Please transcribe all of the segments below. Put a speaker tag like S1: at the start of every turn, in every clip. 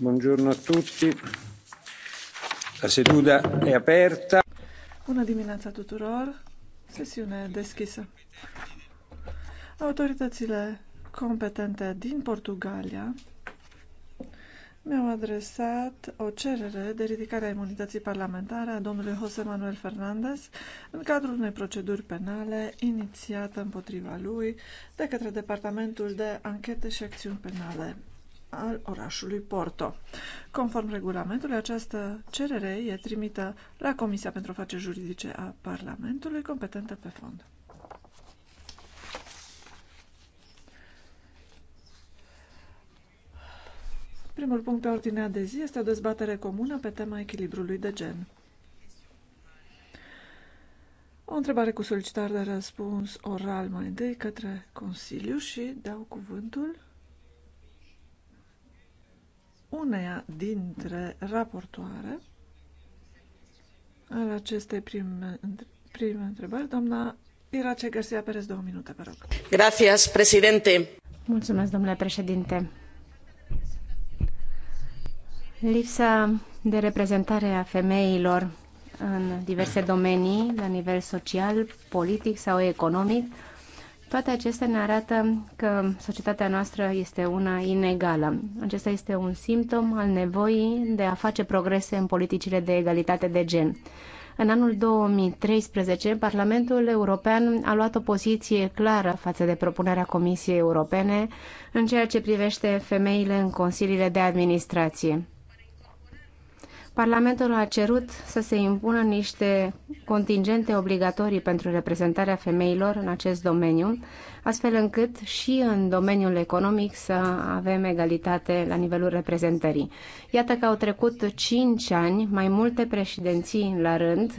S1: Buongiorno a tutti. La seduta è aperta.
S2: Bună dimineața tuturor. Sesiune deschisă. Autoritățile competente din Portugalia mi-au adresat o cerere de ridicare a imunității parlamentare a domnului José Manuel Fernández în cadrul unei proceduri penale inițiată împotriva lui de către Departamentul de Anchete și Acțiuni Penale al orașului Porto. Conform regulamentului, această cerere e trimită la Comisia pentru Afaceri Juridice a Parlamentului, competentă pe fond. Primul punct pe ordinea de zi este o dezbatere comună pe tema echilibrului de gen. O întrebare cu solicitare de răspuns oral mai întâi către Consiliu și dau cuvântul uneia dintre raportoare al acestei prime, prime întrebări, doamna Irace Garcia Perez, două minute, vă rog.
S3: Gracias, președinte.
S4: Mulțumesc, domnule președinte. Lipsa de reprezentare a femeilor în diverse domenii, la nivel social, politic sau economic, toate acestea ne arată că societatea noastră este una inegală. Acesta este un simptom al nevoii de a face progrese în politicile de egalitate de gen. În anul 2013, Parlamentul European a luat o poziție clară față de propunerea Comisiei Europene în ceea ce privește femeile în consiliile de administrație. Parlamentul a cerut să se impună niște contingente obligatorii pentru reprezentarea femeilor în acest domeniu, astfel încât și în domeniul economic să avem egalitate la nivelul reprezentării. Iată că au trecut cinci ani, mai multe președinții la rând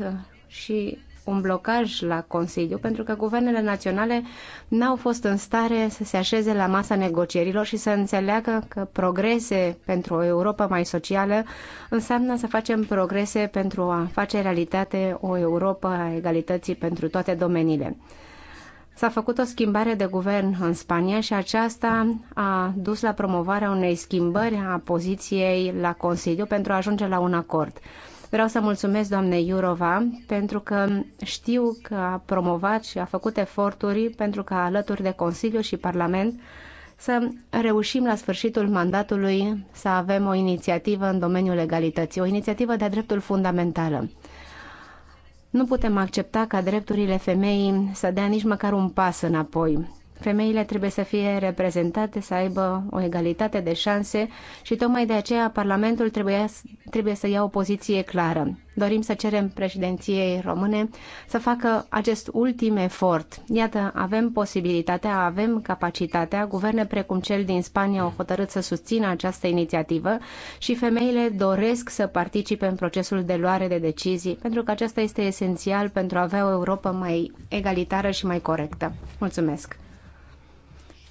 S4: și un blocaj la Consiliu pentru că guvernele naționale n-au fost în stare să se așeze la masa negocierilor și să înțeleagă că progrese pentru o Europa mai socială înseamnă să facem progrese pentru a face realitate o Europa a egalității pentru toate domeniile. S-a făcut o schimbare de guvern în Spania și aceasta a dus la promovarea unei schimbări a poziției la Consiliu pentru a ajunge la un acord. Vreau să mulțumesc doamnei Iurova pentru că știu că a promovat și a făcut eforturi pentru că alături de Consiliu și Parlament să reușim la sfârșitul mandatului să avem o inițiativă în domeniul legalității, o inițiativă de-a dreptul fundamentală. Nu putem accepta ca drepturile femeii să dea nici măcar un pas înapoi. Femeile trebuie să fie reprezentate, să aibă o egalitate de șanse și tocmai de aceea Parlamentul trebuie, trebuie să ia o poziție clară. Dorim să cerem președinției române să facă acest ultim efort. Iată, avem posibilitatea, avem capacitatea, guverne precum cel din Spania au hotărât să susțină această inițiativă și femeile doresc să participe în procesul de luare de decizii, pentru că aceasta este esențial pentru a avea o Europa mai egalitară și mai corectă. Mulțumesc!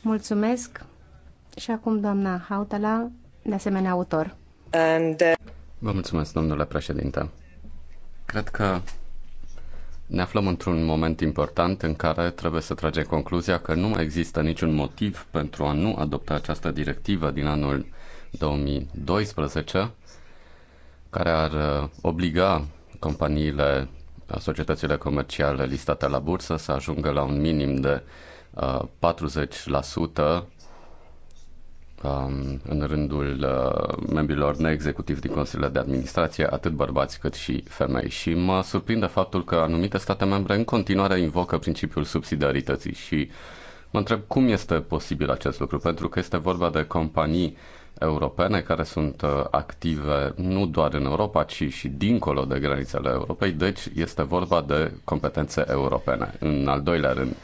S4: Mulțumesc și acum doamna Hautala, de asemenea autor.
S5: And, uh...
S6: Vă mulțumesc, domnule președinte. Cred că ne aflăm într-un moment important în care trebuie să tragem concluzia că nu mai există niciun motiv pentru a nu adopta această directivă din anul 2012, care ar uh, obliga companiile, societățile comerciale listate la bursă să ajungă la un minim de 40% uh, um, în rândul uh, membrilor neexecutivi din Consiliile de Administrație, atât bărbați cât și femei. Și mă surprinde faptul că anumite state membre în continuare invocă principiul subsidiarității și mă întreb cum este posibil acest lucru, pentru că este vorba de companii europene care sunt uh, active nu doar în Europa, ci și dincolo de granițele Europei, deci este vorba de competențe europene. În al doilea rând,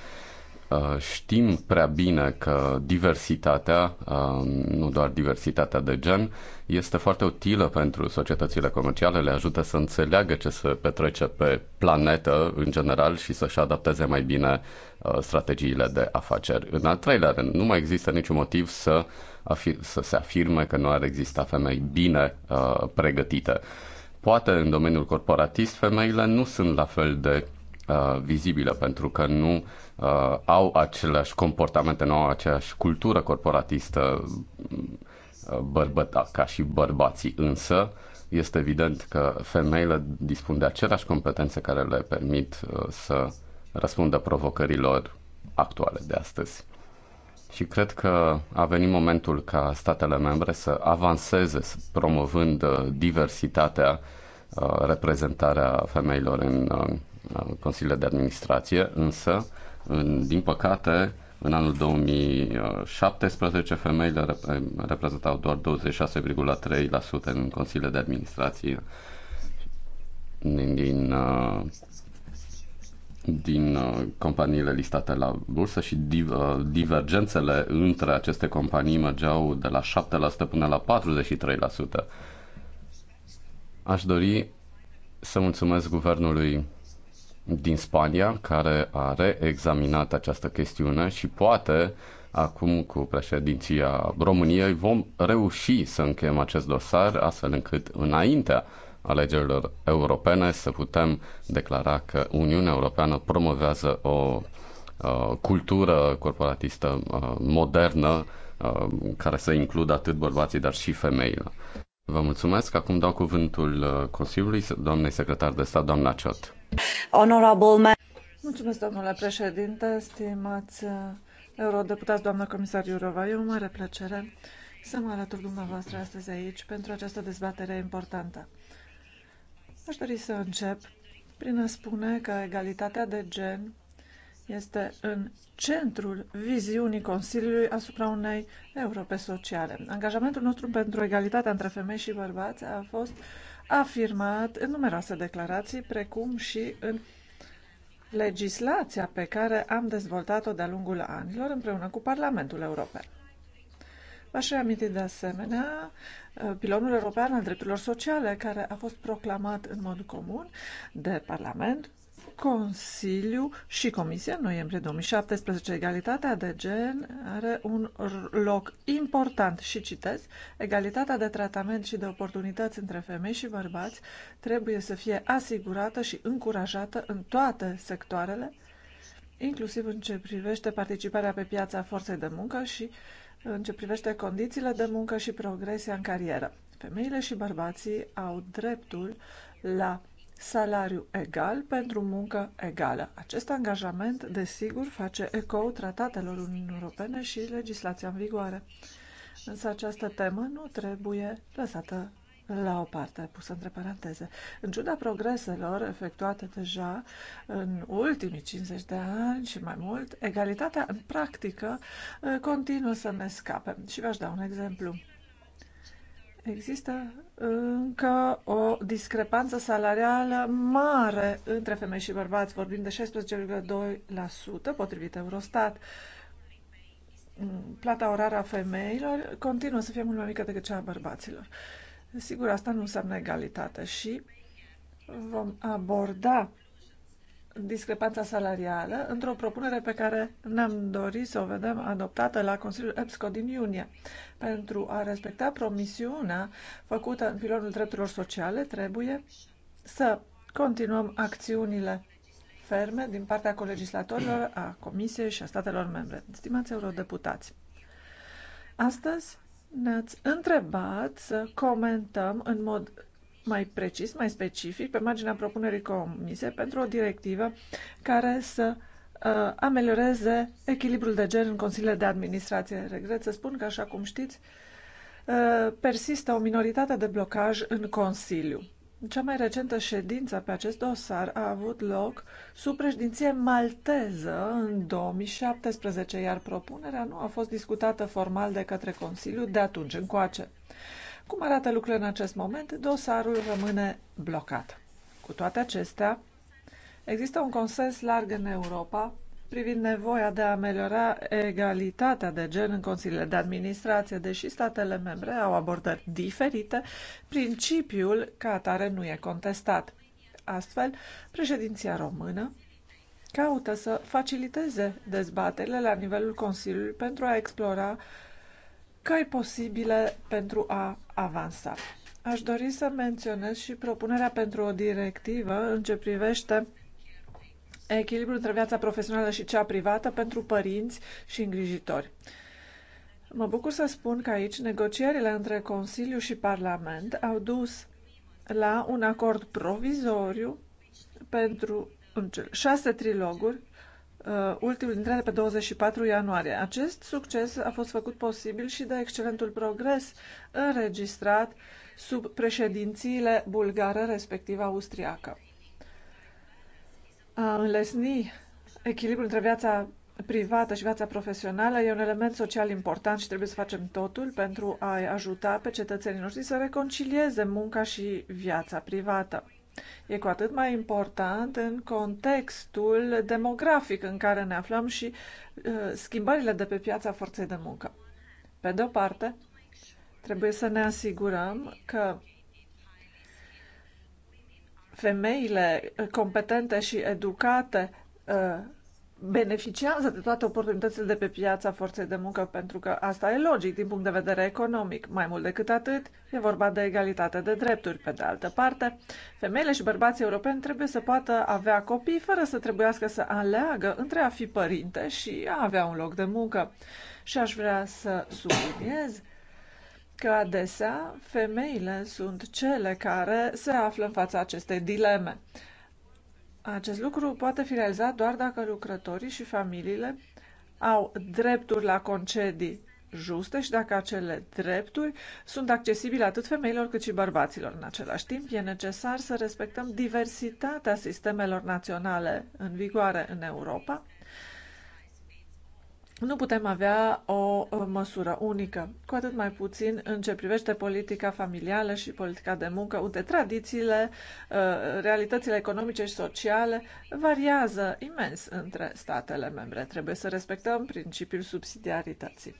S6: Uh, știm prea bine că diversitatea, uh, nu doar diversitatea de gen, este foarte utilă pentru societățile comerciale, le ajută să înțeleagă ce se petrece pe planetă în general și să-și adapteze mai bine uh, strategiile de afaceri. În al treilea rând, nu mai există niciun motiv să, afir- să se afirme că nu ar exista femei bine uh, pregătite. Poate în domeniul corporatist femeile nu sunt la fel de uh, vizibile pentru că nu uh, uh, au aceleași comportamente, nu au aceeași cultură corporatistă uh, bărbăta, da, ca și bărbații, însă este evident că femeile dispun de aceleași competențe care le permit uh, să răspundă provocărilor actuale de astăzi. Și cred că a venit momentul ca statele membre să avanseze promovând uh, diversitatea, uh, reprezentarea femeilor în consiliile de administrație, însă în, din păcate, în anul 2017, femeile rep- reprezentau doar 26,3% în Consiliile de Administrație din, din, uh, din uh, companiile listate la bursă și div, uh, divergențele între aceste companii mergeau de la 7% până la 43%. Aș dori să mulțumesc guvernului din Spania care a reexaminat această chestiune și poate acum cu președinția României vom reuși să încheiem acest dosar astfel încât înaintea alegerilor europene să putem declara că Uniunea Europeană promovează o cultură corporatistă uh, modernă uh, care să includă atât bărbații, dar și femeile. Vă mulțumesc. Acum dau cuvântul uh, Consiliului, doamnei secretar de stat, doamna Ciot.
S5: Honorable
S2: Mulțumesc, domnule președinte, stimați uh, eurodeputați, doamnă comisar Iurova. E o mare plăcere să mă alătur dumneavoastră astăzi aici pentru această dezbatere importantă. Aș dori să încep prin a spune că egalitatea de gen este în centrul viziunii Consiliului asupra unei Europe sociale. Angajamentul nostru pentru egalitatea între femei și bărbați a fost afirmat în numeroase declarații, precum și în legislația pe care am dezvoltat-o de-a lungul anilor împreună cu Parlamentul European. V-aș reaminti de asemenea uh, pilonul european al drepturilor sociale, care a fost proclamat în mod comun de Parlament Consiliu și Comisia în noiembrie 2017. Egalitatea de gen are un loc important și citez, egalitatea de tratament și de oportunități între femei și bărbați trebuie să fie asigurată și încurajată în toate sectoarele, inclusiv în ce privește participarea pe piața forței de muncă și în ce privește condițiile de muncă și progresia în carieră. Femeile și bărbații au dreptul la salariu egal pentru muncă egală. Acest angajament, desigur, face ecou tratatelor Uniunii Europene și legislația în vigoare. Însă această temă nu trebuie lăsată la o parte, pusă între paranteze. În ciuda progreselor efectuate deja în ultimii 50 de ani și mai mult, egalitatea în practică eh, continuă să ne scape. Și v-aș da un exemplu. Există încă o discrepanță salarială mare între femei și bărbați, vorbim de 16,2% potrivit Eurostat. Plata orară a femeilor continuă să fie mult mai mică decât cea a bărbaților. Sigur, asta nu înseamnă egalitate și vom aborda discrepanța salarială într-o propunere pe care ne-am dorit să o vedem adoptată la Consiliul EPSCO din iunie. Pentru a respecta promisiunea făcută în pilonul drepturilor sociale, trebuie să continuăm acțiunile ferme din partea colegislatorilor, a Comisiei și a statelor membre. Stimați eurodeputați, astăzi ne-ați întrebat să comentăm în mod mai precis, mai specific, pe marginea propunerii comise pentru o directivă care să uh, amelioreze echilibrul de gen în consiliile de administrație. Regret să spun că, așa cum știți, uh, persistă o minoritate de blocaj în Consiliu. Cea mai recentă ședință pe acest dosar a avut loc sub președinție malteză în 2017, iar propunerea nu a fost discutată formal de către Consiliu de atunci încoace. Cum arată lucrurile în acest moment? Dosarul rămâne blocat. Cu toate acestea, există un consens larg în Europa privind nevoia de a ameliora egalitatea de gen în consiliile de administrație, deși statele membre au abordări diferite, principiul ca atare nu e contestat. Astfel, președinția română caută să faciliteze dezbaterile la nivelul Consiliului pentru a explora căi posibile pentru a avansa. Aș dori să menționez și propunerea pentru o directivă în ce privește echilibrul între viața profesională și cea privată pentru părinți și îngrijitori. Mă bucur să spun că aici negocierile între Consiliu și Parlament au dus la un acord provizoriu pentru șase triloguri Uh, ultimul dintre ele pe 24 ianuarie. Acest succes a fost făcut posibil și de excelentul progres înregistrat sub președințiile bulgară, respectiv austriacă. A înlesni echilibrul între viața privată și viața profesională e un element social important și trebuie să facem totul pentru a ajuta pe cetățenii noștri să reconcilieze munca și viața privată. E cu atât mai important în contextul demografic în care ne aflăm și uh, schimbările de pe piața forței de muncă. Pe de o parte, trebuie să ne asigurăm că femeile competente și educate uh, beneficiază de toate oportunitățile de pe piața forței de muncă, pentru că asta e logic din punct de vedere economic. Mai mult decât atât, e vorba de egalitate de drepturi. Pe de altă parte, femeile și bărbații europeni trebuie să poată avea copii fără să trebuiască să aleagă între a fi părinte și a avea un loc de muncă. Și aș vrea să subliniez că adesea femeile sunt cele care se află în fața acestei dileme. Acest lucru poate fi realizat doar dacă lucrătorii și familiile au drepturi la concedii juste și dacă acele drepturi sunt accesibile atât femeilor cât și bărbaților. În același timp, e necesar să respectăm diversitatea sistemelor naționale în vigoare în Europa nu putem avea o măsură unică, cu atât mai puțin în ce privește politica familială și politica de muncă, unde tradițiile, uh, realitățile economice și sociale variază imens între statele membre. Trebuie să respectăm principiul subsidiarității.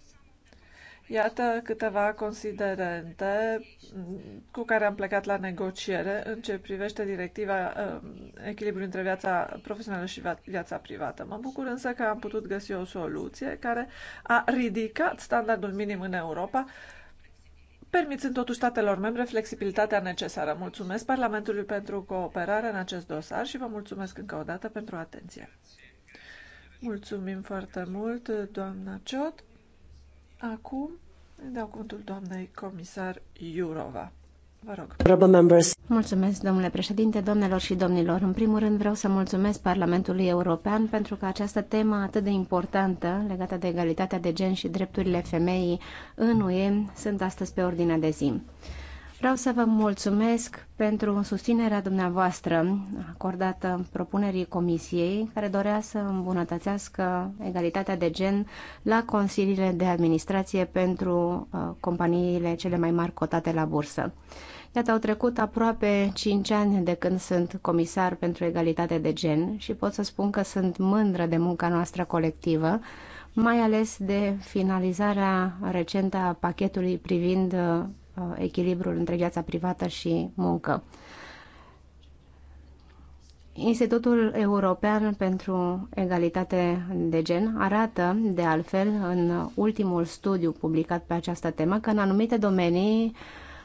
S2: Iată câteva considerente cu care am plecat la negociere în ce privește directiva um, echilibru între viața profesională și viața privată. Mă bucur însă că am putut găsi o soluție care a ridicat standardul minim în Europa, permițând totuși statelor membre flexibilitatea necesară. Mulțumesc Parlamentului pentru cooperare în acest dosar și vă mulțumesc încă o dată pentru atenție. Mulțumim foarte mult, doamna Ciot. Acum dau cuvântul doamnei comisar Iurova.
S4: Vă rog. Mulțumesc, domnule președinte, domnilor și domnilor. În primul rând vreau să mulțumesc Parlamentului European pentru că această temă atât de importantă legată de egalitatea de gen și drepturile femeii în UE sunt astăzi pe ordinea de zi. Vreau să vă mulțumesc pentru susținerea dumneavoastră acordată propunerii Comisiei, care dorea să îmbunătățească egalitatea de gen la consiliile de administrație pentru uh, companiile cele mai mari cotate la bursă. Iată, au trecut aproape 5 ani de când sunt comisar pentru egalitate de gen și pot să spun că sunt mândră de munca noastră colectivă, mai ales de finalizarea recentă a pachetului privind uh, Uh, echilibrul între viața privată și muncă. Institutul European pentru Egalitate de Gen arată, de altfel, în ultimul studiu publicat pe această temă, că în anumite domenii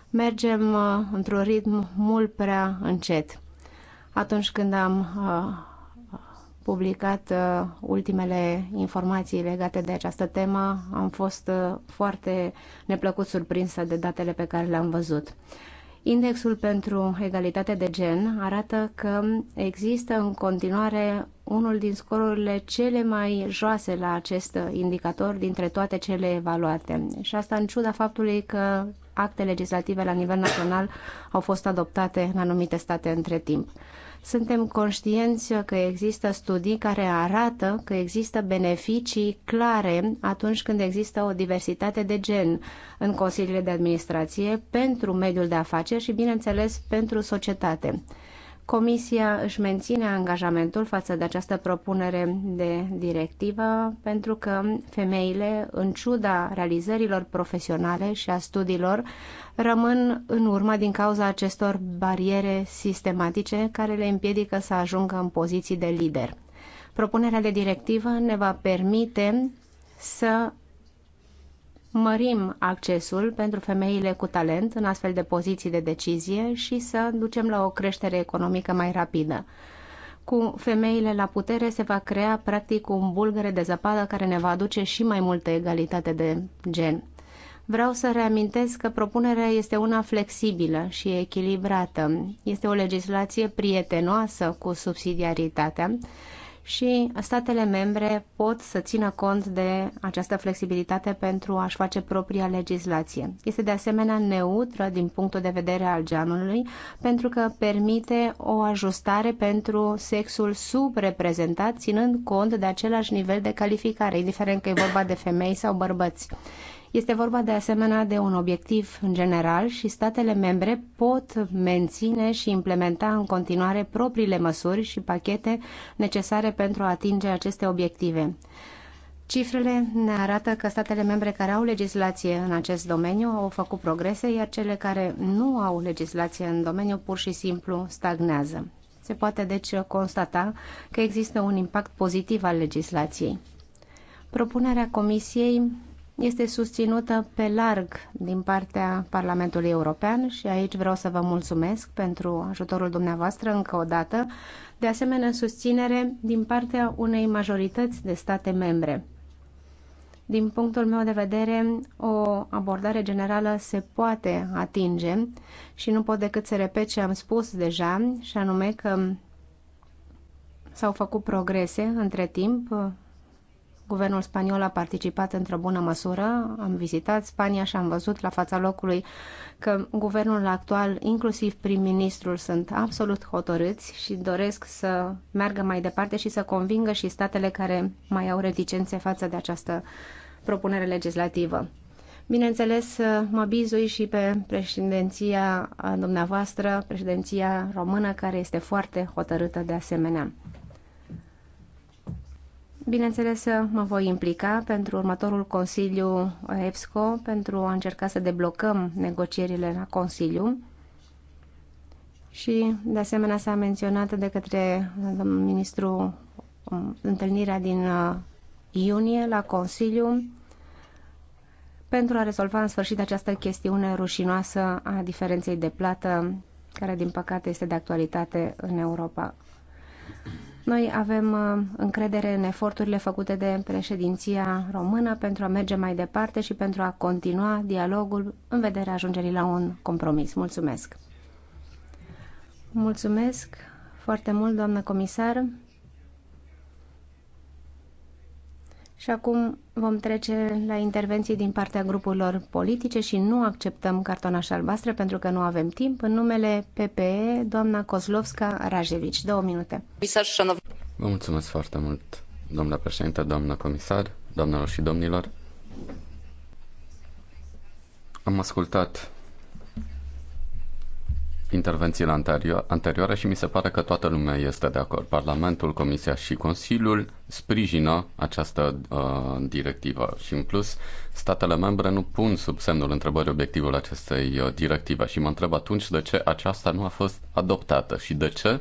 S4: mergem uh, într-un ritm mult prea încet. Atunci când am uh, publicat uh, ultimele informații legate de această temă, am fost uh, foarte neplăcut surprinsă de datele pe care le-am văzut. Indexul pentru egalitate de gen arată că există în continuare unul din scorurile cele mai joase la acest indicator dintre toate cele evaluate. Și asta în ciuda faptului că acte legislative la nivel național au fost adoptate în anumite state între timp. Suntem conștienți că există studii care arată că există beneficii clare atunci când există o diversitate de gen în consiliile de administrație pentru mediul de afaceri și, bineînțeles, pentru societate. Comisia își menține angajamentul față de această propunere de directivă pentru că femeile, în ciuda realizărilor profesionale și a studiilor, rămân în urmă din cauza acestor bariere sistematice care le împiedică să ajungă în poziții de lider. Propunerea de directivă ne va permite să mărim accesul pentru femeile cu talent în astfel de poziții de decizie și să ducem la o creștere economică mai rapidă. Cu femeile la putere se va crea practic un bulgăre de zăpadă care ne va aduce și mai multă egalitate de gen. Vreau să reamintesc că propunerea este una flexibilă și echilibrată. Este o legislație prietenoasă cu subsidiaritatea și statele membre pot să țină cont de această flexibilitate pentru a-și face propria legislație. Este de asemenea neutră din punctul de vedere al geanului pentru că permite o ajustare pentru sexul subreprezentat ținând cont de același nivel de calificare, indiferent că e vorba de femei sau bărbați. Este vorba de asemenea de un obiectiv în general și statele membre pot menține și implementa în continuare propriile măsuri și pachete necesare pentru a atinge aceste obiective. Cifrele ne arată că statele membre care au legislație în acest domeniu au făcut progrese, iar cele care nu au legislație în domeniu pur și simplu stagnează. Se poate deci constata că există un impact pozitiv al legislației. Propunerea Comisiei este susținută pe larg din partea Parlamentului European și aici vreau să vă mulțumesc pentru ajutorul dumneavoastră încă o dată, de asemenea susținere din partea unei majorități de state membre. Din punctul meu de vedere, o abordare generală se poate atinge și nu pot decât să repet ce am spus deja, și anume că s-au făcut progrese între timp Guvernul spaniol a participat într-o bună măsură. Am vizitat Spania și am văzut la fața locului că guvernul actual, inclusiv prim-ministrul, sunt absolut hotărâți și doresc să meargă mai departe și să convingă și statele care mai au reticențe față de această propunere legislativă. Bineînțeles, mă bizui și pe președinția dumneavoastră, președinția română, care este foarte hotărâtă de asemenea. Bineînțeles, mă voi implica pentru următorul Consiliu EPSCO pentru a încerca să deblocăm negocierile la Consiliu. Și, de asemenea, s-a menționat de către domnul ministru um, întâlnirea din uh, iunie la Consiliu pentru a rezolva în sfârșit această chestiune rușinoasă a diferenței de plată, care, din păcate, este de actualitate în Europa. Noi avem uh, încredere în eforturile făcute de președinția română pentru a merge mai departe și pentru a continua dialogul în vederea ajungerii la un compromis. Mulțumesc! Mulțumesc foarte mult, doamnă comisar! Și acum vom trece la intervenții din partea grupurilor politice și nu acceptăm cartonașe albastră pentru că nu avem timp. În numele PPE, doamna Kozlovska Rajevici. Două minute.
S6: Vă mulțumesc foarte mult, domnule președinte, doamnă comisar, doamnelor și domnilor. Am ascultat intervențiile anterioare și mi se pare că toată lumea este de acord. Parlamentul, Comisia și Consiliul sprijină această uh, directivă și, în plus, statele membre nu pun sub semnul întrebării obiectivul acestei uh, directive și mă întreb atunci de ce aceasta nu a fost adoptată și de ce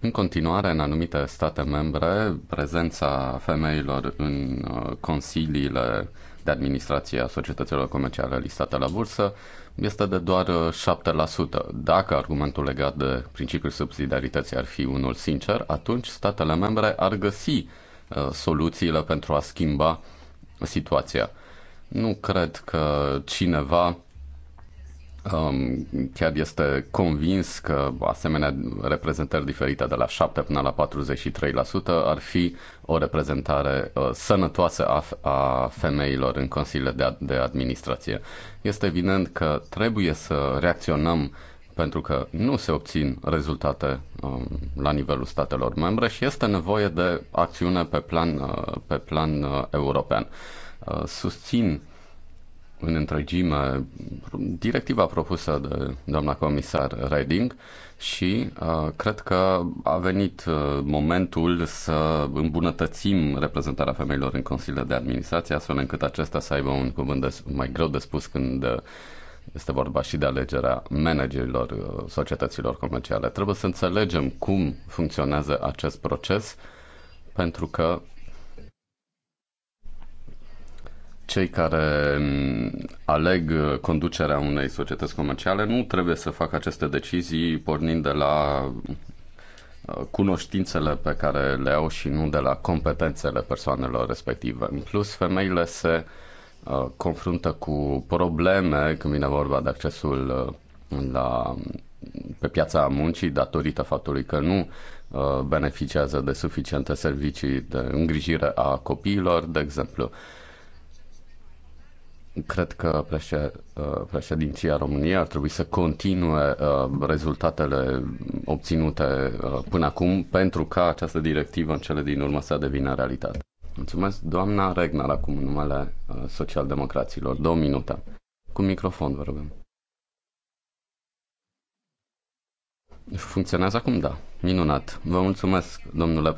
S6: în continuare, în anumite state membre, prezența femeilor în uh, consiliile de administrație a societăților comerciale listate la bursă este de doar 7%. Uh, Dacă argumentul legat de principiul subsidiarității ar fi unul sincer, atunci statele membre ar găsi uh, soluțiile pentru a schimba situația. Nu cred că cineva Um, chiar este convins că asemenea reprezentări diferite de la 7 până la 43% ar fi o reprezentare uh, sănătoasă a, a femeilor în consiliile de, de administrație. Este evident că trebuie să reacționăm pentru că nu se obțin rezultate um, la nivelul statelor membre și este nevoie de acțiune pe plan, uh, pe plan uh, european. Uh, susțin în întregime directiva propusă de doamna comisar Reding și uh, cred că a venit uh, momentul să îmbunătățim reprezentarea femeilor în Consiliul de Administrație, astfel încât acesta să aibă un cuvânt de, mai greu de spus când uh, este vorba și de alegerea managerilor societăților comerciale. Trebuie să înțelegem cum funcționează acest proces, pentru că cei care mm, aleg conducerea unei societăți comerciale nu trebuie să facă aceste decizii pornind de la uh, cunoștințele pe care le au și nu de la competențele persoanelor respective. În plus, femeile se uh, confruntă cu probleme când vine vorba de accesul uh, la, pe piața muncii datorită faptului că nu beneficiază de suficiente servicii de îngrijire a copiilor, de exemplu Cred că uh, președinția României ar trebui să continue uh, rezultatele obținute uh, până acum pentru ca această directivă în cele din urmă să devină realitate. Mulțumesc, doamna Regnar, acum în numele socialdemocraților. Două minute. Cu microfon, vă rugăm. Funcționează acum, da. Minunat. Vă mulțumesc, domnule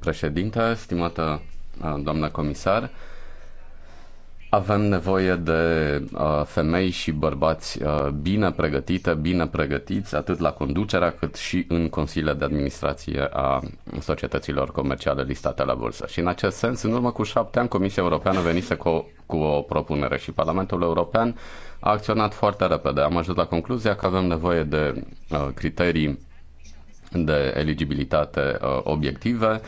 S6: președinte, stimată doamnă comisar. Avem nevoie de uh, femei și bărbați uh, bine pregătite, bine pregătiți, atât la conducerea cât și în consiliile de administrație a societăților comerciale listate la bursă. Și în acest sens, în urmă cu șapte ani, Comisia Europeană venise cu o, cu o propunere și Parlamentul European a acționat foarte repede. Am ajuns la concluzia că avem nevoie de uh, criterii de eligibilitate uh, obiective, uh,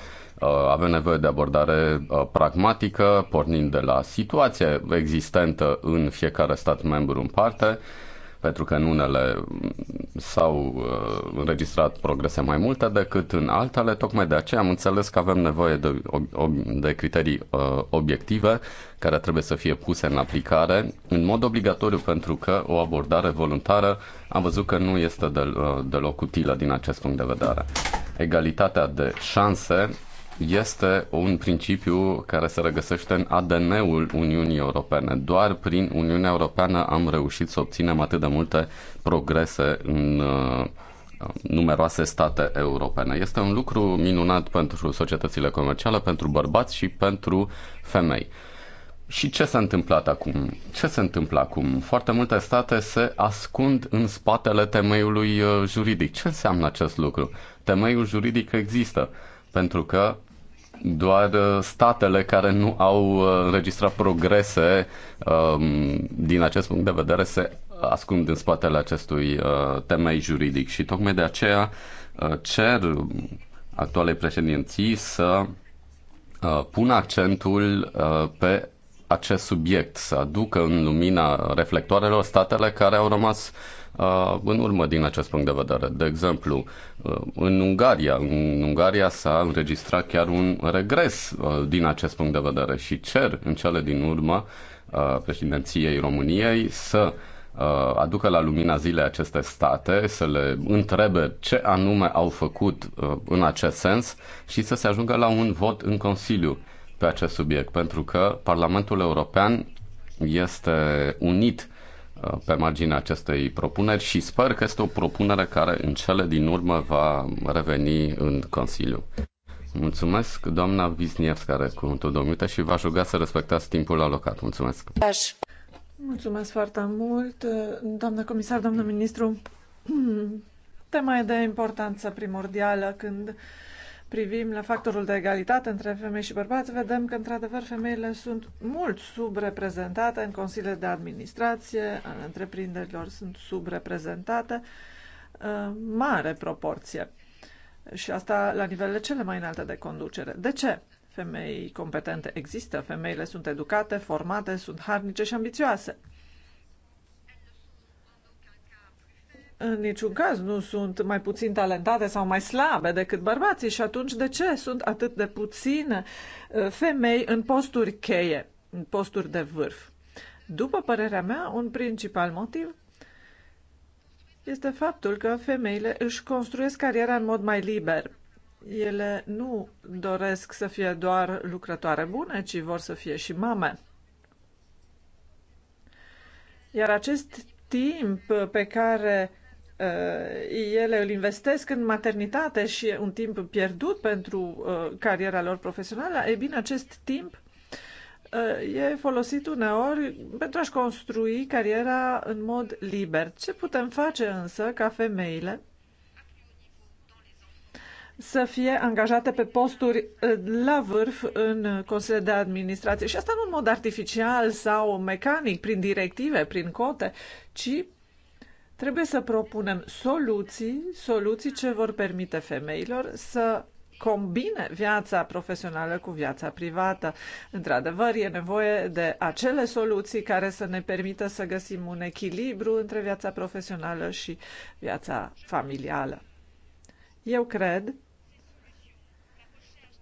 S6: Uh, avem nevoie de abordare uh, pragmatică, pornind de la situația existentă în fiecare stat membru în parte, pentru că în unele mm, s-au uh, înregistrat progrese mai multe decât în altele. Tocmai de aceea am înțeles că avem nevoie de, de criterii obiective care trebuie să fie puse în aplicare în mod obligatoriu pentru că o abordare voluntară am văzut că nu este del, deloc utilă din acest punct de vedere. Egalitatea de șanse este un principiu care se regăsește în ADN-ul Uniunii Europene. Doar prin Uniunea Europeană am reușit să obținem atât de multe progrese în uh, numeroase state europene. Este un lucru minunat pentru societățile comerciale, pentru bărbați și pentru femei. Și ce s-a întâmplat acum? Ce se întâmplă acum? Foarte multe state se ascund în spatele temeiului uh, juridic. Ce înseamnă acest lucru? Temeiul juridic există pentru că doar uh, statele care nu au uh, înregistrat progrese um, din acest punct de vedere se ascund în spatele acestui uh, temei juridic și tocmai de aceea cer actualei președinții să pună accentul pe acest subiect, să aducă în lumina reflectoarelor statele care au rămas Uh, în urmă din acest punct de vedere. De exemplu, uh, în Ungaria, în Ungaria s-a înregistrat chiar un regres uh, din acest punct de vedere și cer în cele din urmă președinției României să aducă la lumina zile aceste state, să le întrebe ce anume au făcut în acest sens și să se ajungă la un vot în Consiliu pe acest subiect, pentru că Parlamentul European este unit pe marginea acestei propuneri și sper că este o propunere care în cele din urmă va reveni în Consiliu. Mulțumesc, doamna Viznievska, care cuvântul două și v-aș ruga să respectați timpul alocat. Mulțumesc.
S2: Mulțumesc foarte mult, doamna comisar, doamna ministru. Tema e de importanță primordială când privim la factorul de egalitate între femei și bărbați, vedem că, într-adevăr, femeile sunt mult subreprezentate în consiliile de administrație, în întreprinderilor sunt subreprezentate, uh, mare proporție. Și asta la nivelele cele mai înalte de conducere. De ce? Femei competente există, femeile sunt educate, formate, sunt harnice și ambițioase. în niciun caz nu sunt mai puțin talentate sau mai slabe decât bărbații și atunci de ce sunt atât de puține uh, femei în posturi cheie, în posturi de vârf? După părerea mea, un principal motiv este faptul că femeile își construiesc cariera în mod mai liber. Ele nu doresc să fie doar lucrătoare bune, ci vor să fie și mame. Iar acest timp pe care Uh, ele îl investesc în maternitate și un timp pierdut pentru uh, cariera lor profesională, e bine, acest timp uh, e folosit uneori pentru a-și construi cariera în mod liber. Ce putem face însă ca femeile să fie angajate pe posturi la vârf în consiliile de administrație. Și asta nu în mod artificial sau mecanic, prin directive, prin cote, ci Trebuie să propunem soluții, soluții ce vor permite femeilor să combine viața profesională cu viața privată. Într-adevăr, e nevoie de acele soluții care să ne permită să găsim un echilibru între viața profesională și viața familială. Eu cred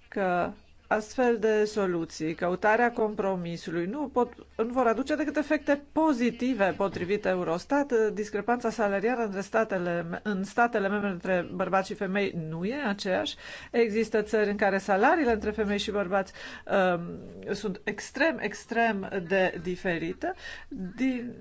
S2: că astfel de soluții, căutarea compromisului, nu, pot, nu vor aduce decât efecte pozitive potrivit Eurostat. Discrepanța salarială între statele, în statele membre între bărbați și femei nu e aceeași. Există țări în care salariile între femei și bărbați um, sunt extrem, extrem de diferite. Din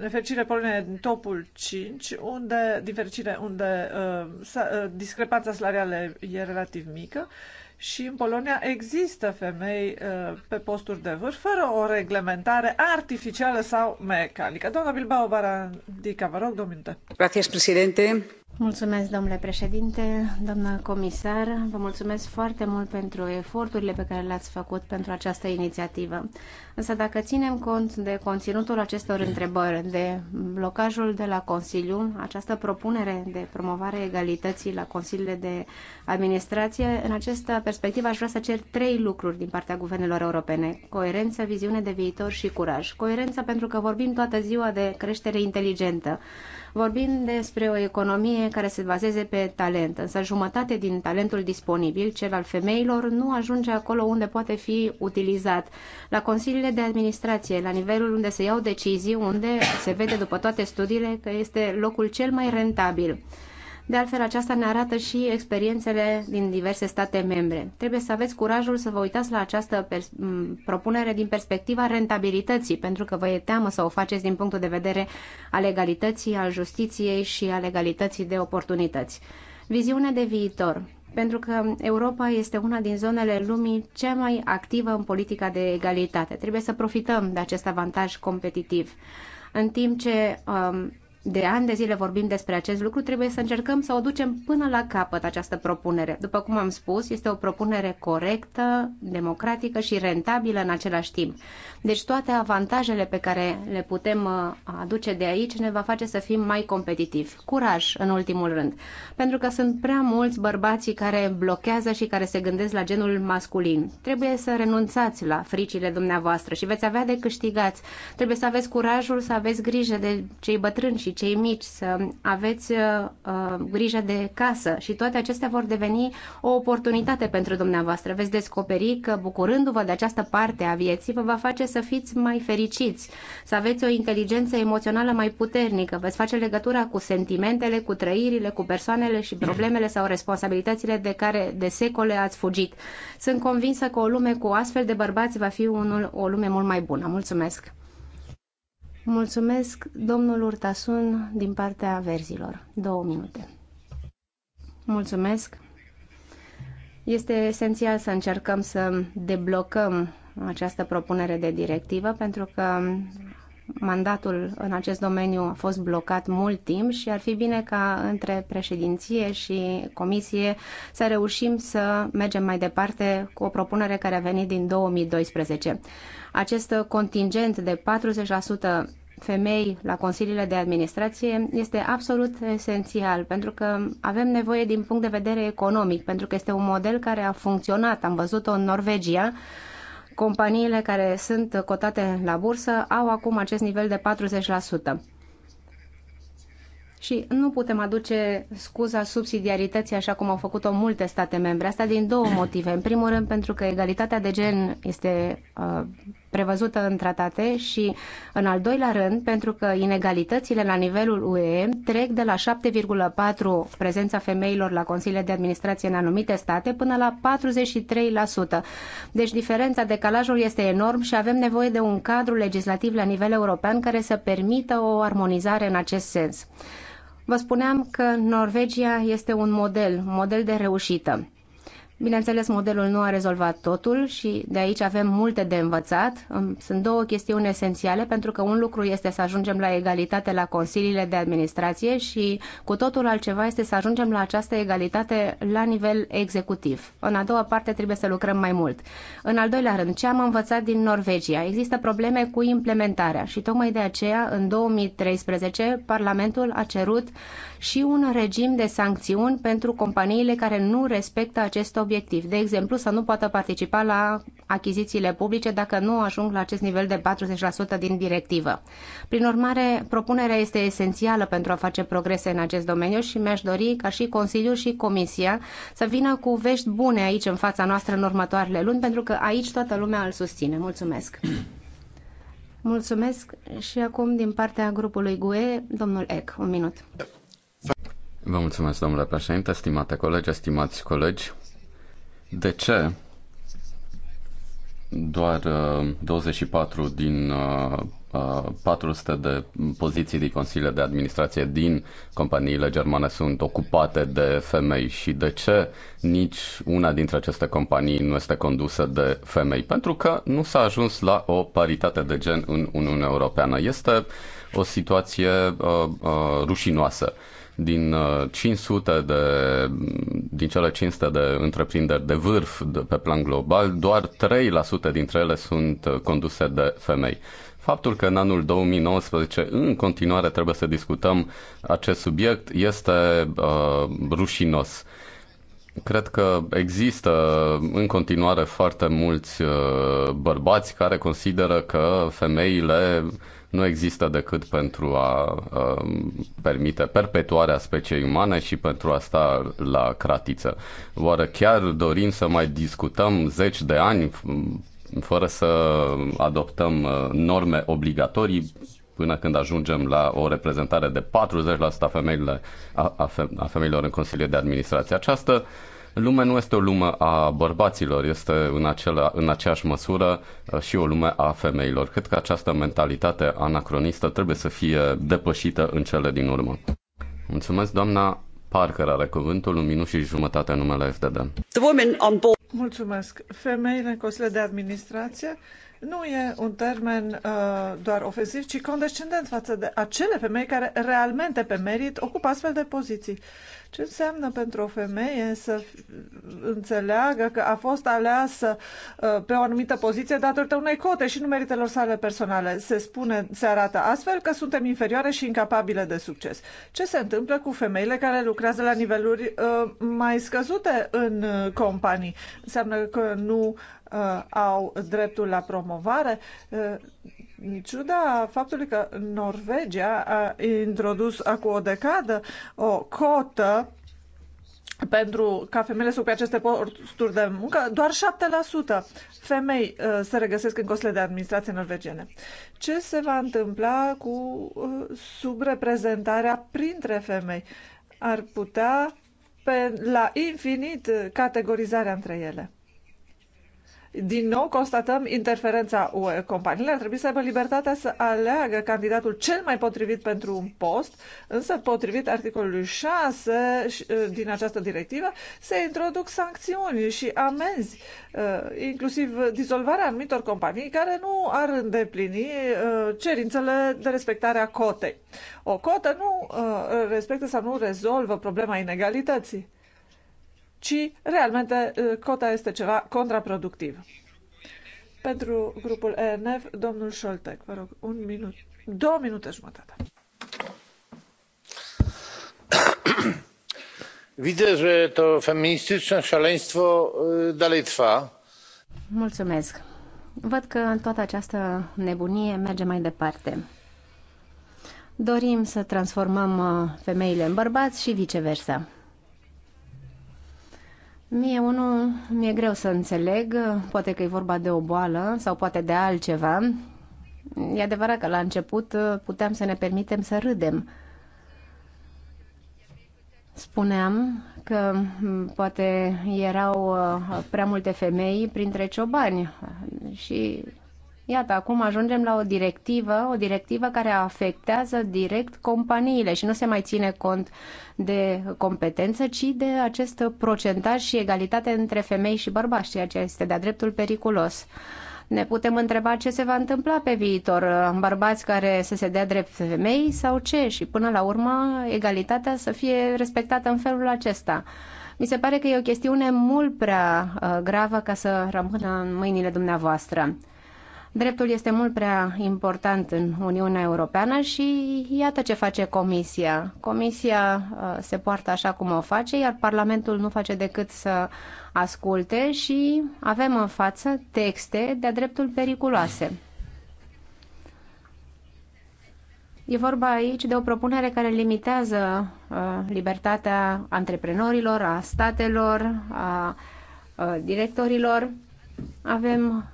S2: nefericire, Polonia e în topul 5, unde, din fericire, unde uh, sa, uh, discrepanța salarială e relativ mică. Uh, și în Polonia există femei uh, pe posturi de vârf fără o reglementare artificială sau mecanică. Doamna Bilbao Barandica, vă rog două minute.
S7: Gracias, presidente.
S4: Mulțumesc, domnule președinte, doamnă comisar. Vă mulțumesc foarte mult pentru eforturile pe care le-ați făcut pentru această inițiativă. Însă dacă ținem cont de conținutul acestor întrebări, de blocajul de la Consiliu, această propunere de promovare egalității la Consiliile de Administrație, în această perspectivă aș vrea să cer trei lucruri din partea guvernelor europene. Coerență, viziune de viitor și curaj. Coerență pentru că vorbim toată ziua de creștere inteligentă Vorbim despre o economie care se bazeze pe talent, însă jumătate din talentul disponibil, cel al femeilor, nu ajunge acolo unde poate fi utilizat. La consiliile de administrație, la nivelul unde se iau decizii, unde se vede după toate studiile că este locul cel mai rentabil. De altfel, aceasta ne arată și experiențele din diverse state membre. Trebuie să aveți curajul să vă uitați la această propunere din perspectiva rentabilității, pentru că vă e teamă să o faceți din punctul de vedere al legalității, al justiției și al legalității de oportunități. Viziune de viitor pentru că Europa este una din zonele lumii cea mai activă în politica de egalitate. Trebuie să profităm de acest avantaj competitiv. În timp ce um, de ani de zile vorbim despre acest lucru, trebuie să încercăm să o ducem până la capăt această propunere. După cum am spus, este o propunere corectă, democratică și rentabilă în același timp. Deci toate avantajele pe care le putem uh, aduce de aici ne va face să fim mai competitivi. Curaj, în ultimul rând. Pentru că sunt prea mulți bărbații care blochează și care se gândesc la genul masculin. Trebuie să renunțați la fricile dumneavoastră și veți avea de câștigați. Trebuie să aveți curajul să aveți grijă de cei bătrâni și cei mici, să aveți uh, uh, grijă de casă și toate acestea vor deveni o oportunitate pentru dumneavoastră. Veți descoperi că bucurându-vă de această parte a vieții vă va face să fiți mai fericiți, să aveți o inteligență emoțională mai puternică, veți face legătura cu sentimentele, cu trăirile, cu persoanele și problemele sau responsabilitățile de care de secole ați fugit. Sunt convinsă că o lume cu astfel de bărbați va fi unul, o lume mult mai bună. Mulțumesc! Mulțumesc, domnul Urtasun, din partea verzilor. Două minute. Mulțumesc. Este esențial să încercăm să deblocăm această propunere de directivă pentru că mandatul în acest domeniu a fost blocat mult timp și ar fi bine ca între președinție și comisie să reușim să mergem mai departe cu o propunere care a venit din 2012. Acest contingent de 40% femei la consiliile de administrație este absolut esențial pentru că avem nevoie din punct de vedere economic, pentru că este un model care a funcționat. Am văzut-o în Norvegia. Companiile care sunt cotate la bursă au acum acest nivel de 40%. Și nu putem aduce scuza subsidiarității așa cum au făcut-o multe state membre. Asta din două motive. În primul rând pentru că egalitatea de gen este uh, prevăzută în tratate și, în al doilea rând, pentru că inegalitățile la nivelul UE trec de la 7,4 prezența femeilor la consiliile de administrație în anumite state până la 43%. Deci diferența, decalajul este enorm și avem nevoie de un cadru legislativ la nivel european care să permită o armonizare în acest sens. Vă spuneam că Norvegia este un model, un model de reușită. Bineînțeles, modelul nu a rezolvat totul și de aici avem multe de învățat. Sunt două chestiuni esențiale pentru că un lucru este să ajungem la egalitate la consiliile de administrație și cu totul altceva este să ajungem la această egalitate la nivel executiv. În a doua parte trebuie să lucrăm mai mult. În al doilea rând, ce am învățat din Norvegia? Există probleme cu implementarea și tocmai de aceea în 2013 Parlamentul a cerut și un regim de sancțiuni pentru companiile care nu respectă acest obiectiv. De exemplu, să nu poată participa la achizițiile publice dacă nu ajung la acest nivel de 40% din directivă. Prin urmare, propunerea este esențială pentru a face progrese în acest domeniu și mi-aș dori ca și Consiliul și Comisia să vină cu vești bune aici în fața noastră în următoarele luni, pentru că aici toată lumea îl susține. Mulțumesc! Mulțumesc și acum din partea grupului GUE, domnul Eck, un minut.
S6: Vă mulțumesc, domnule președinte, stimate colegi, stimați colegi. De ce doar 24 uh, din 400 uh, uh, de poziții din Consiliile de Administrație din companiile germane sunt ocupate de femei și de ce nici una dintre aceste companii nu este condusă de femei? Pentru că nu s-a ajuns la o paritate de gen în Uniunea Europeană. Este o situație uh, uh, rușinoasă din 500 uh, de, din cele 500 de întreprinderi de vârf de, pe plan global, doar 3% dintre ele sunt uh, conduse de femei. Faptul că în anul 2019 în continuare trebuie să discutăm acest subiect este uh, rușinos. Cred că există în continuare foarte mulți uh, bărbați care consideră că femeile nu există decât pentru a permite perpetuarea speciei umane și pentru a sta la cratiță. Oare chiar dorim să mai discutăm zeci de ani fără să adoptăm norme obligatorii până când ajungem la o reprezentare de 40% a, femeile, a, a femeilor în Consiliul de Administrație. Această uh, Lumea nu este o lume a bărbaților, este în, acela, în aceeași măsură uh, și o lume a femeilor. Cred că această mentalitate anacronistă trebuie să fie depășită în cele din urmă. Mulțumesc, doamna Parker are cuvântul, un minut și jumătate numele FDD.
S2: Mulțumesc. Femeile în consiliile de administrație nu e un termen uh, doar ofensiv, ci condescendent față de acele femei care realmente pe merit ocupă astfel de poziții. Ce înseamnă pentru o femeie să înțeleagă că a fost aleasă uh, pe o anumită poziție datorită unei cote și nu sale personale? Se spune, se arată astfel că suntem inferioare și incapabile de succes. Ce se întâmplă cu femeile care lucrează la niveluri uh, mai scăzute în uh, companii? Înseamnă că nu Uh, au dreptul la promovare, uh, în ciuda faptului că Norvegia a introdus acum o decadă o cotă pentru ca femeile să ocupe aceste posturi de muncă, doar 7% femei uh, se regăsesc în costele de administrație norvegiene. Ce se va întâmpla cu uh, subreprezentarea printre femei? Ar putea pe, la infinit categorizarea între ele. Din nou constatăm interferența UE. Companiile ar trebui să aibă libertatea să aleagă candidatul cel mai potrivit pentru un post, însă potrivit articolului 6 uh, din această directivă se introduc sancțiuni și amenzi, uh, inclusiv dizolvarea anumitor companii care nu ar îndeplini uh, cerințele de respectare a cotei. O cotă nu respectă sau nu rezolvă problema inegalității ci realmente uh, cota este ceva contraproductiv. Pentru grupul ENF, domnul Șoltec, vă rog, un minut, două minute jumătate.
S1: Widzę, że to feministyczne szaleństwo dalej trwa.
S4: Mulțumesc. Văd că în toată această nebunie merge mai departe. Dorim să transformăm uh, femeile în bărbați și viceversa. Mie unul mi-e greu să înțeleg, poate că e vorba de o boală sau poate de altceva. E adevărat că la început puteam să ne permitem să râdem. Spuneam că poate erau uh, prea multe femei printre ciobani și Iată, acum ajungem la o directivă, o directivă care afectează direct companiile și nu se mai ține cont de competență, ci de acest procentaj și egalitate între femei și bărbați, ceea ce este de-a dreptul periculos. Ne putem întreba ce se va întâmpla pe viitor, bărbați care să se dea drept femei sau ce și până la urmă egalitatea să fie respectată în felul acesta. Mi se pare că e o chestiune mult prea uh, gravă ca să rămână în mâinile dumneavoastră. Dreptul este mult prea important în Uniunea Europeană și iată ce face Comisia. Comisia uh, se poartă așa cum o face, iar Parlamentul nu face decât să asculte și avem în față texte de-a dreptul periculoase. E vorba aici de o propunere care limitează uh, libertatea antreprenorilor, a statelor, a uh, directorilor. Avem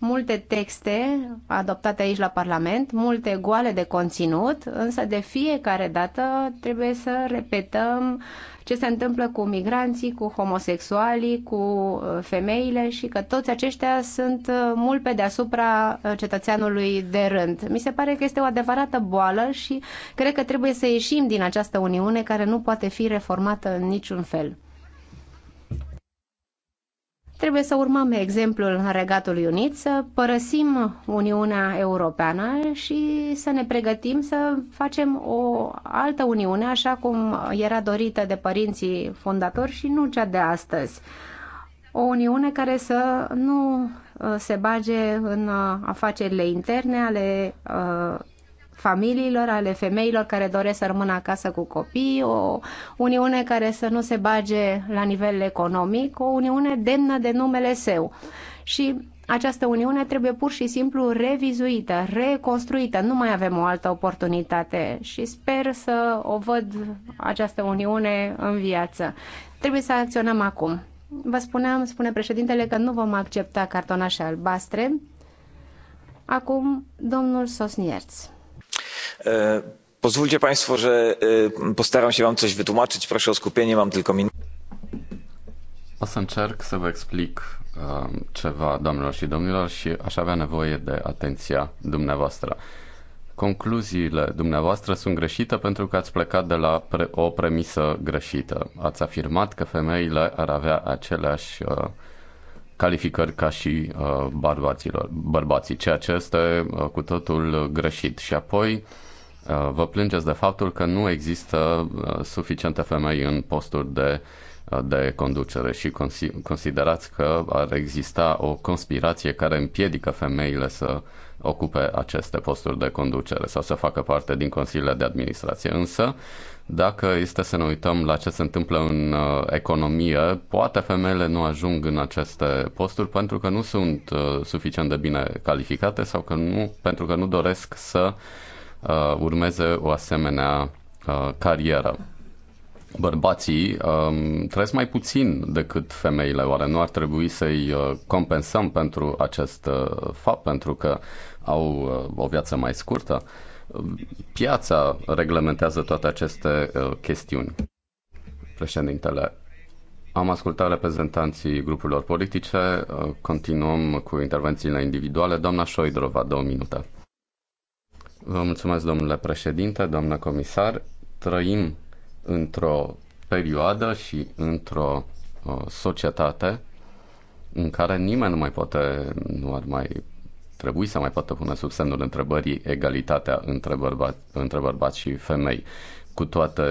S4: multe texte adoptate aici la Parlament, multe goale de conținut, însă de fiecare dată trebuie să repetăm ce se întâmplă cu migranții, cu homosexualii, cu uh, femeile și că toți aceștia sunt uh, mult pe deasupra uh, cetățeanului de rând. Mi se pare că este o adevărată boală și cred că trebuie să ieșim din această uniune care nu poate fi reformată în niciun fel. Trebuie să urmăm exemplul Regatului Unit, să părăsim Uniunea Europeană și să ne pregătim să facem o altă Uniune, așa cum era dorită de părinții fondatori și nu cea de astăzi. O Uniune care să nu uh, se bage în uh, afacerile interne ale uh, familiilor, ale femeilor care doresc să rămână acasă cu copii, o uniune care să nu se bage la nivel economic, o uniune demnă de numele său. Și această uniune trebuie pur și simplu revizuită, reconstruită. Nu mai avem o altă oportunitate și sper să o văd această uniune în viață. Trebuie să acționăm acum. Vă spuneam, spune președintele, că nu vom accepta cartonașe albastre. Acum, domnul Sosnierț.
S2: Pozwólcie Państwo, że postaram się Wam coś wytłumaczyć. Proszę o skupienie, mam tylko minutę. O să încerc să
S6: vă explic uh, um, ceva, doamnelor și domnilor, și aș avea nevoie de atenția dumneavoastră. Concluziile dumneavoastră sunt greșite pentru că ați plecat de la pre- o premisă greșită. Ați afirmat că femeile ar avea aceleași uh, calificări ca și uh, bărbaților, bărbații, ceea ce este uh, cu totul greșit. Și apoi uh, Uh, vă plângeți de faptul că nu există uh, suficiente femei în posturi de, uh, de conducere și considerați că ar exista o conspirație care împiedică femeile să ocupe aceste posturi de conducere sau să facă parte din consiliile de administrație. Însă, dacă este să ne uităm la ce se întâmplă în economie, poate femeile nu ajung în aceste posturi pentru că nu sunt suficient de bine calificate sau că nu, pentru că nu doresc să uh, uh, urmeze o asemenea uh, carieră. Bărbații um, trăiesc mai puțin decât femeile, oare nu ar trebui să-i uh, compensăm pentru acest uh, fapt, pentru că au uh, o viață mai scurtă? Piața reglementează toate aceste uh, chestiuni. Președintele, am ascultat reprezentanții grupurilor politice. Uh, continuăm cu intervențiile individuale. Doamna Șoidrova, două minute. Vă mulțumesc, domnule președinte, doamnă comisar. Trăim într-o perioadă și într-o societate în care nimeni nu mai poate, nu ar mai trebui să mai poată pune sub semnul întrebării egalitatea între, bărba, între bărbați și femei. Cu toate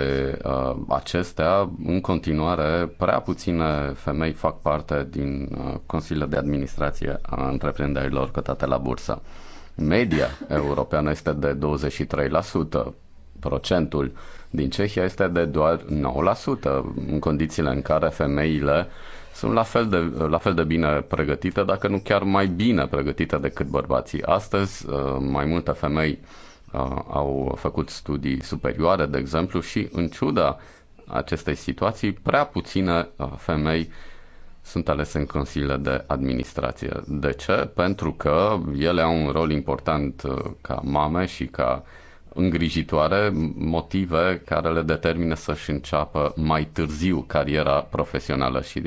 S6: uh, acestea, în continuare, prea puține femei fac parte din uh, Consiliul de administrație a întreprinderilor cotate la bursă. Media europeană este de 23%, procentul din Cehia este de doar 9%, în condițiile în care femeile sunt la fel de, la fel de bine pregătite, dacă nu chiar mai bine pregătite decât bărbații. Astăzi, uh, mai multe femei uh, au făcut studii superioare, de exemplu, și în ciuda acestei situații, prea puține uh, femei sunt alese în consiliile de administrație. De ce? Pentru că ele au un rol important uh, ca mame și ca îngrijitoare, motive care le determină să-și înceapă mai târziu cariera profesională și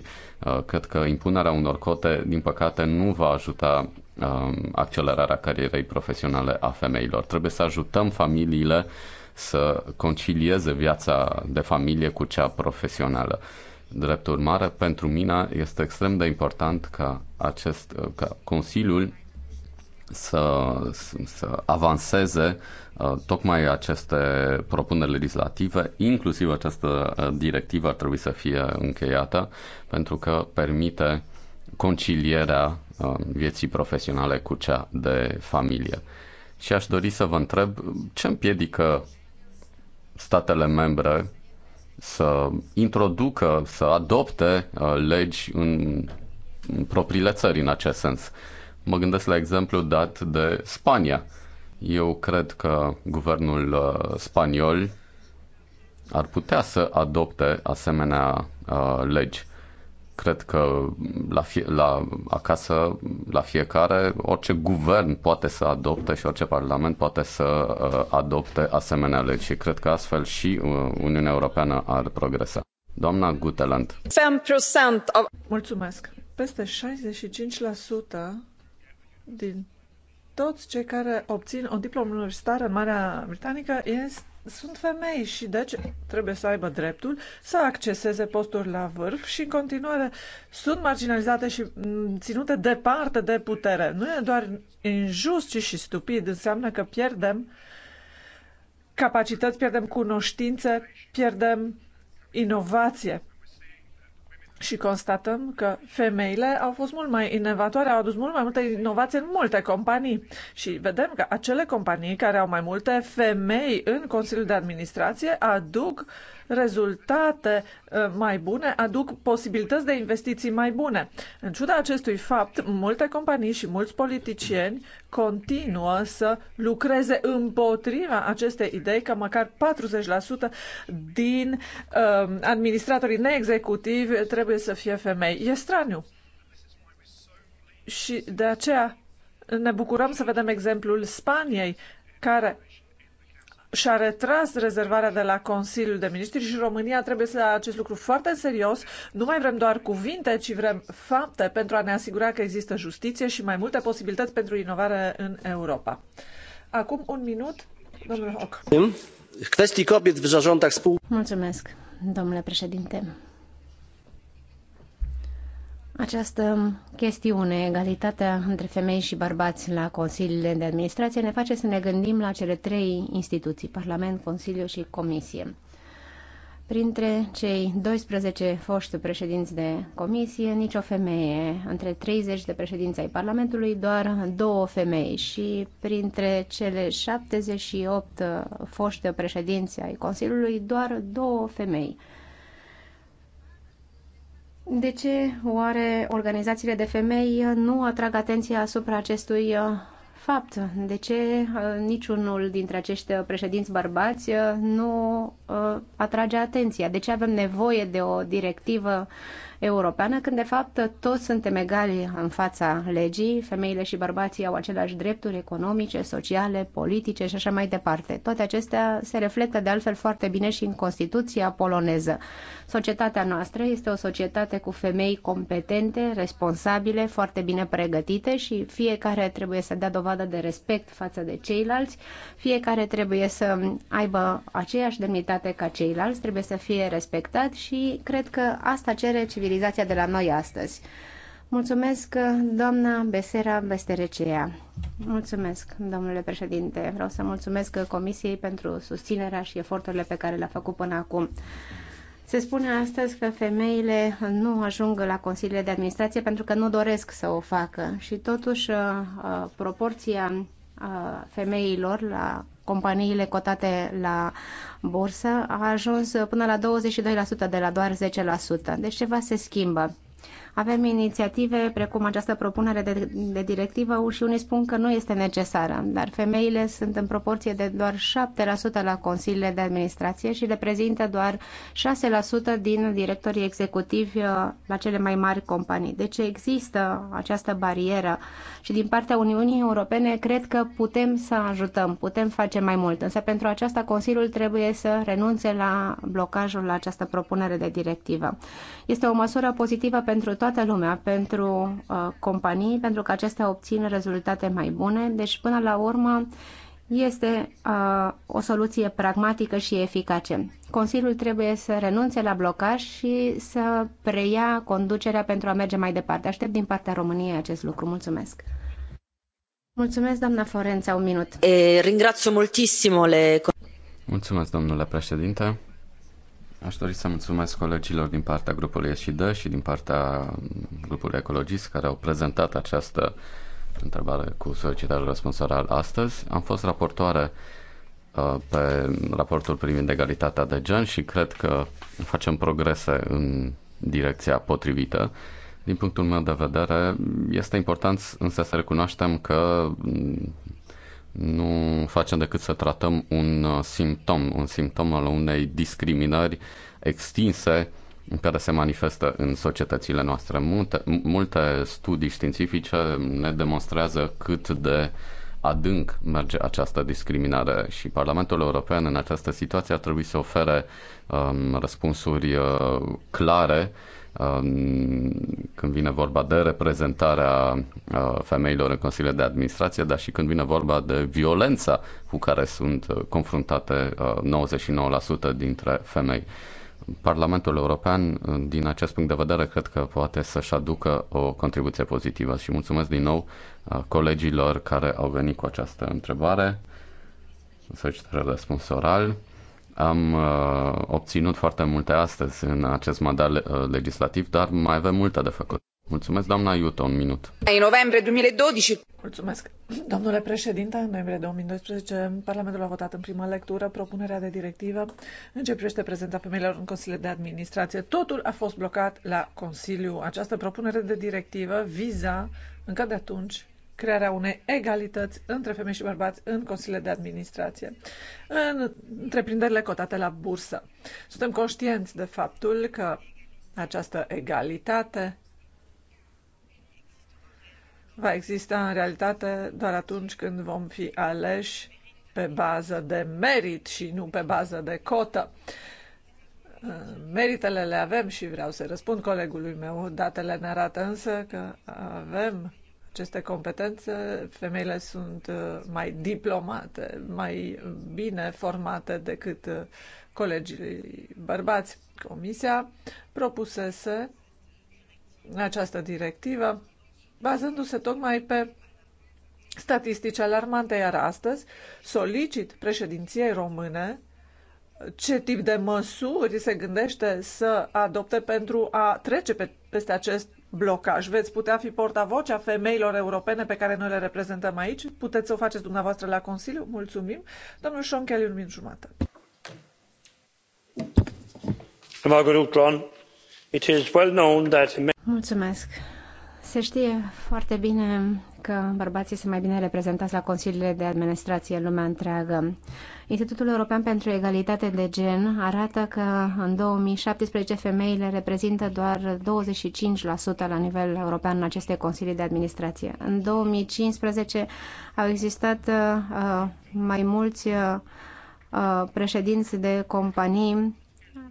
S6: uh, cred că impunerea unor cote, din păcate, nu va ajuta uh, accelerarea carierei profesionale a femeilor. Trebuie să ajutăm familiile să concilieze viața de familie cu cea profesională. Uh, Drept urmare, pentru mine este extrem de important ca, acest, ca Consiliul să, să avanseze uh, tocmai aceste propuneri legislative, inclusiv această uh, directivă ar trebui să fie încheiată, pentru că permite concilierea uh, vieții profesionale cu cea de familie. Și aș dori să vă întreb ce împiedică statele membre să introducă, să adopte uh, legi în propriile țări în acest sens. Mă gândesc la exemplu dat de Spania. Eu cred că guvernul uh, spaniol ar putea să adopte asemenea uh, legi. Cred că la, fie, la acasă, la fiecare, orice guvern poate să adopte și orice parlament poate să uh, adopte asemenea legi și cred că astfel și uh, Uniunea Europeană ar progresa. Doamna Guteland. 5%
S2: of... Mulțumesc. Peste 65% din toți cei care obțin o diplomă universitară în Marea Britanică este sunt femei și deci trebuie să aibă dreptul să acceseze posturi la vârf și în continuare sunt marginalizate și mm, ținute departe de putere. Nu e doar injust, ci și stupid. Înseamnă că pierdem capacități, pierdem cunoștințe, pierdem inovație și constatăm că femeile au fost mult mai inovatoare, au adus mult mai multe inovații în multe companii. Și vedem că acele companii care au mai multe femei în Consiliul de Administrație aduc uh, rezultate uh, mai bune aduc posibilități de investiții mai bune. În ciuda acestui fapt, multe companii și mulți politicieni continuă să lucreze împotriva acestei idei că măcar 40% din uh, administratorii neexecutivi trebuie să fie femei. E straniu. Și de aceea ne bucurăm să vedem exemplul Spaniei, care și-a retras rezervarea de la Consiliul de Ministri și România trebuie să ia acest lucru foarte serios. Nu mai vrem doar cuvinte, ci vrem fapte pentru a ne asigura că există justiție și mai multe posibilități pentru inovare în Europa. Acum un minut, domnul Hoc.
S4: Mulțumesc, domnule președinte. Această chestiune, egalitatea între femei și bărbați la consiliile de administrație, ne face să ne gândim la cele trei instituții, Parlament, Consiliu și Comisie. Printre cei 12 foști președinți de comisie, nicio femeie. Între 30 de președinți ai Parlamentului, doar două femei. Și printre cele 78 foști președinți ai Consiliului, doar două femei. De ce oare organizațiile de femei nu atrag atenția asupra acestui uh, fapt? De ce uh, niciunul dintre acești uh, președinți bărbați nu atrage atenția? De ce avem nevoie de o directivă europeană, când de fapt toți suntem egali în fața legii, femeile și bărbații au aceleași drepturi economice, sociale, politice și așa mai departe. Toate acestea se reflectă de altfel foarte bine și în Constituția poloneză. Societatea noastră este o societate cu femei competente, responsabile, foarte bine pregătite și fiecare trebuie să dea dovadă de respect față de ceilalți, fiecare trebuie să aibă aceeași demnitate ca ceilalți, trebuie să fie respectat și cred că asta cere civilizația civilizația de la noi astăzi. Mulțumesc, doamna Besera Besterecea. Mulțumesc, domnule președinte. Vreau să mulțumesc Comisiei pentru susținerea și eforturile pe care le-a făcut până acum. Se spune astăzi că femeile nu ajung la consiliile de administrație pentru că nu doresc să o facă și totuși uh, proporția uh, femeilor la companiile cotate la bursă a ajuns până la 22% de la doar 10%. Deci ceva se schimbă. Avem inițiative precum această propunere de, de directivă și unii spun că nu este necesară, dar femeile sunt în proporție de doar 7% la consiliile de administrație și reprezintă doar 6% din directorii executivi uh, la cele mai mari companii. Deci există această barieră și din partea Uniunii Europene cred că putem să ajutăm, putem face mai mult, însă pentru aceasta Consiliul trebuie să renunțe la blocajul la această propunere de directivă. Este o măsură pozitivă pentru toată lumea, pentru uh, companii, pentru că acestea obțin rezultate mai bune. Deci, până la urmă, este uh, o soluție pragmatică și eficace. Consiliul trebuie să renunțe la blocaj și să preia conducerea pentru a merge mai departe. Aștept din partea României acest lucru. Mulțumesc! Mulțumesc, doamna Forența, un
S3: minut.
S5: E, ringrazio moltissimo le...
S6: Mulțumesc, domnule președinte. Aș dori să mulțumesc colegilor din partea grupului Eșidă și din partea grupului ecologist care au prezentat această întrebare cu solicitarea responsoral astăzi. Am fost raportoare uh, pe raportul privind egalitatea de gen și cred că facem progrese în direcția potrivită. Din punctul meu de vedere, este important însă să recunoaștem că nu facem decât să tratăm un uh, simptom, un simptom al unei discriminări extinse care se manifestă în societățile noastre. Multe, multe studii științifice ne demonstrează cât de adânc merge această discriminare și Parlamentul European în această situație ar trebui să ofere um, răspunsuri uh, clare uh, Um, când vine vorba de reprezentarea uh, femeilor în Consiliul de Administrație, dar și când vine vorba de violența cu care sunt uh, confruntate 99% uh, dintre femei. Parlamentul European, din acest punct de vedere, cred că poate să-și aducă o contribuție pozitivă și mulțumesc din nou colegilor care au venit cu această întrebare. Să-și răspuns oral. Am uh, obținut foarte multe astăzi în acest mandat uh, legislativ, dar mai avem multe de făcut. Mulțumesc, doamna Iuto, un minut.
S2: În noiembrie 2012. Mulțumesc. Domnule președinte, în noiembrie 2012, Parlamentul a votat în prima lectură propunerea de directivă în ce privește prezența femeilor în Consiliul de administrație. Totul a fost blocat la Consiliu. Această propunere de directivă viza, încă de atunci, crearea unei egalități între femei și bărbați în consiliile de administrație, în întreprinderile cotate la bursă. Suntem conștienți de faptul că această egalitate va exista în realitate doar atunci când vom fi aleși pe bază de merit și nu pe bază de cotă. Meritele le avem și vreau să răspund colegului meu. Datele ne arată însă că avem aceste competențe, femeile sunt uh, mai diplomate, mai bine formate decât uh, colegii bărbați. Comisia propusese această directivă bazându-se tocmai pe statistici alarmante, iar astăzi solicit președinției române ce tip de măsuri se gândește să adopte pentru a trece pe, peste acest blocaj. Veți putea fi portavocea femeilor europene pe care noi le reprezentăm aici? Puteți să o faceți dumneavoastră la Consiliu? Mulțumim. Domnul Sean Kelly, un minut jumătate.
S4: Mulțumesc. Se știe foarte bine că bărbații sunt mai bine reprezentați la consiliile de administrație în lumea întreagă. Institutul European pentru Egalitate de Gen arată că în 2017 femeile reprezintă doar 25% la nivel european în aceste consilii de administrație. În 2015 au existat uh, mai mulți uh, uh președinți de companii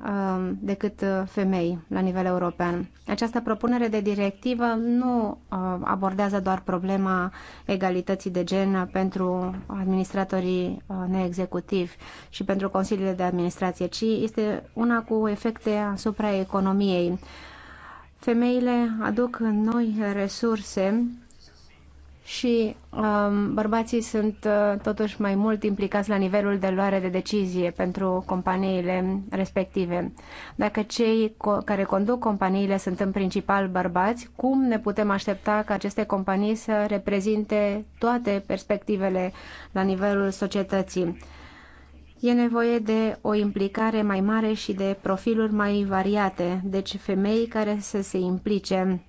S4: Um, decât uh, femei la nivel european. Această propunere de directivă nu uh, abordează doar problema egalității de gen pentru administratorii uh, neexecutivi și pentru consiliile de administrație, ci este una cu efecte asupra economiei. Femeile aduc noi resurse și um, bărbații sunt uh, totuși mai mult implicați la nivelul de luare de decizie pentru companiile respective. Dacă cei co- care conduc companiile sunt în principal bărbați, cum ne putem aștepta ca aceste companii să reprezinte toate perspectivele la nivelul societății? E nevoie de o implicare mai mare și de profiluri mai variate, deci femei care să se implice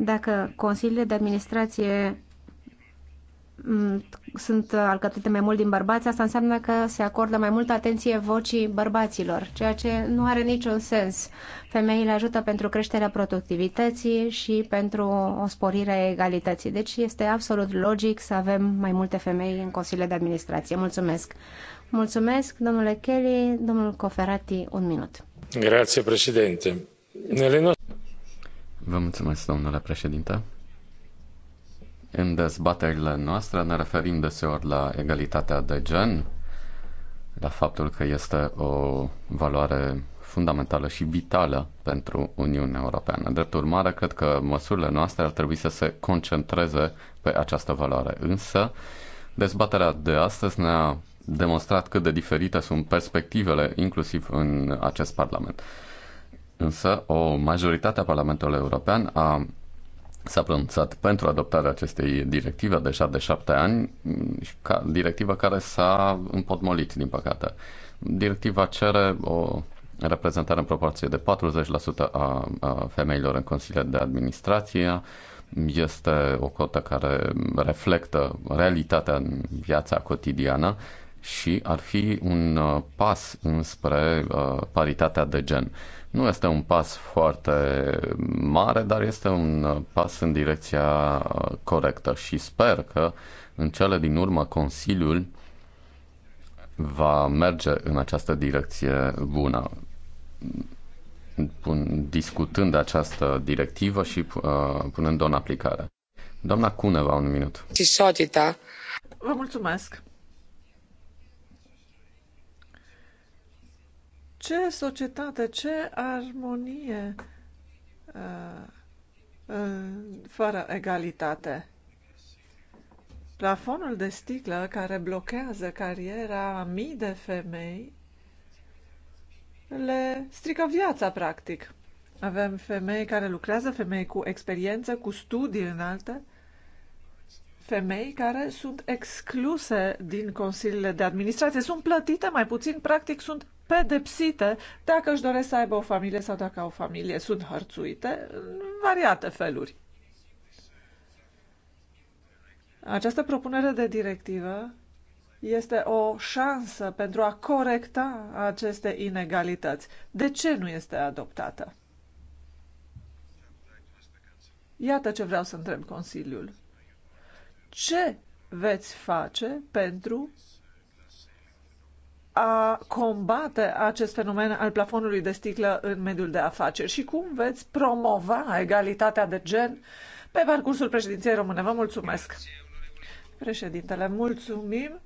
S4: dacă consiliile de administrație mm, sunt alcătuite mai mult din bărbați, asta înseamnă că se acordă mai multă atenție vocii bărbaților, ceea ce nu are niciun sens. Femeile ajută pentru creșterea productivității și pentru o sporire a egalității. Deci este absolut logic să avem mai multe femei în consiliile de administrație. Mulțumesc! Mulțumesc, domnule Kelly, domnul Coferati, un
S1: minut. Grazie, președinte.
S6: Vă mulțumesc, domnule președinte. În dezbaterile noastre ne referim deseori la egalitatea de gen, la faptul că este o valoare fundamentală și vitală pentru Uniunea Europeană. Drept urmare, cred că măsurile noastre ar trebui să se concentreze pe această valoare. Însă, dezbaterea de astăzi ne-a demonstrat cât de diferite sunt perspectivele, inclusiv în acest Parlament însă o majoritate a Parlamentului European a s-a pronunțat pentru adoptarea acestei directive deja de șapte ani, ca, directivă care s-a împotmolit, din păcate. Directiva cere o reprezentare în proporție de 40% a, a femeilor în Consiliul de Administrație, este o cotă care reflectă realitatea în viața cotidiană și ar fi un uh, pas înspre uh, paritatea de gen. Nu este un pas foarte mare, dar este un uh, pas în direcția corectă și sper că în cele din urmă Consiliul va merge în această direcție bună discutând această directivă și uh, punând-o în aplicare. Doamna Cuneva, un minut.
S2: Vă mulțumesc. Ce societate, ce armonie uh, uh, fără egalitate. Plafonul de sticlă care blochează cariera a mii de femei le strică viața, practic. Avem femei care lucrează, femei cu experiență, cu studii înalte, femei care sunt excluse din consiliile de administrație, sunt plătite mai puțin, practic sunt pedepsite dacă își doresc să aibă o familie sau dacă au o familie. Sunt hărțuite în variate feluri. Această propunere de directivă este o șansă pentru a corecta aceste inegalități. De ce nu este adoptată? Iată ce vreau să întreb Consiliul. Ce veți face pentru a combate acest fenomen al plafonului de sticlă în mediul de afaceri și cum veți promova egalitatea de gen pe parcursul președinției române. Vă mulțumesc! Președintele, mulțumim!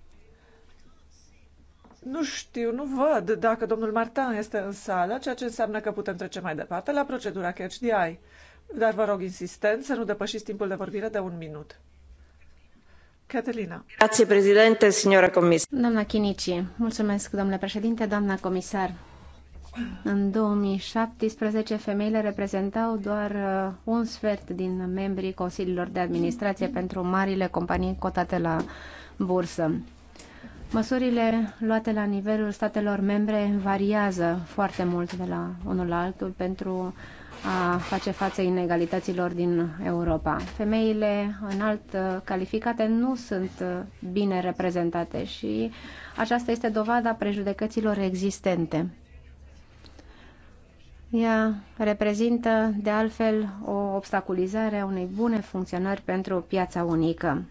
S2: Nu știu, nu văd dacă domnul Martin este în sală, ceea ce înseamnă că putem trece mai departe la procedura Catch the Eye. Dar vă rog insistent să nu depășiți timpul de vorbire de un minut. Catalina.
S8: Grazie,
S7: signora
S4: Doamna Chinici, mulțumesc, domnule președinte, doamna comisar. În 2017, femeile reprezentau doar uh, un sfert din membrii consiliilor de administrație pentru marile companii cotate la bursă. Măsurile luate la nivelul statelor membre variază foarte mult de la unul la altul pentru a face față inegalităților din Europa. Femeile înalt uh, calificate nu sunt uh, bine reprezentate și aceasta este dovada prejudecăților existente. Ea reprezintă, de altfel, o obstaculizare a unei bune funcționări pentru piața unică.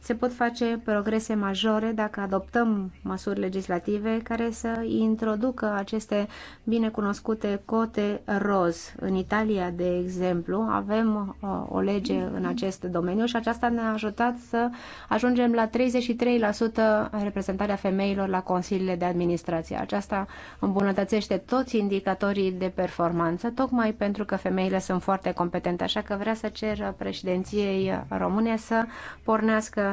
S4: Se pot face progrese majore dacă adoptăm măsuri legislative care să introducă aceste binecunoscute cote roz. În Italia, de exemplu, avem uh, o lege în acest domeniu și aceasta ne-a ajutat să ajungem la 33% reprezentarea femeilor la consiliile de administrație. Aceasta îmbunătățește toți indicatorii de performanță, tocmai pentru că femeile sunt foarte competente, așa că vrea să cer președinției române să pornească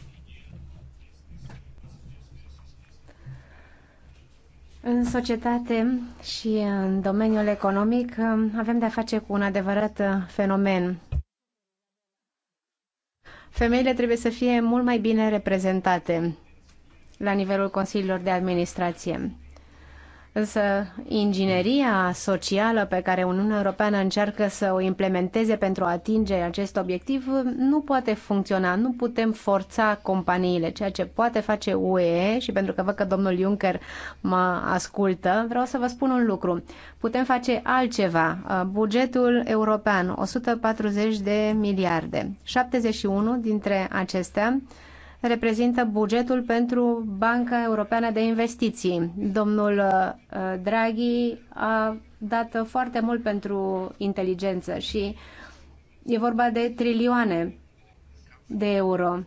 S4: În societate și în domeniul economic avem de-a face cu un adevărat fenomen. Femeile trebuie să fie mult mai bine reprezentate la nivelul consiliilor de administrație. Însă ingineria socială pe care Uniunea Europeană încearcă să o implementeze pentru a atinge acest obiectiv nu poate funcționa, nu putem forța companiile. Ceea ce poate face UE și pentru că văd că domnul Juncker mă ascultă, vreau să vă spun un lucru. Putem face altceva. Bugetul european, 140 de miliarde. 71 dintre acestea reprezintă bugetul pentru Banca Europeană de Investiții. Domnul uh, Draghi a dat foarte mult pentru inteligență și e vorba de trilioane de euro.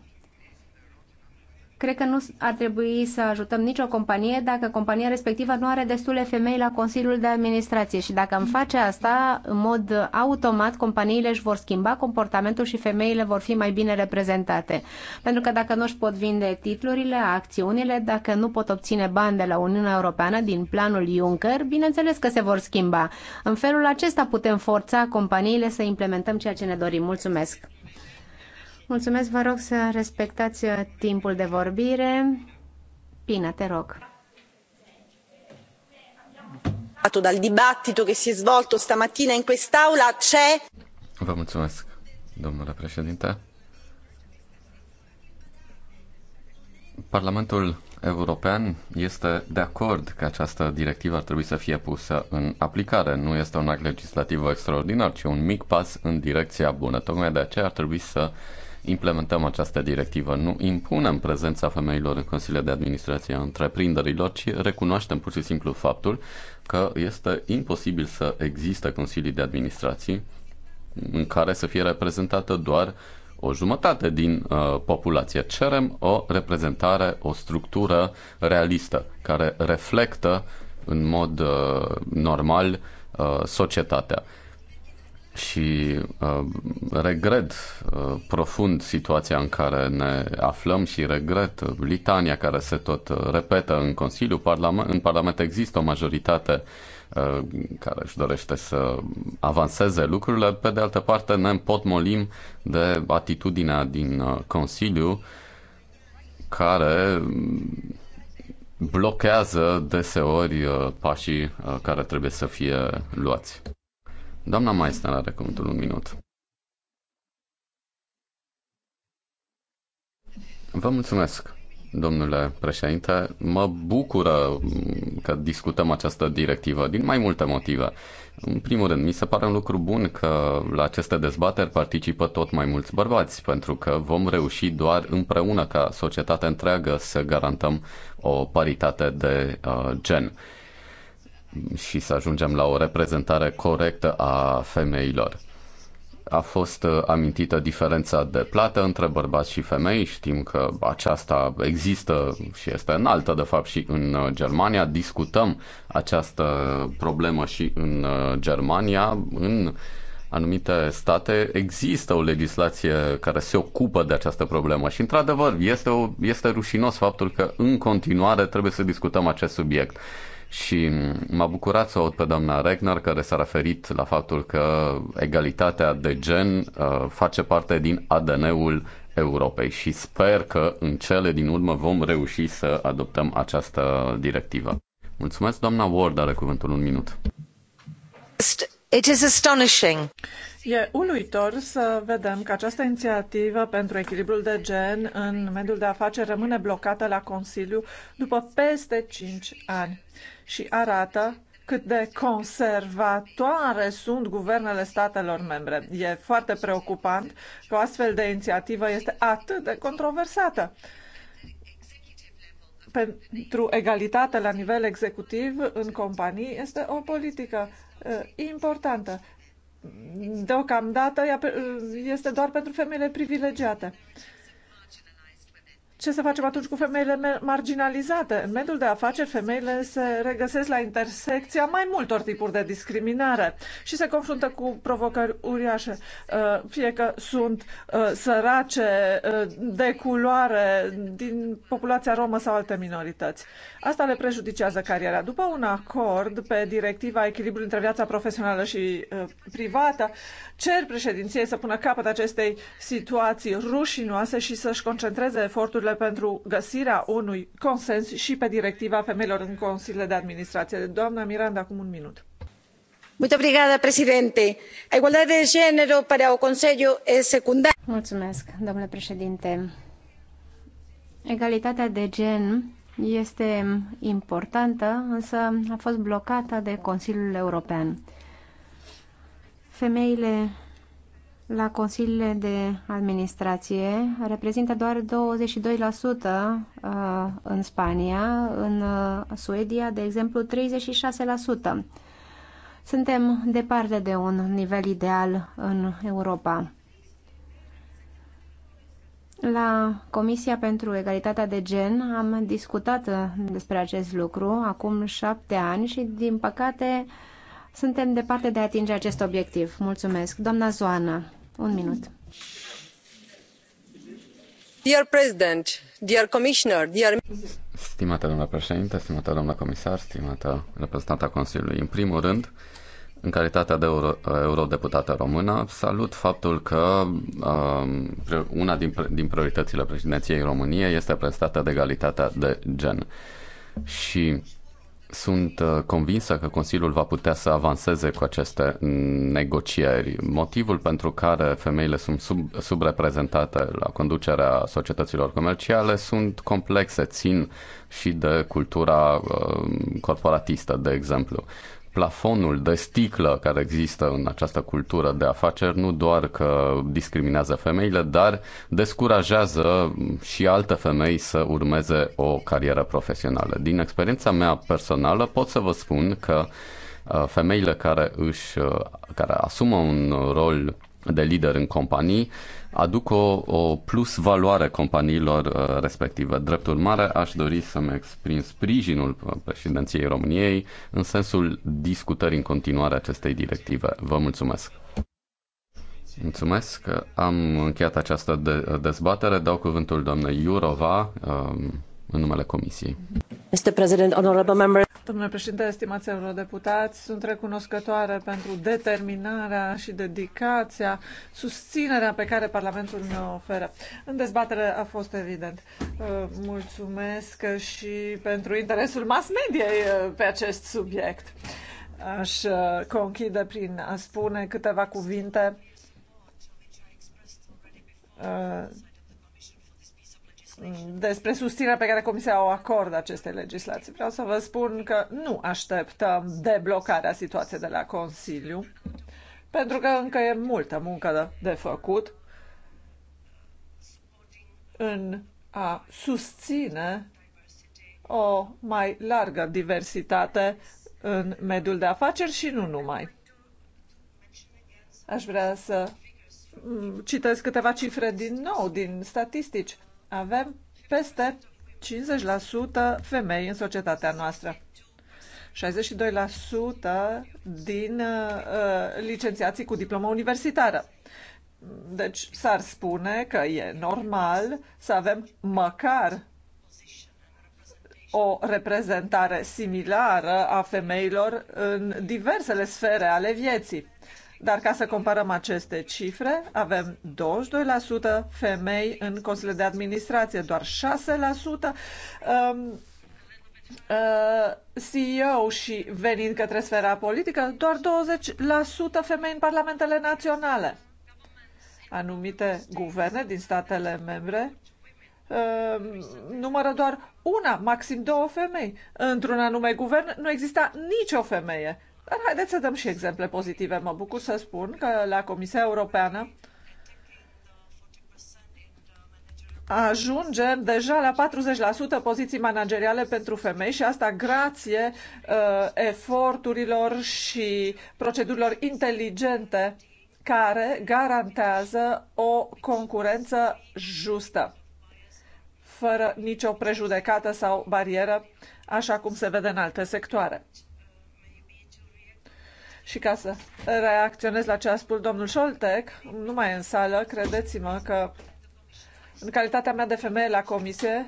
S4: Cred că nu ar trebui să ajutăm nicio companie dacă compania respectivă nu are destule femei la Consiliul de Administrație și dacă îmi face asta, în mod automat, companiile își vor schimba comportamentul și femeile vor fi mai bine reprezentate. Pentru că dacă nu își pot vinde titlurile, acțiunile, dacă nu pot obține bani de la Uniunea Europeană din planul Juncker, bineînțeles că se vor schimba. În felul acesta putem forța companiile să implementăm ceea ce ne dorim. Mulțumesc! Mulțumesc, vă rog să respectați uh, timpul de vorbire. Pina, te rog.
S7: Dal dibattito che si è svolto stamattina in quest'aula c'è.
S6: Vă mulțumesc, domnule președinte. Parlamentul European este de acord că această directivă ar trebui să fie pusă în aplicare. Nu este un act legislativ extraordinar, ci un mic pas în direcția bună. Tocmai de aceea ar trebui să uh, implementăm această directivă. Nu impunem prezența femeilor în consiliile de administrație a întreprinderilor, ci recunoaștem pur și simplu faptul că este imposibil să existe consilii de administrație în care să fie reprezentată doar o jumătate din uh, populație. Cerem o reprezentare, o structură realistă care reflectă în mod uh, normal uh, societatea. Uh, și uh, regret uh, profund situația în care ne aflăm și regret uh, litania care se tot uh, repetă în Consiliu. Parlament, în Parlament există o majoritate uh, care își dorește să avanseze lucrurile. Pe de altă parte ne împotmolim de atitudinea din uh, Consiliu care blochează deseori pașii care trebuie să fie luați. Doamna Maestan are cuvântul un minut. Vă mulțumesc, domnule președinte. Mă bucură mm, că discutăm această directivă din mai multe motive. În primul rând, mi se pare un lucru bun că la aceste dezbateri participă tot mai mulți bărbați, pentru că vom reuși doar împreună ca societatea întreagă să garantăm o paritate de uh, gen și să ajungem la o reprezentare corectă a femeilor. A fost uh, amintită diferența de plată între bărbați și femei. Știm că aceasta există și este înaltă, de fapt, și în uh, Germania. Discutăm această problemă și în uh, Germania, în anumite state există o legislație care se ocupă de această problemă și, într-adevăr, este, o, este rușinos faptul că în continuare trebuie să discutăm acest subiect. Și m-a bucurat să aud pe doamna Regner care s-a referit la faptul că egalitatea de gen uh, face parte din ADN-ul Europei și sper că în cele din urmă vom reuși să adoptăm această directivă. Mulțumesc, doamna Ward, are cuvântul
S7: un minut.
S2: It is astonishing. E uluitor să vedem că această inițiativă pentru echilibrul de gen în mediul de afaceri rămâne blocată la Consiliu după peste 5 ani și arată cât de conservatoare sunt guvernele statelor membre. E foarte preocupant că o astfel de inițiativă este atât de controversată pentru egalitate la nivel executiv în companii este o politică uh, importantă. Deocamdată uh, este doar pentru femeile privilegiate ce să facem atunci cu femeile marginalizate? În mediul de afaceri, femeile se regăsesc la intersecția mai multor tipuri de discriminare și se confruntă cu provocări uriașe. Uh, fie că sunt uh, sărace, uh, de culoare, din populația romă sau alte minorități. Asta le prejudicează cariera. După un acord pe directiva echilibru între viața profesională și privată, cer președinției să pună capăt acestei situații rușinoase și să-și concentreze eforturile pentru găsirea unui consens și pe directiva femeilor în consiliile de administrație. Doamna Miranda, acum un minut.
S4: Muito obrigada, presidente. A igualdade de gênero para o Conselho é secundária. Mulțumesc, domnule președinte. Egalitatea de gen este importantă, însă a fost blocată de Consiliul European. Femeile la consiliile de administrație reprezintă doar 22% uh, în Spania, în uh, Suedia, de exemplu, 36%. Suntem departe de un nivel ideal în Europa. La Comisia pentru Egalitatea de Gen am discutat uh, despre acest lucru acum șapte ani și, din păcate, suntem departe de a atinge acest obiectiv. Mulțumesc. Doamna Zoană.
S5: Dear President, dear Commissioner, dear...
S6: Stimată doamnă președinte, stimată doamnă comisar, stimată reprezentanta Consiliului, în primul rând, în calitatea de euro, eurodeputată română, salut faptul că uh, una din, din prioritățile președinției României este prezentată de egalitatea de gen. Și sunt uh, convinsă că Consiliul va putea să avanseze cu aceste negocieri. Motivul pentru care femeile sunt sub, subreprezentate la conducerea societăților comerciale sunt complexe, țin și de cultura uh, corporatistă, de exemplu plafonul de sticlă care există în această cultură de afaceri nu doar că discriminează femeile, dar descurajează și alte femei să urmeze o carieră profesională. Din experiența mea personală pot să vă spun că uh, femeile care își uh, care asumă un rol de lider în companii aduc o, o plus valoare companiilor uh, respective. Drept urmare, aș dori să-mi exprim sprijinul uh, președinției României în sensul discutării în continuare acestei directive. Vă mulțumesc! Mulțumesc! Am încheiat această de- dezbatere. Dau cuvântul doamnei Iurova. Um, în numele Comisiei.
S2: Domnule președinte, estimați eurodeputați, sunt recunoscătoare pentru determinarea și dedicația, susținerea pe care Parlamentul ne oferă. În dezbatere a fost evident. Uh, mulțumesc și pentru interesul mass mediei uh, pe acest subiect. Aș uh, conchide prin a spune câteva cuvinte despre susținerea pe care Comisia o acordă acestei legislații. Vreau să vă spun că nu așteptăm deblocarea situației de la Consiliu, pentru că încă e multă muncă de, de făcut în a susține o mai largă diversitate în mediul de afaceri și nu numai. Aș vrea să mm, citesc câteva cifre din nou din statistici avem peste 50% femei în societatea noastră. 62% din uh, licențiații cu diplomă universitară. Deci s-ar spune că e normal să avem măcar o reprezentare similară a femeilor în diversele sfere ale vieții. Dar ca să comparăm aceste cifre, avem 22% femei în consiliile de administrație, doar 6% um, uh, CEO și venind către sfera politică, doar 20% femei în parlamentele naționale. Anumite guverne din statele membre um, numără doar una, maxim două femei. Într-un anume guvern nu exista nicio femeie. Dar haideți să dăm și exemple pozitive. Mă bucur să spun că la Comisia Europeană ajungem deja la 40% poziții manageriale pentru femei și asta grație uh, eforturilor și procedurilor inteligente care garantează o concurență justă, fără nicio prejudecată sau barieră, așa cum se vede în alte sectoare. Și ca să reacționez la ce a spus domnul Șoltec, nu mai în sală, credeți-mă că în calitatea mea de femeie la comisie,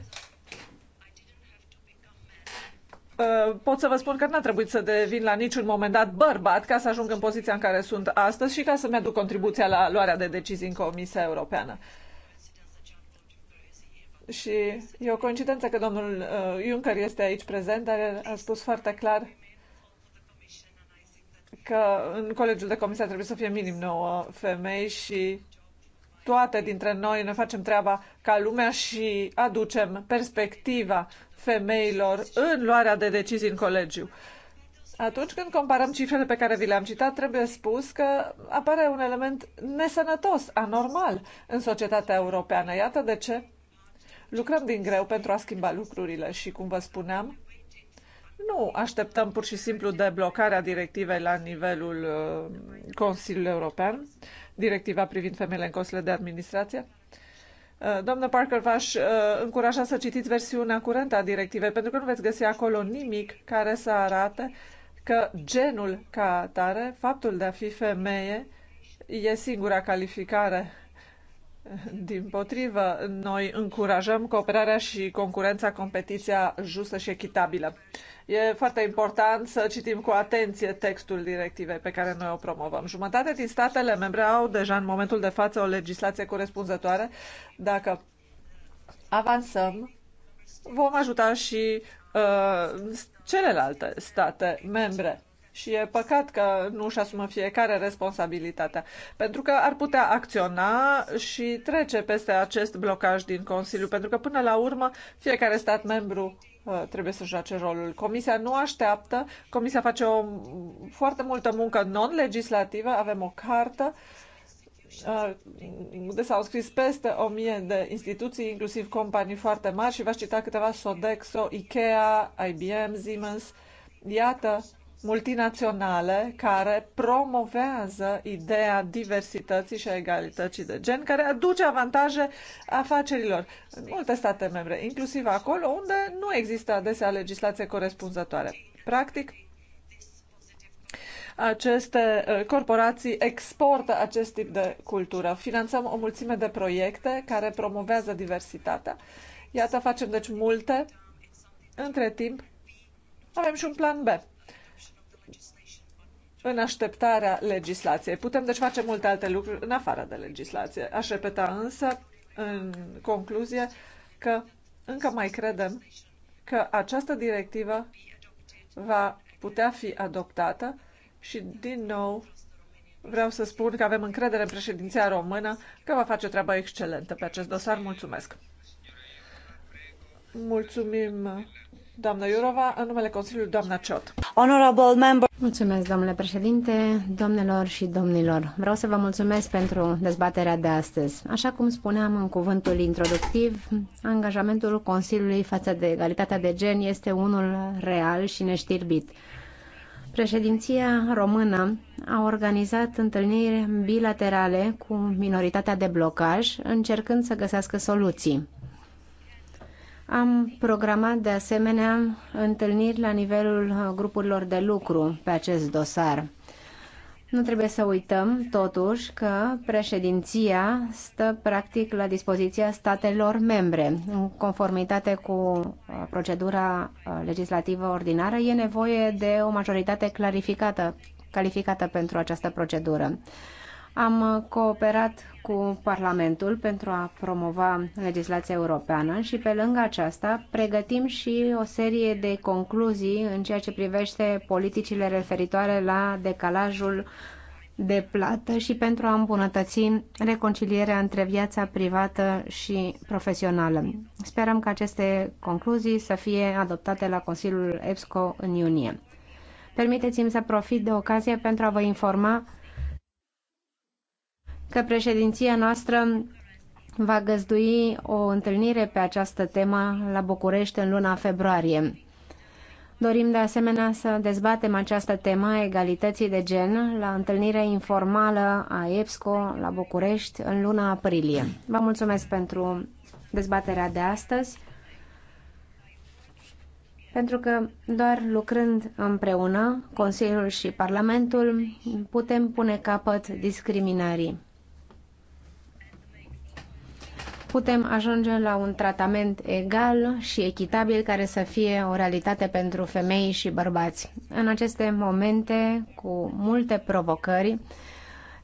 S2: uh, pot să vă spun că n-a trebuit să devin la niciun moment dat bărbat ca să ajung în poziția în care sunt astăzi și ca să-mi aduc contribuția la luarea de decizii în Comisia Europeană. Și e o coincidență că domnul uh, Juncker este aici prezent, dar a spus foarte clar că în colegiul de comisar trebuie să fie minim 9 femei și toate dintre noi ne facem treaba ca lumea și aducem perspectiva femeilor în luarea de decizii în colegiu. Atunci când comparăm cifrele pe care vi le-am citat, trebuie spus că apare un element nesănătos, anormal în societatea europeană. Iată de ce lucrăm din greu pentru a schimba lucrurile și, cum vă spuneam, nu așteptăm pur și simplu deblocarea directivei la nivelul uh, Consiliului European, directiva privind femeile în consiliile de administrație. Uh, doamnă Parker, v-aș uh, încuraja să citiți versiunea curentă a directivei, pentru că nu veți găsi acolo nimic care să arate că genul ca atare, faptul de a fi femeie, e singura calificare din potrivă, noi încurajăm cooperarea și concurența, competiția justă și echitabilă. E foarte important să citim cu atenție textul directivei pe care noi o promovăm. Jumătate din statele membre au deja în momentul de față o legislație corespunzătoare. Dacă avansăm, vom ajuta și uh, celelalte state membre și e păcat că nu își asumă fiecare responsabilitatea, pentru că ar putea acționa și trece peste acest blocaj din Consiliu, pentru că până la urmă fiecare stat membru uh, trebuie să joace rolul. Comisia nu așteaptă, Comisia face o foarte multă muncă non-legislativă, avem o cartă uh, unde s-au scris peste o mie de instituții, inclusiv companii foarte mari și v-aș cita câteva Sodexo, Ikea, IBM, Siemens. Iată multinaționale care promovează ideea diversității și a egalității de gen, care aduce avantaje afacerilor în multe state membre, inclusiv acolo unde nu există adesea legislație corespunzătoare. Practic, aceste uh, corporații exportă acest tip de cultură. Finanțăm o mulțime de proiecte care promovează diversitatea. Iată, facem deci multe. Între timp, avem și un plan B în așteptarea legislației. Putem deci face multe alte lucruri în afară de legislație. Aș repeta însă, în concluzie, că încă mai credem că această directivă va putea fi adoptată și, din nou, vreau să spun că avem încredere în președinția română că va face o treabă excelentă pe acest dosar. Mulțumesc! Mulțumim Doamna Iurova, în numele Consiliului, doamna Ciot. Honorable member.
S4: Mulțumesc, domnule președinte, domnilor și domnilor. Vreau să vă mulțumesc pentru dezbaterea de astăzi. Așa cum spuneam în cuvântul introductiv, angajamentul Consiliului față de egalitatea de gen este unul real și neștirbit. Președinția română a organizat întâlniri bilaterale cu minoritatea de blocaj, încercând să găsească soluții. Am programat de asemenea întâlniri la nivelul grupurilor de lucru pe acest dosar. Nu trebuie să uităm, totuși, că președinția stă practic la dispoziția statelor membre. În conformitate cu uh, procedura uh, legislativă ordinară, e nevoie de o majoritate clarificată, calificată pentru această procedură. Am cooperat cu Parlamentul pentru a promova legislația europeană și pe lângă aceasta pregătim și o serie de concluzii în ceea ce privește politicile referitoare la decalajul de plată și pentru a îmbunătăți reconcilierea între viața privată și profesională. Sperăm că aceste concluzii să fie adoptate la Consiliul EPSCO în iunie. Permiteți-mi să profit de ocazie pentru a vă informa că președinția noastră va găzdui o întâlnire pe această temă la București în luna februarie. Dorim de asemenea să dezbatem această temă a egalității de gen la întâlnirea informală a EPSCO la București în luna aprilie. Vă mulțumesc pentru dezbaterea de astăzi, pentru că doar lucrând împreună, Consiliul și Parlamentul, putem pune capăt discriminării putem ajunge la un tratament egal și echitabil care să fie o realitate pentru femei și bărbați. În aceste momente, cu multe provocări,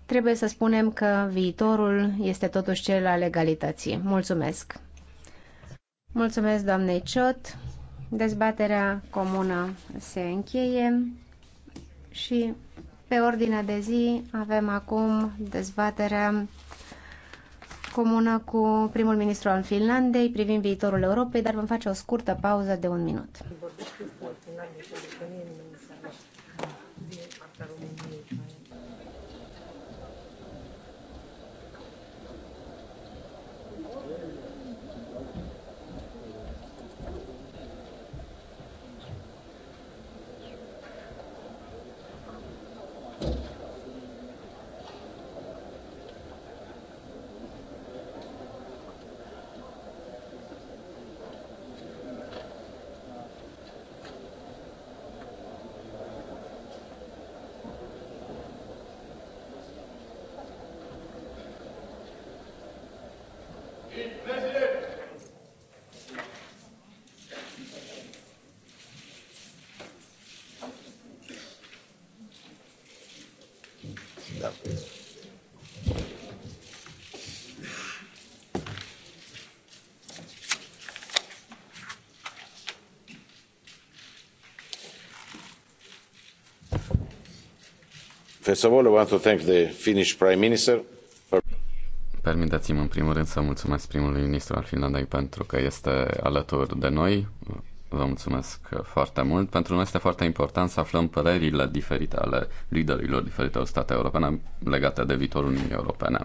S4: trebuie să spunem că viitorul este totuși cel al egalității. Mulțumesc! Mulțumesc, doamnei Ciot! Dezbaterea comună se încheie și pe ordinea de zi avem acum dezbaterea comună cu primul ministru al Finlandei privind viitorul Europei, dar vom face o scurtă pauză de un minut.
S1: First of all, I want to thank the Finnish Prime Minister
S6: for... Permiteți-mi în primul rând să mulțumesc primului ministru al Finlandei pentru că este alături de noi. Vă mulțumesc foarte mult. Pentru noi este foarte important să aflăm părerile diferite ale liderilor diferitelor state europene legate de viitorul Uniunii Europene.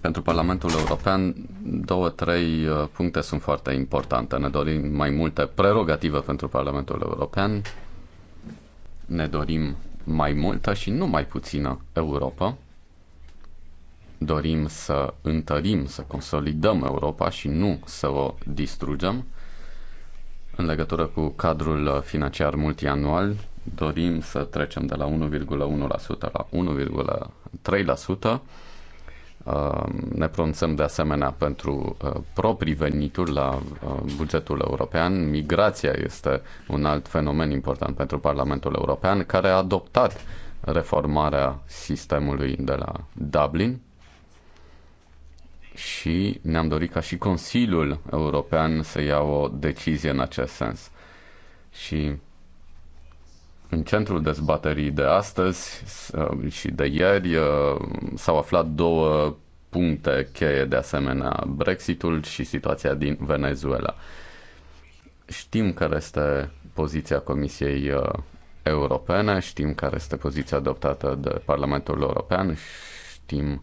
S6: Pentru Parlamentul European, două, trei uh, puncte sunt foarte importante. Ne dorim mai multe prerogative pentru Parlamentul European, ne dorim mai multă și nu mai puțină Europa. Dorim să întărim, să consolidăm Europa și nu să o distrugem. În legătură cu cadrul financiar multianual, dorim să trecem de la 1,1% la 1,3% Um, ne pronunțăm de asemenea pentru uh, proprii venituri la uh, bugetul european. Migrația este un alt fenomen important pentru Parlamentul European, care a adoptat reformarea sistemului de la Dublin și ne-am dorit ca și Consiliul European să ia o decizie în acest sens. Și în centrul dezbaterii de astăzi uh, și de ieri uh, s-au aflat două puncte cheie, de asemenea Brexitul și situația din Venezuela. Știm care este poziția Comisiei uh, Europene, știm care este poziția adoptată de Parlamentul European, știm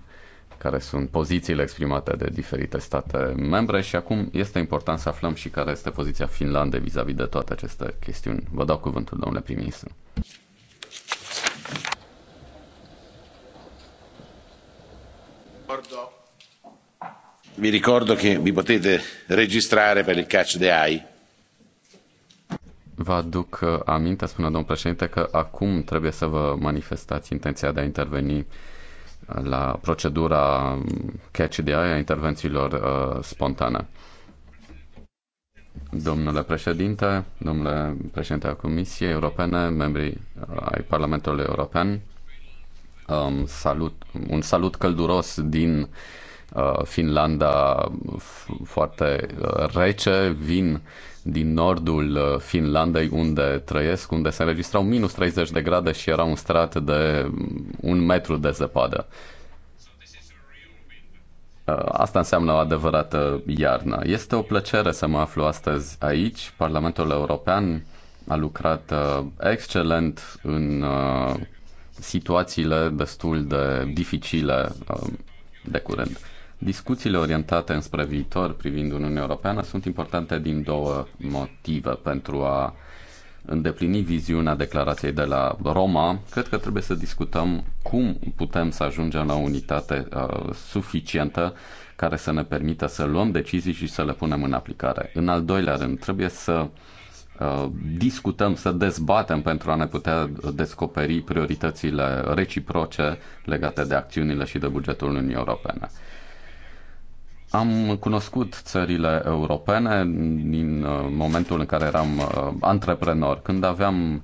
S6: care sunt pozițiile exprimate de diferite state membre și acum este important să aflăm și care este poziția Finlandei vis-a-vis de toate aceste chestiuni. Vă dau cuvântul, domnule prim-ministru.
S1: Vi ricordo che vi potete registrare per il catch the eye.
S6: Vă aduc uh, aminte, spune domnul președinte, că acum trebuie să vă manifestați intenția de a interveni la procedura catch de aia a intervențiilor uh, spontane. Domnule președinte, domnule președinte al Comisiei Europene, membrii uh, ai Parlamentului European, um, salut, un salut călduros din uh, Finlanda foarte uh, rece, vin din nordul uh, Finlandei unde trăiesc, unde se înregistrau minus 30 de grade și era un strat de mm, un metru de zăpadă. Uh, asta înseamnă o adevărată iarnă. Este o plăcere să mă aflu astăzi aici. Parlamentul European a lucrat uh, excelent în situațiile destul de dificile de curând. Discuțiile orientate înspre viitor privind Uniunea Europeană sunt importante din două motive. Pentru a îndeplini viziunea declarației de la Roma, cred că trebuie să discutăm cum putem să ajungem la o unitate uh, suficientă care să ne permită să luăm decizii și să le punem în aplicare. În al doilea rând, trebuie să uh, discutăm, să dezbatem pentru a ne putea descoperi prioritățile reciproce legate de acțiunile și de bugetul Uniunii Europene. Am cunoscut țările europene din uh, momentul în care eram uh, antreprenor. Când aveam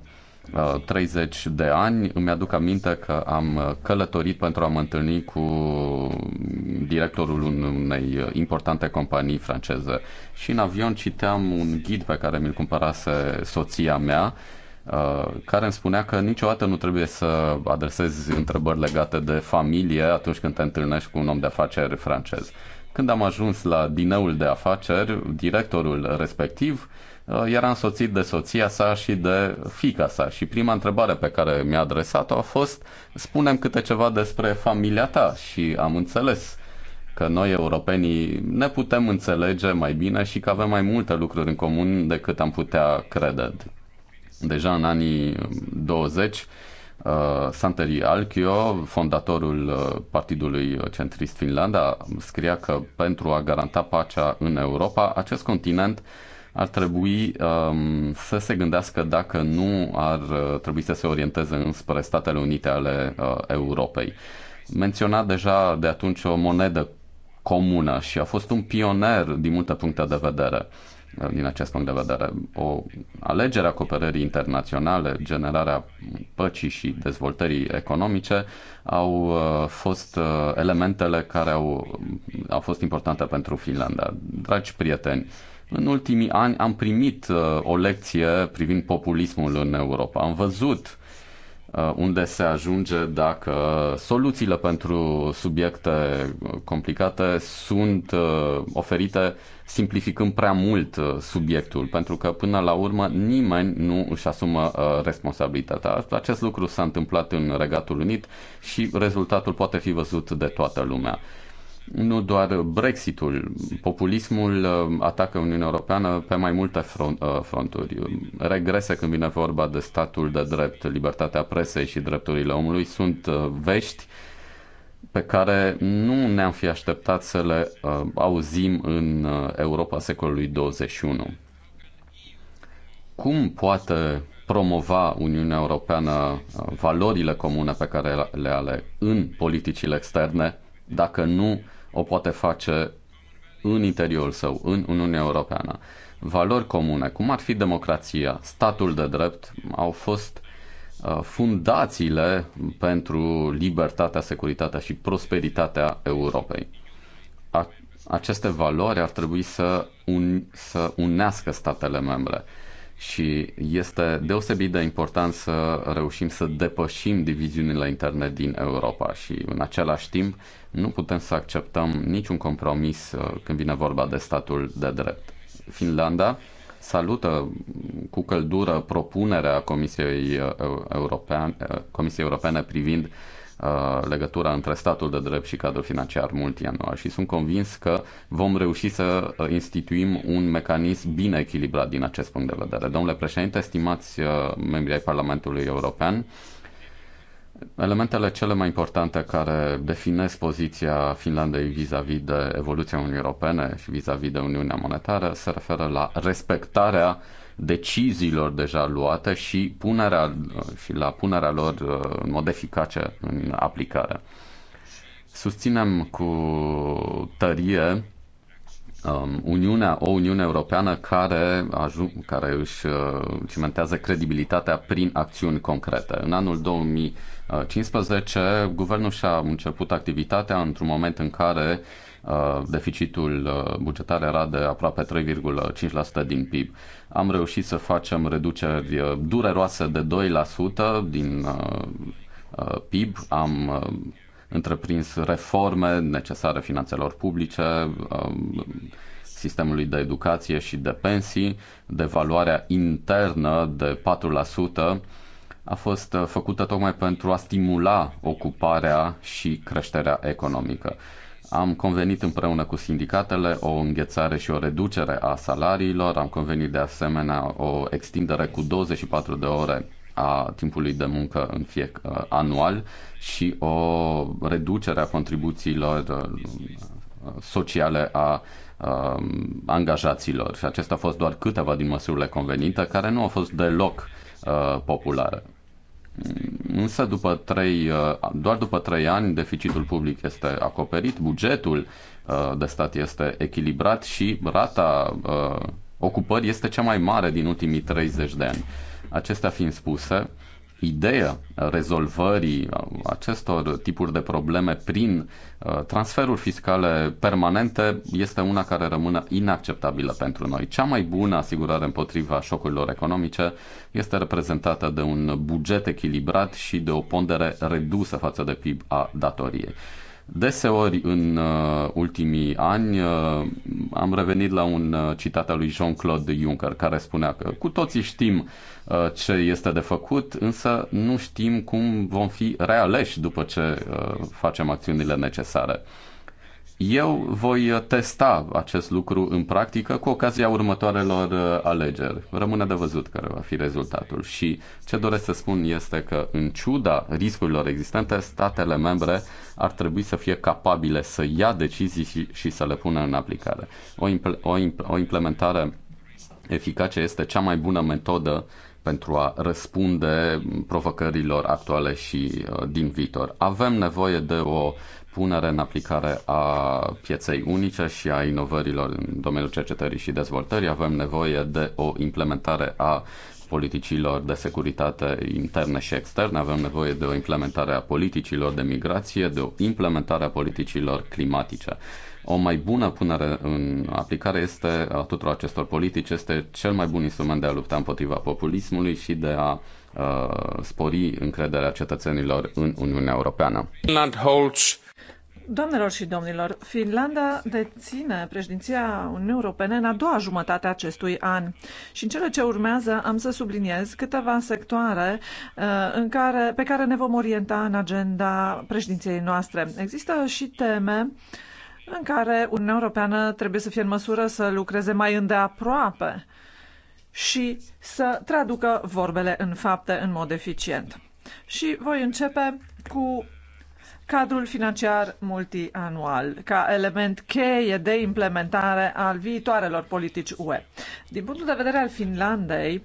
S6: 30 uh, de ani, îmi aduc aminte că am călătorit pentru a mă întâlni cu directorul unei importante companii franceze și în avion citeam un ghid pe care mi-l cumpărase soția mea care îmi spunea că niciodată nu trebuie să adresezi întrebări legate de familie atunci când te întâlnești cu un om de afaceri francez. Când am ajuns la dineul de afaceri, directorul respectiv uh, era însoțit de soția sa și de fica sa și prima întrebare pe care mi-a adresat-o a fost spunem câte ceva despre familia ta și am înțeles că noi europenii ne putem înțelege mai bine și că avem mai multe lucruri în comun decât am putea crede. Deja în anii 20 Uh, Santeri Alchio, fondatorul uh, Partidului Centrist Finlanda, scria că pentru a garanta pacea în Europa, acest continent ar trebui um, să se gândească dacă nu ar uh, trebui să se orienteze înspre Statele Unite ale uh, Europei. Menționa deja de atunci o monedă comună și a fost un pioner din multe puncte de vedere. Uh, din acest punct de vedere. O alegere a cooperării internaționale, generarea păcii și dezvoltării economice au uh, fost uh, elementele care au, au fost importante pentru Finlanda. Dragi prieteni, în ultimii ani am primit uh, o lecție privind populismul în Europa. Am văzut Uh, unde se ajunge dacă soluțiile pentru subiecte uh, complicate sunt uh, oferite simplificând prea mult subiectul, pentru că până la urmă nimeni nu își asumă responsabilitatea. Acest lucru s-a întâmplat în Regatul Unit și rezultatul poate fi văzut de toată lumea nu doar Brexitul, populismul uh, atacă Uniunea Europeană pe mai multe front, uh, fronturi. Regrese când vine vorba de statul de drept, libertatea presei și drepturile omului sunt uh, vești pe care nu ne-am fi așteptat să le auzim în Europa secolului 21. Cum poate promova Uniunea Europeană valorile comune pe care le are în politicile externe dacă nu uh, o poate face în interiorul său, în Uniunea Europeană. Valori comune, cum ar fi democrația, statul de drept, au fost uh, fundațiile pentru libertatea, securitatea și prosperitatea Europei. Aceste valori ar trebui să, un, să unească statele membre și este deosebit de important să reușim să depășim diviziunile interne din Europa și în același timp nu putem să acceptăm niciun compromis uh, când vine vorba de statul de drept. Finlanda salută cu căldură propunerea Comisiei, uh, European, uh, Comisiei Europene privind Uh, legătura între statul de drept și cadrul financiar multianual și sunt convins că vom reuși să uh, instituim un mecanism bine echilibrat din acest punct de vedere. Domnule președinte, stimați uh, membrii ai Parlamentului European, Elementele cele mai importante care definesc poziția Finlandei vis-a-vis -vis de evoluția Uniunii Europene și vis-a-vis -vis de Uniunea Monetară se referă la respectarea deciziilor deja luate și, punerea, și la punerea lor uh, în mod eficace în aplicare. Susținem cu tărie um, Uniunea, o Uniune Europeană care, ajung, care își uh, cimentează credibilitatea prin acțiuni concrete. În anul 2015, guvernul și-a început activitatea într-un moment în care uh, Uh, deficitul uh, bugetar era de aproape 3,5% din PIB. Am reușit să facem reduceri uh, dureroase de 2% din PIB, am întreprins reforme necesare finanțelor publice, sistemului de educație și de pensii, devaluarea internă de 4% a fost făcută tocmai pentru a stimula ocuparea și creșterea economică. Am convenit împreună cu sindicatele o înghețare și o reducere a salariilor, am convenit de asemenea o extindere cu 24 de ore a timpului de muncă în fie uh, anual și o reducere a contribuțiilor uh, sociale a um, angajaților. Și acestea au fost doar câteva din măsurile convenite care nu au fost deloc uh, populare. Însă după trei, uh, doar după trei ani deficitul public este acoperit, bugetul uh, de stat este echilibrat și rata uh, ocupării este cea mai mare din ultimii 30 de ani. Acestea fiind spuse, ideea rezolvării acestor tipuri de probleme prin uh, transferuri fiscale permanente este una care rămâne inacceptabilă pentru noi. Cea mai bună asigurare împotriva șocurilor economice este reprezentată de un buget echilibrat și de o pondere redusă față de PIB a datoriei. Deseori în uh, ultimii ani uh, am revenit la un uh, citat al lui Jean-Claude Juncker care spunea că cu toții știm uh, ce este de făcut, însă nu știm cum vom fi realeși după ce uh, facem acțiunile necesare. Uh, eu voi testa acest lucru în practică cu ocazia următoarelor uh, alegeri. Rămâne de văzut care va fi rezultatul. Și ce doresc să spun este că, în ciuda riscurilor existente, statele membre ar trebui să fie capabile să ia decizii și, și să le pună în aplicare. O, impl- o, impl- o implementare eficace este cea mai bună metodă pentru a răspunde provocărilor actuale și uh, din viitor. Avem nevoie de o punere în aplicare a pieței unice și a inovărilor în domeniul cercetării și dezvoltării. Avem nevoie de o implementare a politicilor de securitate interne și externe, avem nevoie de o implementare a politicilor de migrație, de o implementare a politicilor climatice. O mai bună punere în aplicare este a tuturor acestor politici este cel mai bun instrument de a lupta împotriva populismului și de a uh, spori încrederea cetățenilor în Uniunea Europeană.
S1: holds
S2: Doamnelor și domnilor, Finlanda deține președinția Uniunii Europene în a doua jumătate a acestui an și în cele ce urmează am să subliniez câteva sectoare uh, în care, pe care ne vom orienta în agenda președinției noastre. Există și teme în care Uniunea Europeană trebuie să fie în măsură să lucreze mai îndeaproape și să traducă vorbele în fapte în mod eficient. Și voi începe cu cadrul financiar multianual ca element cheie de implementare al viitoarelor politici UE. Din punctul de vedere al Finlandei,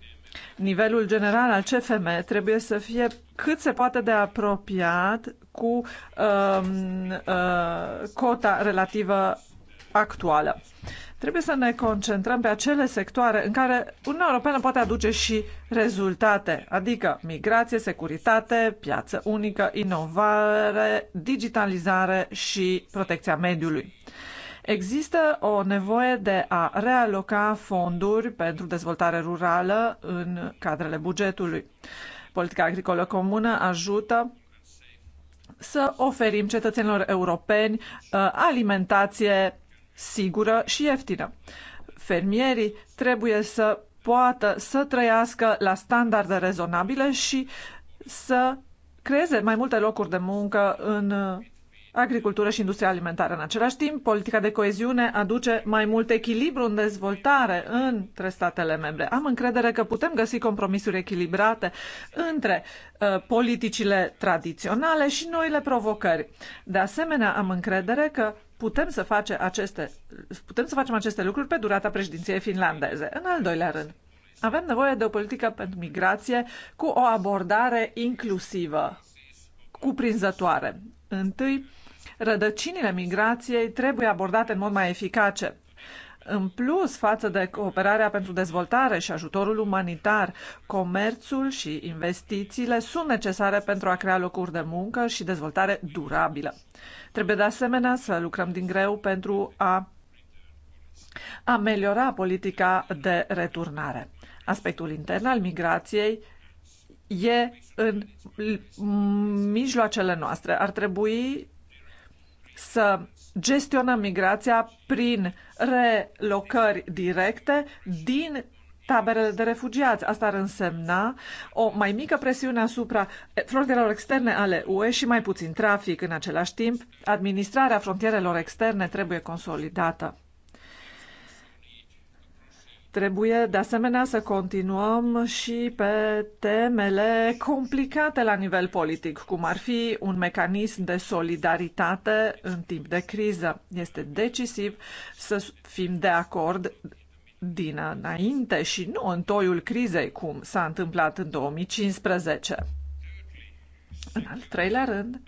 S2: nivelul general al CFM trebuie să fie cât se poate de apropiat cu um, uh, cota relativă actuală. Trebuie să ne concentrăm pe acele sectoare în care Uniunea Europeană poate aduce și rezultate, adică migrație, securitate, piață unică, inovare, digitalizare și protecția mediului. Există o nevoie de a realoca fonduri pentru dezvoltare rurală în cadrele bugetului. Politica agricolă comună ajută să oferim cetățenilor europeni uh, alimentație sigură și ieftină. Fermierii trebuie să poată să trăiască la standarde rezonabile și să creeze mai multe locuri de muncă în uh, agricultură și industria alimentară. În același timp, politica de coeziune aduce mai mult echilibru în dezvoltare între statele membre. Am încredere că putem găsi compromisuri echilibrate între uh, politicile tradiționale și noile provocări. De asemenea, am încredere că putem să, face aceste, putem să facem aceste lucruri pe durata președinției finlandeze. În al doilea rând, avem nevoie de o politică pentru migrație cu o abordare inclusivă, cuprinzătoare. Întâi, rădăcinile migrației trebuie abordate în mod mai eficace. În plus, față de cooperarea pentru dezvoltare și ajutorul umanitar, comerțul și investițiile sunt necesare pentru a crea locuri de muncă și dezvoltare durabilă. Trebuie de asemenea să lucrăm din greu pentru a ameliora politica de returnare. Aspectul intern al migrației e în mijloacele noastre. Ar trebui să gestionăm migrația prin relocări directe din taberele de refugiați. Asta ar însemna o mai mică presiune asupra frontierelor externe ale UE și mai puțin trafic. În același timp, administrarea frontierelor externe trebuie consolidată. Trebuie, de asemenea, să continuăm și pe temele complicate la nivel politic, cum ar fi un mecanism de solidaritate în timp de criză. Este decisiv să fim de acord dinainte și nu în toiul crizei, cum s-a întâmplat în 2015. În al treilea rând,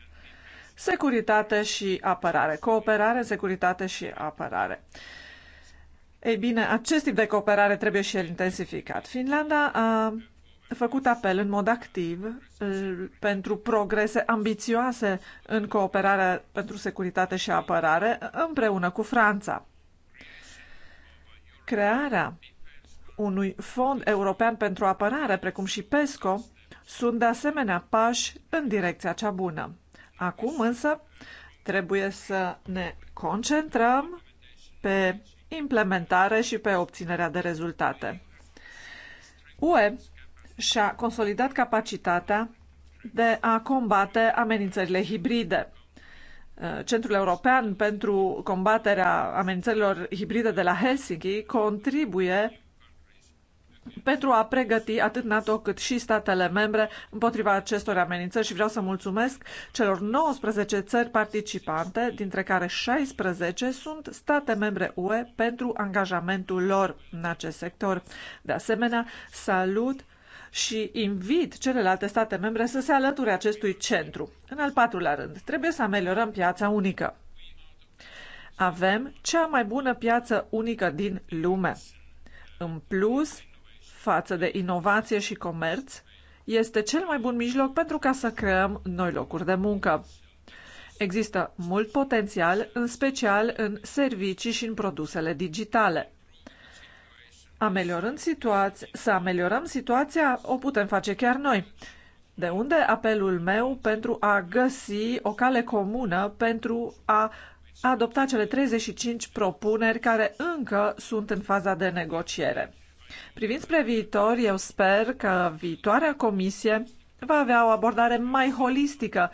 S2: securitate și apărare, cooperare, securitate și apărare. Uh, ei bine, acest tip de cooperare trebuie și el intensificat. Finlanda a făcut apel în mod activ uh, pentru progrese ambițioase în cooperarea pentru securitate și apărare împreună cu Franța. Crearea unui fond european pentru apărare, precum și PESCO, sunt de asemenea pași în direcția cea bună. Acum însă trebuie să ne concentrăm pe implementare și pe obținerea de rezultate. UE și-a consolidat capacitatea de a combate amenințările hibride. Centrul European pentru combaterea amenințărilor hibride de la Helsinki contribuie pentru a pregăti atât NATO cât și statele membre împotriva acestor amenințări și vreau să mulțumesc celor 19 țări participante, dintre care 16 sunt state membre UE pentru angajamentul lor în acest sector. De asemenea, salut și invit celelalte state membre să se alăture acestui centru. În al patrulea rând, trebuie să ameliorăm piața unică. Avem cea mai bună piață unică din lume. În plus, față de inovație și comerț este cel mai bun mijloc pentru ca să creăm noi locuri de muncă. Există mult potențial, în special în servicii și în produsele digitale. Ameliorând situați- să ameliorăm situația, o putem face chiar noi. De unde apelul meu pentru a găsi o cale comună pentru a adopta cele 35 propuneri care încă sunt în faza de negociere. Privind spre viitor, eu sper că viitoarea comisie va avea o abordare mai holistică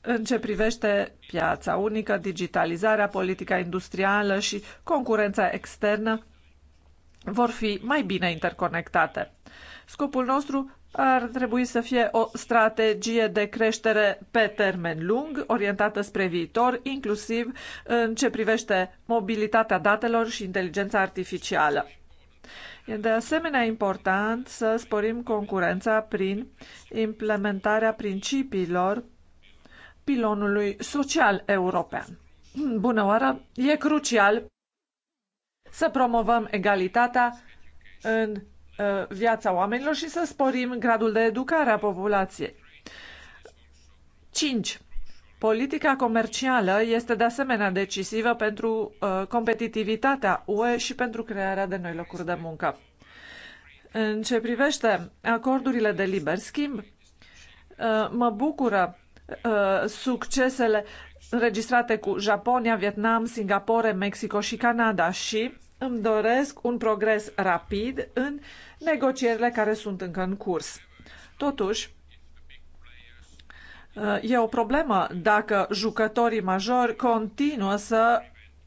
S2: în ce privește piața unică, digitalizarea, politica industrială și concurența externă vor fi mai bine interconectate. Scopul nostru ar trebui să fie o strategie de creștere pe termen lung, orientată spre viitor, inclusiv în ce privește mobilitatea datelor și inteligența artificială. E de asemenea important să sporim concurența prin implementarea principiilor pilonului social european. Bună oară! E crucial să promovăm egalitatea în uh, viața oamenilor și să sporim gradul de educare a populației. 5. Politica comercială este de asemenea decisivă pentru uh, competitivitatea UE și pentru crearea de noi locuri de muncă. În ce privește acordurile de liber schimb, uh, mă bucură uh, succesele înregistrate cu Japonia, Vietnam, Singapore, Mexico și Canada și îmi doresc un progres rapid în negocierile care sunt încă în curs. Totuși, Uh, e o problemă dacă jucătorii majori continuă să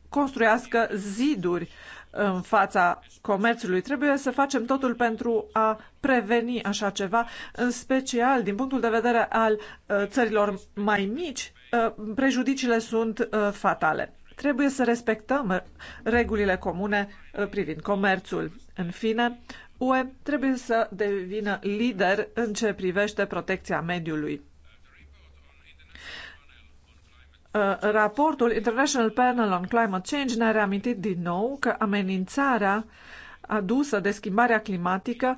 S2: construiască ziduri în fața comerțului. Trebuie să facem totul pentru a preveni așa ceva, în special din punctul de vedere al uh, țărilor mai mici, uh, prejudiciile sunt fatale. Trebuie să respectăm regulile comune privind comerțul. În fine, UE trebuie să devină lider în ce privește protecția mediului. Uh, raportul International Panel on Climate Change ne-a reamintit din nou că amenințarea adusă de schimbarea climatică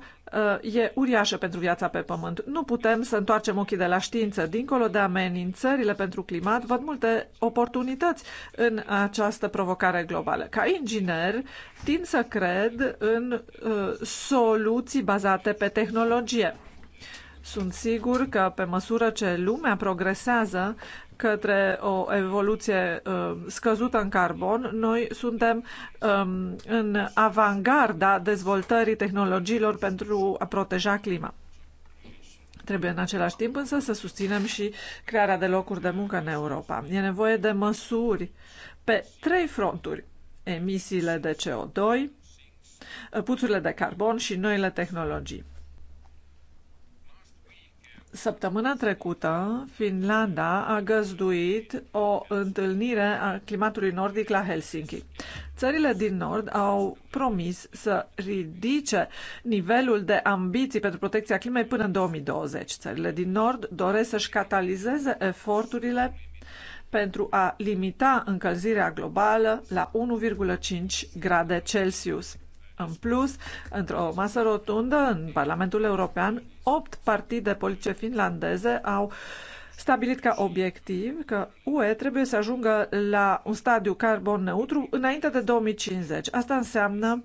S2: uh, e uriașă pentru viața pe Pământ. Nu putem să întoarcem ochii de la știință. Dincolo de amenințările pentru climat, văd multe oportunități în această provocare globală. Ca inginer, tind să cred în uh, soluții bazate pe tehnologie. Sunt sigur că pe măsură ce lumea progresează, către o evoluție uh, scăzută în carbon, noi suntem um, în avangarda dezvoltării tehnologiilor pentru a proteja clima. Trebuie în același timp însă să susținem și crearea de locuri de muncă în Europa. E nevoie de măsuri pe trei fronturi. Emisiile de CO2, uh, puțurile de carbon și noile tehnologii. Săptămâna trecută, Finlanda a găzduit o întâlnire a climatului nordic la Helsinki. Țările din Nord au promis să ridice nivelul de ambiții pentru protecția climei până în 2020. Țările din Nord doresc să-și catalizeze eforturile pentru a limita încălzirea globală la 1,5 grade Celsius. În plus, într-o masă rotundă în Parlamentul European, opt partide politice finlandeze au stabilit ca obiectiv că UE trebuie să ajungă la un stadiu carbon neutru înainte de 2050. Asta înseamnă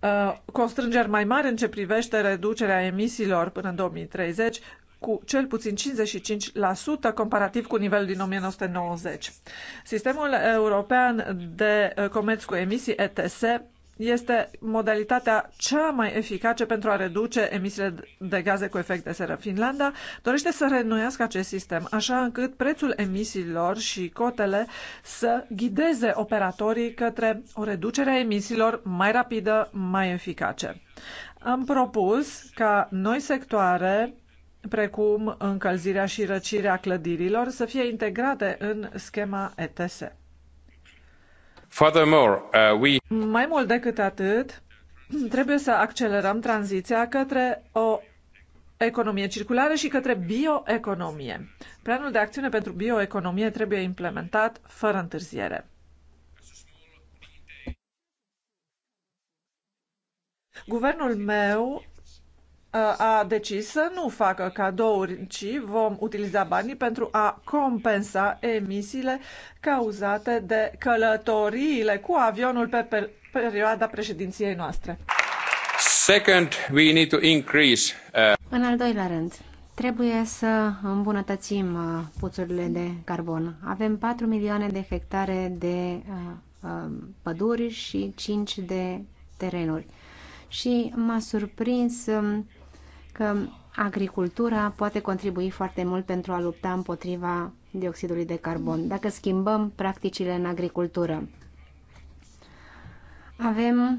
S2: uh, constrângeri mai mari în ce privește reducerea emisiilor până în 2030 cu cel puțin 55% comparativ cu nivelul din 1990. Sistemul european de uh, comerț cu emisii ETS este modalitatea cea mai eficace pentru a reduce emisiile de gaze cu efect de seră. Finlanda dorește să renuiască acest sistem, așa încât prețul emisiilor și cotele să ghideze operatorii către o reducere a emisiilor mai rapidă, mai eficace. Am propus ca noi sectoare precum încălzirea și răcirea clădirilor, să fie integrate în schema ETS.
S1: Furthermore, uh, we...
S2: Mai mult decât atât, trebuie să accelerăm tranziția către o economie circulară și către bioeconomie. Planul de acțiune pentru bioeconomie trebuie implementat fără întârziere. Guvernul meu a decis să nu facă cadouri, ci vom utiliza banii pentru a compensa emisiile cauzate de călătoriile cu avionul pe perioada președinției noastre.
S1: Second, we need to increase, uh... În al
S2: doilea
S4: rând, trebuie să îmbunătățim uh, puțurile de carbon. Avem 4 milioane de hectare de uh, uh, păduri și 5 de terenuri. Și m-a surprins um, că agricultura poate contribui foarte mult pentru a lupta împotriva dioxidului de carbon, dacă schimbăm practicile în agricultură. Avem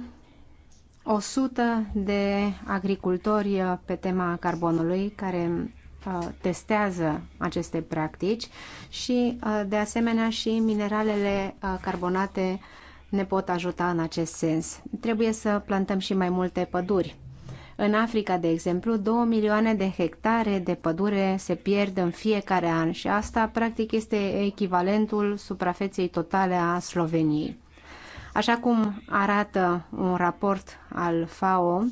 S4: 100 de agricultori pe tema carbonului care uh, testează aceste practici și, uh, de asemenea, și mineralele uh, carbonate ne pot ajuta în acest sens. Trebuie să plantăm și mai multe păduri în Africa, de exemplu, 2 milioane de hectare de pădure se pierd în fiecare an și asta practic este echivalentul suprafeței totale a Sloveniei. Așa cum arată un raport al FAO,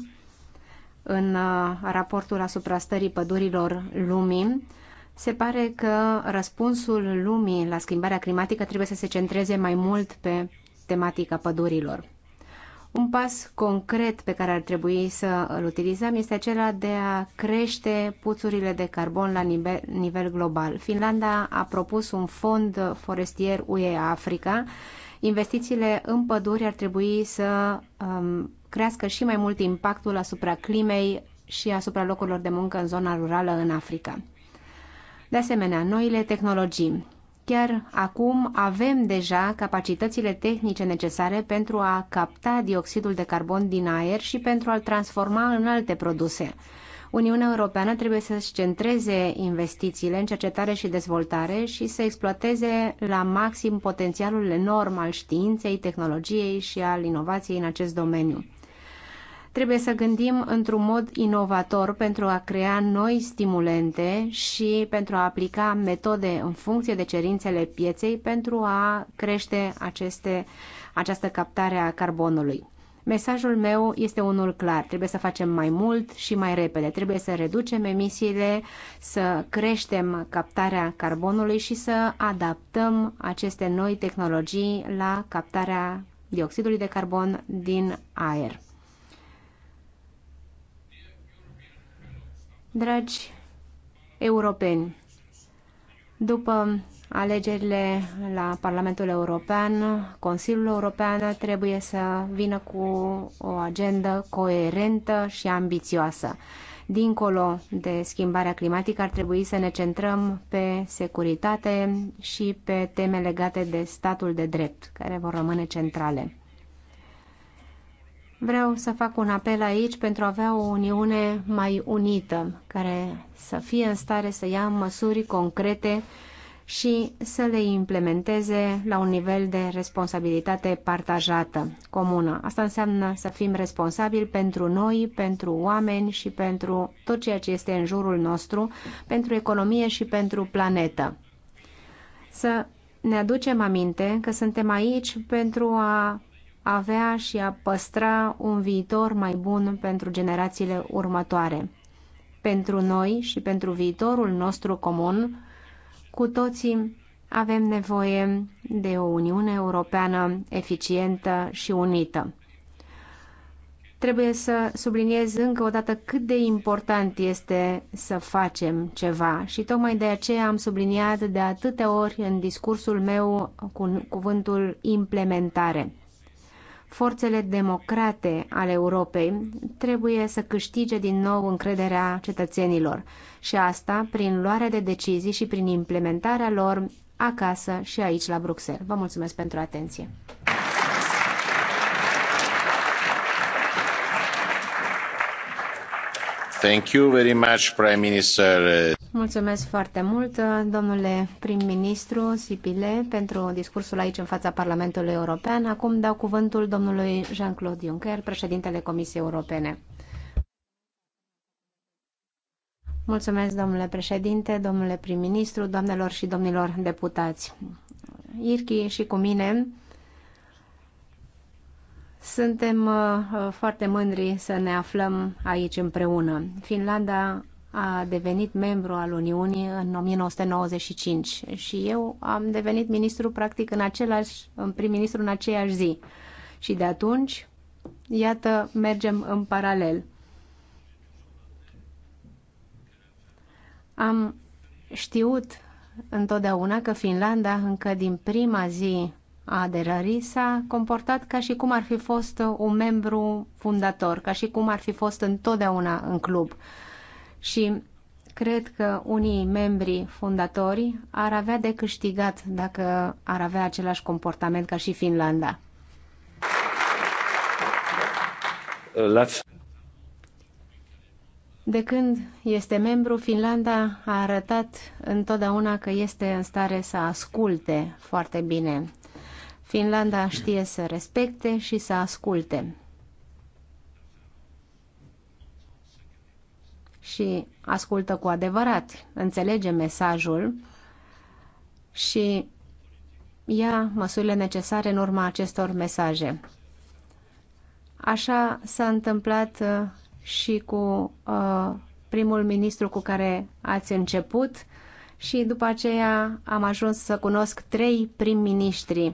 S4: în uh, raportul asupra stării pădurilor lumii, se pare că răspunsul lumii la schimbarea climatică trebuie să se centreze mai mult pe tematica pădurilor. Un pas concret pe care ar trebui să îl utilizăm este acela de a crește puțurile de carbon la nivel, nivel global. Finlanda a propus un fond forestier UE Africa. Investițiile în păduri ar trebui să um, crească și mai mult impactul asupra climei și asupra locurilor de muncă în zona rurală în Africa. De asemenea, noile tehnologii Chiar acum avem deja capacitățile tehnice necesare pentru a capta dioxidul de carbon din aer și pentru a-l transforma în alte produse. Uniunea Europeană trebuie să-și centreze investițiile în cercetare și dezvoltare și să exploateze la maxim potențialul enorm al științei, tehnologiei și al inovației în acest domeniu. Trebuie să gândim într-un mod inovator pentru a crea noi stimulente și pentru a aplica metode în funcție de cerințele pieței pentru a crește aceste, această captare a carbonului. Mesajul meu este unul clar. Trebuie să facem mai mult și mai repede. Trebuie să reducem emisiile, să creștem captarea carbonului și să adaptăm aceste noi tehnologii la captarea dioxidului de carbon din aer. Dragi europeni, după alegerile la Parlamentul European, Consiliul European trebuie să vină cu o agendă coerentă și ambițioasă. Dincolo de schimbarea climatică, ar trebui să ne centrăm pe securitate și pe teme legate de statul de drept, care vor rămâne centrale. Vreau să fac un apel aici pentru a avea o Uniune mai unită, care să fie în stare să ia măsuri concrete și să le implementeze la un nivel de responsabilitate partajată, comună. Asta înseamnă să fim responsabili pentru noi, pentru oameni și pentru tot ceea ce este în jurul nostru, pentru economie și pentru planetă. Să ne aducem aminte că suntem aici pentru a avea și a păstra un viitor mai bun pentru generațiile următoare. Pentru noi și pentru viitorul nostru comun, cu toții avem nevoie de o Uniune Europeană eficientă și unită. Trebuie să subliniez încă o dată cât de important este să facem ceva și tocmai de aceea am subliniat de atâtea ori în discursul meu cu cuvântul implementare forțele democrate ale Europei trebuie să câștige din nou încrederea cetățenilor și asta prin luarea de decizii și prin implementarea lor acasă și aici la Bruxelles. Vă mulțumesc pentru atenție! Mulțumesc foarte mult, domnule prim-ministru Sipile, pentru discursul aici în fața Parlamentului European. Acum dau cuvântul domnului Jean-Claude Juncker, președintele Comisiei Europene. Mulțumesc, domnule președinte, domnule prim-ministru, doamnelor și domnilor deputați. Irchi și cu mine suntem uh, uh, foarte mândri să ne aflăm aici împreună. Finlanda a devenit membru al Uniunii în 1995 și eu am devenit ministru practic în același, prim-ministru în aceeași zi. Și de atunci, iată, mergem în paralel. Am știut întotdeauna că Finlanda încă din prima zi a aderării s-a comportat ca și cum ar fi fost un membru fundator, ca și cum ar fi fost întotdeauna în club. Și cred că unii membri fundatori ar avea de câștigat dacă ar avea același comportament ca și Finlanda. De când este membru, Finlanda a arătat întotdeauna că este în stare să asculte foarte bine Finlanda știe să respecte și să asculte. Și ascultă cu adevărat, înțelege mesajul și ia măsurile necesare în urma acestor mesaje. Așa s-a întâmplat uh, și cu uh, primul ministru cu care ați început și după aceea am ajuns să cunosc trei prim-ministri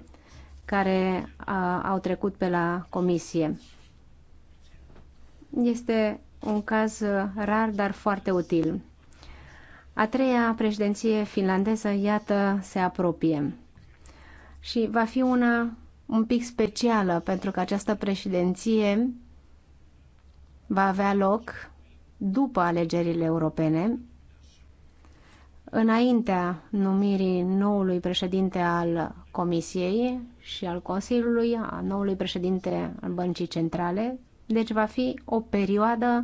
S4: care a, au trecut pe la comisie. Este un caz rar, dar foarte util. A treia președinție finlandeză, iată, se apropie. Și va fi una un pic specială, pentru că această președinție va avea loc după alegerile europene, înaintea numirii noului președinte al Comisiei, și al Consiliului, a noului președinte al Băncii Centrale. Deci va fi o perioadă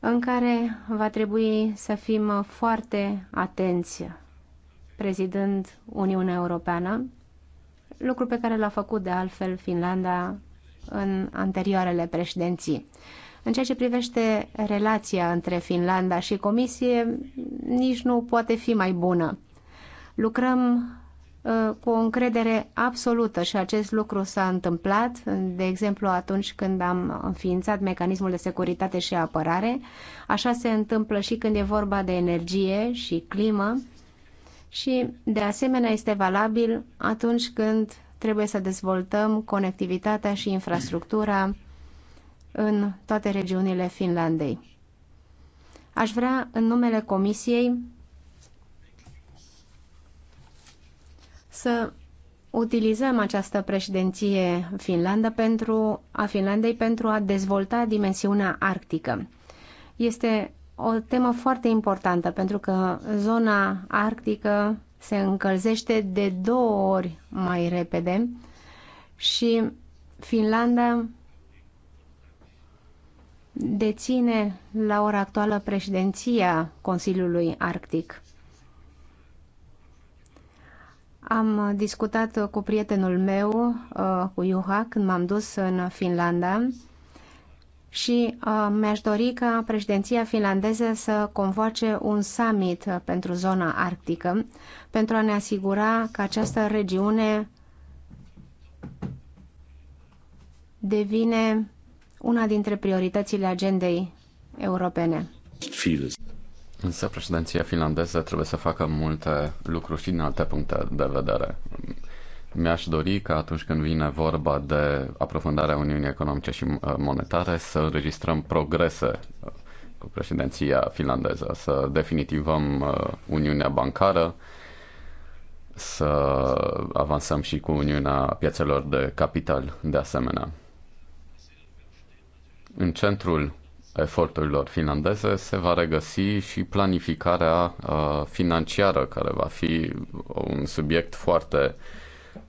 S4: în care va trebui să fim foarte atenți prezidând Uniunea Europeană, lucru pe care l-a făcut de altfel Finlanda în anterioarele președinții. În ceea ce privește relația între Finlanda și Comisie, nici nu poate fi mai bună. Lucrăm Uh, cu o încredere absolută și acest lucru s-a întâmplat, de exemplu atunci când am înființat mecanismul de securitate și apărare. Așa se întâmplă și când e vorba de energie și climă și de asemenea este valabil atunci când trebuie să dezvoltăm conectivitatea și infrastructura în toate regiunile Finlandei. Aș vrea, în numele Comisiei, să utilizăm această președinție Finlanda pentru, a Finlandei pentru a dezvolta dimensiunea arctică. Este o temă foarte importantă pentru că zona arctică se încălzește de două ori mai repede și Finlanda deține la ora actuală președinția Consiliului Arctic. Am discutat cu prietenul meu, uh, cu Iuha, când m-am dus în Finlanda și uh, mi-aș dori ca președinția finlandeză să convoace un summit pentru zona arctică pentru a ne asigura că această regiune devine una dintre prioritățile agendei europene.
S6: Fields. Însă președinția finlandeză trebuie să facă multe lucruri și din alte puncte de vedere. Mi-aș dori ca atunci când vine vorba de aprofundarea Uniunii Economice și uh, Monetare să înregistrăm progrese uh, cu președinția finlandeză, să definitivăm uh, Uniunea Bancară, să avansăm și cu Uniunea Piețelor de Capital de asemenea. În centrul eforturilor finlandeze se va regăsi și planificarea uh, financiară, care va fi un subiect foarte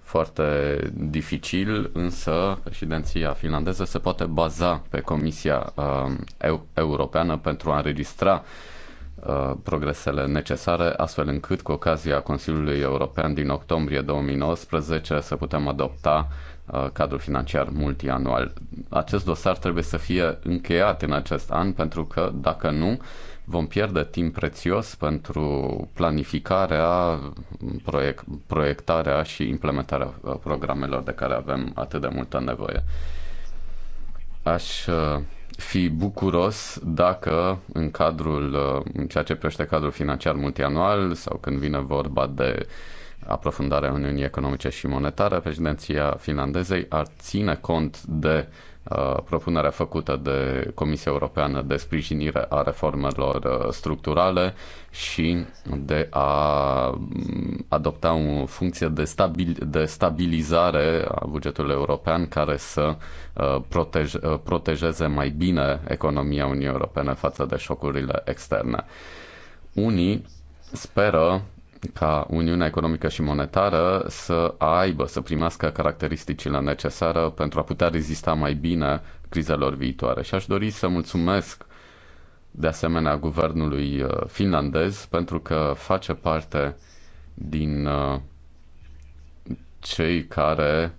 S6: foarte dificil, însă președinția finlandeză se poate baza pe Comisia uh, Europeană pentru a înregistra uh, progresele necesare, astfel încât cu ocazia Consiliului European din octombrie 2019 să putem adopta uh, Uh, cadrul financiar multianual. Acest dosar trebuie să fie încheiat în acest an pentru că, dacă nu, vom pierde timp prețios pentru planificarea, proiect, proiectarea și implementarea uh, programelor de care avem atât de multă nevoie. Aș uh, fi bucuros dacă în cadrul, în ceea ce privește cadrul financiar multianual sau când vine vorba de uh, aprofundarea Uniunii Economice și Monetare, președinția finlandezei ar ține cont de uh, propunerea făcută de Comisia Europeană de sprijinire a reformelor uh, structurale și de a mm, adopta o funcție de, stabil, de stabilizare a bugetului european care să uh, protej, uh, protejeze mai bine economia Uniunii Europene față de șocurile externe. Unii speră ca Uniunea Economică și Monetară să aibă, să primească caracteristicile necesare pentru a putea rezista mai bine crizelor viitoare. Și aș dori să mulțumesc de asemenea guvernului uh, finlandez pentru că face parte din uh, cei care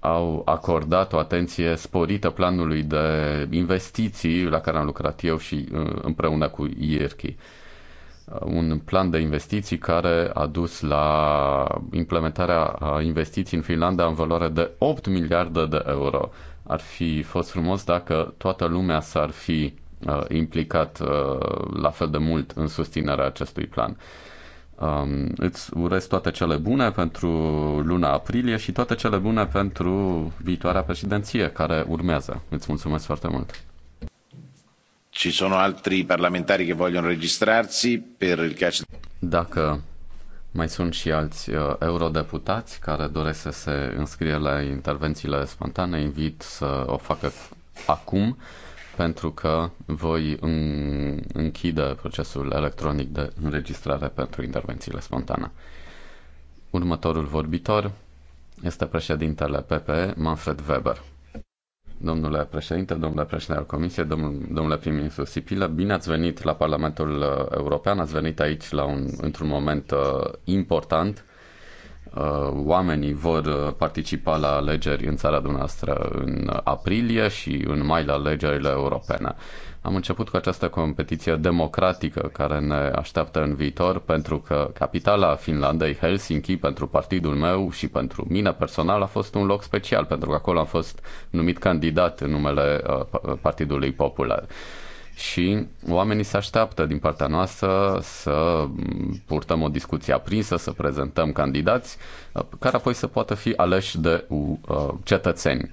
S6: au acordat o atenție sporită planului de investiții la care am lucrat eu și uh, împreună cu IERCHI. Uh, un plan de investiții care a dus la implementarea uh, investiții în Finlanda în valoare de 8 miliarde de euro. Ar fi fost frumos dacă toată lumea s-ar fi uh, implicat la fel de mult în susținerea acestui plan. Um, îți urez toate cele bune pentru luna aprilie și toate cele bune pentru viitoarea președinție care urmează. Îți mulțumesc foarte mult! Ci sono altri parlamentari che vogliono registrarsi per il catch. Dacă mai sunt și alți uh, eurodeputați care doresc să se înscrie la intervențiile spontane, invit să o facă acum pentru că voi închide procesul electronic de înregistrare pentru intervențiile spontane. Următorul vorbitor este președintele PPE, Manfred Weber. Domnule președinte, domnule președinte al Comisiei, domnule prim-ministru Sipilă, bine ați venit la Parlamentul uh, European, ați venit aici la un, într-un moment uh, important. Uh, oamenii vor uh, participa la alegeri în țara dumneavoastră în aprilie și în mai la alegerile europene. Am început cu această competiție democratică care ne așteaptă în viitor pentru că capitala Finlandei, Helsinki, pentru partidul meu și pentru mine personal a fost un loc special pentru că acolo am fost numit candidat în numele uh, Partidului Popular și oamenii se așteaptă din partea noastră să purtăm o discuție aprinsă, să prezentăm candidați uh, care apoi să poată fi aleși de uh, cetățeni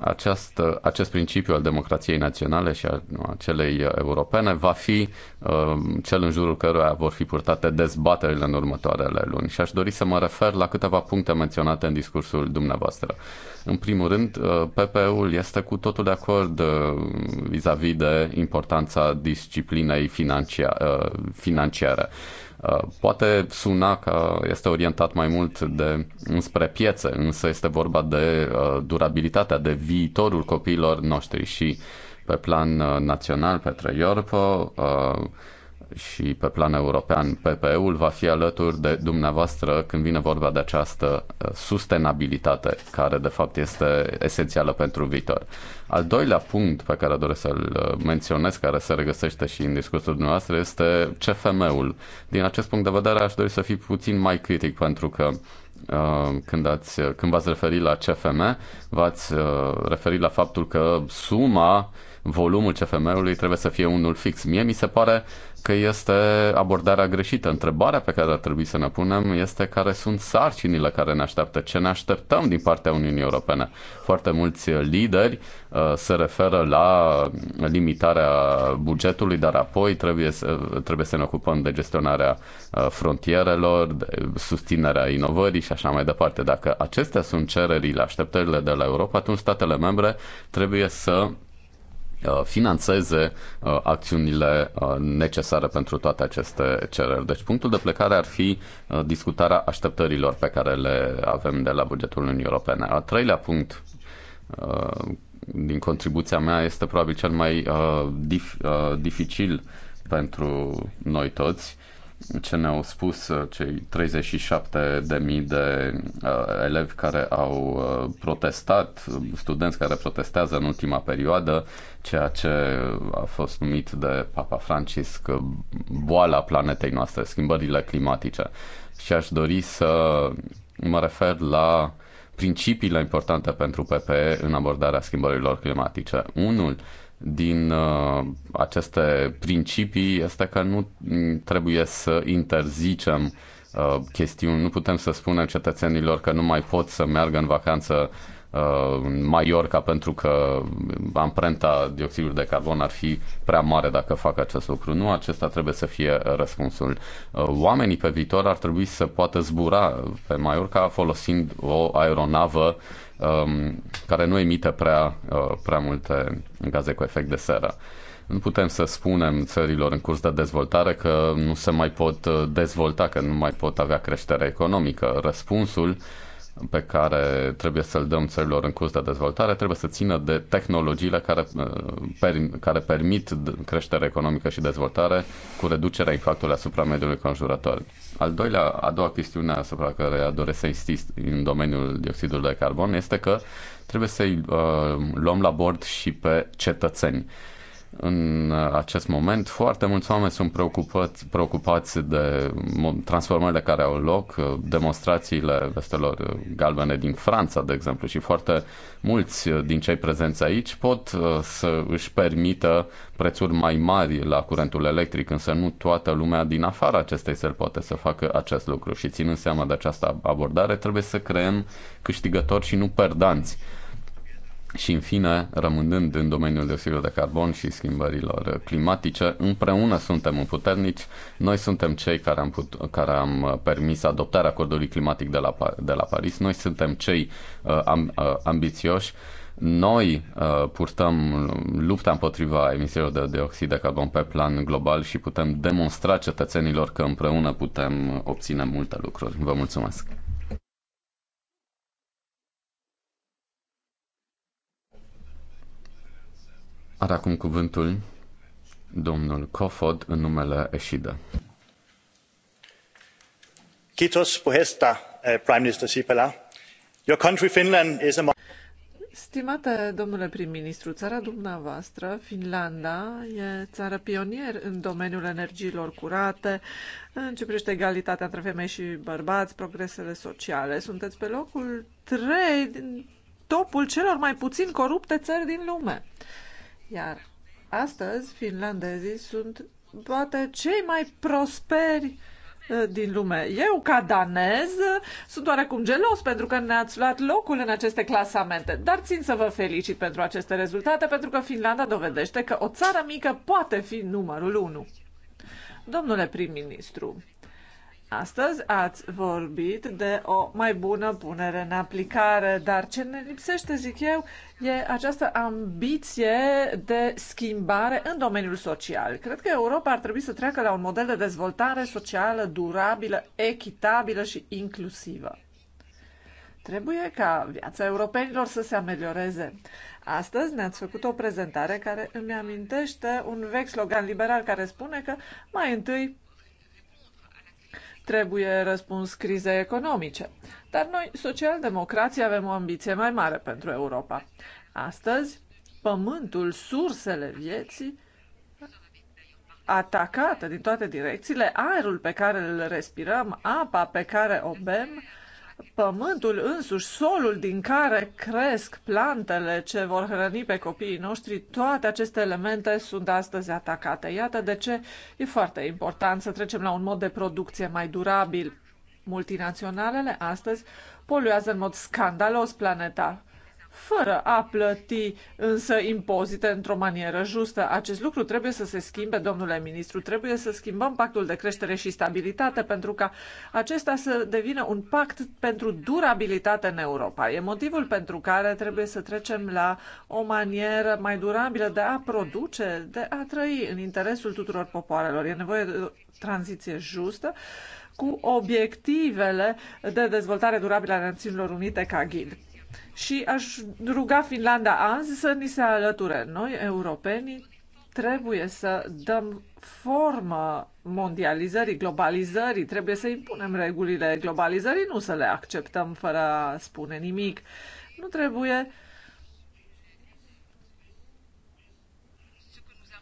S6: această, acest principiu al democrației naționale și a, celei europene va fi uh, cel în jurul căruia vor fi purtate dezbaterile în următoarele luni. Și aș dori să mă refer la câteva puncte menționate în discursul dumneavoastră. În primul rând, uh, PPE-ul este cu totul de acord uh, vis-a-vis de importanța disciplinei uh, financiare. Uh, Eh, poate suna că este orientat mai mult de înspre piețe, însă este vorba de eh, durabilitatea, de viitorul copiilor noștri și pe plan eh, național, pe Iorpo, și pe plan european PPE-ul va fi alături de dumneavoastră când vine vorba de această uh, sustenabilitate, care de fapt este esențială pentru viitor. Al doilea punct pe care doresc să-l uh, menționez, care se regăsește și în discursul dumneavoastră, este CFM-ul. Din acest punct de vedere aș dori să fiu puțin mai critic, pentru că uh, când, ați, când v-ați referit la CFM, v-ați referit la faptul că suma, volumul CFM-ului trebuie să fie unul fix. Mie mi se pare că este abordarea greșită. Întrebarea pe care ar trebui să ne punem este care sunt sarcinile care ne așteaptă, ce ne așteptăm din partea Uniunii Europene. Foarte mulți lideri uh, se referă la limitarea bugetului, dar apoi trebuie să, trebuie să ne ocupăm de gestionarea uh, frontierelor, de susținerea inovării și așa mai departe. Dacă acestea sunt cererile, așteptările de la Europa, atunci statele membre trebuie să Uh, finanțeze uh, acțiunile uh, necesare pentru toate aceste cereri. Deci punctul de plecare ar fi discutarea așteptărilor pe care le avem de la bugetul Uniunii Europene. Al treilea punct din contribuția mea este probabil cel mai dif- dificil pentru noi toți ce ne-au spus uh, cei 37.000 de uh, elevi care au uh, protestat, studenți care protestează în ultima perioadă, ceea ce a fost numit de Papa Francisc uh, boala planetei noastre, schimbările climatice. Și aș dori să mă refer la principiile importante pentru PPE în abordarea schimbărilor climatice. Unul, uh, din uh, aceste principii este că nu trebuie să interzicem uh, chestiuni, nu putem să spunem cetățenilor că nu mai pot să meargă în vacanță uh, Mallorca pentru că amprenta dioxidului de carbon ar fi prea mare dacă fac acest lucru. Nu, acesta trebuie să fie răspunsul. Uh, oamenii pe viitor ar trebui să poată zbura pe Mallorca folosind o aeronavă uh, um, care nu emite prea, uh, prea multe gaze cu efect de seră. Nu putem să spunem țărilor în curs de dezvoltare că nu se mai pot uh, dezvolta, că nu mai pot avea creștere economică. Răspunsul uh, pe care trebuie să-l dăm țărilor în curs de dezvoltare trebuie să țină de tehnologiile care, uh, per, care permit creștere economică și dezvoltare cu reducerea impactului asupra mediului conjurător. Al doilea, a doua chestiune asupra care doresc să insist în domeniul dioxidului de carbon este că trebuie să-i uh, luăm la bord și pe cetățeni. Uh, în uh, acest moment, foarte mulți oameni sunt preocupați, preocupați de transformările care au loc, uh, demonstrațiile vestelor uh, galbene din Franța, de exemplu, și foarte mulți din cei prezenți aici pot să își permită prețuri mai mari la curentul electric, însă nu toată lumea din afara acestei săli poate să facă acest lucru și ținând seama de această abordare, trebuie să creăm câștigători și nu perdanți și, în fine, rămânând în domeniul dioxidului de carbon și schimbărilor climatice, împreună suntem puternici. Noi suntem cei care am, put- care am uh, permis adoptarea acordului climatic de la, de la Paris. Noi suntem cei uh, am, uh, ambițioși. Noi uh, purtăm lupta împotriva emisiilor de dioxid de carbon pe plan global și putem demonstra cetățenilor că împreună putem obține multe lucruri. Vă mulțumesc! Are acum cuvântul domnul Kofod în numele Eșidă.
S1: Kitos puhesta, eh, Prime Minister Sipela. Your country Finland is among...
S2: Stimate domnule prim-ministru, țara dumneavoastră, Finlanda, e țară pionier în domeniul energiilor curate, în ce privește egalitatea între femei și bărbați, progresele sociale. Sunteți pe locul 3 din topul celor mai puțin corupte țări din lume. Uh, iar astăzi, finlandezii sunt poate cei mai prosperi uh, din lume. Eu, ca danez, sunt oarecum gelos pentru că ne-ați luat locul în aceste clasamente, dar țin să vă felicit pentru aceste rezultate, pentru că Finlanda dovedește că o țară mică poate fi numărul unu. Domnule prim-ministru, Astăzi ați vorbit de o mai bună punere în aplicare, dar ce ne lipsește, zic eu, e această ambiție de schimbare în domeniul social. Cred că Europa ar trebui să treacă la un model de dezvoltare socială durabilă, echitabilă și inclusivă. Trebuie ca viața europenilor să se amelioreze. Astăzi ne-ați făcut o prezentare care îmi amintește un vechi slogan liberal care spune că mai întâi Trebuie răspuns crizei economice. Dar noi, socialdemocrații, avem o ambiție mai mare pentru Europa. Astăzi, pământul, sursele vieții, atacată din toate direcțiile, aerul pe care îl respirăm, apa pe care o bem, pământul însuși, solul din care cresc plantele ce vor hrăni pe copiii noștri, toate aceste elemente sunt astăzi atacate. Iată de ce e foarte important să trecem la un mod de producție mai durabil. Multinaționalele astăzi poluează în mod scandalos planeta fără a plăti însă impozite într-o manieră justă. Acest lucru trebuie să se schimbe, domnule ministru. Trebuie să schimbăm pactul de creștere și stabilitate pentru ca acesta să devină un pact pentru durabilitate în Europa. E motivul pentru care trebuie să trecem la o manieră mai durabilă de a produce, de a trăi în interesul tuturor popoarelor. E nevoie de o tranziție justă cu obiectivele de dezvoltare durabilă a Națiunilor Unite ca ghid și aș ruga Finlanda azi să ni se alăture. Noi, europenii, trebuie să dăm formă mondializării, globalizării, trebuie să impunem regulile globalizării, nu să le acceptăm fără a spune nimic. Nu trebuie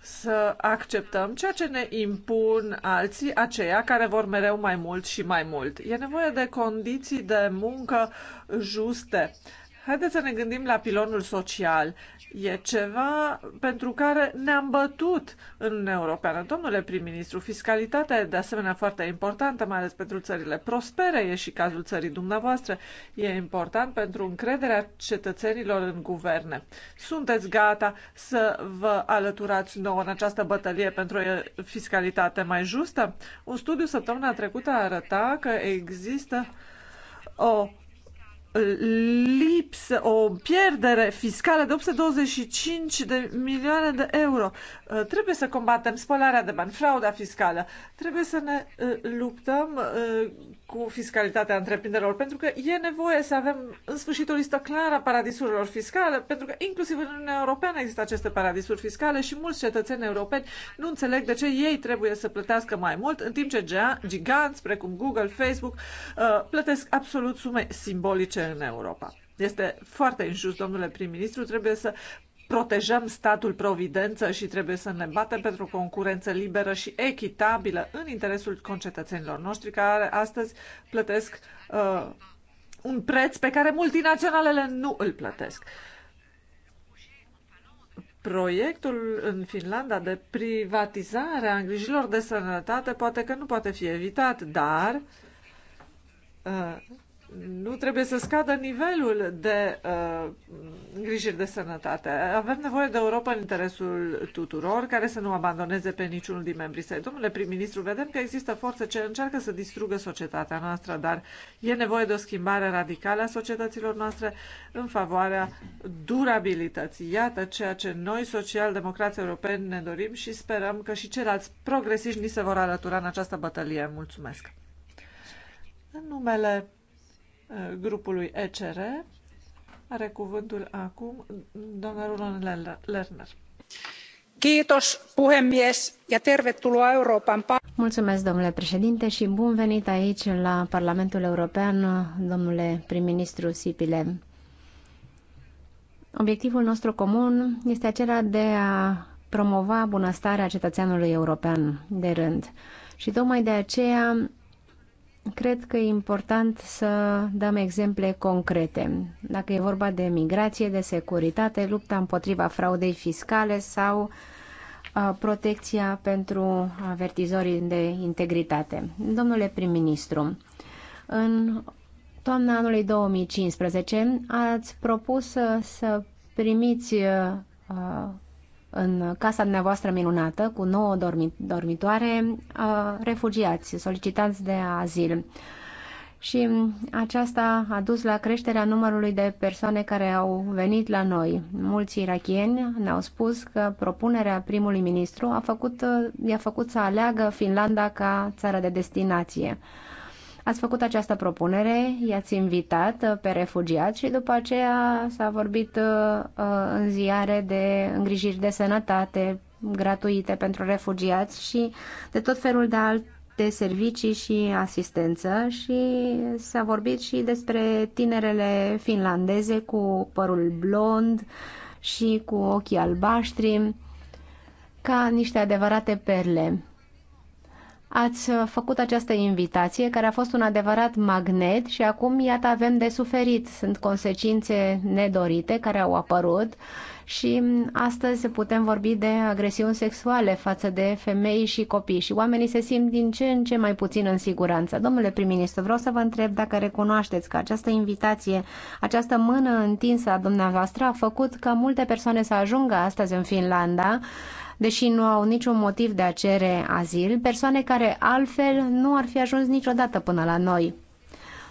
S2: să acceptăm ceea ce ne impun alții, aceia care vor mereu mai mult și mai mult. E nevoie de condiții de muncă juste. Uh, Haideți să ne gândim la pilonul social. E ceva pentru care ne-am bătut în Uniunea Europeană. Domnule prim-ministru, fiscalitatea e de asemenea foarte importantă, mai ales pentru țările prospere, e și cazul țării dumneavoastră. E important pentru încrederea cetățenilor în guverne. Sunteți gata să vă alăturați nouă în această bătălie pentru o fiscalitate mai justă? Un studiu săptămâna trecută arăta că există o lipsă, o pierdere fiscală de 825 de milioane de euro. Uh, trebuie să combatem spălarea de bani, frauda fiscală. Trebuie să ne uh, luptăm uh, cu fiscalitatea întreprinderilor, pentru că e nevoie să avem în sfârșit o listă clară a paradisurilor fiscale, pentru că inclusiv în Uniunea Europeană există aceste paradisuri fiscale și mulți cetățeni europeni nu înțeleg de ce ei trebuie să plătească mai mult, în timp ce giganți precum Google, Facebook uh, plătesc absolut sume simbolice în Europa. Este foarte injust, domnule prim-ministru, trebuie să protejăm statul providență și trebuie să ne batem pentru o concurență liberă și echitabilă în interesul concetățenilor noștri care astăzi plătesc uh, un preț pe care multinaționalele nu îl plătesc. Proiectul în Finlanda de privatizare a îngrijilor de sănătate poate că nu poate fi evitat, dar uh, nu trebuie să scadă nivelul de uh, îngrijiri de sănătate. Avem nevoie de Europa în interesul tuturor, care să nu abandoneze pe niciunul din membrii săi. Domnule prim-ministru, vedem că există forțe ce încearcă să distrugă societatea noastră, dar e nevoie de o schimbare radicală a societăților noastre în favoarea durabilității. Iată ceea ce noi, social-democrații europeni, ne dorim și sperăm că și ceilalți progresiști ni se vor alătura în această bătălie. Mulțumesc! În numele grupului ECR. Are cuvântul acum doamna Roland Lerner.
S7: Kiitos puhemies ja tervetuloa Euroopan
S4: Mulțumesc, domnule președinte, și bun venit aici la Parlamentul European, domnule prim-ministru Sipile. Obiectivul nostru comun este acela de a promova bunăstarea cetățeanului european de rând. Și tocmai de aceea Cred că e important să dăm exemple concrete. Dacă e vorba de migrație, de securitate, lupta împotriva fraudei fiscale sau uh, protecția pentru avertizorii de integritate. Domnule prim-ministru, în toamna anului 2015 ați propus să primiți uh, uh, în casa dumneavoastră minunată, cu nouă dormitoare, uh, refugiați, solicitanți de azil. Și aceasta a dus la creșterea numărului de persoane care au venit la noi. Mulți irachieni ne-au spus că propunerea primului ministru a făcut, uh, i-a făcut să aleagă Finlanda ca țară de destinație. Ați făcut această propunere, i-ați invitat uh, pe refugiați și după aceea s-a vorbit uh, uh, în ziare de îngrijiri de sănătate gratuite pentru refugiați și de tot felul de alt de servicii și asistență și s-a vorbit și despre tinerele finlandeze cu părul blond și cu ochii albaștri ca niște adevărate perle ați uh, făcut această invitație care a fost un adevărat magnet și acum, iată, avem de suferit. Sunt consecințe nedorite care au apărut și mm, astăzi putem vorbi de agresiuni sexuale față de femei și copii și oamenii se simt din ce în ce mai puțin în siguranță. Domnule prim-ministru, vreau să vă întreb dacă recunoașteți că această invitație, această mână întinsă a dumneavoastră a făcut ca multe persoane să ajungă astăzi în Finlanda deși nu au niciun motiv de a cere azil, persoane care altfel nu ar fi ajuns niciodată până la noi.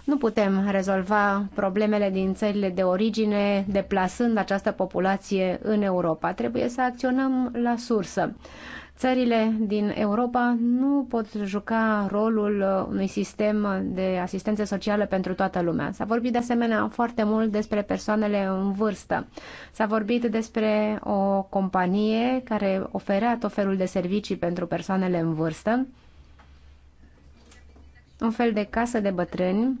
S4: Nu putem rezolva problemele din țările de origine deplasând această populație în Europa. Trebuie să acționăm la sursă. Țările din Europa nu pot juca rolul uh, unui sistem de asistență socială pentru toată lumea. S-a vorbit de asemenea foarte mult despre persoanele în vârstă. S-a vorbit despre o companie care oferea tot felul de servicii pentru persoanele în vârstă, un fel de casă de bătrâni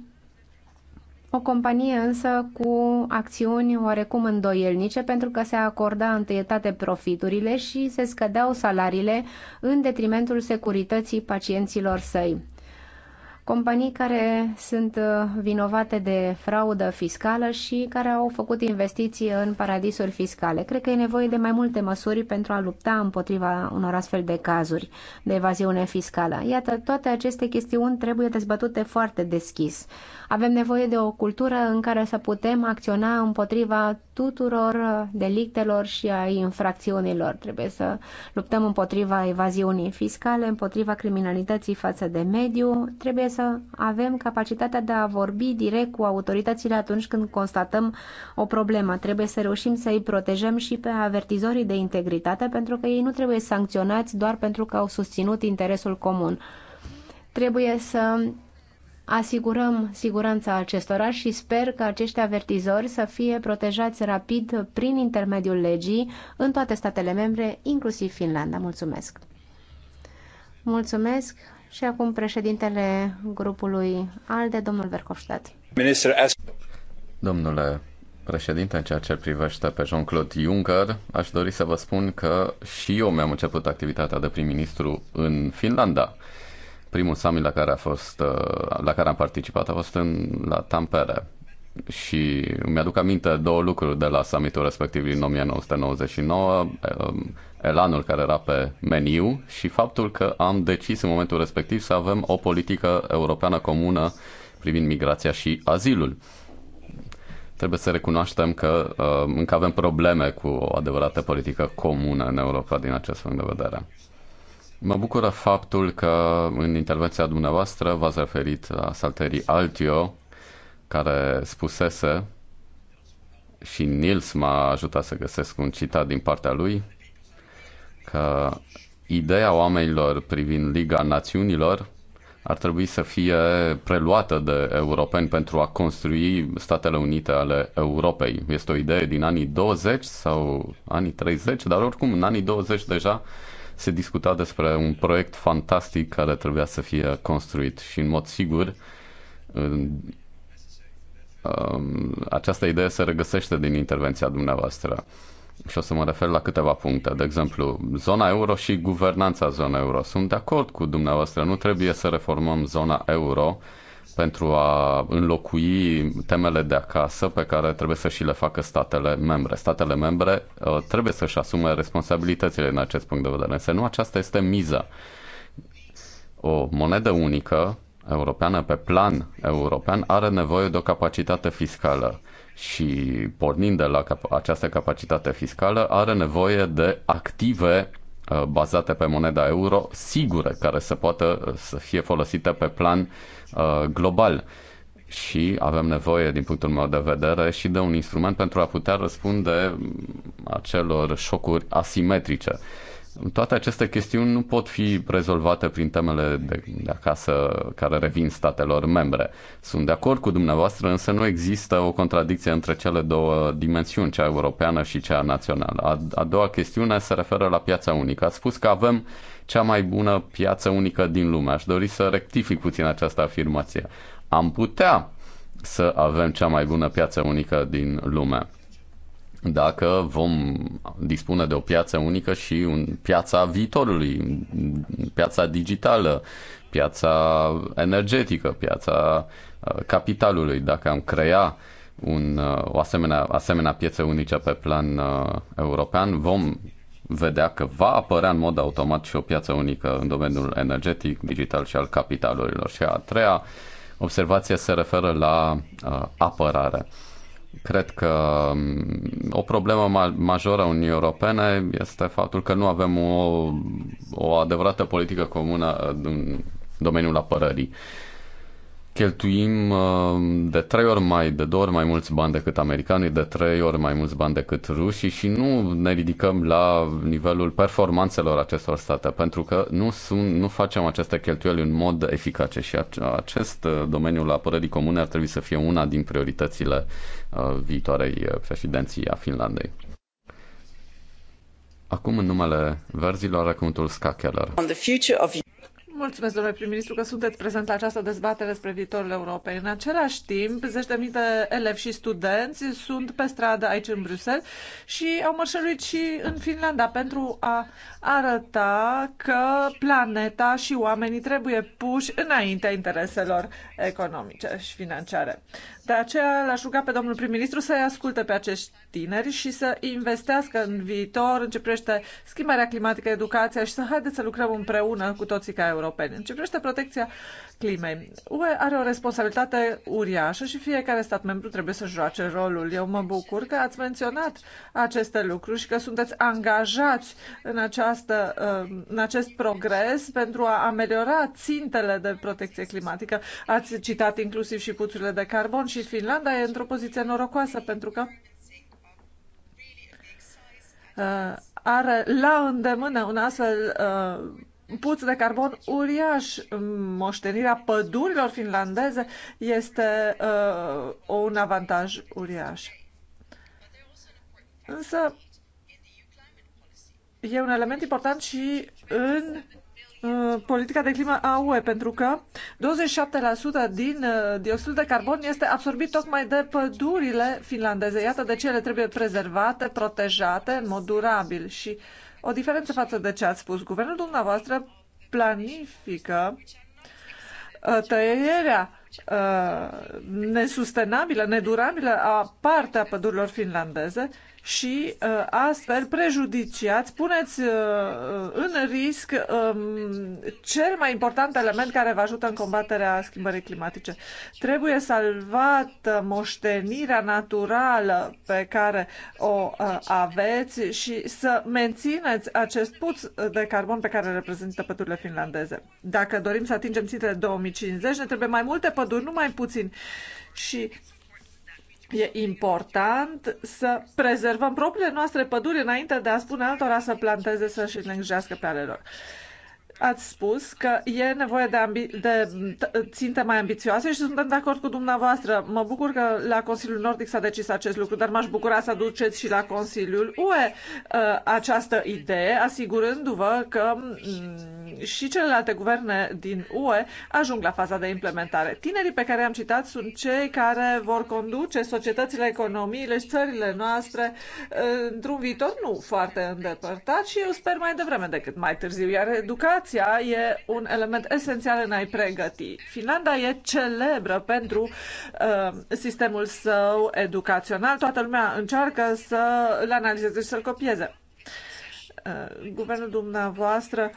S4: o companie însă cu acțiuni oarecum îndoielnice pentru că se acorda întâietate profiturile și se scădeau salariile în detrimentul securității pacienților săi. Companii care sunt uh, vinovate de fraudă fiscală și care au făcut investiții în paradisuri fiscale. Cred că e nevoie de mai multe măsuri pentru a lupta împotriva unor astfel de cazuri de evaziune fiscală. Iată, toate aceste chestiuni trebuie dezbătute foarte deschis. Avem nevoie de o cultură în care să putem acționa împotriva tuturor delictelor și a infracțiunilor. Trebuie să luptăm împotriva evaziunii fiscale, împotriva criminalității față de mediu. Trebuie să avem capacitatea de a vorbi direct cu autoritățile atunci când constatăm o problemă. Trebuie să reușim să îi protejăm și pe avertizorii de integritate, pentru că ei nu trebuie sancționați doar pentru că au susținut interesul comun. Trebuie să asigurăm siguranța acestora și sper că acești avertizori să fie protejați rapid prin intermediul legii în toate statele membre, inclusiv Finlanda. Mulțumesc! Mulțumesc și acum președintele grupului ALDE, domnul Verhofstadt.
S6: Domnule președinte, în ceea ce privește pe Jean-Claude Juncker, aș dori să vă spun că și eu mi-am început activitatea de prim-ministru în Finlanda primul summit la care, a fost, uh, la care am participat a fost în, la Tampere și îmi aduc aminte două lucruri de la summitul respectiv din 1999, um, elanul care era pe meniu și faptul că am decis în momentul respectiv să avem o politică europeană comună privind migrația și azilul. Trebuie să recunoaștem că um, încă avem probleme cu o adevărată politică comună în Europa din acest punct de vedere. Mă bucură faptul că în intervenția dumneavoastră v-ați referit la salterii Altio, care spusese și Nils m-a ajutat să găsesc un citat din partea lui, că ideea oamenilor privind Liga Națiunilor ar trebui să fie preluată de europeni pentru a construi Statele Unite ale Europei. Este o idee din anii 20 sau anii 30, dar oricum în anii 20 deja se discuta despre un proiect fantastic care trebuia să fie construit și în mod sigur um, această idee se regăsește din intervenția dumneavoastră. Și o să mă refer la câteva puncte. De exemplu, zona euro și guvernanța zona euro. Sunt de acord cu dumneavoastră, nu trebuie să reformăm zona euro pentru a înlocui temele de acasă pe care trebuie să și le facă statele membre. Statele membre uh, trebuie să-și asume responsabilitățile în acest punct de vedere, însă nu aceasta este miza. O monedă unică europeană pe plan european are nevoie de o capacitate fiscală și pornind de la cap- această capacitate fiscală are nevoie de active uh, bazate pe moneda euro sigure care să poată uh, să fie folosite pe plan Uh, global și avem nevoie, din punctul meu de vedere, și de un instrument pentru a putea răspunde acelor șocuri asimetrice. Toate aceste chestiuni nu pot fi rezolvate prin temele de, de acasă care revin statelor membre. Sunt de acord cu dumneavoastră, însă nu există o contradicție între cele două dimensiuni, cea europeană și cea națională. A, a doua chestiune se referă la piața unică. Ați spus că avem uh, cea mai bună piață unică din lume. Aș dori să rectific puțin această afirmație. Am putea să avem cea mai bună piață unică din lume dacă vom dispune de o piață unică și un, piața viitorului, piața digitală, piața energetică, piața uh, capitalului, dacă am crea un, uh, o asemenea, asemenea piață unică pe plan uh, european, vom vedea că va apărea în mod automat și o piață unică în domeniul energetic, digital și al capitalurilor. Și a treia observație se referă la uh, apărare. Cred că um, o problemă majoră a Uniunii Europene este faptul că nu avem o, o adevărată politică comună uh, în domeniul apărării. Uh, cheltuim uh, de trei ori mai, de două ori mai mulți bani decât americanii, de trei ori mai mulți bani decât rușii și nu ne ridicăm la nivelul performanțelor acestor state, pentru că nu, sunt, nu facem aceste cheltuieli în mod eficace și acest uh, domeniu la apărării comune ar trebui să fie una din prioritățile uh, viitoarei președinții a Finlandei. Acum, în numele verzilor, are cuvântul
S2: On the future of... Mulțumesc, domnule prim-ministru, că sunteți prezent la această dezbatere despre viitorul Europei. În același timp, zeci de mii de elevi și studenți sunt pe stradă aici în Bruxelles și au mărșăluit și în Finlanda pentru a arăta că planeta și oamenii trebuie puși înaintea intereselor economice și financiare. De aceea l-aș ruga pe domnul prim-ministru să-i asculte pe acești tineri și să investească în viitor, începește schimbarea climatică, educația și să haideți să lucrăm împreună cu toții ca Europa europeni. În ce privește protecția climei, UE are o responsabilitate uriașă și fiecare stat membru trebuie să joace rolul. Eu mă bucur că ați menționat aceste lucruri și că sunteți angajați în, această, um, în acest progres pentru a ameliora țintele de protecție climatică. Ați citat inclusiv și puțurile de carbon și Finlanda e într-o poziție norocoasă pentru că uh, are la îndemână un astfel uh, puț de carbon uriaș. Moștenirea pădurilor finlandeze este uh, un avantaj uriaș. Însă e un element important și în uh, politica de climă a UE, pentru că 27% din uh, dioxidul de carbon este absorbit tocmai de pădurile finlandeze. Iată de ce ele trebuie prezervate, protejate în mod durabil și uh, o diferență față de ce ați spus. Guvernul dumneavoastră planifică uh, tăierea uh, nesustenabilă, nedurabilă a partea pădurilor finlandeze și uh, astfel prejudiciați, puneți uh, uh, în risc um, cel mai important element care vă ajută în combaterea schimbării climatice. Trebuie salvată moștenirea naturală pe care o aveți și să mențineți acest puț de carbon pe care reprezintă pădurile finlandeze. Dacă dorim să atingem țintele 2050, ne trebuie mai multe păduri, nu mai puțin. Și E important să prezervăm propriile noastre păduri înainte de a spune altora să planteze, să-și îngrijească pe ale lor ați spus că e nevoie de, ambi- de ținte mai ambițioase și suntem de acord cu dumneavoastră. Mă bucur că la Consiliul Nordic s-a decis acest lucru, dar m-aș bucura să aduceți și la Consiliul UE uh, această idee, asigurându-vă că mm, și celelalte guverne din UE ajung la faza de implementare. Tinerii pe care am citat sunt cei care vor conduce societățile, economiile și țările noastre uh, într-un viitor nu foarte îndepărtat și eu sper mai devreme decât mai târziu, iar educația educația e un element esențial în a-i pregăti. Finlanda e celebră pentru uh, sistemul său educațional. Toată lumea încearcă să-l analizeze și să-l copieze uh, guvernul dumneavoastră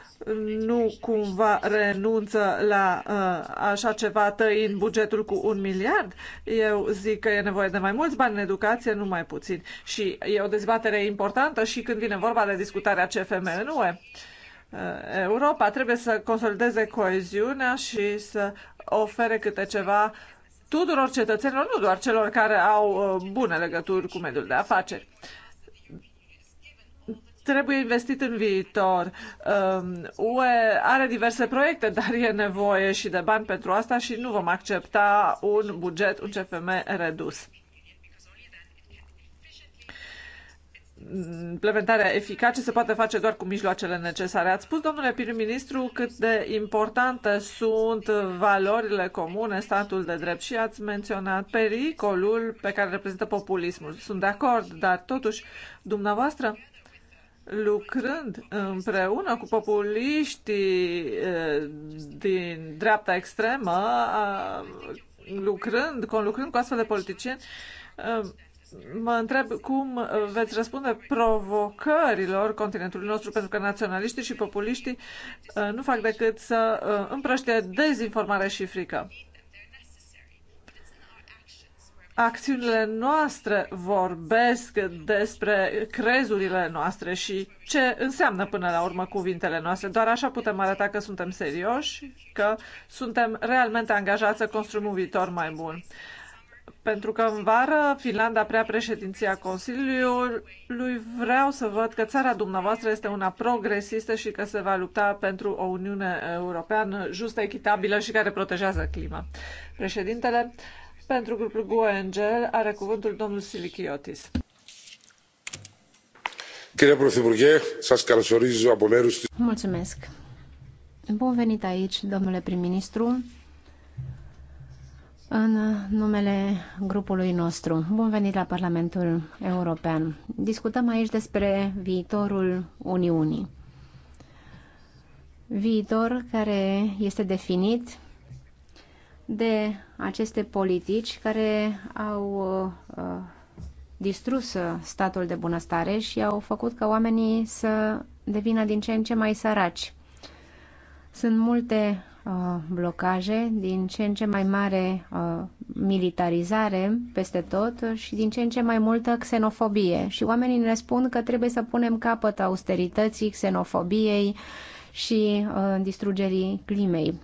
S2: nu cumva renunță la uh, așa ceva tăind bugetul cu un miliard? Eu zic că e nevoie de mai mulți bani în educație, nu mai puțin. Și e o dezbatere importantă și când vine vorba de discutarea CFM în UE. Uh, Europa trebuie să consolideze coeziunea și să ofere câte ceva tuturor cetățenilor, nu doar celor care au uh, bune legături cu mediul de afaceri. Trebuie investit în viitor. Uh, UE are diverse proiecte, dar e nevoie și de bani pentru asta și nu vom accepta un buget, un CFM redus. implementarea eficace se poate face doar cu mijloacele necesare. Ați spus, domnule prim-ministru, cât de importante sunt valorile comune, statul de drept și ați menționat pericolul pe care reprezintă populismul. Sunt de acord, dar totuși, dumneavoastră, lucrând împreună cu populiștii din dreapta extremă, lucrând, conlucrând cu astfel de politicieni, Mă întreb cum veți răspunde provocărilor continentului nostru, pentru că naționaliștii și populiștii uh, nu fac decât să uh, împrăștie dezinformare și frică. Acțiunile noastre vorbesc despre crezurile noastre și ce înseamnă până la urmă cuvintele noastre. Doar așa putem arăta că suntem serioși, că suntem realmente angajați să construim un viitor mai bun pentru că în vară Finlanda prea președinția Consiliului, vreau să văd că țara dumneavoastră este una progresistă și că se va lupta pentru o Uniune Europeană justă, echitabilă și care protejează clima. Președintele, pentru grupul gue are cuvântul domnul Silichiotis. Mulțumesc. Bun
S4: venit aici, domnule prim-ministru în numele grupului nostru. Bun venit la Parlamentul European. Discutăm aici despre viitorul Uniunii. Viitor care este definit de aceste politici care au uh, distrus statul de bunăstare și au făcut ca oamenii să devină din ce în ce mai săraci. Sunt multe Uh, blocaje, din ce în ce mai mare uh, militarizare peste tot și din ce în ce mai multă xenofobie. Și oamenii ne spun că trebuie să punem capăt austerității, xenofobiei și uh, distrugerii climei.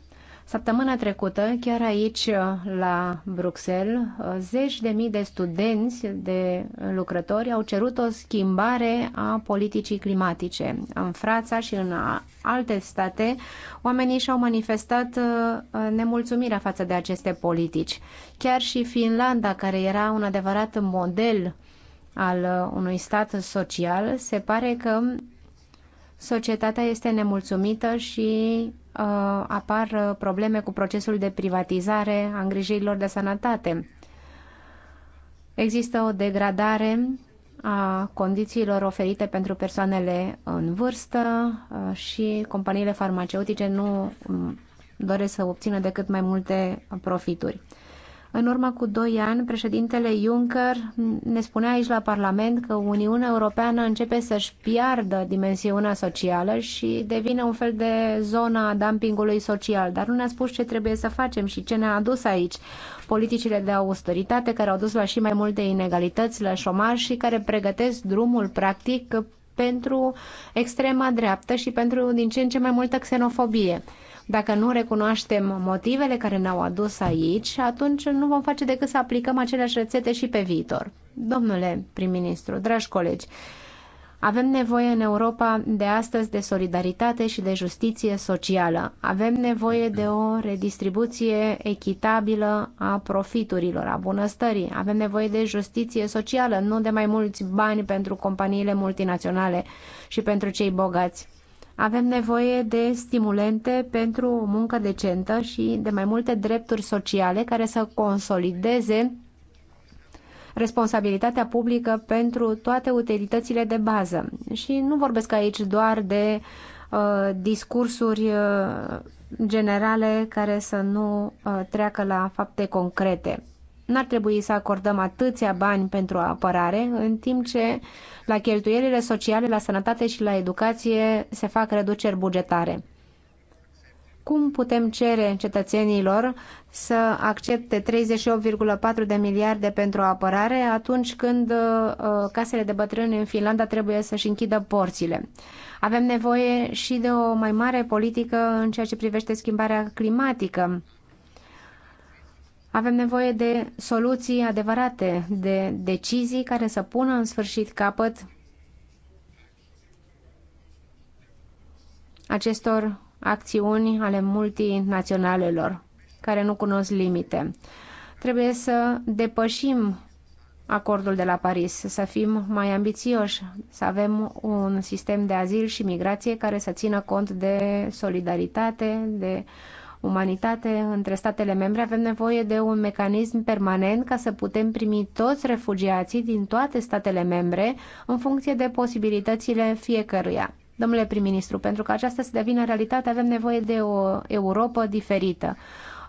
S4: Săptămâna trecută, chiar aici, uh, la Bruxelles, uh, zeci de mii de studenți, de lucrători, au cerut o schimbare a politicii climatice. În Franța și în uh, alte state, oamenii și-au manifestat nemulțumirea față de aceste politici. Chiar și Finlanda, care era un adevărat model al unui stat social, se pare că societatea este nemulțumită și Uh, apar uh, probleme cu procesul de privatizare a îngrijirilor de sănătate. Există o degradare a condițiilor oferite pentru persoanele în vârstă uh, și companiile farmaceutice nu mm, doresc să obțină decât mai multe profituri. În urmă cu doi ani, președintele Juncker ne spunea aici la Parlament că Uniunea Europeană începe să-și piardă dimensiunea socială și devine un fel de zona dumpingului social, dar nu ne-a spus ce trebuie să facem și ce ne-a adus aici. Politicile de austeritate care au dus la și mai multe inegalități, la șomaj și care pregătesc drumul practic pentru extrema dreaptă și pentru din ce în ce mai multă xenofobie. Dacă nu recunoaștem motivele care ne-au adus aici, atunci nu vom face decât să aplicăm aceleași rețete și pe viitor. Domnule prim-ministru, dragi colegi, avem nevoie în Europa de astăzi de solidaritate și de justiție socială. Avem nevoie de o redistribuție echitabilă a profiturilor, a bunăstării. Avem nevoie de justiție socială, nu de mai mulți bani pentru companiile multinaționale și pentru cei bogați. Avem nevoie de stimulente pentru o muncă decentă și de mai multe drepturi sociale care să consolideze responsabilitatea publică pentru toate utilitățile de bază. Și nu vorbesc aici doar de uh, discursuri uh, generale care să nu uh, treacă la fapte concrete. N-ar trebui să acordăm atâția bani pentru apărare, în timp ce la cheltuielile sociale, la sănătate și la educație se fac reduceri bugetare cum putem cere cetățenilor să accepte 38,4 de miliarde pentru apărare atunci când uh, uh, casele de bătrâni în Finlanda trebuie să-și închidă porțile. Avem nevoie și de o mai mare politică în ceea ce privește schimbarea climatică avem nevoie de soluții adevărate, de decizii care să pună în sfârșit capăt acestor acțiuni ale multinaționalelor care nu cunosc limite. Trebuie să depășim acordul de la Paris, să fim mai ambițioși, să avem un sistem de azil și migrație care să țină cont de solidaritate, de uh, umanitate între statele membre, avem nevoie de un mecanism permanent ca să putem primi toți refugiații din toate statele membre în funcție de posibilitățile fiecăruia. Domnule prim-ministru, pentru că aceasta să devină realitate, avem nevoie de o Europa diferită.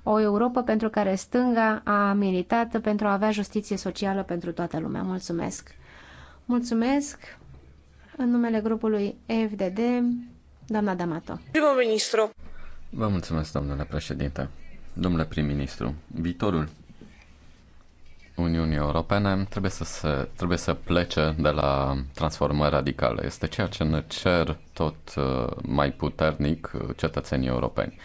S4: O Europa pentru care stânga a militat pentru a avea justiție socială pentru toată lumea. Mulțumesc! Mulțumesc! În numele grupului FDD, doamna D'Amato.
S2: Primul ministru,
S6: Vă mulțumesc, domnule președinte. Domnule prim-ministru, viitorul Uniunii Europene trebuie să, se, trebuie să plece de la transformări radicale. Este ceea ce ne cer tot uh, mai puternic uh, cetățenii europeni.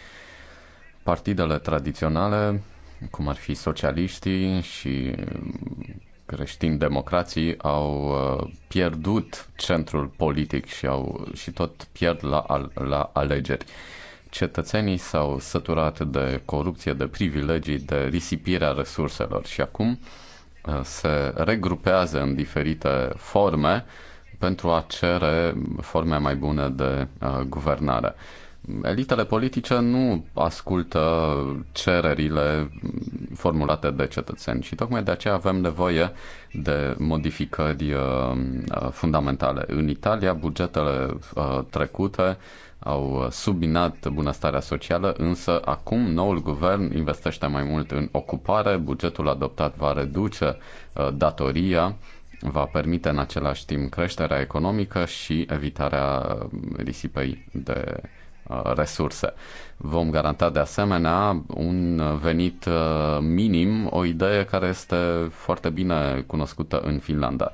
S6: Partidele tradiționale, cum ar fi socialiștii și uh, creștini democrații, au pierdut centrul politic și, au, și tot pierd la, la alegeri. Cetățenii s-au săturat de corupție, de privilegii, de risipirea resurselor și acum uh, se regrupează în diferite forme pentru a cere forme mai bune de uh, guvernare. Elitele politice nu ascultă cererile formulate de cetățeni și tocmai de aceea avem nevoie de modificări uh, fundamentale. În Italia, bugetele trecute au uh, subminat bunăstarea socială, însă acum noul guvern investește mai mult în ocupare, bugetul adoptat va reduce uh, datoria, va permite în același timp creșterea economică și evitarea risipei de uh, resurse. Vom garanta de asemenea un venit minim, o idee care este foarte bine cunoscută în Finlanda.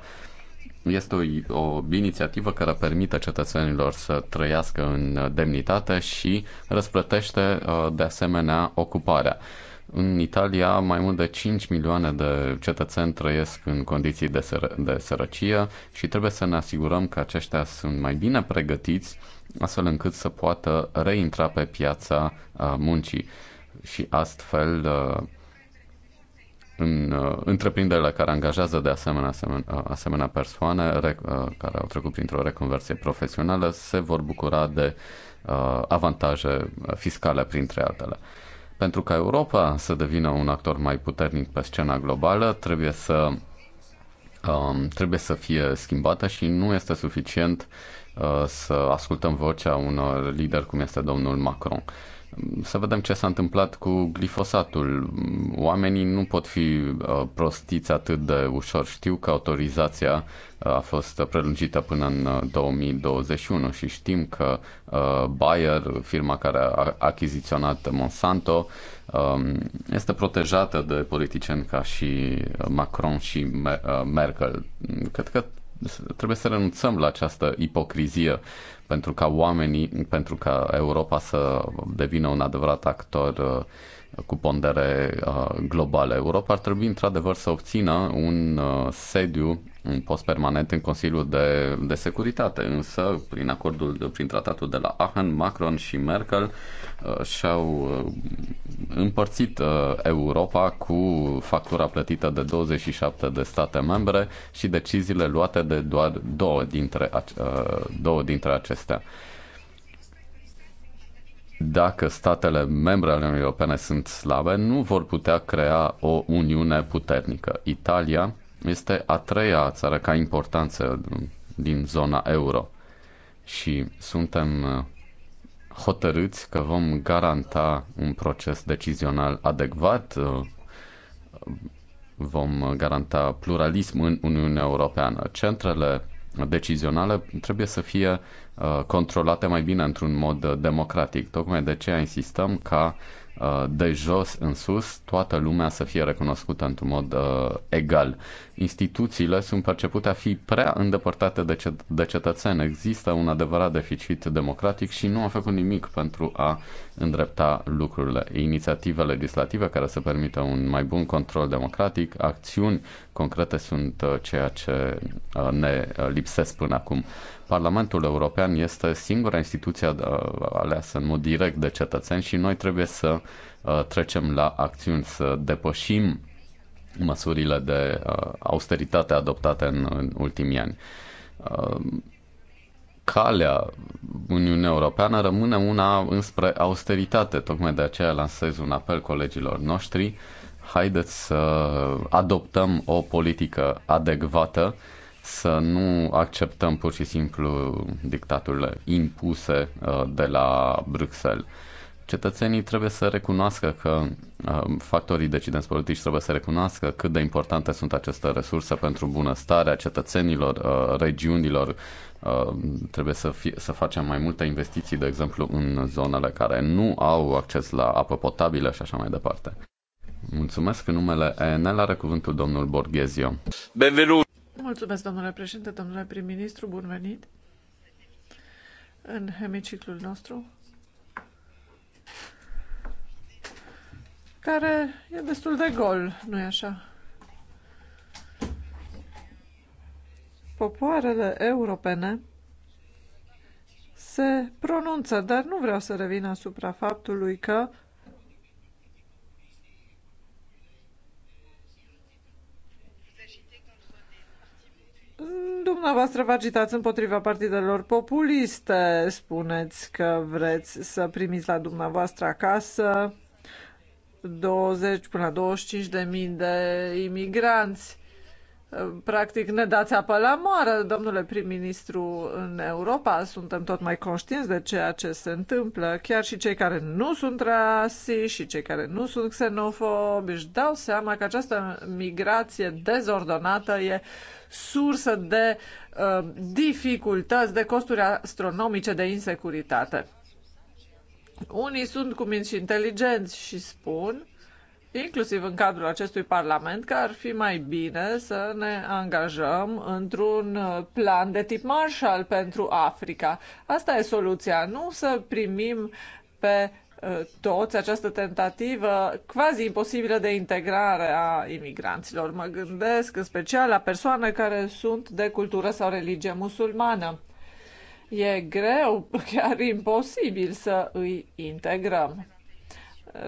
S6: Este o, o inițiativă care permite cetățenilor să trăiască în demnitate și răsplătește uh, de asemenea ocuparea. În Italia, mai mult de 5 milioane de cetățeni trăiesc în condiții de, sără- de sărăcie și trebuie să ne asigurăm că aceștia sunt mai bine pregătiți astfel încât să poată reintra pe piața uh, muncii și astfel uh, în uh, întreprinderile care angajează de asemenea, asemenea, uh, asemenea persoane rec, uh, care au trecut printr-o reconversie profesională se vor bucura de uh, avantaje fiscale, printre altele. Pentru ca Europa să devină un actor mai puternic pe scena globală, trebuie să, um, trebuie să fie schimbată și nu este suficient uh, să ascultăm vocea unor lideri cum este domnul Macron. Uh, să vedem ce s-a întâmplat cu glifosatul. Oamenii nu pot fi uh, prostiți atât de ușor. Știu că autorizația uh, a fost prelungită până în 2021 uh, și știm că Bayer, firma care a achiziționat Monsanto, um, este protejată de politicieni ca și Macron și Merkel. Cred că trebuie să renunțăm la această ipocrizie pentru ca oamenii, pentru ca Europa să devină un adevărat actor uh, cu pondere uh, globală. Europa ar trebui într-adevăr să obțină un uh, sediu, un post permanent în Consiliul de, de Securitate, însă prin acordul, prin tratatul de la Aachen, Macron și Merkel uh, și-au împărțit Europa cu factura plătită de 27 de state membre și deciziile luate de doar două dintre, două dintre acestea dacă statele membre ale Uniunii Europene sunt slabe, nu vor putea crea o uniune puternică. Italia este a treia țară ca importanță din zona euro și suntem uh, hotărâți că vom garanta un proces decizional adecvat, uh, vom garanta pluralism în Uniunea Europeană. Centrele decizionale trebuie să fie Uh, controlate mai bine într-un mod uh, democratic. Tocmai de aceea insistăm ca uh, de jos în sus toată lumea să fie recunoscută într-un mod uh, egal. Instituțiile sunt percepute a fi prea îndepărtate de, cet- de cetățeni. Există un adevărat deficit democratic și nu a făcut nimic pentru a îndrepta lucrurile. Inițiative legislative care să permită un mai bun control democratic, acțiuni concrete sunt uh, ceea ce uh, ne uh, lipsesc până acum. Uh, Parlamentul European este singura instituție uh, aleasă în mod direct de cetățeni și noi trebuie să uh, trecem la acțiuni, să depășim măsurile de uh, austeritate adoptate în ultimii ani calea Uniunii Europeană rămâne una înspre austeritate. Tocmai de aceea lansez un apel colegilor noștri. Haideți să adoptăm o politică adecvată să nu acceptăm pur și simplu dictaturile impuse uh, de la Bruxelles. Cetățenii trebuie să recunoască că uh, factorii decidenți politici trebuie să recunoască cât de importante sunt aceste resurse pentru bunăstarea cetățenilor, uh, regiunilor. Trebuie să, fie, să facem mai multe investiții, de exemplu, în zonele care nu au acces la apă potabilă și așa mai departe. Mulțumesc. În numele ENL are cuvântul domnul Borghezio. Benvenut!
S2: Mulțumesc, domnule președinte, domnule prim-ministru, bun venit în hemiciclul nostru, care e destul de gol, nu-i așa? Popoarele europene se pronunță, dar nu vreau să revin asupra faptului că Dumneavoastră vă agitați împotriva partidelor populiste, spuneți că vreți să primiți la dumneavoastră acasă 20 până la 25 de mii de imigranți Ehm, practic ne dați apă la moară, domnule prim-ministru, în Europa suntem tot mai conștienți de ceea ce se întâmplă. Chiar și cei care nu sunt rasi și cei care nu sunt xenofobi își dau seama că această migrație dezordonată e sursă de uh, dificultăți, de costuri astronomice, de insecuritate. Unii sunt cuminți și inteligenți și spun inclusiv în cadrul acestui Parlament, că ar fi mai bine să ne angajăm într-un uh, plan de tip Marshall pentru Africa. Asta e soluția, nu să primim pe uh, toți această tentativă quasi imposibilă de integrare a imigranților. Mă gândesc în special la persoane care sunt de cultură sau religie musulmană. E greu, chiar imposibil să îi integrăm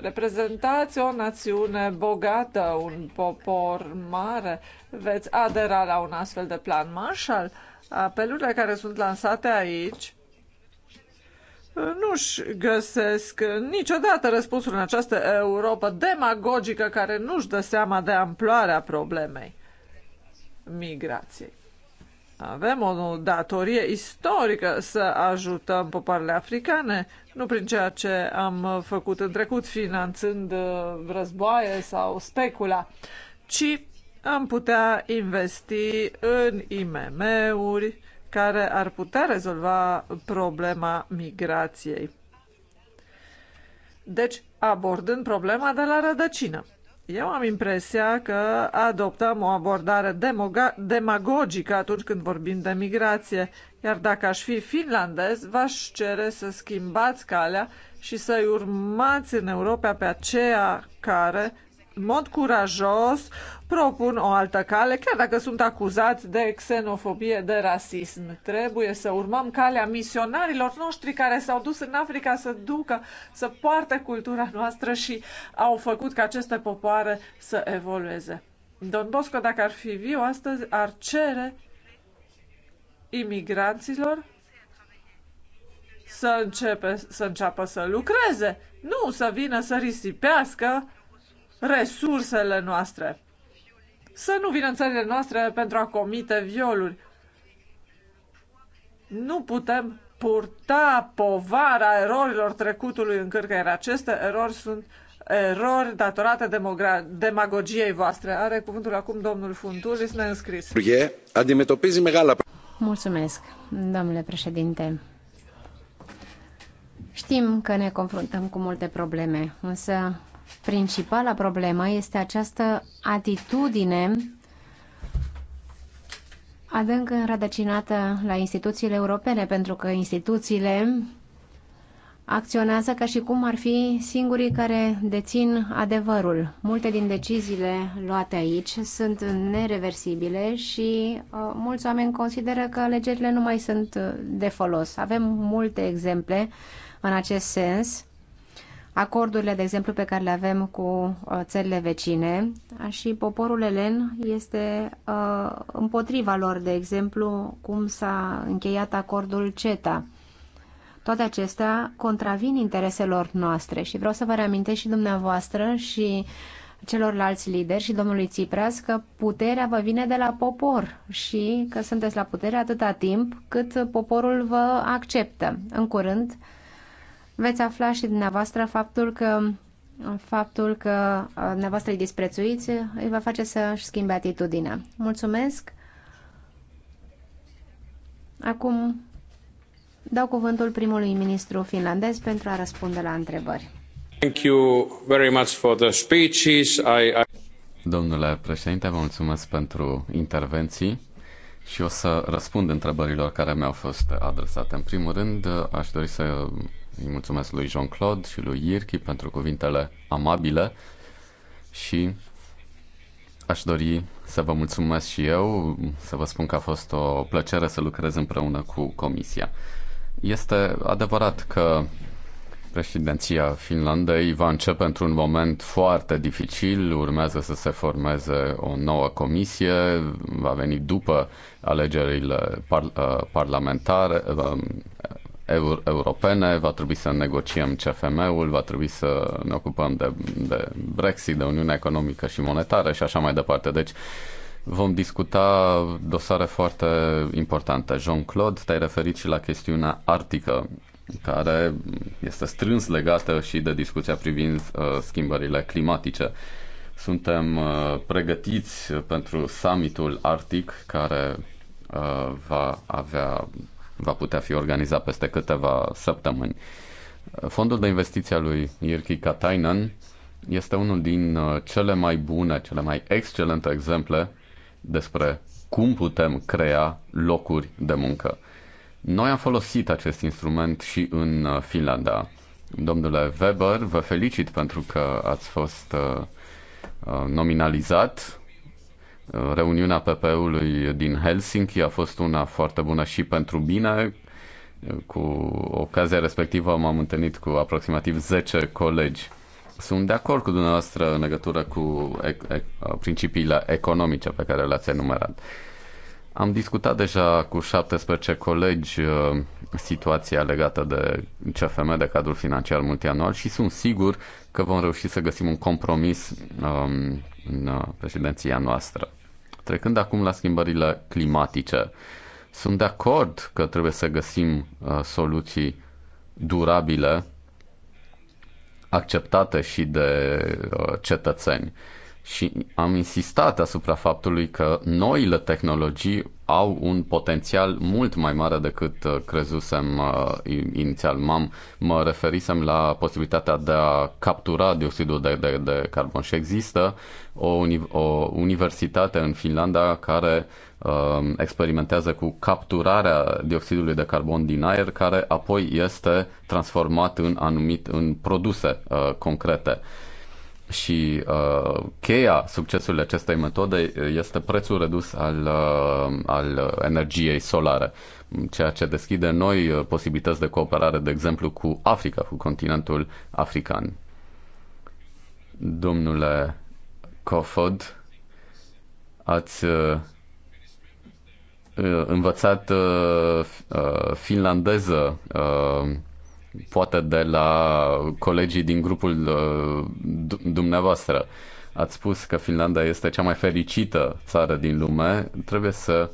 S2: reprezentați o națiune bogată, un popor mare, veți adera la un astfel de plan Marshall? Apelurile care sunt lansate aici nu-și găsesc niciodată răspunsul în această Europa demagogică care nu-și dă seama de amploarea problemei migrației. Avem o datorie istorică să ajutăm popoarele africane, nu prin ceea ce am făcut în trecut, finanțând uh, războaie sau specula, ci am putea investi în IMM-uri care ar putea rezolva problema migrației. Deci, abordând problema de la rădăcină. Eu am impresia că adoptăm o abordare demagogică atunci când vorbim de migrație, iar dacă aș fi finlandez, v-aș cere să schimbați calea și să-i urmați în Europa pe aceea care, în mod curajos, propun o altă cale, chiar dacă sunt acuzați de xenofobie, de rasism. Trebuie să urmăm calea misionarilor noștri care s-au dus în Africa să ducă, să poarte cultura noastră și au făcut ca aceste popoare să evolueze. Don Bosco, dacă ar fi viu astăzi, ar cere imigranților să, începe, să înceapă să lucreze, nu să vină să risipească resursele noastre să nu vină în țările noastre pentru a comite violuri. Nu putem purta povara erorilor trecutului în cărcăieri. Aceste erori sunt erori datorate demagogiei voastre. Are cuvântul acum domnul Funtulis înscris.
S4: Mulțumesc, domnule președinte. Știm că ne confruntăm cu multe probleme, însă principala problemă este această atitudine adânc înrădăcinată la instituțiile europene, pentru că instituțiile acționează ca și cum ar fi singurii care dețin adevărul. Multe din deciziile luate aici sunt nereversibile și uh, mulți oameni consideră că alegerile nu mai sunt de folos. Avem multe exemple în acest sens acordurile, de exemplu, pe care le avem cu uh, țările vecine și poporul elen este uh, împotriva lor, de exemplu, cum s-a încheiat acordul CETA. Toate acestea contravin intereselor noastre și vreau să vă reamintesc și dumneavoastră și celorlalți lideri și domnului Tsipras că puterea vă vine de la popor și că sunteți la putere atâta timp cât poporul vă acceptă. În curând, veți afla și dumneavoastră faptul că faptul că uh, dumneavoastră îi disprețuiți îi va face să-și schimbe atitudinea. Mulțumesc! Acum dau cuvântul primului ministru finlandez pentru a răspunde la întrebări.
S6: Thank you very much for the speeches. I, I... Domnule președinte, vă mulțumesc pentru intervenții și o să răspund întrebărilor care mi-au fost adresate. În primul rând, aș dori să îi mulțumesc lui Jean-Claude și lui Irki pentru cuvintele amabile și aș dori să vă mulțumesc și eu, să vă spun că a fost o plăcere să lucrez împreună cu Comisia. Este adevărat că președinția Finlandei va începe într-un moment foarte dificil, urmează să se formeze o nouă comisie, va veni după alegerile par- uh, parlamentare, uh, europene, va trebui să negociem CFM-ul, va trebui să ne ocupăm de, de Brexit, de Uniunea Economică și Monetară și așa mai departe. Deci vom discuta dosare foarte importante. Jean-Claude, te-ai referit și la chestiunea arctică care este strâns legată și de discuția privind uh, schimbările climatice. Suntem uh, pregătiți pentru summitul Arctic care uh, va avea va putea fi organizat peste câteva săptămâni. Fondul de investiție al lui Irki Katainen este unul din uh, cele mai bune, cele mai excelente exemple despre cum putem crea locuri de muncă. Noi am folosit acest instrument și în uh, Finlanda. Domnule Weber, vă felicit pentru că ați fost uh, nominalizat Reuniunea pp ului din Helsinki a fost una foarte bună și pentru bine. Cu ocazia respectivă m-am întâlnit cu aproximativ 10 colegi. Sunt de acord cu dumneavoastră în legătură cu ec- ec- principiile economice pe care le-ați enumerat. Am discutat deja cu 17 colegi uh, situația legată de CFM, de cadrul financiar multianual și sunt sigur că vom reuși să găsim un compromis um, în uh, președinția noastră. Trecând acum la schimbările climatice, sunt de acord că trebuie să găsim uh, soluții durabile acceptate și de uh, cetățeni și am insistat asupra faptului că noile tehnologii au un potențial mult mai mare decât uh, crezusem uh, inițial. M-am, mă referisem la posibilitatea de a captura dioxidul de, de, de carbon și există o, o universitate în Finlanda care uh, experimentează cu capturarea dioxidului de carbon din aer care apoi este transformat în anumit în produse uh, concrete. Uh, și uh, cheia succesului acestei metode este prețul redus al, uh, al energiei solare, ceea ce deschide noi uh, posibilități de cooperare, de exemplu, cu Africa, cu continentul african. Domnule Cofod, ați uh, uh învățat uh, uh, finlandeză uh, poate de la colegii din grupul uh, dumneavoastră. Ați spus că Finlanda este cea mai fericită țară din lume. Trebuie să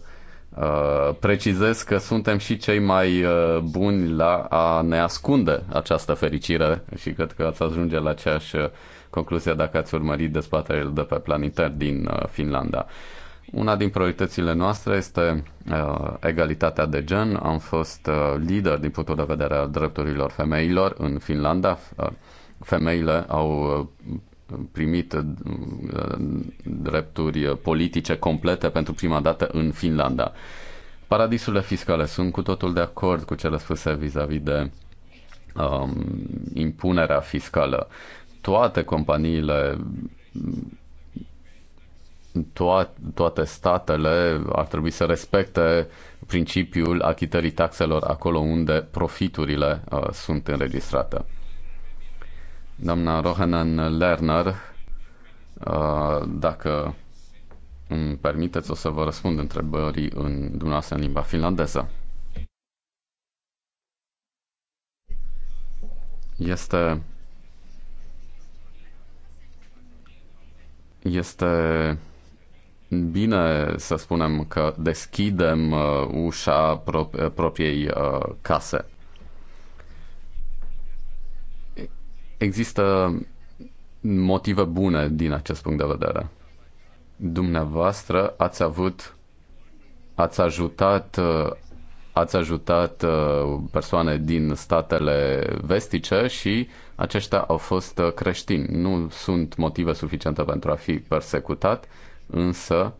S6: uh, precizez că suntem și cei mai uh, buni la a ne ascunde această fericire și cred că ați ajunge la aceeași concluzie dacă ați urmărit dezbaterile de pe Planetar din uh, Finlanda. Una din prioritățile noastre este uh, egalitatea de gen. Am fost uh, lider din punctul de vedere al drepturilor femeilor în Finlanda. Uh, femeile au uh, primit uh, drepturi politice complete pentru prima dată în Finlanda. Paradisurile fiscale sunt cu totul de acord cu cele spuse vis-a-vis -vis de um, impunerea fiscală. Toate companiile toate statele ar trebui să respecte principiul achitării taxelor acolo unde profiturile uh, sunt înregistrate. Doamna Rohanan Lerner, uh, dacă îmi permiteți, o să vă răspund întrebării în dumneavoastră în limba finlandeză. Este este bine să spunem că deschidem uh, ușa propriei uh, case. Există motive bune din acest punct de vedere. Dumneavoastră ați avut, ați ajutat, uh, ați ajutat persoane din statele vestice și aceștia au fost creștini. Nu sunt motive suficiente pentru a fi persecutat, însă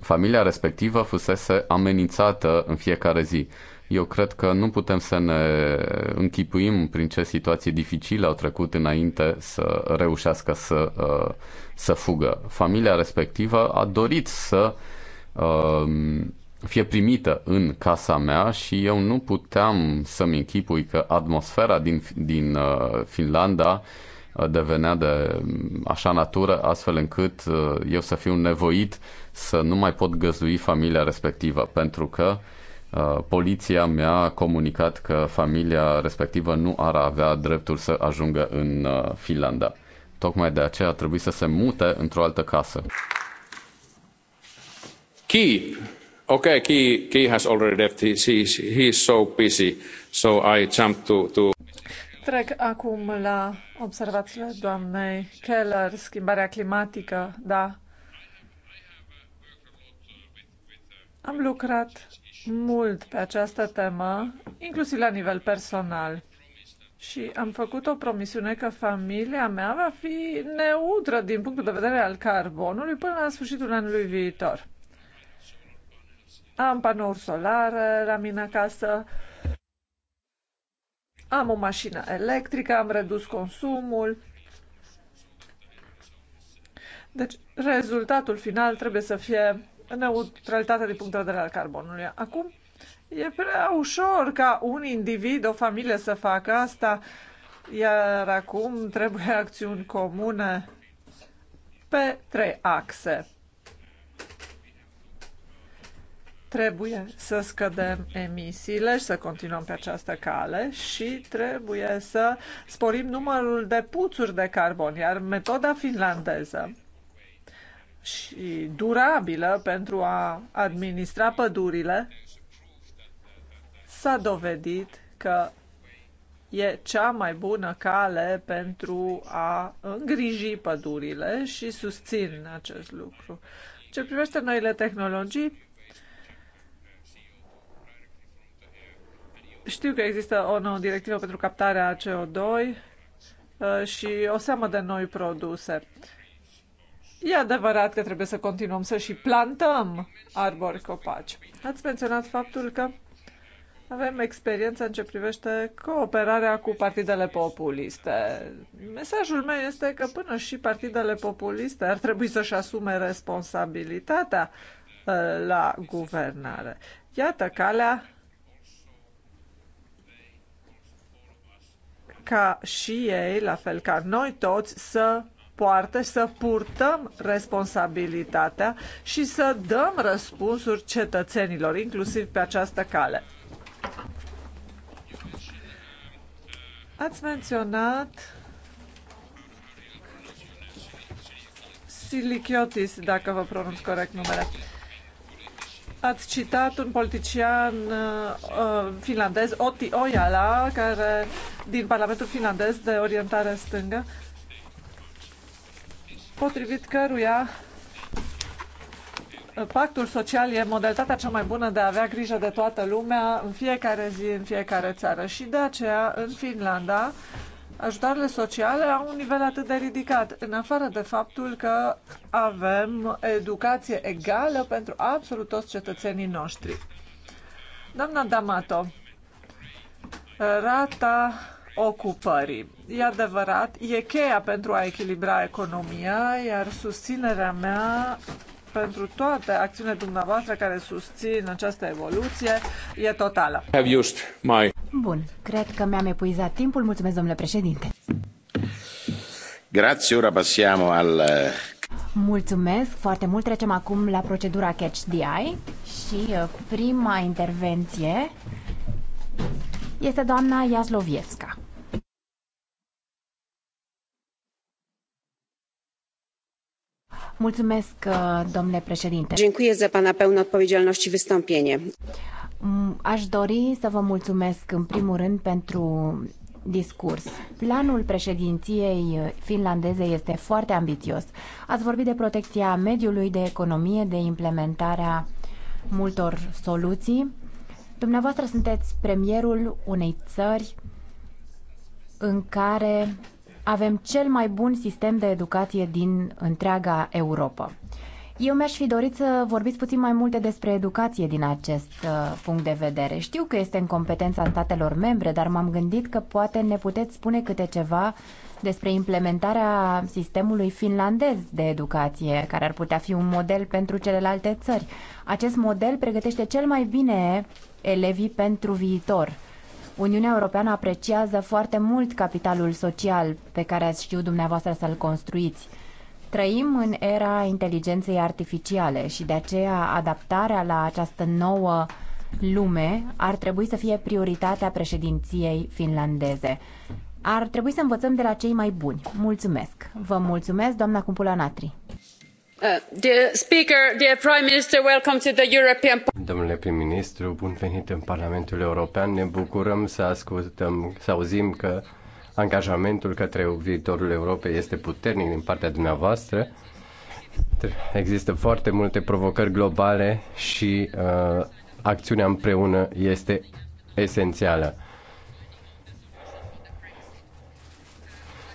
S6: familia respectivă fusese amenințată în fiecare zi. Eu cred că nu putem să ne închipuim prin ce situații dificile au trecut înainte să reușească să, uh, să fugă. Familia respectivă a dorit să um, fie primită în casa mea și eu nu puteam să-mi închipui că atmosfera din, din uh, Finlanda devenea de mm, așa natură, astfel încât uh, eu să fiu nevoit să nu mai pot găzdui familia respectivă, pentru că uh, poliția mi-a comunicat că familia respectivă nu ar avea dreptul să ajungă în uh, Finlanda. Tocmai de aceea a trebuit să se mute într-o altă casă.
S1: Key. Okay, Key, Key has already left. He, he, he's so busy, so I jump to, to...
S2: Trec acum la observațiile doamnei Keller, schimbarea climatică, da. Am lucrat mult pe această temă, inclusiv la nivel personal. Și am făcut o promisiune că familia mea va fi neutră din punctul de vedere al carbonului până la sfârșitul anului viitor. Am panouri solare la mine acasă, am o mașină electrică, am redus consumul. Deci, rezultatul final trebuie să fie neutralitatea din punct de vedere al carbonului. Acum, e prea ușor ca un individ, o familie să facă asta, iar acum trebuie acțiuni comune pe trei axe. Trebuie să scădem emisiile și să continuăm pe această cale și trebuie să sporim numărul de puțuri de carbon, iar metoda finlandeză și durabilă pentru a administra pădurile s-a dovedit că e cea mai bună cale pentru a îngriji pădurile și susțin acest lucru. Ce privește noile tehnologii, Știu că există o nouă directivă pentru captarea CO2 uh, și o seamă de noi produse. E adevărat că trebuie să continuăm să și plantăm arbori copaci. Ați menționat faptul că avem experiență în ce privește cooperarea cu partidele populiste. Mesajul meu este că până și partidele populiste ar trebui să-și asume responsabilitatea uh, la guvernare. Iată calea ca și ei, la fel ca noi toți, să poartă, să purtăm responsabilitatea și să dăm răspunsuri cetățenilor, inclusiv pe această cale. Ați menționat Silichiotis, dacă vă pronunț corect numele. Ați citat un politician uh, uh finlandez, Oti Ojala, care, din Parlamentul finlandez de orientare stângă, potrivit căruia uh, pactul social e modalitatea cea mai bună de a avea grijă de toată lumea în fiecare zi, în fiecare țară. Și de aceea, în Finlanda, ajutoarele sociale au un nivel atât de ridicat, în afară de faptul că avem educație egală pentru absolut toți cetățenii noștri. Doamna D'Amato, rata ocupării. E adevărat, e cheia pentru a echilibra economia, iar susținerea mea pentru toate acțiunile dumneavoastră care susțin această evoluție e totală.
S1: Have used my...
S2: Bun,
S9: cred că mi-am epuizat timpul. Mulțumesc, domnule președinte.
S1: Grazie, ora passiamo al... Eh,
S9: Mulțumesc foarte mult. Trecem acum la procedura Catch the Eye și eh, prima intervenție este doamna Iaslovievska. Mulțumesc, uh, domnule președinte. Dziękuję za pana pełną
S4: odpowiedzialności wystąpienie.
S9: Mm, aș dori să vă mulțumesc în primul rând pentru discurs. Planul președinției finlandeze este foarte ambițios. Ați vorbit de protecția mediului, de economie, de implementarea multor soluții. Dumneavoastră sunteți premierul unei țări în care avem cel mai bun sistem de educație din întreaga Europa. Eu mi-aș fi dorit să vorbiți puțin mai multe despre educație din acest uh, punct de vedere. Știu că este în competența statelor membre, dar m-am gândit că poate ne puteți spune câte ceva despre implementarea sistemului finlandez de educație, care ar putea fi un model pentru celelalte țări. Acest model pregătește cel mai bine elevii pentru viitor Uniunea Europeană apreciază foarte mult capitalul social pe care ați știut dumneavoastră să-l construiți. Trăim în era inteligenței artificiale și de aceea adaptarea la această nouă lume ar trebui să fie prioritatea președinției finlandeze. Ar trebui să învățăm de la cei mai buni. Mulțumesc! Vă mulțumesc, doamna Cumpula Natri!
S10: Domnule prim-ministru, bun venit în Parlamentul European. Ne bucurăm să ascultăm, să auzim că angajamentul către viitorul Europei este puternic din partea dumneavoastră. Există foarte multe provocări globale și uh, acțiunea împreună este esențială.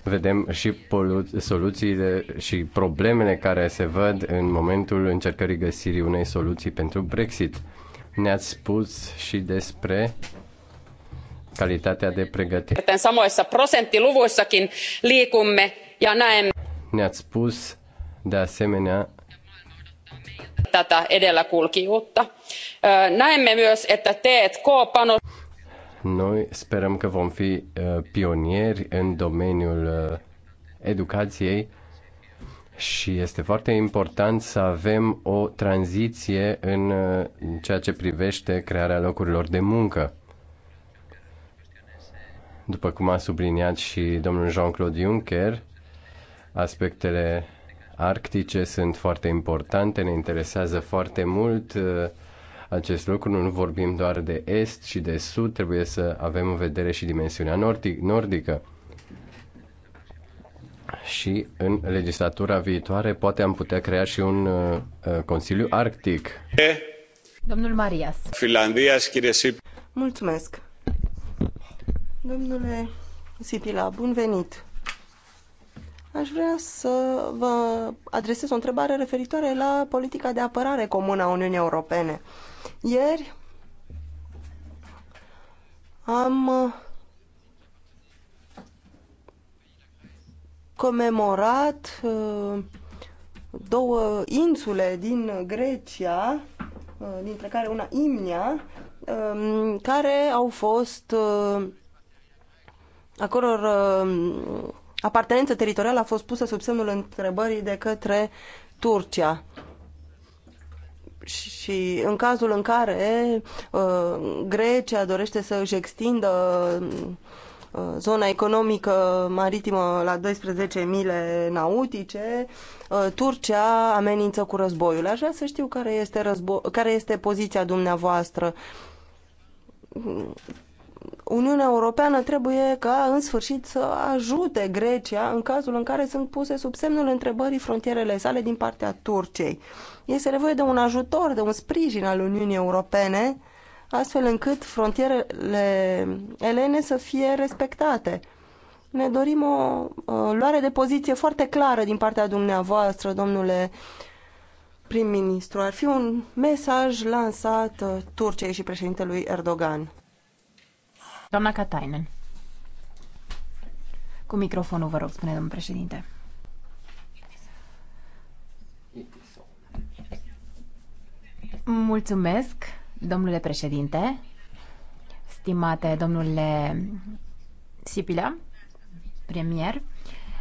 S10: vedem și soluțiile și problemele care se văd în momentul încercării găsirii unei soluții pentru Brexit. Ne-ați spus și despre calitatea de pregătire.
S7: Samoissa prosenttiluvuissakin liikumme ja näemme.
S10: Ne-ați spus de asemenea
S7: tätä edelläkulkijuutta.
S8: Näemme myös, että T&K-panos
S10: noi sperăm că vom fi uh, pionieri în domeniul uh, educației și este foarte important să avem o tranziție în uh, ceea ce privește crearea locurilor de muncă. După cum a subliniat și domnul Jean-Claude Juncker, aspectele arctice sunt foarte importante, ne interesează foarte mult acest lucru. Nu vorbim doar de est și de sud, trebuie să avem în vedere și dimensiunea nordic- nordică. Și în legislatura viitoare poate am putea crea și un uh, uh Consiliu Arctic.
S8: Domnul Marias.
S1: Finlandia, Schiresip.
S8: Mulțumesc. Domnule Sipila, bun venit. Aș vrea să vă adresez o întrebare referitoare la politica de apărare comună a Uniunii Europene. Ieri am uh, comemorat uh, două insule din Grecia, uh, dintre care una Imnia, um, care au fost acolo apartenența teritorială a fost pusă sub semnul întrebării de către Turcia și în cazul în care uh, Grecia dorește să își extindă uh, zona economică maritimă la 12 mile nautice, uh, Turcia amenință cu războiul. Aș vrea să știu care este, războ- care este poziția dumneavoastră Uniunea Europeană trebuie ca în sfârșit să ajute Grecia în cazul în care sunt puse sub semnul întrebării frontierele sale din partea Turciei. Este nevoie de un ajutor, de un sprijin al Uniunii Europene, astfel încât frontierele elene să fie respectate. Ne dorim o luare de poziție foarte clară din partea dumneavoastră, domnule prim-ministru. Ar fi un mesaj lansat uh, Turciei și președintelui Erdogan. Doamna
S9: Katainen. Cu microfonul, vă rog, spune domnul președinte. Mulțumesc, domnule președinte, stimate domnule Sipilea, premier.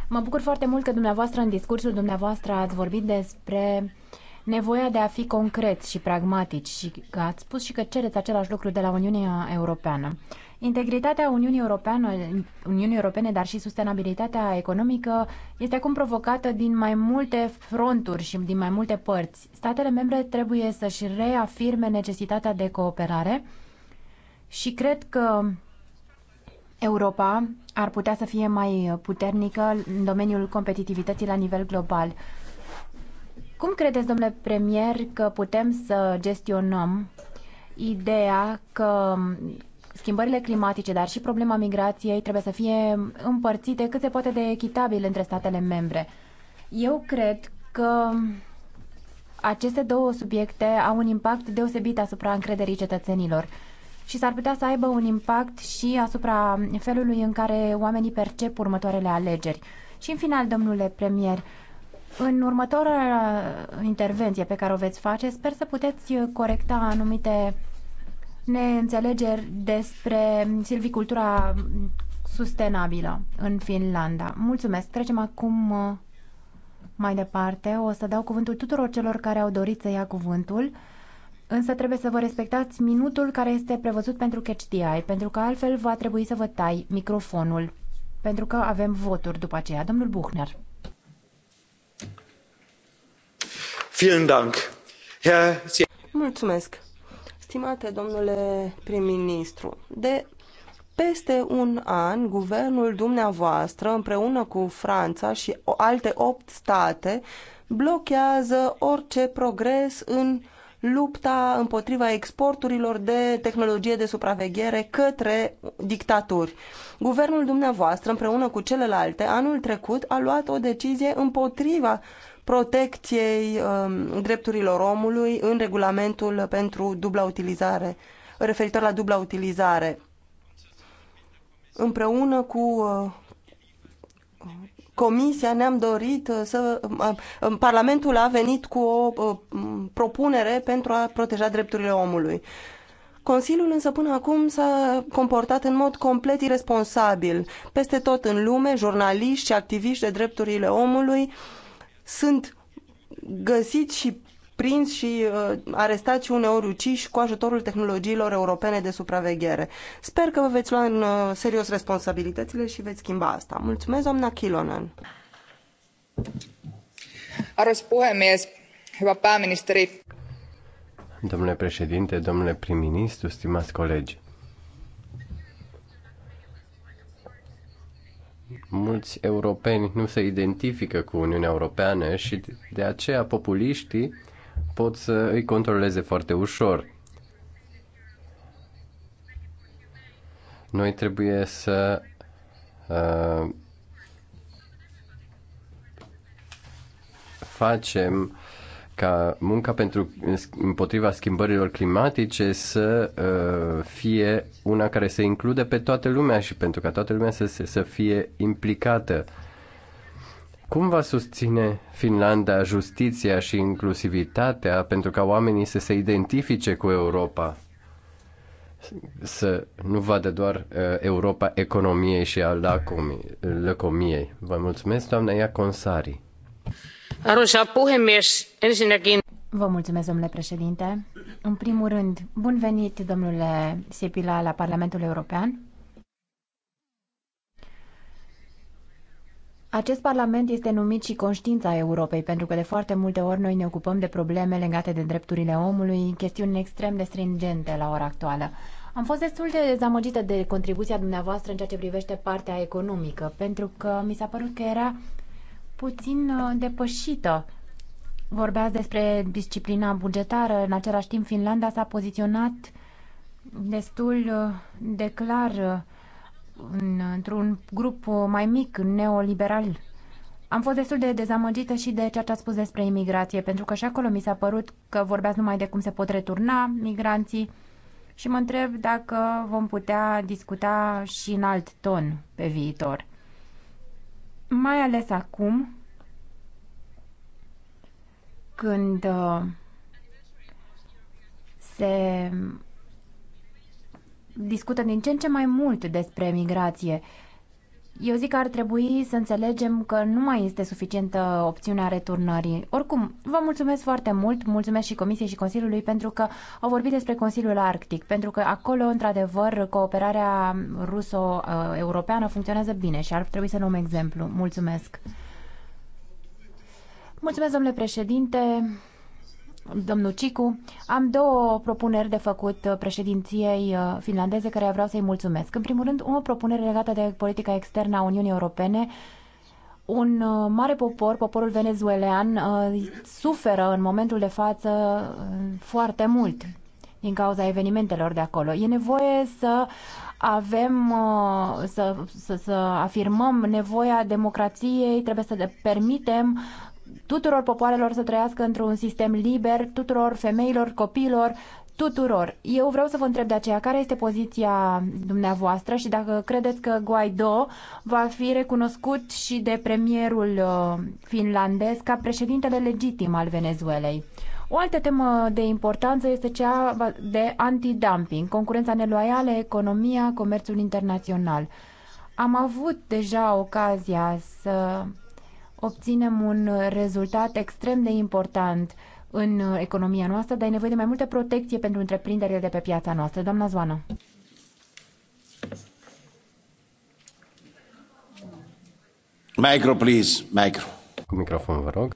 S9: Mă bucur foarte mult că dumneavoastră, în discursul dumneavoastră, ați vorbit despre nevoia de a fi concreți și pragmatici și că ați spus și că cereți același lucru de la Uniunea Europeană. Integritatea Uniunii Europene, Uniunii Europene, dar și sustenabilitatea economică este acum provocată din mai multe fronturi și din mai multe părți. Statele membre trebuie să-și reafirme necesitatea de cooperare și cred că Europa ar putea să fie mai puternică în domeniul competitivității la nivel global. Cum credeți, domnule premier, că putem să gestionăm ideea că schimbările climatice, dar și problema migrației trebuie să fie împărțite cât se poate de echitabil între statele membre. Eu cred că aceste două subiecte au un impact deosebit asupra încrederii cetățenilor și s-ar putea să aibă un impact și asupra felului în care oamenii percep următoarele alegeri. Și în final, domnule premier, în următoarea intervenție pe care o veți face, sper să puteți corecta anumite neînțelegeri despre silvicultura sustenabilă în Finlanda. Mulțumesc. Trecem acum uh, mai departe. O să dau cuvântul tuturor celor care au dorit să ia cuvântul, însă trebuie să vă respectați minutul care este prevăzut pentru CatchDI, pentru că altfel va trebui să vă tai microfonul, pentru că avem voturi după aceea. Domnul Buchner.
S4: Vielen Dank.
S8: Mulțumesc. Stimate domnule prim-ministru, de peste un an, guvernul dumneavoastră, împreună cu Franța și alte opt state, blochează orice progres în lupta împotriva exporturilor de tehnologie de supraveghere către dictaturi. Guvernul dumneavoastră, împreună cu celelalte, anul trecut a luat o decizie împotriva protecției um, drepturilor omului în regulamentul pentru dubla utilizare, referitor la dubla utilizare. Împreună cu uh, Comisia ne-am dorit uh, să. Uh, Parlamentul a venit cu o propunere pentru a proteja drepturile omului. Consiliul însă până acum s-a comportat în mod complet irresponsabil. Peste tot în lume, jurnaliști și activiști de drepturile omului uh, sunt găsiți și prins și uh, arestați și uneori uciși cu ajutorul tehnologiilor europene de supraveghere. Sper că vă veți lua în uh, serios responsabilitățile și veți schimba asta. Mulțumesc, doamna Kilonen.
S10: Arvoisa puhemies, hyvä pääministeri. Domnule președinte, domnule prim-ministru, stimați colegi. mulți europeni nu se identifică cu Uniunea Europeană și de aceea populiștii pot să îi controleze foarte ușor. Noi trebuie să uh, facem ca munca pentru împotriva schimbărilor climatice să uh, fie una care să include pe toată lumea și pentru ca toată lumea să, să fie implicată. Cum va susține Finlanda justiția și inclusivitatea pentru ca oamenii să se identifice cu Europa? Să nu vadă doar uh, Europa economiei și a lăcomiei. Vă mulțumesc, doamna Ia Consari.
S9: Vă mulțumesc, domnule președinte. În primul rând, bun venit, domnule Sipila, la Parlamentul European. Acest parlament este numit și conștiința Europei, pentru că de foarte multe ori noi ne ocupăm de probleme legate de drepturile omului, chestiuni extrem de stringente la ora actuală. Am fost destul de dezamăgită de contribuția dumneavoastră în ceea ce privește partea economică, pentru că mi s-a părut că era puțin uh, depășită. Vorbeați despre disciplina bugetară, în același timp Finlanda s-a poziționat destul uh, de clar uh, într-un grup mai mic, neoliberal. Am fost destul de dezamăgită și de ceea ce ați spus despre imigrație, pentru că și acolo mi s-a părut că vorbeați numai de cum se pot returna migranții și mă întreb dacă vom putea discuta și în alt ton pe viitor mai ales acum când uh, se discută din ce în ce mai mult despre migrație eu zic că ar trebui să înțelegem că nu mai este suficientă opțiunea returnării. Oricum, vă mulțumesc foarte mult, mulțumesc și Comisiei și Consiliului pentru că au vorbit despre Consiliul Arctic, pentru că acolo, într-adevăr, cooperarea ruso-europeană funcționează bine și ar trebui să luăm exemplu. Mulțumesc! Mulțumesc, domnule președinte! domnul Cicu. Am două propuneri de făcut uh, președinției uh, finlandeze care vreau să-i mulțumesc. În primul rând, o propunere legată de politica externă a Uniunii Europene. Un uh, mare popor, poporul venezuelean, suferă în momentul de față foarte mult din cauza evenimentelor de acolo. E nevoie să avem să, să, să afirmăm nevoia democrației, trebuie să permitem tuturor popoarelor să trăiască într-un sistem liber, tuturor femeilor, copiilor, tuturor. Eu vreau să vă întreb de aceea care este poziția dumneavoastră și dacă credeți că Guaido va fi recunoscut și de premierul uh, finlandez ca președintele legitim al Venezuelei. O altă temă de importanță este cea de antidumping, concurența neloială, economia, comerțul internațional. Am avut deja ocazia să obținem un rezultat extrem de important în economia noastră, dar e nevoie de mai multă protecție pentru întreprinderile de pe piața noastră. Doamna Zoană.
S1: Micro, please. Micro. Cu microfon, vă rog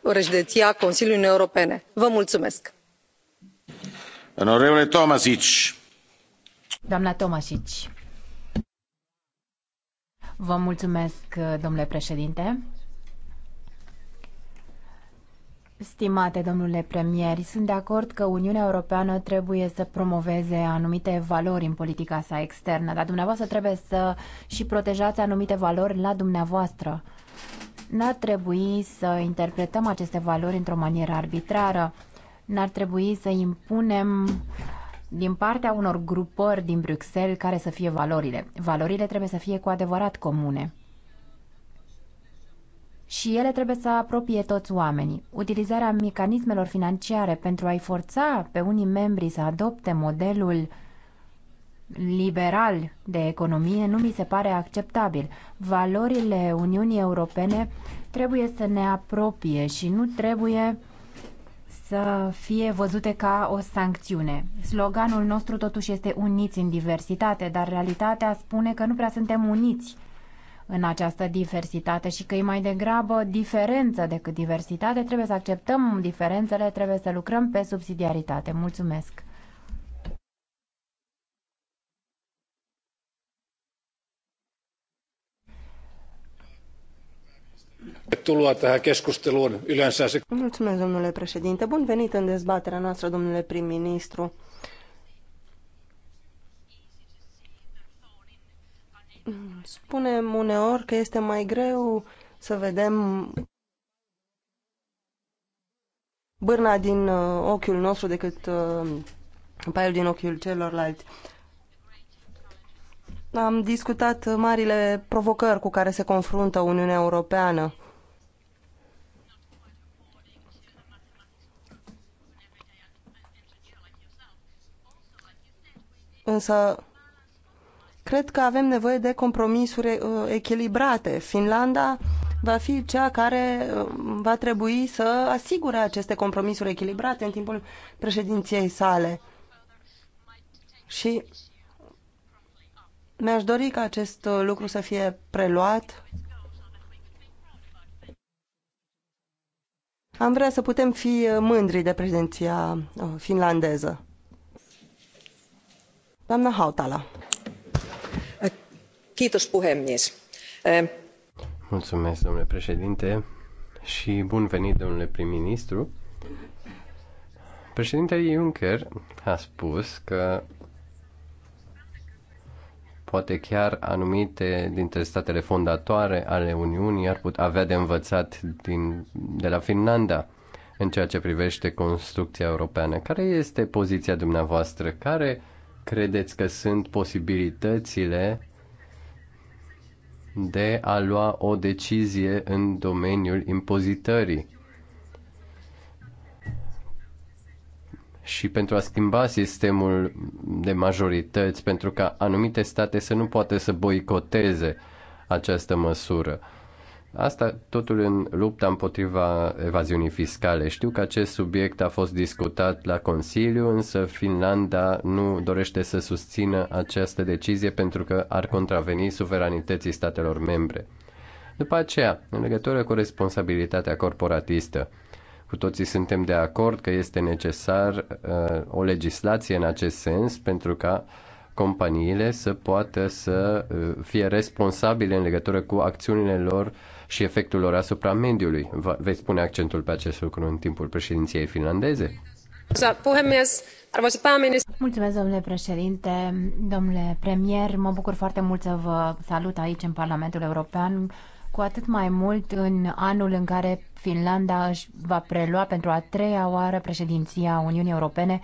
S5: președinția consiliului uniunii europene. vă mulțumesc.
S9: doamnă tomai vă mulțumesc domnule președinte. Stimate domnule premier, sunt de acord că Uniunea Europeană trebuie să promoveze anumite valori în politica sa externă, dar dumneavoastră trebuie să și protejați anumite valori la dumneavoastră. N-ar trebui să interpretăm aceste valori într-o manieră arbitrară. N-ar trebui să impunem din partea unor grupări din Bruxelles care să fie valorile. Valorile trebuie să fie cu adevărat comune. Și ele trebuie să apropie toți oamenii. Utilizarea mecanismelor financiare pentru a-i forța pe unii membri să adopte modelul uh, liberal de economie nu mi se pare acceptabil. Valorile Uniunii Europene trebuie să ne apropie și nu trebuie să fie văzute ca o sancțiune. Sloganul nostru totuși este uniți în diversitate, dar realitatea spune că nu prea suntem uniți în această diversitate și că e mai degrabă diferență decât diversitate. Trebuie să acceptăm diferențele, trebuie să lucrăm pe subsidiaritate. Mulțumesc!
S1: Tervetuloa tähän keskusteluun yleensä.
S8: Mulțumesc, domnule președinte. Bun venit în dezbaterea noastră, domnule prim-ministru. Spunem uneori că este mai greu să vedem bârna din uh, ochiul nostru decât uh, paiul din ochiul celorlalți. Am discutat marile provocări cu care se confruntă Uniunea Europeană. Însă, cred că avem nevoie de compromisuri uh, echilibrate. Finlanda va fi cea care uh, va trebui să asigure aceste compromisuri echilibrate în timpul președinției sale. Și mi-aș dori ca acest uh, lucru să fie preluat. Am vrea să putem fi mândri de prezenția finlandeză.
S10: Mulțumesc, domnule președinte, și bun venit, domnule prim-ministru. Președintele Juncker a spus că poate chiar anumite dintre statele fondatoare ale Uniunii ar putea avea de învățat din, de la Finlanda în ceea ce privește construcția europeană. Care este poziția dumneavoastră? Care credeți că sunt posibilitățile de a lua o decizie în domeniul impozitării? și pentru a schimba sistemul de majorități, pentru ca anumite state să nu poată să boicoteze această măsură. Asta totul în lupta împotriva evaziunii fiscale. Știu că acest subiect a fost discutat la Consiliu, însă Finlanda nu dorește să susțină această decizie pentru că ar contraveni suveranității statelor membre. După aceea, în legătură cu responsabilitatea corporatistă, cu toții suntem de acord că este necesar uh, o legislație în acest sens pentru ca companiile să poată să uh, fie responsabile în legătură cu acțiunile lor uh, și efectul lor asupra mediului. Veți spune accentul pe acest lucru în timpul președinției finlandeze?
S9: Mulțumesc, domnule președinte, domnule premier. Mă bucur foarte mult să vă salut aici în Parlamentul European, cu atât mai mult în anul în care Finlanda își va prelua pentru a treia oară președinția Uniunii Europene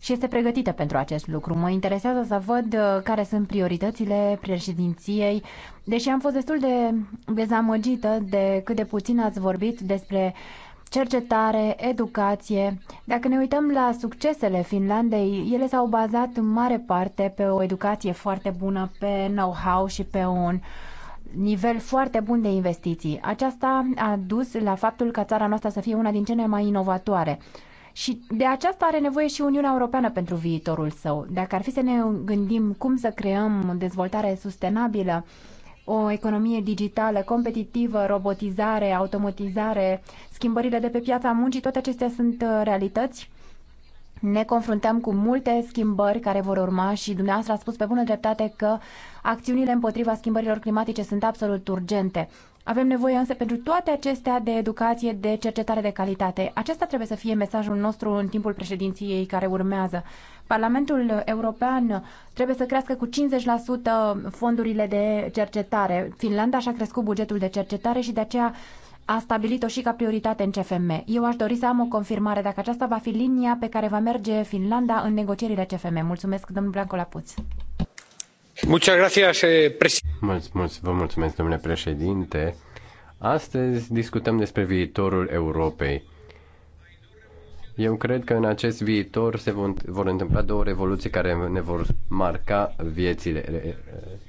S9: și este pregătită pentru acest lucru. Mă interesează să văd uh, care sunt prioritățile președinției, deși am fost destul de dezamăgită de cât de puțin ați vorbit despre cercetare, educație. Dacă ne uităm la succesele Finlandei, ele s-au bazat în mare parte pe o educație foarte bună, pe know-how și pe un nivel foarte bun de investiții. Aceasta a dus la faptul ca țara noastră să fie una din cele mai inovatoare. Și de aceasta are nevoie și Uniunea Europeană pentru viitorul său. Dacă ar fi să ne gândim cum să creăm dezvoltare sustenabilă, o economie digitală, competitivă, robotizare, automatizare, schimbările de pe piața muncii, toate acestea sunt uh, realități. Ne confruntăm cu multe schimbări care vor urma și dumneavoastră a spus pe bună dreptate că acțiunile împotriva schimbărilor climatice sunt absolut urgente. Avem nevoie însă pentru toate acestea de educație, de cercetare de calitate. Acesta trebuie să fie mesajul nostru în timpul președinției care urmează. Parlamentul European trebuie să crească cu 50% fondurile de cercetare. Finlanda și-a crescut bugetul de cercetare și de aceea a stabilit-o și ca prioritate în CFM. Eu aș dori să am o confirmare dacă aceasta va fi linia pe care va merge Finlanda în negocierile CFM. Mulțumesc, domnul Blanco Lapuț.
S10: Eh, vă mulțumesc, domnule președinte. Astăzi discutăm despre viitorul Europei. Eu cred că în acest viitor se vor, vor întâmpla două revoluții care ne vor marca viețile.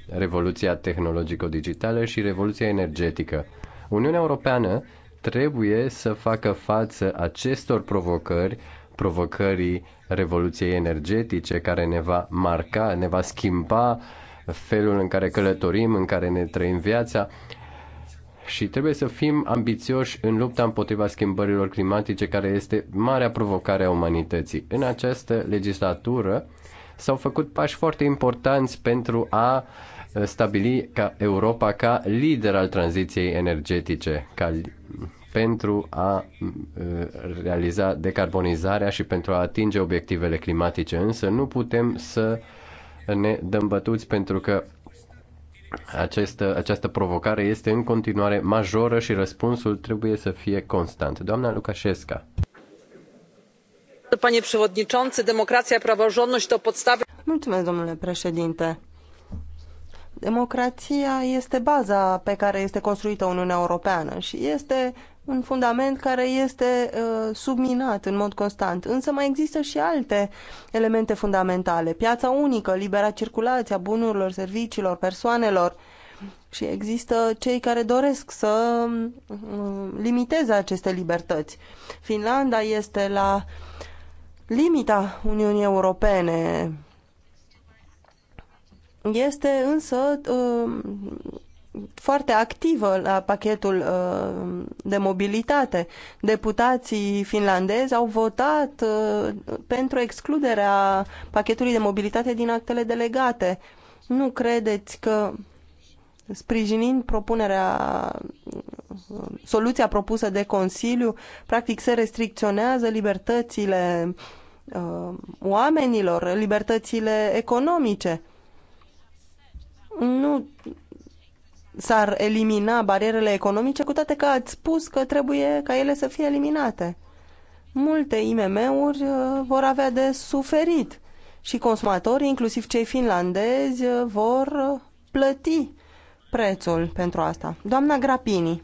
S10: Revoluția tehnologico-digitală și revoluția energetică. Uniunea Europeană trebuie să facă față acestor provocări, provocării revoluției energetice care ne va marca, ne va schimba felul în care călătorim, în care ne trăim viața și trebuie să fim ambițioși în lupta împotriva schimbărilor climatice, care este marea provocare a umanității. În această legislatură s-au făcut pași foarte importanți pentru a stabili ca Europa ca lider al tranziției energetice, ca pentru a realiza decarbonizarea și pentru a atinge obiectivele climatice, însă nu putem să ne dăm bătuți pentru că această, această provocare este în continuare majoră și răspunsul trebuie să fie constant. Doamna Lucașesca.
S8: Mulțumesc, domnule președinte. Democrația este baza pe care este construită Uniunea Europeană și este un fundament care este uh, subminat în mod constant. Însă mai există și alte elemente fundamentale. Piața unică, libera circulație a bunurilor, serviciilor, persoanelor. Și există cei care doresc să uh, limiteze aceste libertăți. Finlanda este la limita Uniunii Europene. Este însă uh, foarte activă la pachetul uh, de mobilitate. Deputații finlandezi au votat uh, pentru excluderea pachetului de mobilitate din actele delegate. Nu credeți că sprijinind propunerea, uh, soluția propusă de Consiliu, practic se restricționează libertățile oamenilor, libertățile economice? Nu s-ar elimina barierele economice, cu toate că ați spus că trebuie ca ele să fie eliminate. Multe IMM-uri uh, vor avea de suferit și consumatorii, inclusiv cei finlandezi, uh, vor uh, plăti prețul pentru asta. Doamna Grapini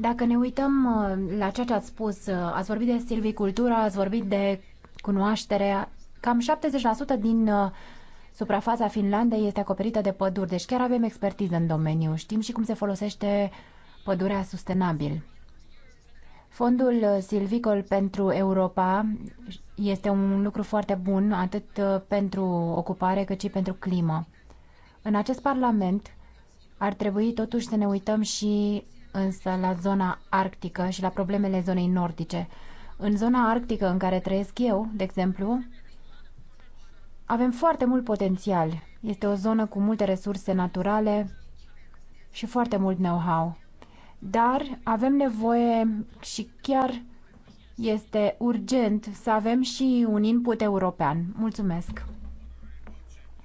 S9: Dacă ne uităm uh, la ceea ce ați spus, uh, ați vorbit de silvicultură, ați vorbit de cunoaștere, cam 70% din uh, suprafața Finlandei este acoperită de păduri, deci chiar avem expertiză în domeniu. Știm și cum se folosește pădurea sustenabil. Fondul Silvicol pentru Europa este un lucru foarte bun, atât pentru ocupare cât și pentru climă. În acest Parlament ar trebui totuși să ne uităm și însă la zona arctică și la problemele zonei nordice. În zona arctică în care trăiesc eu, de exemplu, avem foarte mult potențial. Este o zonă cu multe resurse naturale și foarte mult know-how. Dar avem nevoie și chiar este urgent să avem și un input european. Mulțumesc.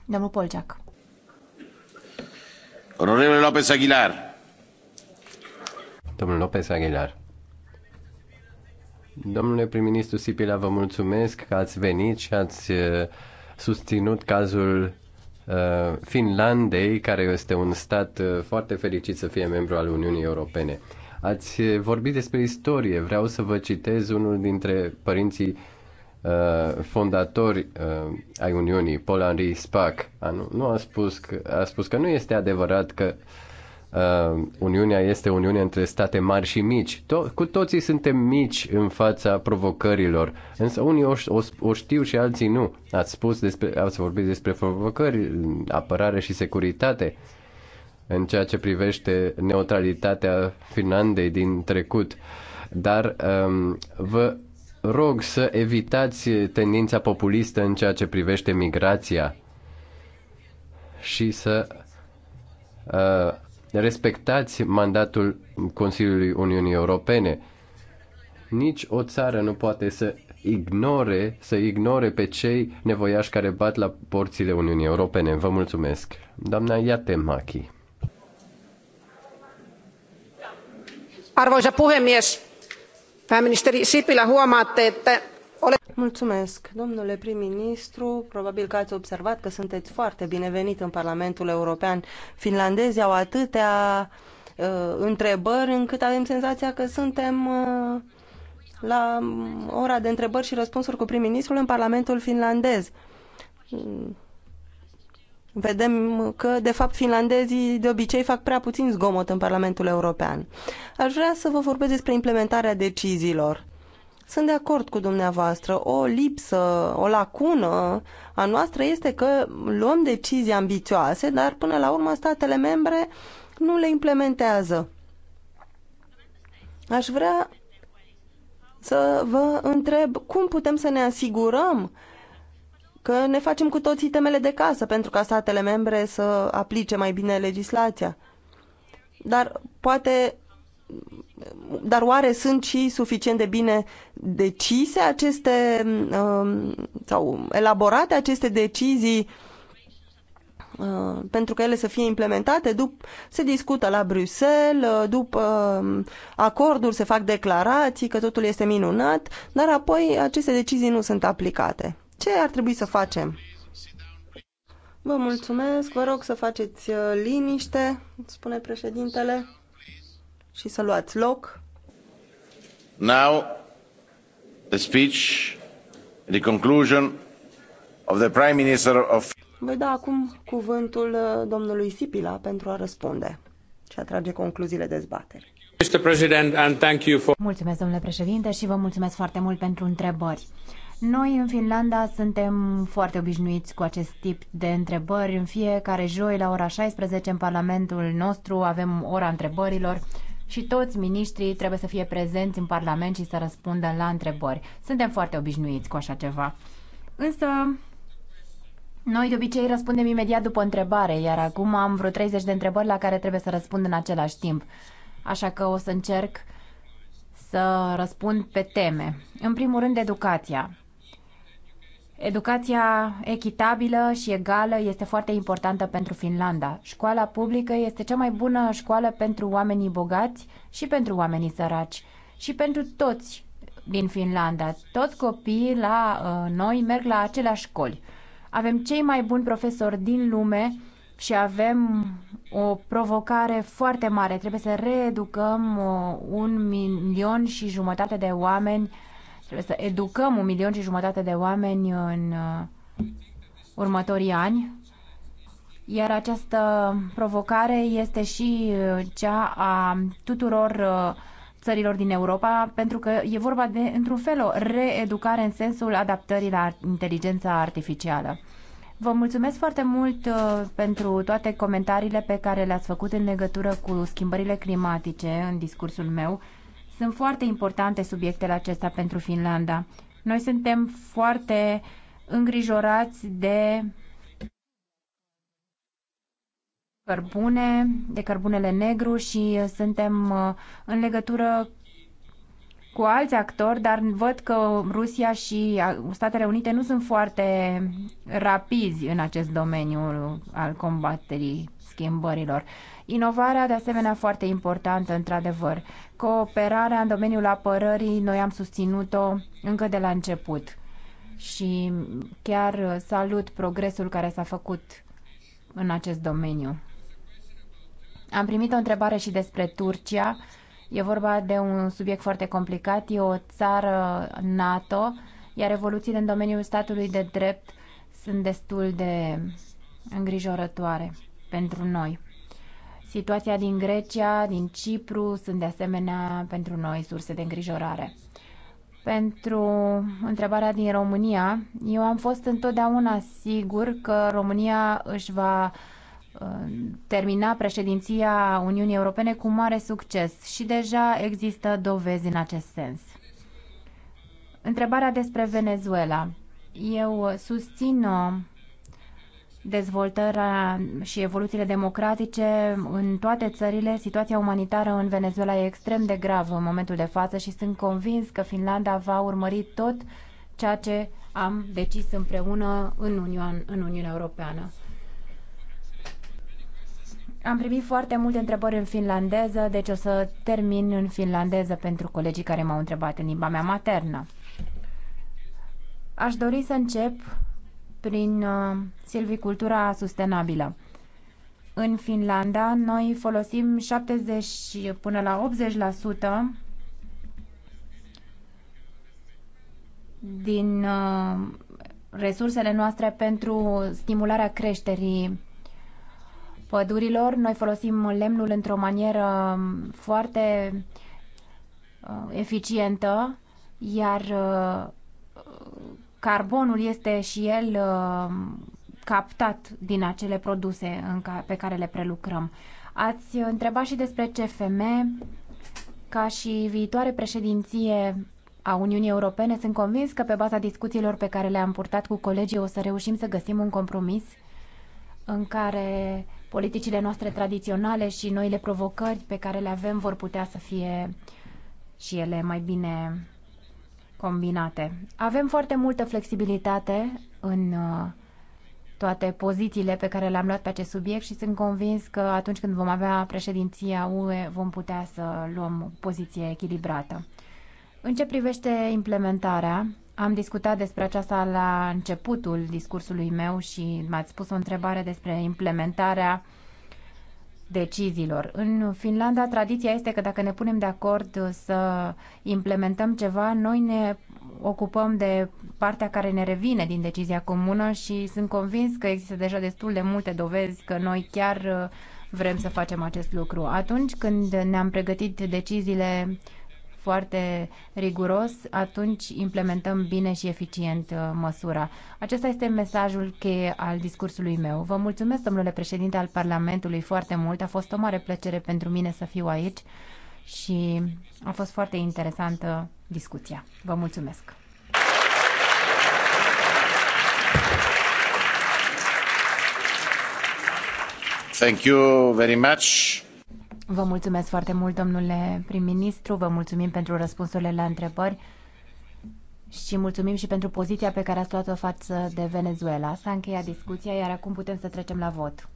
S9: Domnul Polceac.
S1: Onorevole López Aguilar.
S10: Domnul Lopez Aguilar. Domnule prim-ministru Sipila, vă mulțumesc că ați venit și ați uh, susținut cazul uh, Finlandei, care este un stat uh, foarte fericit să fie membru al Uniunii Europene. Ați vorbit despre istorie. Vreau să vă citez unul dintre părinții fondatori ai Uniunii, Paul Henri Spack. nu, nu a, spus că, a spus că nu este adevărat că uh, Uh, Uniunea este Uniune între state mari și mici. To- cu toții suntem mici în fața provocărilor, însă unii o, o, o știu și alții nu. Ați spus despre, ați vorbit despre provocări, apărare și securitate. În ceea ce privește neutralitatea Finlandei din trecut. Dar um, vă rog să evitați tendința populistă în ceea ce privește migrația și să uh, respectați mandatul Consiliului Uniunii Europene. Nici o țară nu poate să ignore, să ignore pe cei nevoiași care bat la porțile Uniunii Europene. Vă mulțumesc. Doamna Iatemaki.
S7: Arvoisa puhemies, pääministeri Sipilä, huomaatte, että Mulțumesc,
S8: domnule prim-ministru. Probabil că ați observat că sunteți foarte binevenit în Parlamentul European. Finlandezii au atâtea uh, întrebări încât avem senzația că suntem uh, la ora de întrebări și răspunsuri cu prim-ministrul în Parlamentul finlandez. Vedem că, de fapt, finlandezii de obicei fac prea puțin zgomot în Parlamentul European. Aș vrea să vă vorbesc despre implementarea deciziilor. Sunt de acord cu dumneavoastră. O lipsă, o lacună a noastră este că luăm decizii ambițioase, dar până la urmă statele membre nu le implementează. Aș vrea să vă întreb cum putem să ne asigurăm că ne facem cu toții temele de casă pentru ca statele membre să aplice mai bine legislația. Dar poate dar oare sunt și suficient de bine decise aceste um, sau elaborate aceste decizii uh, pentru că ele să fie implementate, după, se discută la Bruxelles, uh, după um, acorduri se fac declarații că totul este minunat, dar apoi aceste decizii nu sunt aplicate. Ce ar trebui să facem? Vă mulțumesc, vă rog să faceți uh, liniște, spune președintele și să luați loc.
S1: Now, the speech, the conclusion of the Prime Minister of
S8: voi da acum cuvântul uh, domnului Sipila pentru a răspunde și a trage concluziile
S1: for.
S9: Mulțumesc, domnule președinte, și vă mulțumesc foarte mult pentru
S8: întrebări.
S9: Noi în Finlanda suntem foarte obișnuiți cu acest tip de întrebări. În fiecare joi la ora 16 în Parlamentul nostru avem ora întrebărilor și toți miniștrii trebuie să fie prezenți în Parlament și să răspundă la întrebări. Suntem foarte obișnuiți cu așa ceva. Însă, noi de obicei răspundem imediat după întrebare, iar acum am vreo 30 de întrebări la care trebuie să răspund în același timp. Așa că o să încerc să răspund pe teme. În primul rând, educația. Educația echitabilă și egală este foarte importantă pentru Finlanda. Școala publică este cea mai bună școală pentru oamenii bogați și pentru oamenii săraci și pentru toți din Finlanda. Toți copiii la uh, noi merg la aceleași școli. Avem cei mai buni profesori din lume și avem o provocare foarte mare. Trebuie să reeducăm uh, un milion și jumătate de oameni uh, Trebuie să educăm un milion și jumătate de oameni în uh, următorii ani. Iar această provocare este și uh, cea a tuturor uh, țărilor din Europa, pentru că e vorba de, într-un fel, o reeducare în sensul adaptării la inteligența artificială. Vă mulțumesc foarte mult pentru toate comentariile pe care le-ați făcut în legătură cu schimbările climatice în discursul meu. Sunt foarte importante subiectele acestea pentru Finlanda. Noi suntem foarte îngrijorați de cărbune, de cărbunele negru și uh, suntem uh, în legătură cu alți actori, dar văd că Rusia și uh, Statele Unite nu sunt foarte rapizi în acest domeniu al combaterii schimbărilor. Inovarea, de asemenea, foarte importantă, într-adevăr. Cooperarea în domeniul apărării, noi am susținut-o încă de la început și chiar salut progresul care s-a făcut în acest domeniu. Am primit o întrebare și despre Turcia. E vorba de un subiect foarte complicat. E o țară NATO, iar evoluțiile în domeniul statului de drept sunt destul de îngrijorătoare pentru noi. Situația din Grecia, din Cipru sunt de asemenea pentru noi surse de îngrijorare. Pentru întrebarea din România, eu am fost întotdeauna sigur că România își va uh, termina președinția Uniunii Europene cu mare succes și deja există dovezi în acest sens. Întrebarea despre Venezuela. Eu susțin uh, dezvoltarea și evoluțiile democratice în toate țările, situația umanitară în Venezuela e extrem de gravă în momentul de față și sunt convins că Finlanda va urmări tot ceea ce am decis împreună în, Union, în Uniunea Europeană. Am primit foarte multe întrebări în finlandeză, deci o să termin în finlandeză pentru colegii care m-au întrebat în limba mea maternă. Aș dori să încep prin uh, silvicultura sustenabilă. În Finlanda, noi folosim 70 până la 80% din uh, resursele noastre pentru stimularea creșterii pădurilor. Noi folosim lemnul într-o manieră foarte uh, eficientă, iar Carbonul este și el uh, captat din acele produse pe care le prelucrăm. Ați întrebat și despre CFM. Ca și viitoare președinție a Uniunii Europene, sunt convins că pe baza discuțiilor pe care le-am purtat cu colegii o să reușim să găsim un compromis în care politicile noastre tradiționale și noile provocări pe care le avem vor putea să fie și ele mai bine combinate. Avem foarte multă flexibilitate în uh, toate pozițiile pe care le-am luat pe acest subiect și sunt convins că atunci când vom avea președinția UE vom putea să luăm poziție echilibrată. În ce privește implementarea, am discutat despre aceasta la începutul discursului meu și m-ați pus o întrebare despre implementarea uh, deciziilor. În Finlanda, tradiția este că dacă ne punem de acord să implementăm ceva, noi ne ocupăm de partea care ne revine din decizia comună și sunt convins că există deja destul de multe dovezi că noi chiar uh, vrem să facem acest lucru. Atunci când ne-am pregătit deciziile foarte riguros, atunci implementăm bine și eficient uh, măsura. Acesta este mesajul cheie al discursului meu. Vă mulțumesc, domnule președinte al Parlamentului, foarte mult. A fost o mare plăcere pentru mine să fiu aici și a fost foarte interesantă discuția. Vă mulțumesc!
S1: Thank you very much.
S9: Vă mulțumesc foarte mult, domnule prim-ministru, vă mulțumim pentru răspunsurile la întrebări și mulțumim și pentru poziția pe care ați luat-o față de Venezuela. S-a încheiat discuția, iar acum putem să trecem la vot.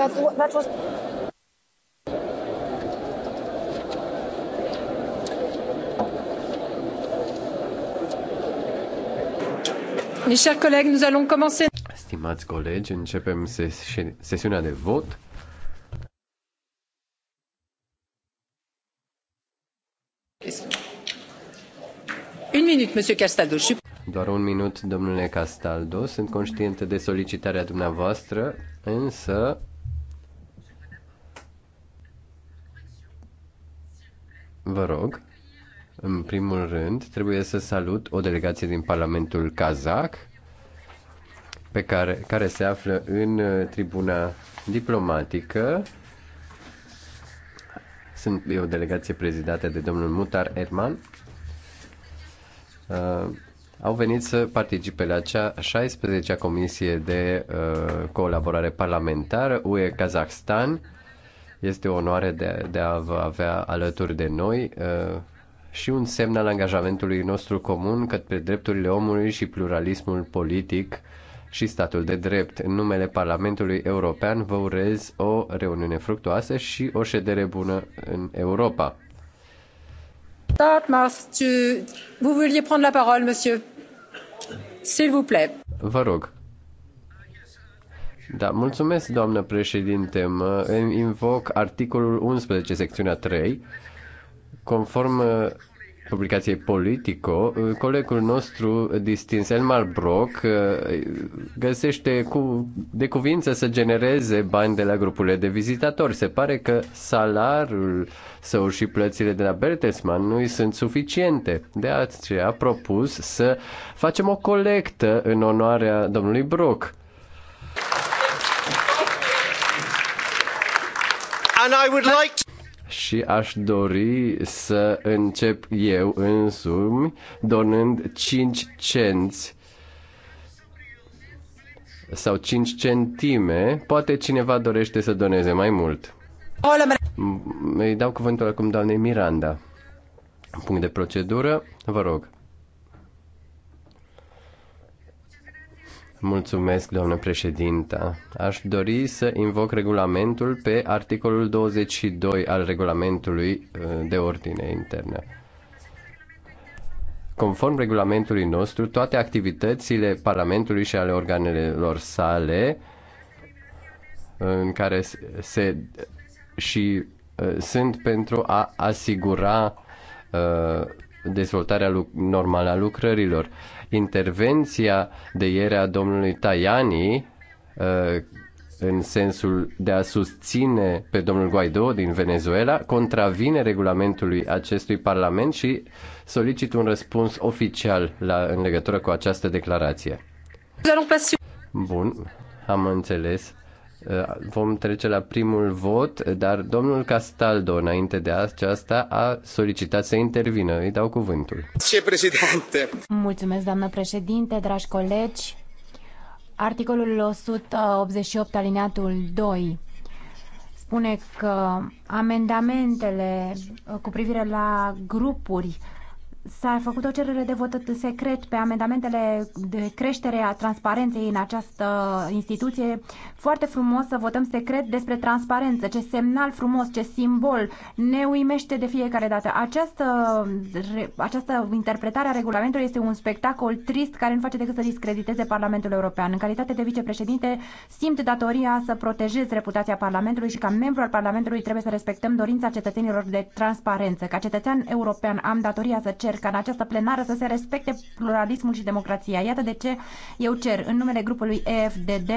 S9: that's what that's what
S11: Mes chers collègues, nous allons commencer.
S10: Stimați colegi, începem sesi sesiunea de vot.
S11: Un minut, monsieur Castaldo.
S10: Doar un minut, domnule Castaldo. Sunt conștient de solicitarea dumneavoastră, însă vă rog. În primul rând, trebuie să salut o delegație din Parlamentul Kazakh, pe care, care se află în uh, tribuna diplomatică. Sunt, e o delegație prezidată de domnul Mutar Erman. Uh, au venit să participe la cea 16-a comisie de uh, colaborare parlamentară UE Kazakhstan este o onoare de a, de a vă avea alături de noi uh, și un semn al angajamentului nostru comun către drepturile omului și pluralismul politic și statul de drept. În numele Parlamentului European vă urez o reuniune fructuoasă și o ședere bună în Europa.
S11: la parole, monsieur. S'il vous
S10: Vă rog. Da, mulțumesc, doamnă președinte. Mă invoc articolul 11, secțiunea 3, conform uh, publicației Politico, uh, colegul nostru distins Elmar Brock uh, găsește cu, de cuvință să genereze bani de la grupurile de vizitatori. Se pare că salariul său și plățile de la Bertelsmann nu îi sunt suficiente. De aceea a propus să facem o colectă în onoarea domnului Brock
S11: And I would like to...
S10: Și aș dori să încep eu însumi donând 5 cenți sau 5 centime. Poate cineva dorește să doneze mai mult. Îi dau cuvântul acum doamnei Miranda. Punct de procedură, vă rog. Mulțumesc, doamnă președinta. Aș dori să invoc regulamentul pe articolul 22 al regulamentului uh, de ordine internă. Conform regulamentului nostru, toate activitățile Parlamentului și ale organelor sale uh, în care se și uh, sunt pentru a asigura dezvoltarea normală a lucrărilor. Intervenția de ieri a domnului Tajani uh, în sensul de a susține pe domnul Guaido din Venezuela contravine regulamentului acestui parlament și solicit un răspuns oficial la, în legătură cu această declarație. Bun, am înțeles. Uh, vom trece la primul vot, dar domnul Castaldo, înainte de aceasta, a solicitat să intervină. Îi dau cuvântul.
S1: Ce președinte!
S9: Mulțumesc, doamnă președinte, dragi colegi. Articolul 188, alineatul 2, spune că amendamentele cu privire la grupuri S-a făcut o cerere de vot secret pe amendamentele de creștere a transparenței în această instituție. Foarte frumos să votăm secret despre transparență. Ce semnal frumos, ce simbol. Ne uimește de fiecare dată. Această, această interpretare a regulamentului este un spectacol trist care nu face decât să discrediteze Parlamentul European. În calitate de vicepreședinte, simt datoria să protejez reputația Parlamentului și ca membru al Parlamentului trebuie să respectăm dorința cetățenilor de transparență. Ca cetățean european am datoria să cer cer ca în această plenară să se respecte pluralismul și democrația. Iată de ce eu cer în numele grupului EFDD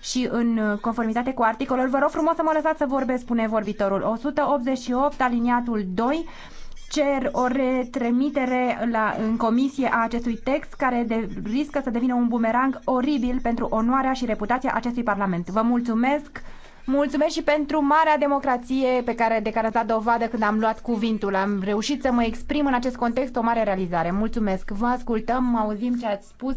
S9: și în conformitate cu articolul. Vă rog frumos să mă lăsați să vorbesc, spune vorbitorul. 188, aliniatul 2, cer o retremitere la, în comisie a acestui text care de, riscă să devină un bumerang oribil pentru onoarea și reputația acestui parlament. Vă mulțumesc! Mulțumesc și pentru marea democrație pe care, de care ați dat dovadă când am luat cuvintul. Am reușit să mă exprim în acest context o mare realizare. Mulțumesc. Vă ascultăm, auzim ce ați spus.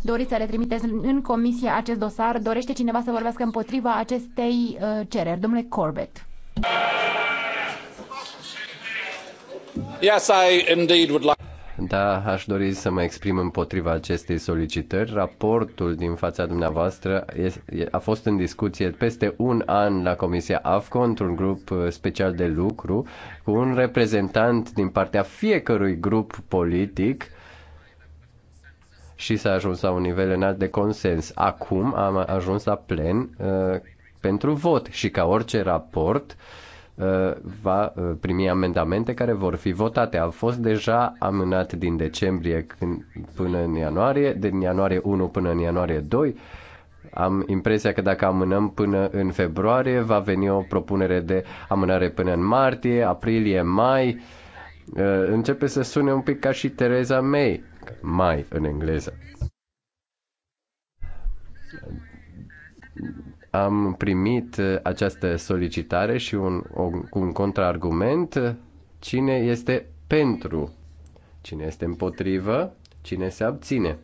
S9: Doriți să le trimiteți în comisie acest dosar. Dorește cineva să vorbească împotriva acestei uh, cereri? Domnule Corbett.
S6: Yes, I indeed would like...
S10: Da, aș dori să mă exprim împotriva acestei solicitări. Raportul din fața dumneavoastră a fost în discuție peste un an la Comisia AFCO, într-un grup uh, special de lucru, cu un reprezentant din partea fiecărui grup politic și s-a ajuns la un nivel înalt de consens. Acum am ajuns la plen uh, pentru vot și ca orice raport uh, Uh, va uh, primi amendamente care vor fi votate. A fost deja amânat din decembrie până în ianuarie, din ianuarie 1 până în ianuarie 2. Am impresia că dacă amânăm până în februarie, va veni o propunere de amânare până în martie, aprilie, mai. Uh, începe să sune un pic ca și Tereza May, mai în engleză am primit uh, această solicitare și un, un contraargument. Cine este pentru? Cine este împotrivă? Cine se abține?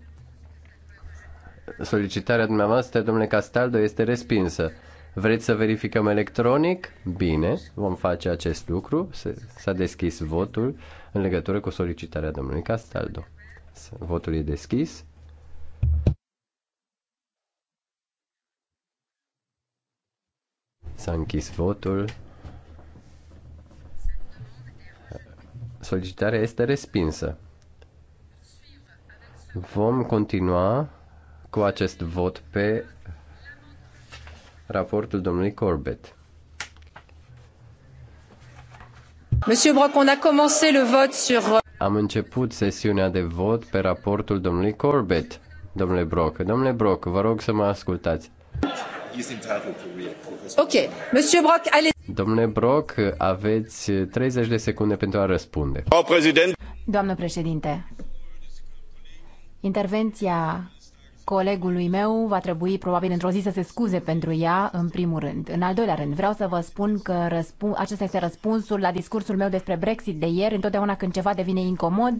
S10: Solicitarea dumneavoastră, domnule Castaldo, este respinsă. Vreți să verificăm electronic? Bine, vom face acest lucru. S-a deschis votul în legătură cu solicitarea domnului Castaldo. Votul e deschis. S-a închis votul. Solicitarea este respinsă. Vom continua cu acest vot pe raportul domnului Corbett.
S11: Monsieur Brock, on a commencé le vote sur...
S10: Am început sesiunea de vot pe raportul domnului Corbett. Domnule Brock, domnule Brock, vă rog să mă ascultați.
S11: Ok, Monsieur Brock,
S10: Domnule Brock, aveți 30 de secunde pentru a răspunde.
S9: Doamnă președinte, intervenția colegului meu va trebui probabil într-o zi să se scuze pentru ea, în primul rând. În al doilea rând, vreau să vă spun că răspun, acesta este răspunsul la discursul meu despre Brexit de ieri. Întotdeauna când ceva devine incomod,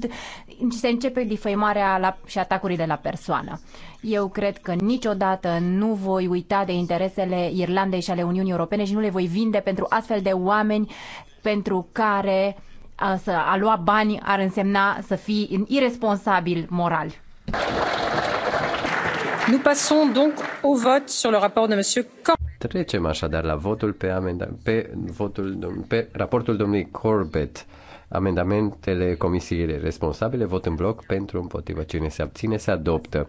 S9: se începe difăimarea la, și atacurile la persoană. Eu cred că niciodată nu voi uita de interesele Irlandei și ale Uniunii Europene și nu le voi vinde pentru astfel de oameni pentru care a, să, a lua bani ar însemna să fii irresponsabil moral.
S10: Nous passons donc au vote sur le rapport de monsieur Trecem așadar la votul pe, amenda- pe, votul, pe raportul domnului Corbett. Amendamentele comisiei responsabile vot în bloc pentru împotrivă. Cine se abține se adoptă.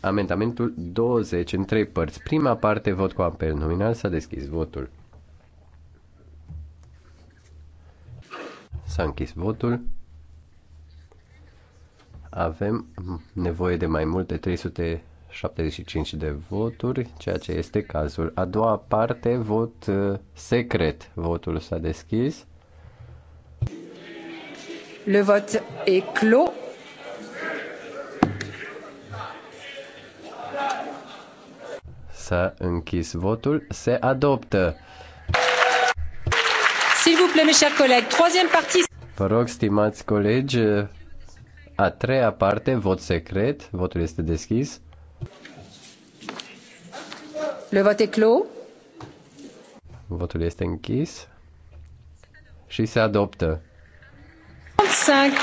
S10: Amendamentul 20 în trei părți. Prima parte vot cu apel nominal s-a deschis votul. S-a închis votul. Avem nevoie de mai multe 375 de voturi, ceea ce este cazul. A doua parte, vot uh, secret. Votul s-a deschis.
S11: Le vot e clos.
S10: S-a închis votul. Se adoptă.
S11: S'il vous plaît, mes chers collègues, troisième partie.
S10: Vă rog, stimați colegi, a treia parte, vot secret, votul este deschis.
S11: Le vote est clos.
S10: Votul este închis și se adoptă.
S11: 35.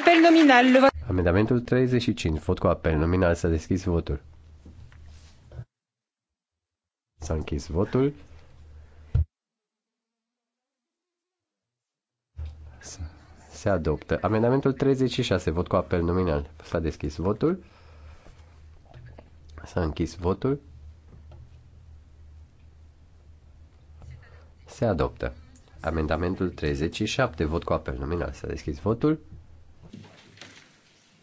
S11: Apel nominal. Le
S5: vot...
S10: Amendamentul 35. Vot cu apel nominal. S-a deschis votul. S-a închis votul. Se adoptă. Amendamentul 36, vot cu apel nominal. S-a deschis votul. S-a închis votul. Se adoptă. Amendamentul 37, vot cu apel nominal. S-a deschis votul.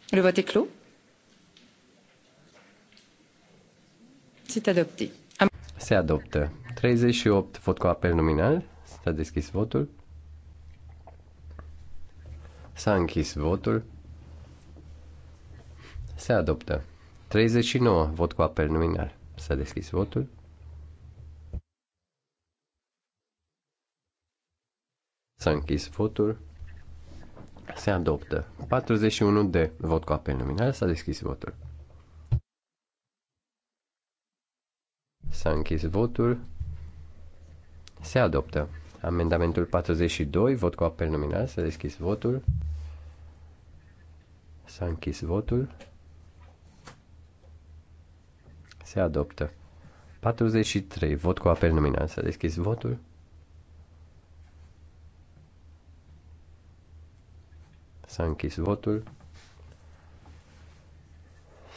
S11: Le vote est S-a adoptat.
S10: Se adoptă. 38, vot cu apel nominal. S-a deschis votul. S-a închis votul. Se adoptă. 39. Vot cu apel nominal. S-a deschis votul. S-a închis votul. Se adoptă. 41 de vot cu apel nominal. S-a deschis votul. S-a închis votul. Se adoptă. Amendamentul 42, vot cu apel nominal, s-a deschis votul. S-a închis votul. Se adoptă. 43, vot cu apel nominal, s-a deschis votul. S-a închis votul.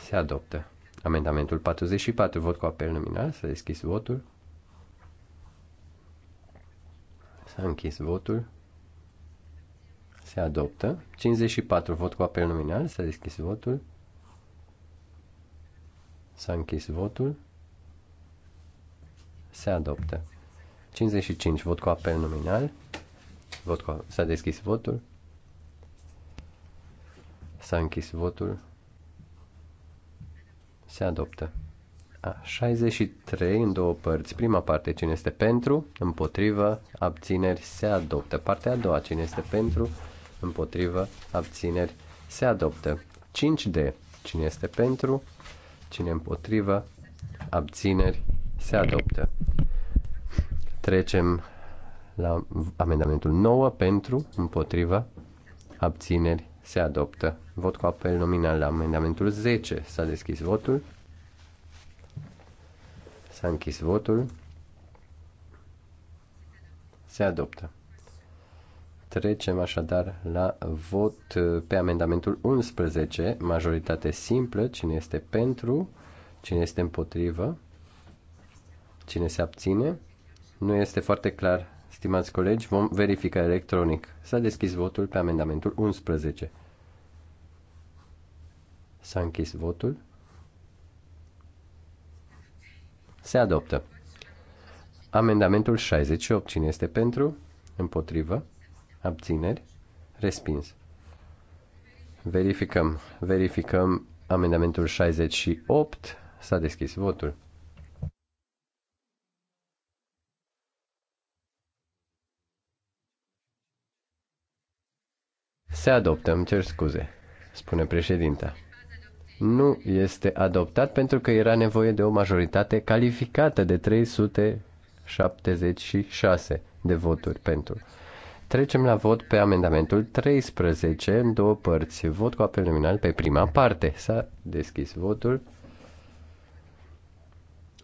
S10: Se adoptă. Amendamentul 44, vot cu apel nominal, s-a deschis votul. S-a închis votul. Se adoptă. 54 vot cu apel nominal. S-a deschis votul. S-a închis votul. Se adoptă. 55 vot cu apel nominal. Vot cu... S-a deschis votul. S-a închis votul. Se adoptă. 63 în două părți. Prima parte, cine este pentru, împotrivă, abțineri, se adoptă. Partea a doua, cine este pentru, împotrivă, abțineri, se adoptă. 5D, cine este pentru, cine împotrivă, abțineri, se adoptă. Trecem la amendamentul 9, pentru, împotrivă, abțineri, se adoptă. Vot cu apel nominal la amendamentul 10. S-a deschis votul. S-a închis votul. Se adoptă. Trecem așadar la vot pe amendamentul 11, majoritate simplă, cine este pentru, cine este împotrivă, cine se abține. Nu este foarte clar, stimați colegi, vom verifica electronic. S-a deschis votul pe amendamentul 11. S-a închis votul. Se adoptă. Amendamentul 68. Cine este pentru? Împotrivă? Abțineri? Respins. Verificăm. Verificăm amendamentul 68. S-a deschis votul. Se adoptă, îmi cer scuze, spune președinta nu este adoptat pentru că era nevoie de o majoritate calificată de 376 de voturi pentru. Trecem la vot pe amendamentul 13 în două părți. Vot cu apel nominal pe prima parte. S-a deschis votul.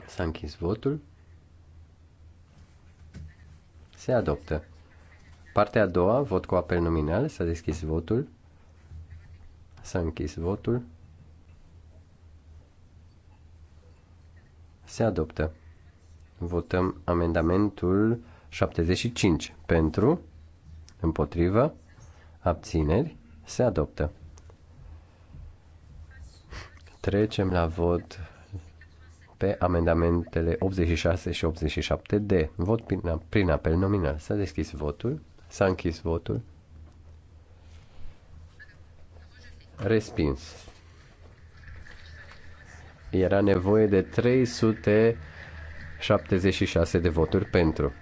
S10: S-a închis votul. Se adoptă. Partea a doua, vot cu apel nominal. S-a deschis votul. S-a închis votul. Se adoptă. Votăm amendamentul 75. Pentru, împotrivă, abțineri, se adoptă. Trecem la vot pe amendamentele 86 și 87 de Vot prin, prin apel nominal. S-a deschis votul, s-a închis votul. Respins era nevoie de 376 de voturi pentru.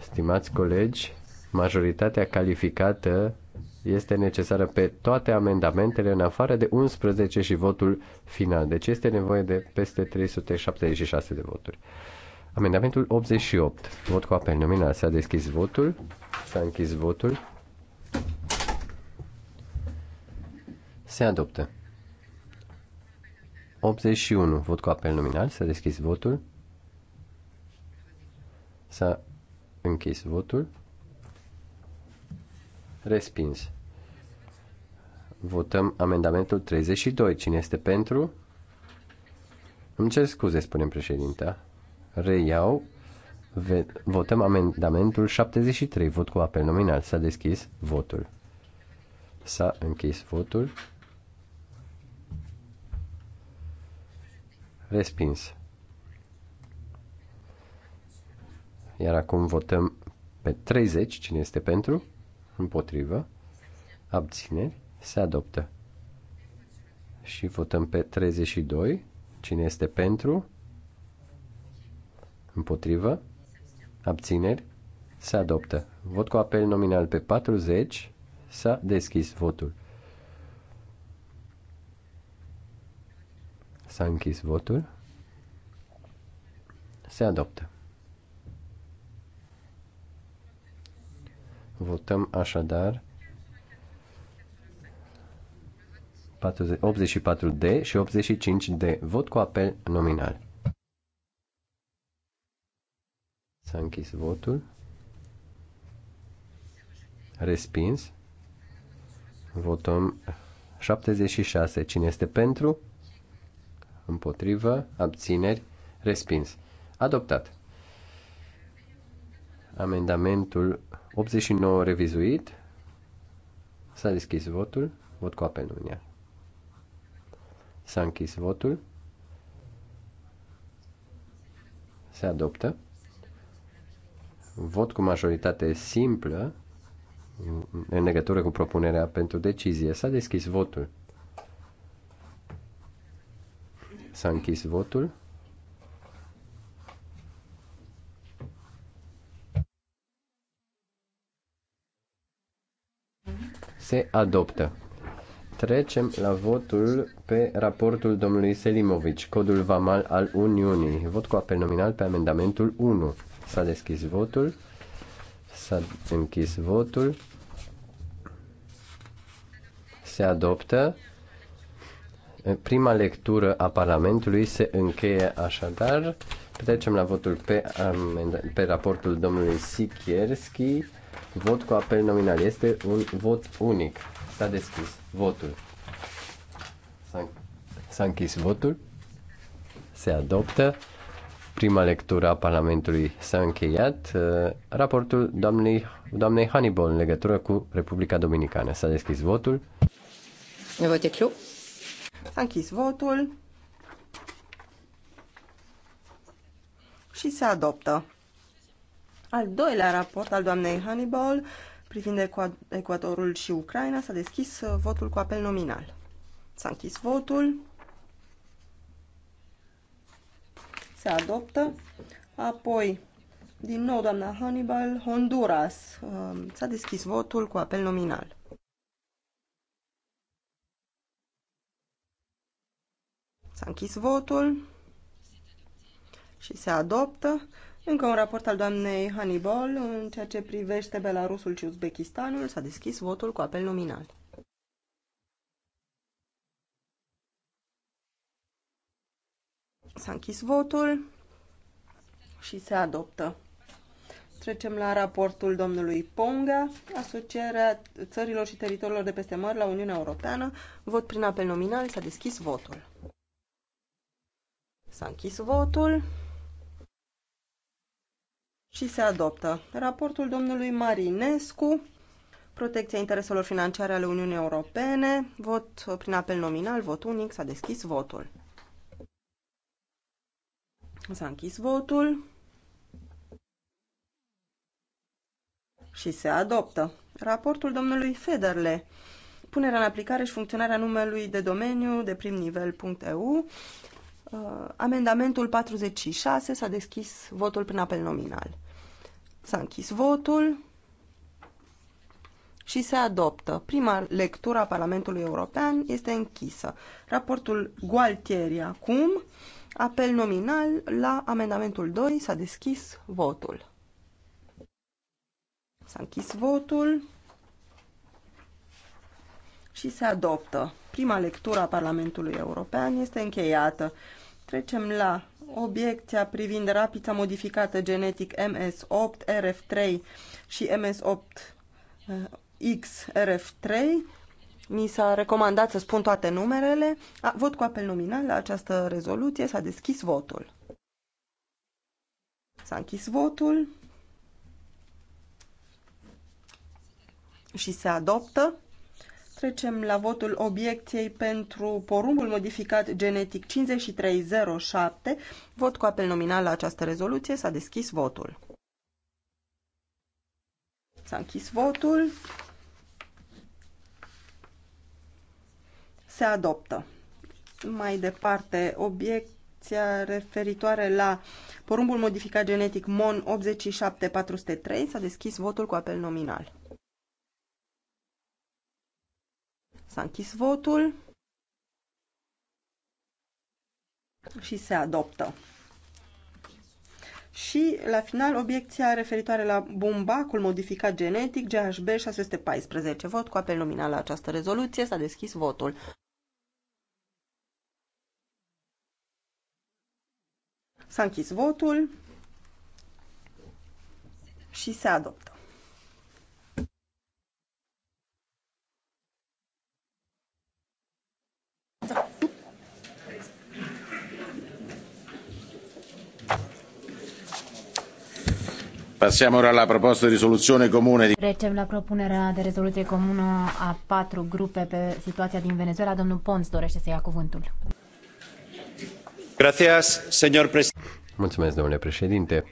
S10: Stimați colegi, majoritatea calificată este necesară pe toate amendamentele în afară de 11 și votul final. Deci este nevoie de peste 376 de voturi. Amendamentul 88. Vot cu apel nominal. S-a deschis votul. S-a închis votul. Se adoptă. 81. Vot cu apel nominal. S-a deschis votul. S-a închis votul. Respins. Votăm amendamentul 32. Cine este pentru? Îmi cer scuze, spune președinta. Reiau. Votăm amendamentul 73. Vot cu apel nominal. S-a deschis votul. S-a închis votul. Respins. Iar acum votăm pe 30. Cine este pentru? Împotrivă. Abțineri. Se adoptă. Și votăm pe 32. Cine este pentru? Împotrivă. Abțineri. Se adoptă. Vot cu apel nominal pe 40. S-a deschis votul. S-a închis votul. Se adoptă. Votăm așadar 84D și 85D. Vot cu apel nominal. S-a închis votul. Respins. Votăm 76. Cine este pentru? împotrivă, abțineri, respins. Adoptat. Amendamentul 89 revizuit. S-a deschis votul. Vot cu apel în ea. S-a închis votul. Se adoptă. Vot cu majoritate simplă în legătură cu propunerea pentru decizie. S-a deschis votul. S-a închis votul. Se adoptă. Trecem la votul pe raportul domnului Selimovici, codul vamal al Uniunii. Vot cu apel nominal pe amendamentul 1. S-a deschis votul. S-a închis votul. Se adoptă. Prima lectură a Parlamentului se încheie așadar. Trecem la votul pe, pe raportul domnului Sikierski. Vot cu apel nominal. Este un vot unic. S-a deschis votul. S-a închis votul. Se adoptă. Prima lectură a Parlamentului s-a încheiat. Uh, raportul doamnei, doamnei Hannibal în legătură cu Republica Dominicană. S-a deschis votul.
S8: Ne e clos. S-a închis votul și se adoptă. Al doilea raport al doamnei Hannibal privind Ecuadorul și Ucraina s-a deschis uh, votul cu apel nominal. S-a închis votul. Se adoptă. Apoi, din nou, doamna Hannibal, Honduras. Uh, s-a deschis votul cu apel nominal. S-a închis votul și se adoptă. Încă un raport al doamnei Hannibal în ceea ce privește Belarusul și Uzbekistanul. S-a deschis votul cu apel nominal. S-a închis votul și se adoptă. Trecem la raportul domnului Ponga, asocierea țărilor și teritoriilor de peste mări la Uniunea Europeană. Vot prin apel nominal, s-a deschis votul. S-a închis votul și se adoptă. Raportul domnului Marinescu, protecția intereselor financiare ale Uniunii Europene, vot prin apel nominal, vot unic, s-a deschis votul. S-a închis votul și se adoptă. Raportul domnului Federle, punerea în aplicare și funcționarea numelui de domeniu de prim nivel.eu, Uh, amendamentul 46 s-a deschis votul prin apel nominal. S-a închis votul și se adoptă. Prima lectură a Parlamentului European este închisă. Raportul Gualtieri acum, apel nominal la amendamentul 2, s-a deschis votul. S-a închis votul și se adoptă. Prima lectură a Parlamentului European este încheiată. Trecem la obiecția privind rapița modificată genetic MS8, RF3 și MS8 uh, XRF3. Mi s-a recomandat să spun toate numerele. A, vot cu apel nominal la această rezoluție. S-a deschis votul. S-a închis votul. Și se adoptă. Trecem la votul obiecției pentru porumbul modificat genetic 5307. Vot cu apel nominal la această rezoluție. S-a deschis votul. S-a închis votul. Se adoptă. Mai departe, obiecția referitoare la porumbul modificat genetic MON 87403 s-a deschis votul cu apel nominal. S-a închis votul și se adoptă. Și, la final, obiecția referitoare la bumbacul modificat genetic GHB 614. Vot cu apel nominal la această rezoluție. S-a deschis votul. S-a închis votul și se adoptă.
S1: Passiamo ora alla proposta di risoluzione comune. Di...
S9: Recem la propunerea de rezoluție comună a patru grupe pe situația din Venezuela. Domnul Pons dorește să ia cuvântul.
S1: Gracias, señor presidente.
S10: Mulțumesc, domnule președinte.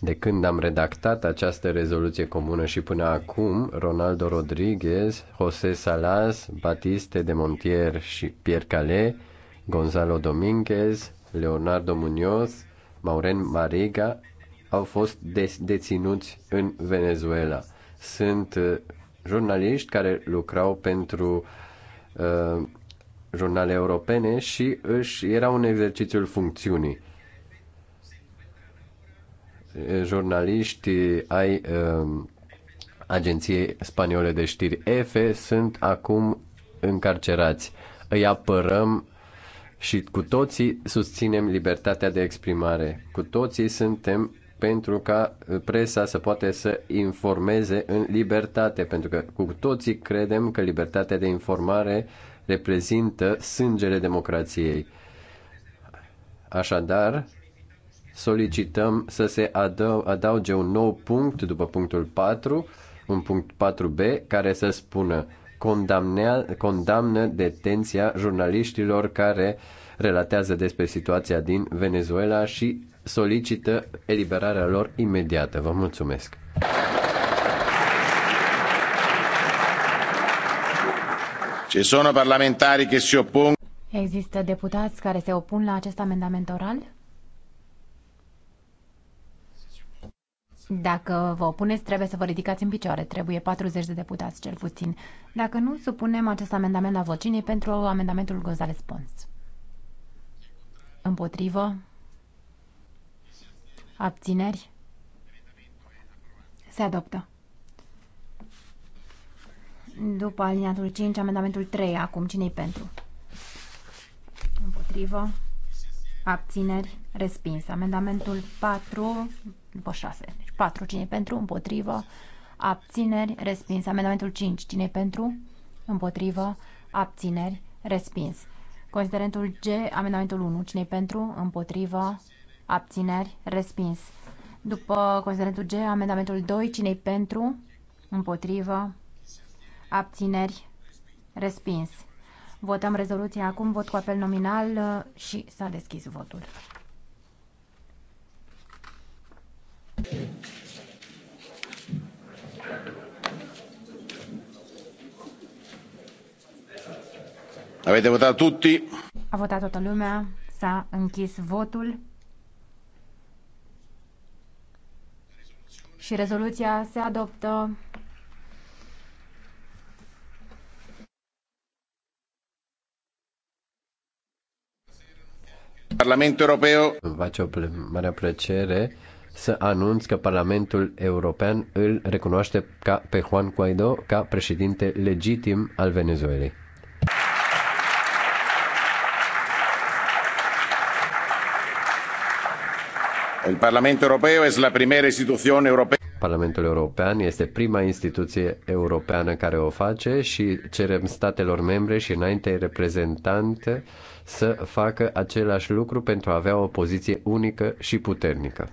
S10: De când am redactat această rezoluție comună și până acum, Ronaldo Rodriguez, José Salas, Batiste de Montier și Pierre Calais, Gonzalo Dominguez, Leonardo Muñoz, Mauren Mariga au fost de- deținuți în Venezuela. Sunt uh, jurnaliști care lucrau pentru uh, jurnale europene și își era un exercițiul funcțiunii. Uh, jurnaliști ai uh, agenției spaniole de știri EFE sunt acum încarcerați. Îi apărăm și cu toții susținem libertatea de exprimare. Cu toții suntem pentru ca presa să poate să informeze în libertate, pentru că cu toții credem că libertatea de informare reprezintă sângele democrației. Așadar, solicităm să se adauge un nou punct după punctul 4, un punct 4b, care să spună condamnă detenția jurnaliștilor care relatează despre situația din Venezuela și solicită eliberarea lor imediată. Vă
S1: mulțumesc! Ci sono parlamentari che si oppong...
S9: Există deputați care se opun la acest amendament oral? Dacă vă opuneți, trebuie să vă ridicați în picioare. Trebuie 40 de deputați, cel puțin. Dacă nu, supunem acest amendament la vot. pentru amendamentul Gonzales Pons? Împotrivă? Abțineri? Se adoptă. După alineatul 5, amendamentul 3. Acum, cine-i pentru? Împotrivă. Abțineri? Respins. Amendamentul 4, după 6. Deci 4, cine pentru? Împotrivă. Abțineri? Respins. Amendamentul 5, cine pentru? Împotrivă. Abțineri? Respins. Considerentul G, amendamentul 1, cine pentru? Împotrivă abțineri, respins. După considerentul G, amendamentul 2, cine pentru, împotrivă, abțineri, respins. Votăm rezoluția acum, vot cu apel nominal uh, și s-a deschis votul.
S1: Avete votat tutti?
S9: A votat toată lumea, s-a închis votul. și rezoluția se adoptă.
S1: Parlamentul Europeu.
S10: Face o mare plăcere să anunț că Parlamentul European îl recunoaște ca pe Juan Guaido ca președinte legitim
S1: al Venezuelei. El Parlamento Europeo es la primera institución europea
S10: Parlamentul European este prima instituție europeană care o face și cerem statelor membre și înainte reprezentante să facă același lucru pentru a avea o poziție unică și puternică.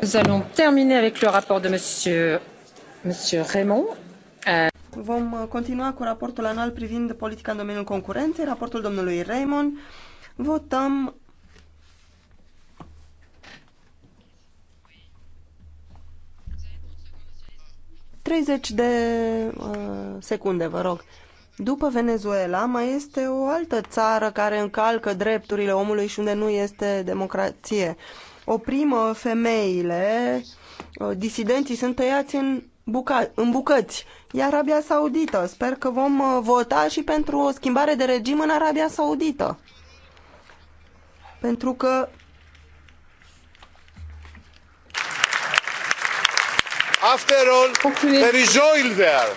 S11: Nous allons terminer avec le rapport de monsieur, monsieur Raymond.
S8: Vom uh, continua cu raportul anual privind politica în domeniul concurenței, raportul domnului Raymond. Votăm treizeci de uh, secunde, vă rog. După Venezuela, mai este o altă țară care încalcă drepturile omului și unde nu este democrație. Oprimă femeile, uh, disidenții sunt tăiați în buca- în bucăți. E Arabia Saudită. Sper că vom uh, vota și pentru o schimbare de regim în Arabia Saudită. Pentru că
S1: After all, there is
S8: oil there.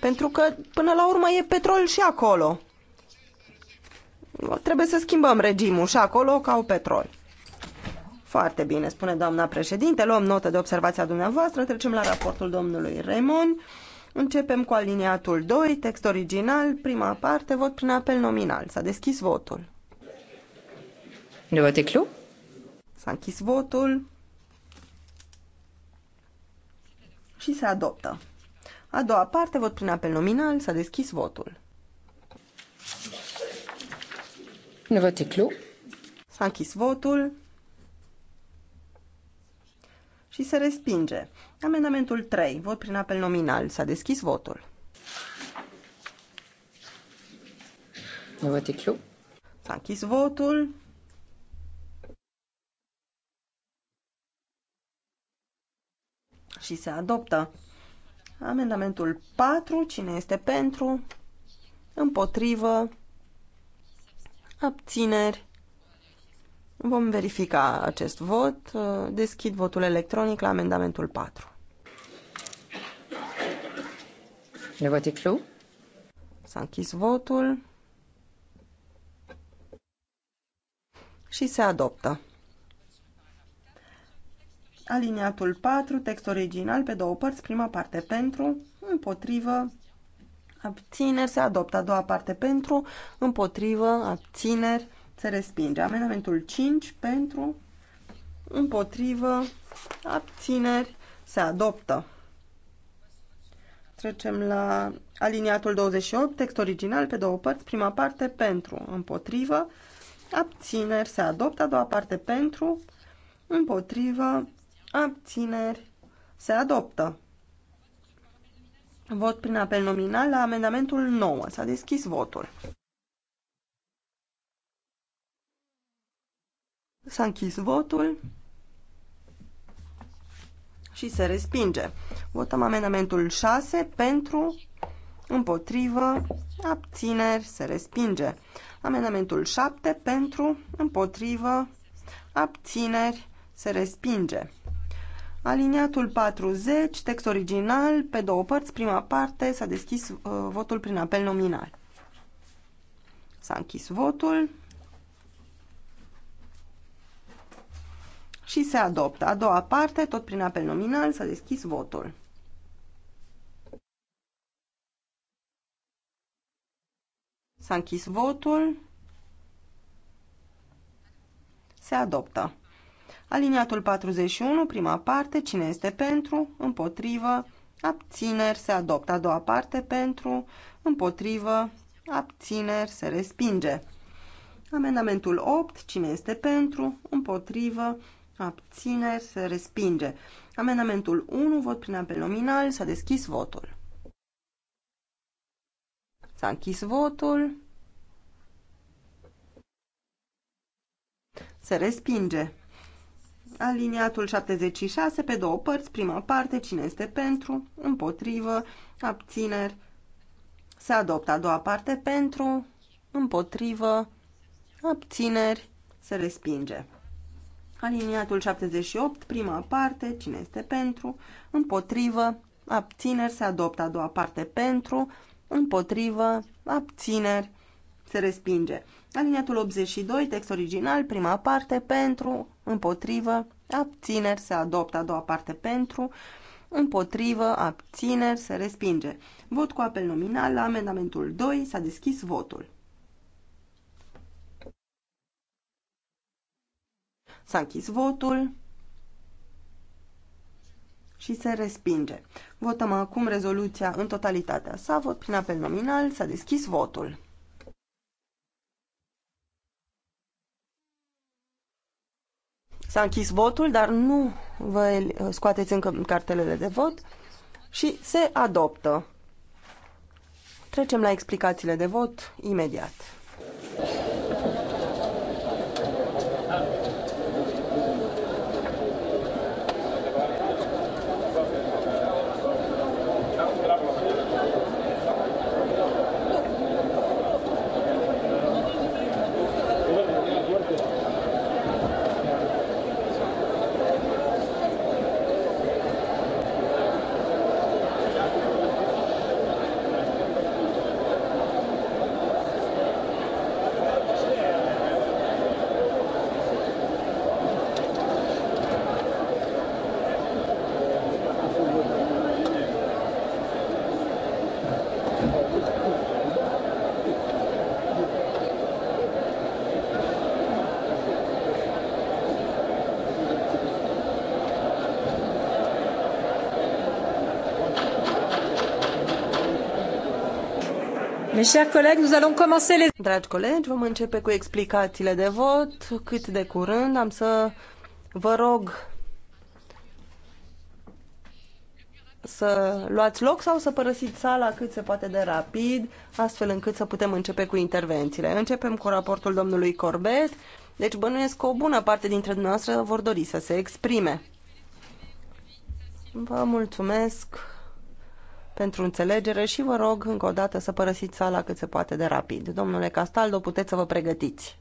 S8: Pentru că, până la urmă, e petrol și acolo. Trebuie să schimbăm regimul și acolo ca au petrol. Foarte bine, spune doamna președinte. Luăm notă de observația dumneavoastră, trecem la raportul domnului Raymond. Începem cu aliniatul 2, text original, prima parte, vot prin apel nominal. S-a deschis votul. Le vote e clos. S-a închis votul și se adoptă. A doua parte, vot prin apel nominal, s-a deschis votul. Le vote e clos. S-a închis votul și se respinge. Amendamentul 3, vot prin apel nominal. S-a deschis votul. S-a închis votul. Și se adoptă. Amendamentul 4, cine este pentru? Împotrivă? Abțineri? Vom verifica acest vot. Deschid votul electronic la amendamentul 4. Le vot e clos. S-a închis votul. Și se adoptă. Aliniatul 4, text original pe două părți, prima parte pentru, împotrivă, abțineri, se adoptă a doua parte pentru, împotrivă, abțineri, se respinge. Amendamentul 5 pentru, împotrivă, abțineri, se adoptă. Trecem la aliniatul 28, text original pe două părți, prima parte pentru, împotrivă, abțineri, se adoptă, a doua parte pentru, împotrivă, abțineri, se adoptă. Vot prin apel nominal la amendamentul 9. S-a deschis votul. S-a închis votul și se respinge. Votăm amendamentul 6 pentru, împotrivă, abțineri, se respinge. Amendamentul 7 pentru, împotrivă, abțineri, se respinge. Aliniatul 40, text original, pe două părți, prima parte, s-a deschis uh, votul prin apel nominal. S-a închis votul. și se adoptă. A doua parte, tot prin apel nominal, s-a deschis votul. S-a închis votul. Se adoptă. Aliniatul 41, prima parte, cine este pentru, împotrivă, abțineri, se adoptă. A doua parte, pentru, împotrivă, abțineri, se respinge. Amendamentul 8, cine este pentru, împotrivă, abțineri, se respinge. Amendamentul 1, vot prin apel nominal, s-a deschis votul. S-a închis votul. Se respinge. Aliniatul 76 pe două părți, prima parte, cine este pentru, împotrivă, abțineri. Se adoptă a doua parte pentru, împotrivă, abțineri, se respinge. Aliniatul 78, prima parte, cine este pentru, împotrivă, abțineri, se adoptă a doua parte pentru, împotrivă, abțineri, se respinge. Aliniatul 82, text original, prima parte, pentru, împotrivă, abțineri, se adoptă a doua parte pentru, împotrivă, abțineri, se respinge. Vot cu apel nominal la amendamentul 2, s-a deschis votul. S-a închis votul și se respinge. Votăm acum rezoluția în totalitatea sa. Vot prin apel nominal. S-a deschis votul. S-a închis votul, dar nu vă scoateți încă cartelele de vot și se adoptă. Trecem la explicațiile de vot imediat. Dragi colegi, vom începe cu explicațiile de vot. Cât de curând am să vă rog să luați loc sau să părăsiți sala cât se poate de rapid, astfel încât să putem începe cu intervențiile. Începem cu raportul domnului Corbet. Deci bănuiesc că o bună parte dintre dumneavoastră vor dori să se exprime. Vă mulțumesc pentru înțelegere și vă rog încă o dată să părăsiți sala cât se poate de rapid. Domnule Castaldo, puteți să vă pregătiți.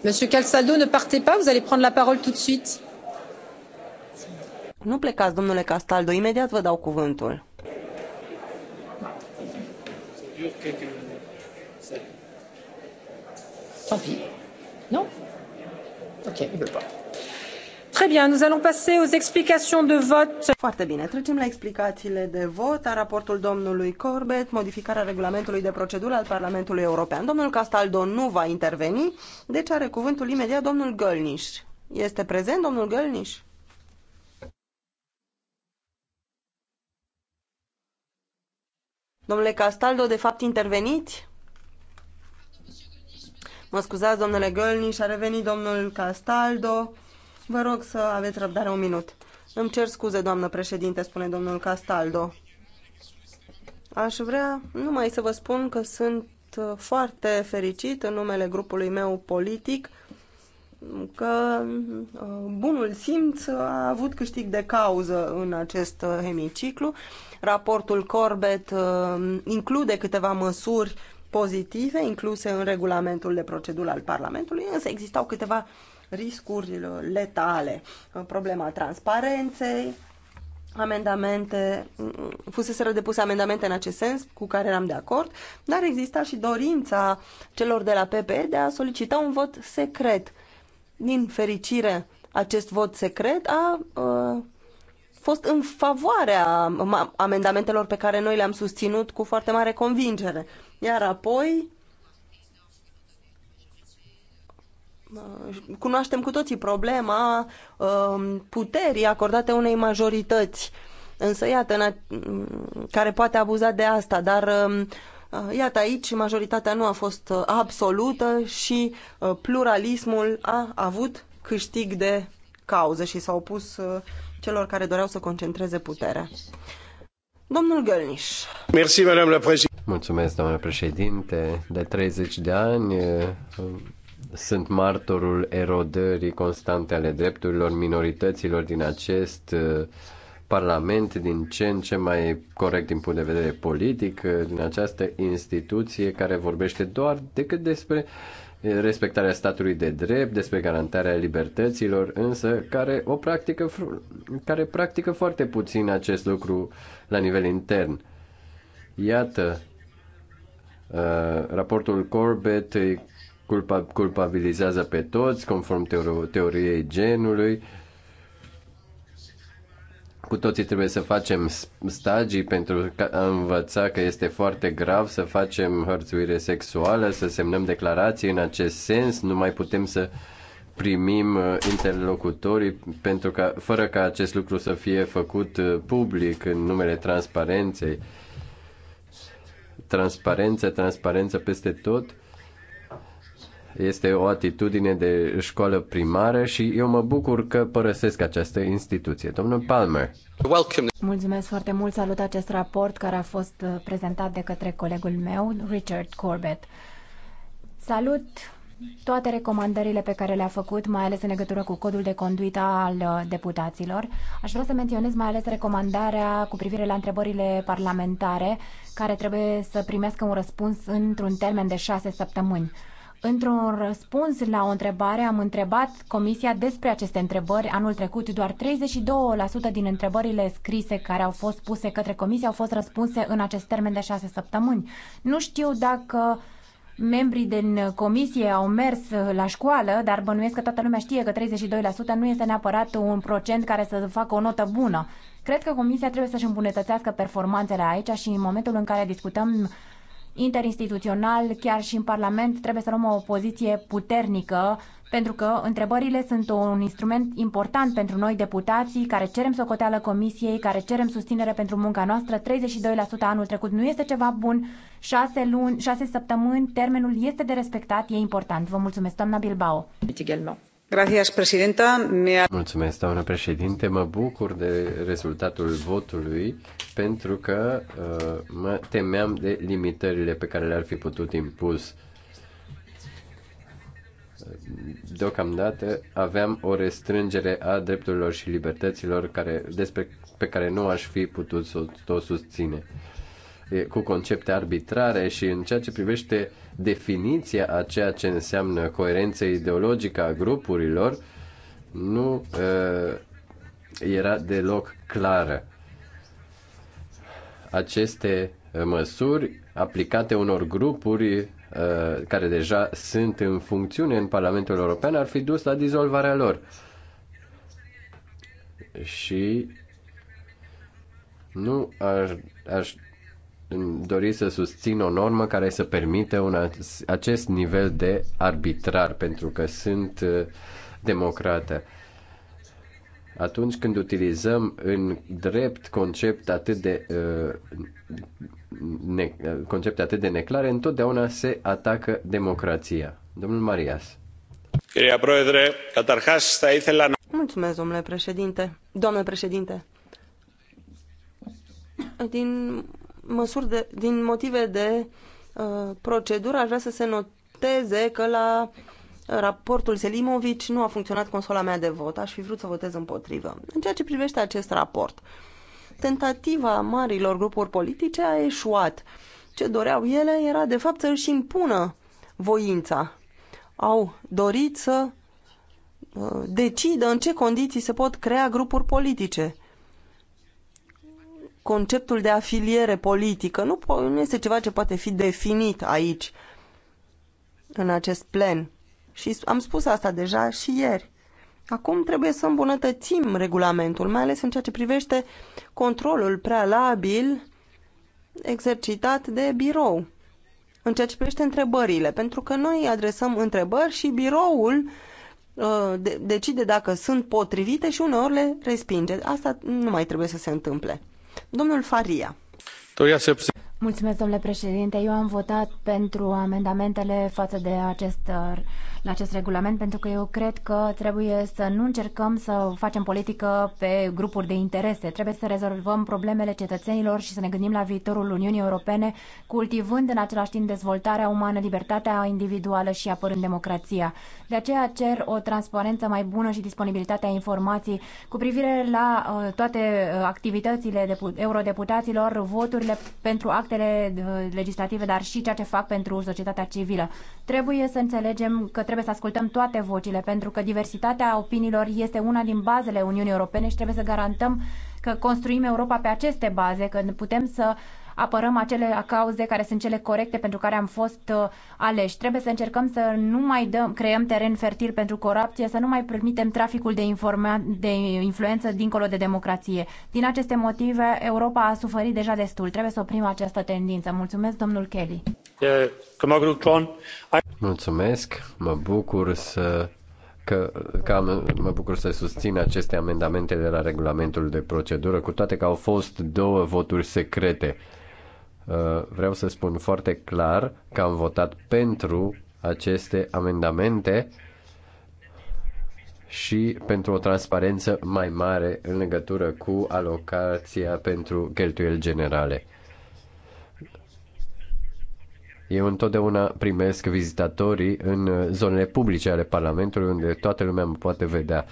S8: Monsieur Castaldo,
S11: ne partez pas, vous allez prendre la parole tout de suite.
S8: Nu plecați, domnule Castaldo, imediat vă dau cuvântul. Tant pis. Non
S11: Ok, il veut pas.
S8: Très bien, nous allons passer aux explications de vote. Foarte bine, trecem la explicațiile de vot a raportul domnului Corbett, modificarea regulamentului de procedură al Parlamentului European. Domnul Castaldo nu va interveni, deci are cuvântul imediat domnul Gălniș. Este prezent domnul Gălniș? Domnule Castaldo, de fapt interveniți? Mă scuzați, domnule Gălni, și-a revenit domnul Castaldo. Vă rog să aveți răbdare un minut. Îmi cer scuze, doamnă președinte, spune domnul Castaldo. Aș vrea numai să vă spun că sunt uh, foarte fericit în numele grupului meu politic că uh, bunul simț a avut câștig de cauză în acest uh, hemiciclu. Raportul Corbett include câteva măsuri pozitive incluse în regulamentul de procedură al Parlamentului, însă existau câteva riscuri letale, problema transparenței, amendamente, fuseseră depuse amendamente în acest sens, cu care eram de acord, dar exista și dorința celor de la PPE de a solicita un vot secret. Din fericire, acest vot secret a uh, fost în favoarea um, amendamentelor pe care noi le-am susținut cu foarte mare convingere. Iar apoi uh, cunoaștem cu toții problema um, puterii acordate unei majorități, însă iată, mm, care poate abuza de asta, dar um, uh, iată aici majoritatea nu a fost uh, absolută și pluralismul a avut câștig de cauză și s-a opus celor care doreau să concentreze puterea. Domnul Gălniș.
S1: Mersi,
S10: Mulțumesc, doamnă președinte. De 30 de ani eh, sunt martorul erodării constante ale drepturilor minorităților din acest eh, parlament, din ce în ce mai corect din punct de vedere politic, eh, din această instituție care vorbește doar decât despre uh, respectarea statului de drept, despre garantarea libertăților, însă care o practică care practică foarte puțin acest lucru la nivel intern. Iată, uh, raportul Corbett culpa, culpabilizează pe toți conform teoriei genului, cu toții trebuie să facem stagii pentru a învăța că este foarte grav să facem hărțuire sexuală, să semnăm declarații în acest sens. Nu mai putem să primim uh, interlocutorii pentru că fără ca acest lucru să fie făcut uh, public în numele transparenței. Transparență, transparență peste tot este o atitudine de școală primară și eu mă bucur că părăsesc această instituție. Domnul Palmer.
S9: Mulțumesc foarte mult, salut acest raport care a fost uh, prezentat de către colegul meu, Richard Corbett. Salut toate recomandările pe care le-a făcut, mai ales în legătură cu codul de conduită al uh, deputaților. Aș vrea să menționez mai ales recomandarea cu privire la întrebările parlamentare, care trebuie să primească un răspuns într-un termen de șase săptămâni. Într-un răspuns la o întrebare am întrebat Comisia despre aceste întrebări anul trecut. Doar 32% din întrebările scrise care au fost puse către Comisie au fost răspunse în acest termen de șase săptămâni. Nu știu dacă membrii din comisie au mers la școală, dar bănuiesc că toată lumea știe că 32% nu este neapărat un procent care să facă o notă bună. Cred că comisia trebuie să-și îmbunătățească performanțele aici și în momentul în care discutăm interinstituțional, chiar și în Parlament, trebuie să luăm o poziție puternică, pentru că întrebările sunt un instrument important pentru noi deputații care cerem socoteală comisiei, care cerem susținere pentru munca noastră. 32% anul trecut nu este ceva bun, 6 luni, 6 săptămâni, termenul este de respectat, e important. Vă mulțumesc, doamna Bilbao.
S10: Mulțumesc, doamnă președinte. Mă bucur de rezultatul votului pentru că uh, mă temeam de limitările pe care le-ar fi putut impus. Deocamdată aveam o restrângere a drepturilor și libertăților care, despre, pe care nu aș fi putut să o susține. Cu concepte arbitrare și în ceea ce privește uh, definiția a ceea ce înseamnă coerență ideologică a grupurilor nu uh, era deloc clară. Aceste măsuri aplicate unor grupuri uh, care deja sunt în funcțiune în Parlamentul European ar fi dus la dizolvarea lor. Și nu ar, aș dori să susțin o normă care să permite un, acest nivel de arbitrar, pentru că sunt uh, democrate. Atunci când utilizăm în drept concept atât de, uh, ne, uh, concepte atât de neclare, întotdeauna se atacă democrația. Domnul Marias.
S8: Mulțumesc, domnule președinte. Domnule președinte, din măsuri de, din motive de uh, procedură, aș vrea să se noteze că la raportul Selimovic nu a funcționat consola mea de vot. Aș fi vrut să votez împotrivă. În ceea ce privește acest raport, tentativa marilor grupuri politice a eșuat. Ce doreau ele era, de fapt, să își impună voința. Au dorit să uh, decidă în ce condiții se pot crea grupuri politice conceptul de afiliere politică. Nu, nu este ceva ce poate fi definit aici, în acest plen. Și am spus asta deja și ieri. Acum trebuie să îmbunătățim regulamentul, mai ales în ceea ce privește controlul prealabil exercitat de birou. În ceea ce privește întrebările, pentru că noi adresăm întrebări și biroul uh, decide dacă sunt potrivite și uneori le respinge. Asta nu mai trebuie să se întâmple. Domnul Faria. Mulțumesc, domnule
S9: președinte. Eu am votat pentru amendamentele faă de acest la acest regulament, pentru că eu cred că trebuie să nu încercăm să facem politică pe grupuri de interese. Trebuie să rezolvăm problemele cetățenilor și să ne gândim la viitorul Uniunii Europene, cultivând în același timp dezvoltarea umană, libertatea individuală și apărând democrația. De aceea cer o transparență mai bună și disponibilitatea informației cu privire la uh, toate uh, activitățile eurodeputaților, voturile pentru actele uh, legislative, dar și ceea ce fac pentru societatea civilă. Trebuie să înțelegem că trebuie să ascultăm toate vocile, pentru că diversitatea opiniilor este una din bazele Uniunii Europene și trebuie să garantăm că construim Europa pe aceste baze, că putem să apărăm acele cauze care sunt cele corecte pentru care am fost uh, aleși. Trebuie să încercăm să nu mai dăm, creăm teren fertil pentru corupție, să nu mai permitem traficul de, informa- de influență dincolo de democrație. Din aceste motive, Europa a suferit deja destul. Trebuie să oprim această tendință. Mulțumesc, domnul Kelly.
S10: Mulțumesc, mă bucur să că, că am, mă bucur să susțin aceste amendamente de la regulamentul de procedură, cu toate că au fost două voturi secrete. Uh, vreau să spun foarte clar că am votat pentru aceste amendamente și pentru o transparență mai mare în legătură cu alocația pentru cheltuieli generale. Eu întotdeauna primesc vizitatorii în zonele publice ale Parlamentului, unde toată lumea mă poate vedea.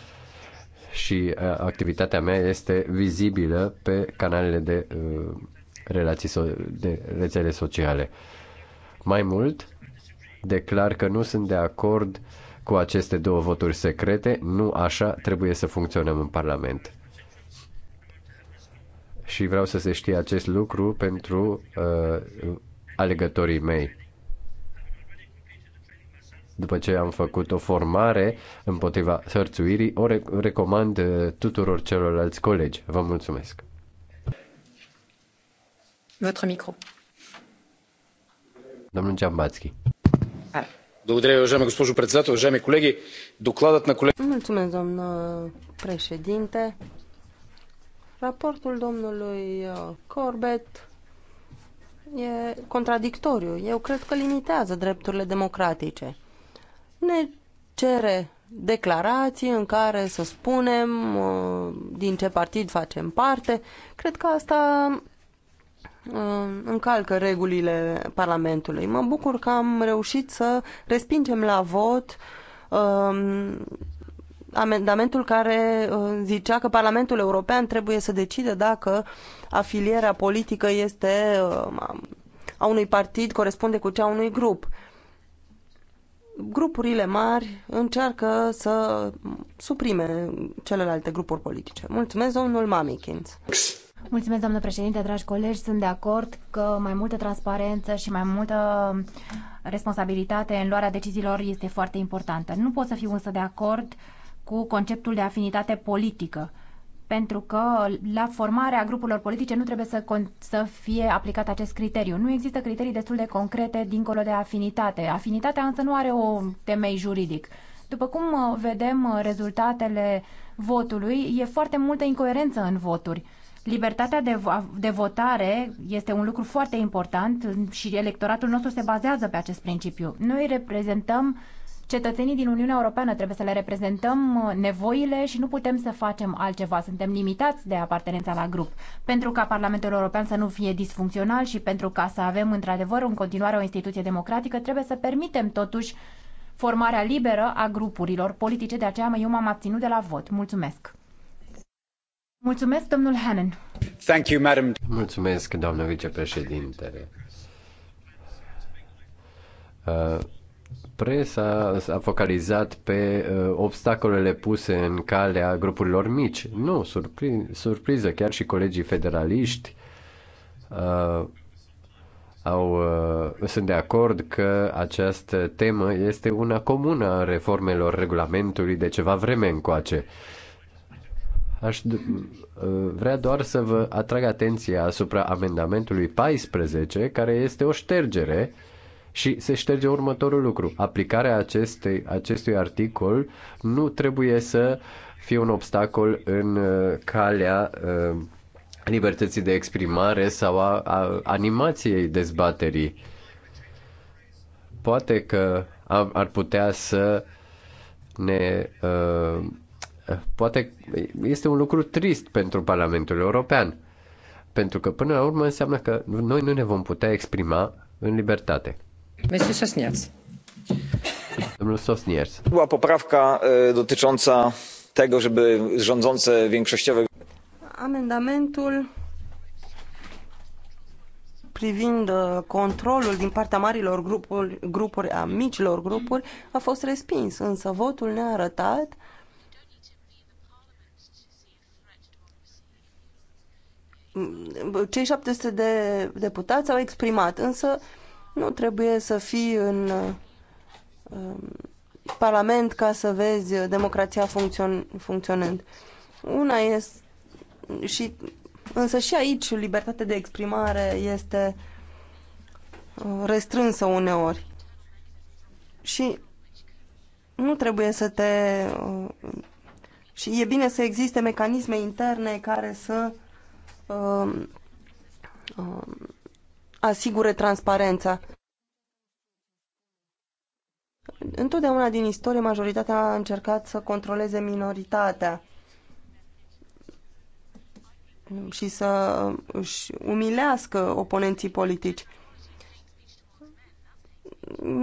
S10: Și uh, activitatea mea este vizibilă pe canalele de uh, relații so- de rețele sociale. Mai mult, declar că nu sunt de acord cu aceste două voturi secrete, nu așa trebuie să funcționăm în Parlament. Și vreau să se știe acest lucru pentru uh, alegătorii mei după ce am făcut o formare împotriva hărțuirii, o recomand uh, tuturor celorlalți colegi. Vă mulțumesc! Votre micro. Domnul Giambatski.
S8: Mulțumesc, doamnă președinte. Raportul domnului uh, Corbett e contradictoriu. Eu cred că limitează drepturile democratice. Ne cere declarații în care să spunem uh, din ce partid facem parte. Cred că asta Um, încalcă regulile Parlamentului. Mă bucur că am reușit să respingem la vot um, amendamentul care uh, zicea că Parlamentul European trebuie să decide dacă afilierea politică este um, a unui partid corespunde cu cea unui grup. Grupurile mari încearcă să suprime celelalte grupuri politice. Mulțumesc, domnul Mamikins.
S9: Mulțumesc, doamnă președinte, dragi colegi. Sunt de acord că mai multă transparență și mai multă responsabilitate în luarea deciziilor este foarte importantă. Nu pot să fiu însă de acord cu conceptul de afinitate politică, pentru că la formarea grupurilor politice nu trebuie să, să fie aplicat acest criteriu. Nu există criterii destul de concrete dincolo de afinitate. Afinitatea însă nu are o temei juridic. După cum vedem rezultatele votului, e foarte multă incoerență în voturi Libertatea de, de votare este un lucru foarte important și electoratul nostru se bazează pe acest principiu. Noi reprezentăm cetățenii din Uniunea Europeană, trebuie să le reprezentăm uh, nevoile și nu putem să facem altceva. Suntem limitați de apartenența la grup. Pentru ca Parlamentul European să nu fie disfuncțional și pentru ca să avem într-adevăr în continuare o instituție democratică, trebuie să permitem totuși formarea liberă a grupurilor politice. De aceea eu m-am abținut de la vot. Mulțumesc! Mulțumesc, domnul Hannan.
S10: Thank you, madam. Mulțumesc, doamnă vicepreședinte. Uh, presa s-a focalizat pe uh, obstacolele puse în calea grupurilor mici. Nu, surpri- surpriză, chiar și colegii federaliști uh, au, uh, sunt de acord că această temă este una comună a reformelor regulamentului de ceva vreme încoace. Uh, Aș uh, vrea doar să vă atrag atenția asupra amendamentului 14, care este o ștergere și se șterge următorul lucru. Aplicarea acestei, acestui articol nu trebuie să fie un obstacol în uh, calea uh, libertății de exprimare sau a, a animației dezbaterii. Poate că ar putea să ne uh, Poate este un lucru trist pentru Parlamentul European, pentru că până la urmă înseamnă că noi nu ne vom putea exprima în libertate. Domnul Sosniers. Była
S2: poprawka dotycząca tego, żeby rządzące większościowe...
S8: Amendamentul privind controlul din partea marilor grupuri, grupuri, a micilor grupuri, a fost respins, însă votul ne-a arătat cei 700 de deputați au exprimat, însă nu trebuie să fii în um, Parlament ca să vezi democrația funcțion funcționând. Una este și însă și aici libertatea de exprimare este uh, restrânsă uneori. Și nu trebuie să te uh, și e bine să existe mecanisme interne care să uh, Um, um, asigure transparența. Întotdeauna din istorie majoritatea a încercat să controleze minoritatea și să își umilească oponenții politici.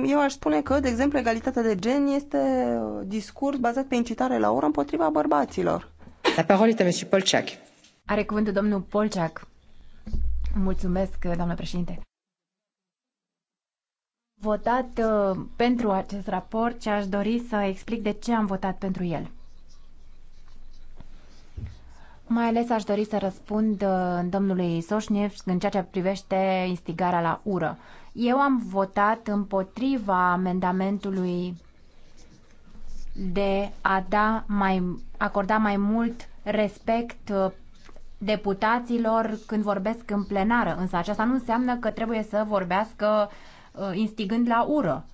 S8: Eu aș spune că, de exemplu, egalitatea de gen este discurs bazat pe incitare la ură împotriva bărbaților. La parole este Paul Polciac.
S9: Are cuvântul domnul Polceac. Mulțumesc, doamnă președinte. Votat uh, pentru acest raport și aș dori să explic de ce am votat pentru el. Mai ales aș dori să răspund uh, domnului Soșniev în ceea ce privește instigarea la ură. Eu am votat împotriva amendamentului de a da mai, acorda mai mult respect uh, deputaților când vorbesc în plenară, însă aceasta nu înseamnă că trebuie să vorbească uh, instigând la ură.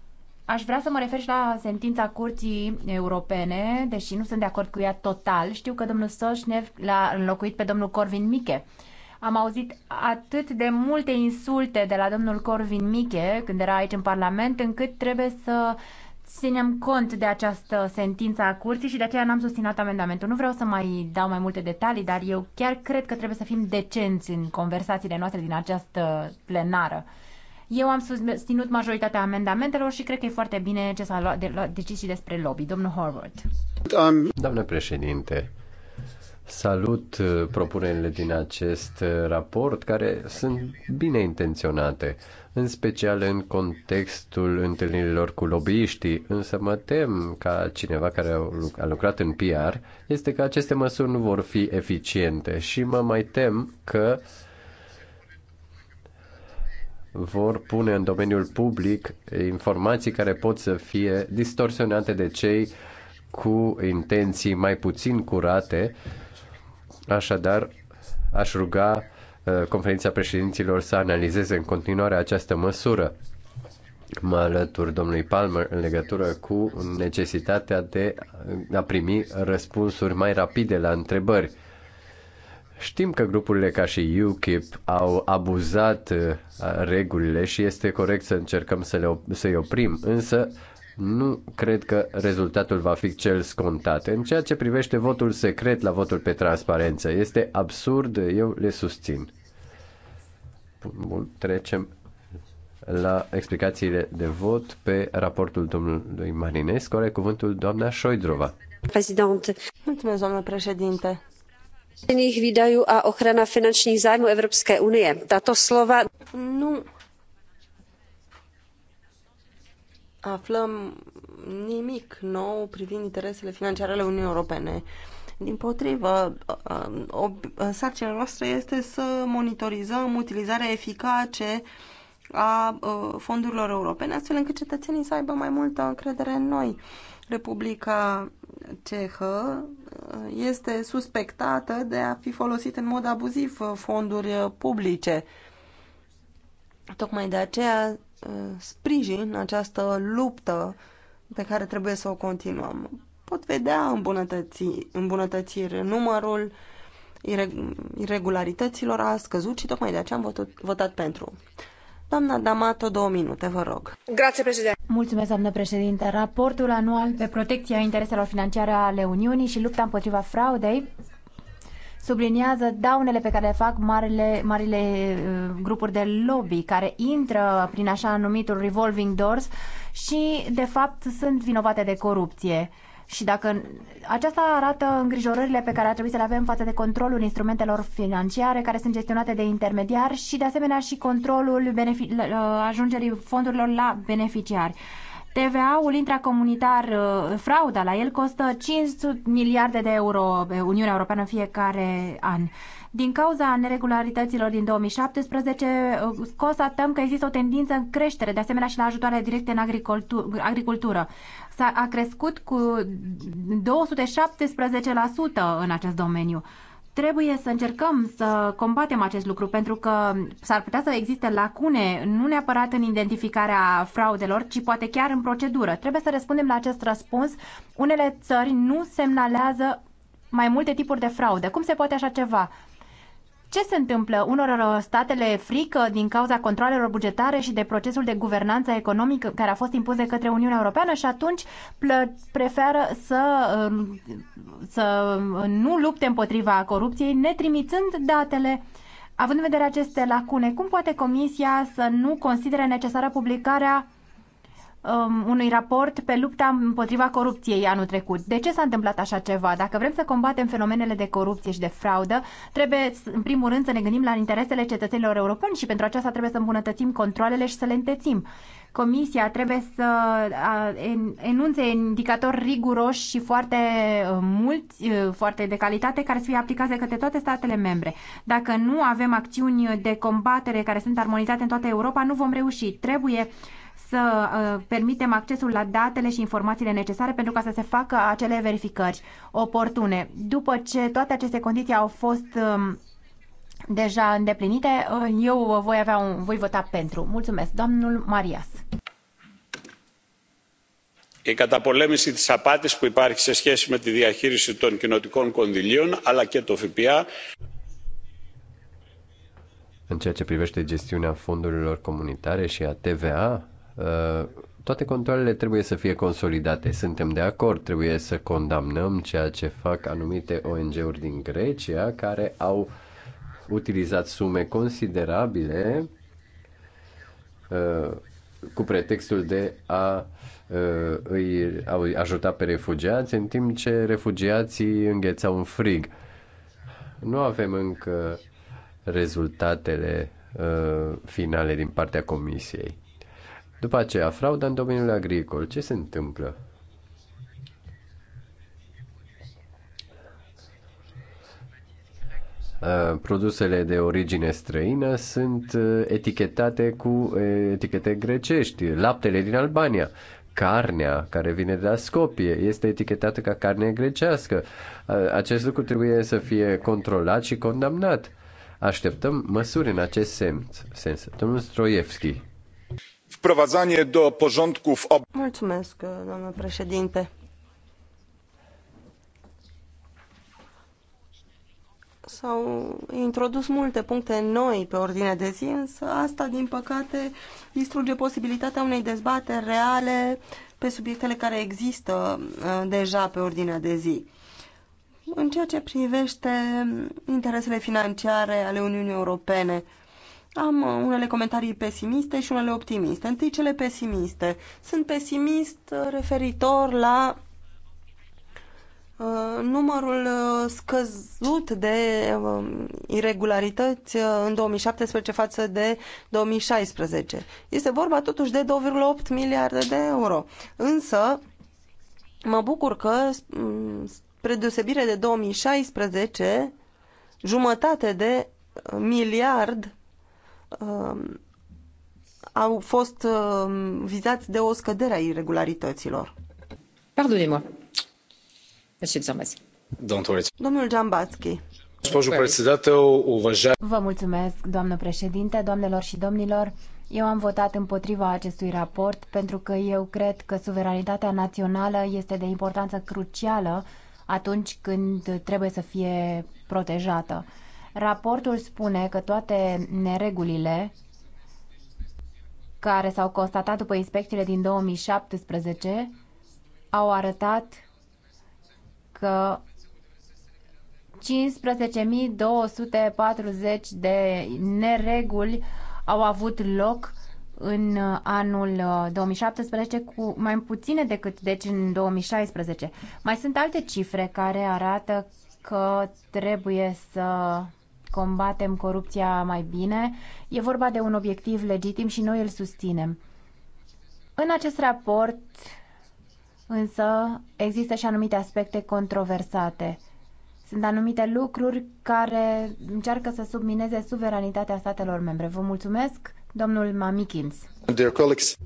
S9: Aș vrea să mă refer și la sentința Curții Europene, deși nu sunt de acord cu ea total. Știu că domnul Soșnev l-a înlocuit pe domnul Corvin Miche. Am auzit atât de multe insulte de la domnul Corvin Miche când era aici în Parlament, încât trebuie să ținem cont de această sentință a curții și de aceea n-am susținut amendamentul. Nu vreau să mai dau mai multe detalii, dar eu chiar cred că trebuie să fim decenți în conversațiile noastre din această plenară. Eu am susținut majoritatea amendamentelor și cred că e foarte bine ce s-a luat, de, decis și despre lobby. Domnul
S3: Horvath.
S10: Doamne președinte, Salut uh, propunerile din acest uh, raport, care sunt bine intenționate, în special în contextul întâlnirilor cu lobbyiștii, însă mă tem ca cineva care a lucrat în PR este că aceste măsuri nu vor fi eficiente și mă mai tem că vor pune în domeniul public informații care pot să fie distorsionate de cei cu intenții mai puțin curate Așadar, aș ruga uh, conferința președinților să analizeze în continuare această măsură. Mă alătur domnului Palmer în legătură cu necesitatea de a primi răspunsuri mai rapide la întrebări. Știm că grupurile ca și UKIP au abuzat uh, regulile și este corect să încercăm să le, să-i oprim, însă nu cred că rezultatul va fi cel scontat. În ceea ce privește votul secret la votul pe transparență, este absurd, eu le susțin. Bun, trecem la explicațiile de vot pe raportul domnului Marinescu. Are cuvântul doamna Șoidrova.
S8: Președinte, Mulțumesc, doamnă președinte. Výdajů a ochrana finančních zájmů Evropské unie. Tato slova... Nu aflăm nimic nou privind interesele financiare ale Uniunii Europene. Din potrivă, uh, uh, sarcina noastră este să monitorizăm utilizarea eficace a uh, fondurilor europene, astfel încât cetățenii să aibă mai multă încredere în noi. Republica Cehă este suspectată de a fi folosit în mod abuziv fonduri publice. Tocmai de aceea Uh, sprijin această luptă pe care trebuie să o continuăm. Pot vedea îmbunătăți, îmbunătățiri. Numărul irregularităților a scăzut și tocmai de aceea am votat, votat pentru. Doamna Damato, două minute, vă rog.
S9: Grație, președinte. Mulțumesc, doamnă președinte. Raportul anual pe protecția intereselor financiare ale Uniunii și lupta împotriva fraudei subliniază daunele pe care le fac marile, marile uh, grupuri de lobby care intră prin așa numitul revolving doors și, de fapt, sunt vinovate de corupție. Și dacă aceasta arată îngrijorările pe care ar trebui să le avem față de controlul instrumentelor financiare care sunt gestionate de intermediari și de asemenea și controlul uh, ajungerii fondurilor la beneficiari. TVA-ul intracomunitar, uh, frauda la el costă 500 miliarde de euro uh, Uniunea Europeană fiecare an. Din cauza neregularităților din 2017, uh, constatăm că există o tendință în creștere, de asemenea și la ajutoare directe în agricultură. S-a a crescut cu 217% în acest domeniu. Trebuie să încercăm să combatem acest lucru pentru că s-ar putea să existe lacune, nu neapărat în identificarea fraudelor, ci poate chiar în procedură. Trebuie să răspundem la acest răspuns. Unele țări nu semnalează mai multe tipuri de fraude. Cum se poate așa ceva? Ce se întâmplă? Unor uh, statele frică din cauza controlelor bugetare și de procesul de guvernanță economică care a fost impus de către Uniunea Europeană și atunci preferă să, uh, să nu lupte împotriva corupției, netrimițând datele Având în vedere aceste lacune, cum poate Comisia să nu considere necesară publicarea um, unui raport pe lupta împotriva corupției anul trecut. De ce s-a întâmplat așa ceva? Dacă vrem să combatem fenomenele de corupție și de fraudă, trebuie în primul rând să ne gândim la interesele cetățenilor europeni și pentru aceasta trebuie să îmbunătățim controlele și să le întețim. Comisia trebuie să enunțe indicatori riguroși și foarte uh, mulți, uh, foarte de calitate, care să fie aplicate către toate statele membre. Dacă nu avem acțiuni de combatere care sunt armonizate în toată Europa, nu vom reuși. Trebuie uh, să uh, permitem accesul la datele și informațiile necesare pentru ca să se facă acele verificări oportune. După ce toate aceste condiții au fost um, deja îndeplinite, uh, eu voi avea un, voi vota pentru. Mulțumesc, domnul Marias.
S1: Η καταπολέμηση της απάτης που υπάρχει σε σχέση με τη διαχείριση των κοινοτικών κονδυλίων αλλά και το ΦΠΑ
S10: în ceea ce privește gestiunea fondurilor comunitare și a TVA, Uh, toate controlele trebuie să fie consolidate. Suntem de acord, trebuie să condamnăm ceea ce fac anumite ONG-uri din Grecia care au utilizat sume considerabile uh, cu pretextul de uh, a îi ajuta pe refugiați, în timp ce refugiații înghețau un frig. Nu avem încă rezultatele finale din partea Comisiei după aceea, frauda în domeniul agricol. Ce se întâmplă? Uh, produsele de origine străină sunt uh, etichetate cu uh, etichete grecești. Laptele din Albania, carnea care vine de la Scopie este etichetată ca carne grecească. Acest lucru trebuie să fie controlat și condamnat. Așteptăm măsuri în acest sens. sens. Domnul Stroievski
S1: wprowadzanie do porządków
S8: Mulțumesc, doamnă președinte. S-au introdus multe puncte noi pe ordine de zi, însă asta, din păcate, distruge posibilitatea unei dezbateri reale pe subiectele care există uh, deja pe ordinea de zi. În ceea ce privește interesele financiare ale Uniunii Europene, am uh, unele comentarii pesimiste și unele optimiste. Întâi cele pesimiste. Sunt pesimist uh, referitor la uh, numărul scăzut de irregularități în 2017 față de 2016. Este vorba totuși de 2,8 miliarde de euro. Însă, mă bucur că, mm, spre deosebire de 2016, jumătate de miliard uh, au fost uh, vizați de o scădere a irregularităților. Pardonez-moi. Monsieur Dzambas. Domnul Giambatski.
S9: Vă mulțumesc, doamnă președinte, doamnelor și domnilor. Eu am votat împotriva acestui raport pentru că eu cred că suveranitatea națională este de importanță crucială atunci când trebuie să fie protejată. Raportul spune că toate neregulile care s-au constatat după inspecțiile din 2017 au arătat că 15.240 de nereguli au avut loc în anul 2017 uh, cu mai puține decât deci în 2016. Mai sunt alte cifre care arată că trebuie să combatem corupția mai bine. E vorba de un obiectiv legitim și noi îl susținem. În acest raport, însă, există și anumite aspecte controversate. Sunt anumite lucruri care încearcă să submineze suveranitatea statelor membre. Vă mulțumesc, domnul Mamikins.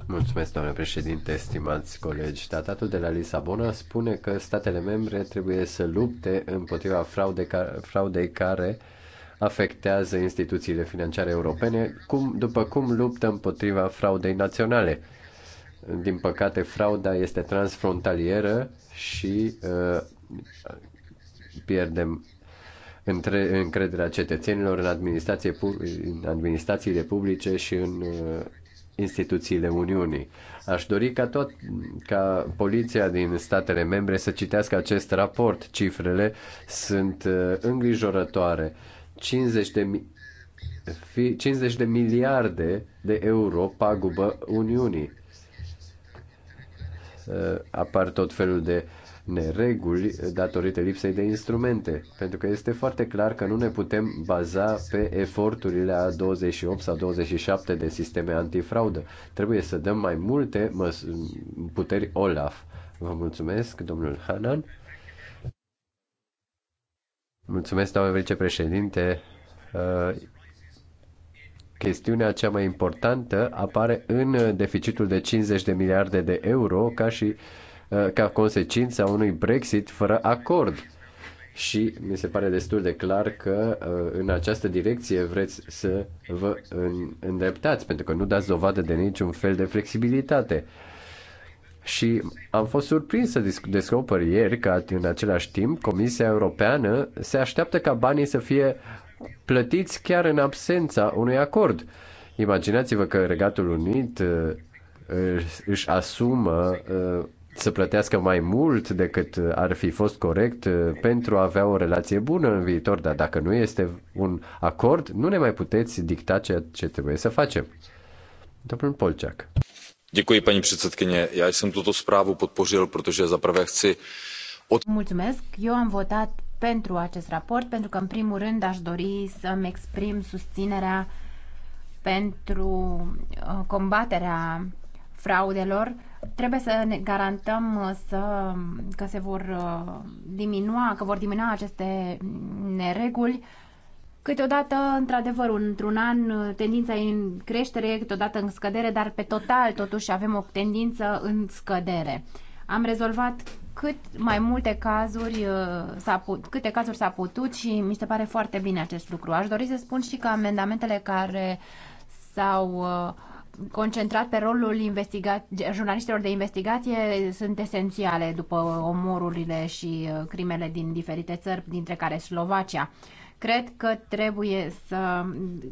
S10: Mulțumesc, doamne președinte, stimați colegi. Tratatul de la Lisabona spune că statele membre trebuie să lupte împotriva fraude, fraudei care afectează instituțiile financiare europene, cum, după cum luptă împotriva fraudei naționale. Din păcate, frauda este transfrontalieră și uh, pierdem între, încrederea cetățenilor în, administrație, în administrațiile publice și în uh, instituțiile Uniunii. Aș dori ca, tot, ca poliția din statele membre să citească acest raport. Cifrele sunt uh, îngrijorătoare. Uh, 50 de, mi- 50 de miliarde de euro pagubă Uniunii. Uh, apar tot felul de nereguli datorită lipsei de instrumente, pentru că este foarte clar că nu ne putem baza pe eforturile a 28 sau 27 de sisteme antifraudă. Trebuie să dăm mai multe puteri OLAF. Vă mulțumesc, domnul Hanan. Mulțumesc, doamne vicepreședinte. Uh, chestiunea cea mai importantă apare în deficitul de 50 de miliarde de euro ca și uh, ca consecința unui Brexit fără acord. Și mi se pare destul de clar că uh, în această direcție vreți să vă îndreptați, pentru că nu dați dovadă de niciun fel de flexibilitate. Uh, și am fost surprins să descoper ieri că în același timp Comisia Europeană se așteaptă ca banii să fie plătiți chiar în absența unui acord. Imaginați-vă că Regatul Unit uh, își asumă uh, să plătească mai mult decât uh, ar fi fost corect pentru a avea o relație bună în viitor, dar dacă nu este un acord, nu ne mai puteți dicta ceea ce trebuie să facem. Domnul Polceac
S6: paní předsedající já jsem tuto zprávu podpořil protože za prvé chci. Mulțumesc.
S9: Eu am votat pentru acest raport pentru că în primul rând aș dori să-mi exprim susținerea pentru uh, combaterea fraudelor. Trebuie să ne garantăm uh, să, că se vor uh, diminua, că vor diminua aceste mm, nereguli Câteodată, într-adevăr, într-un an uh, tendința e în creștere, câteodată în scădere, dar pe total totuși avem o tendință în scădere. Am rezolvat cât mai multe cazuri uh, s-a put, câte cazuri s-a putut și mi se pare foarte bine acest lucru. Aș dori să spun și că amendamentele care s-au uh, concentrat pe rolul investiga- jurnaliștilor de investigație sunt esențiale după omorurile și crimele din diferite țări, dintre care Slovacia. Uh, Cred că trebuie să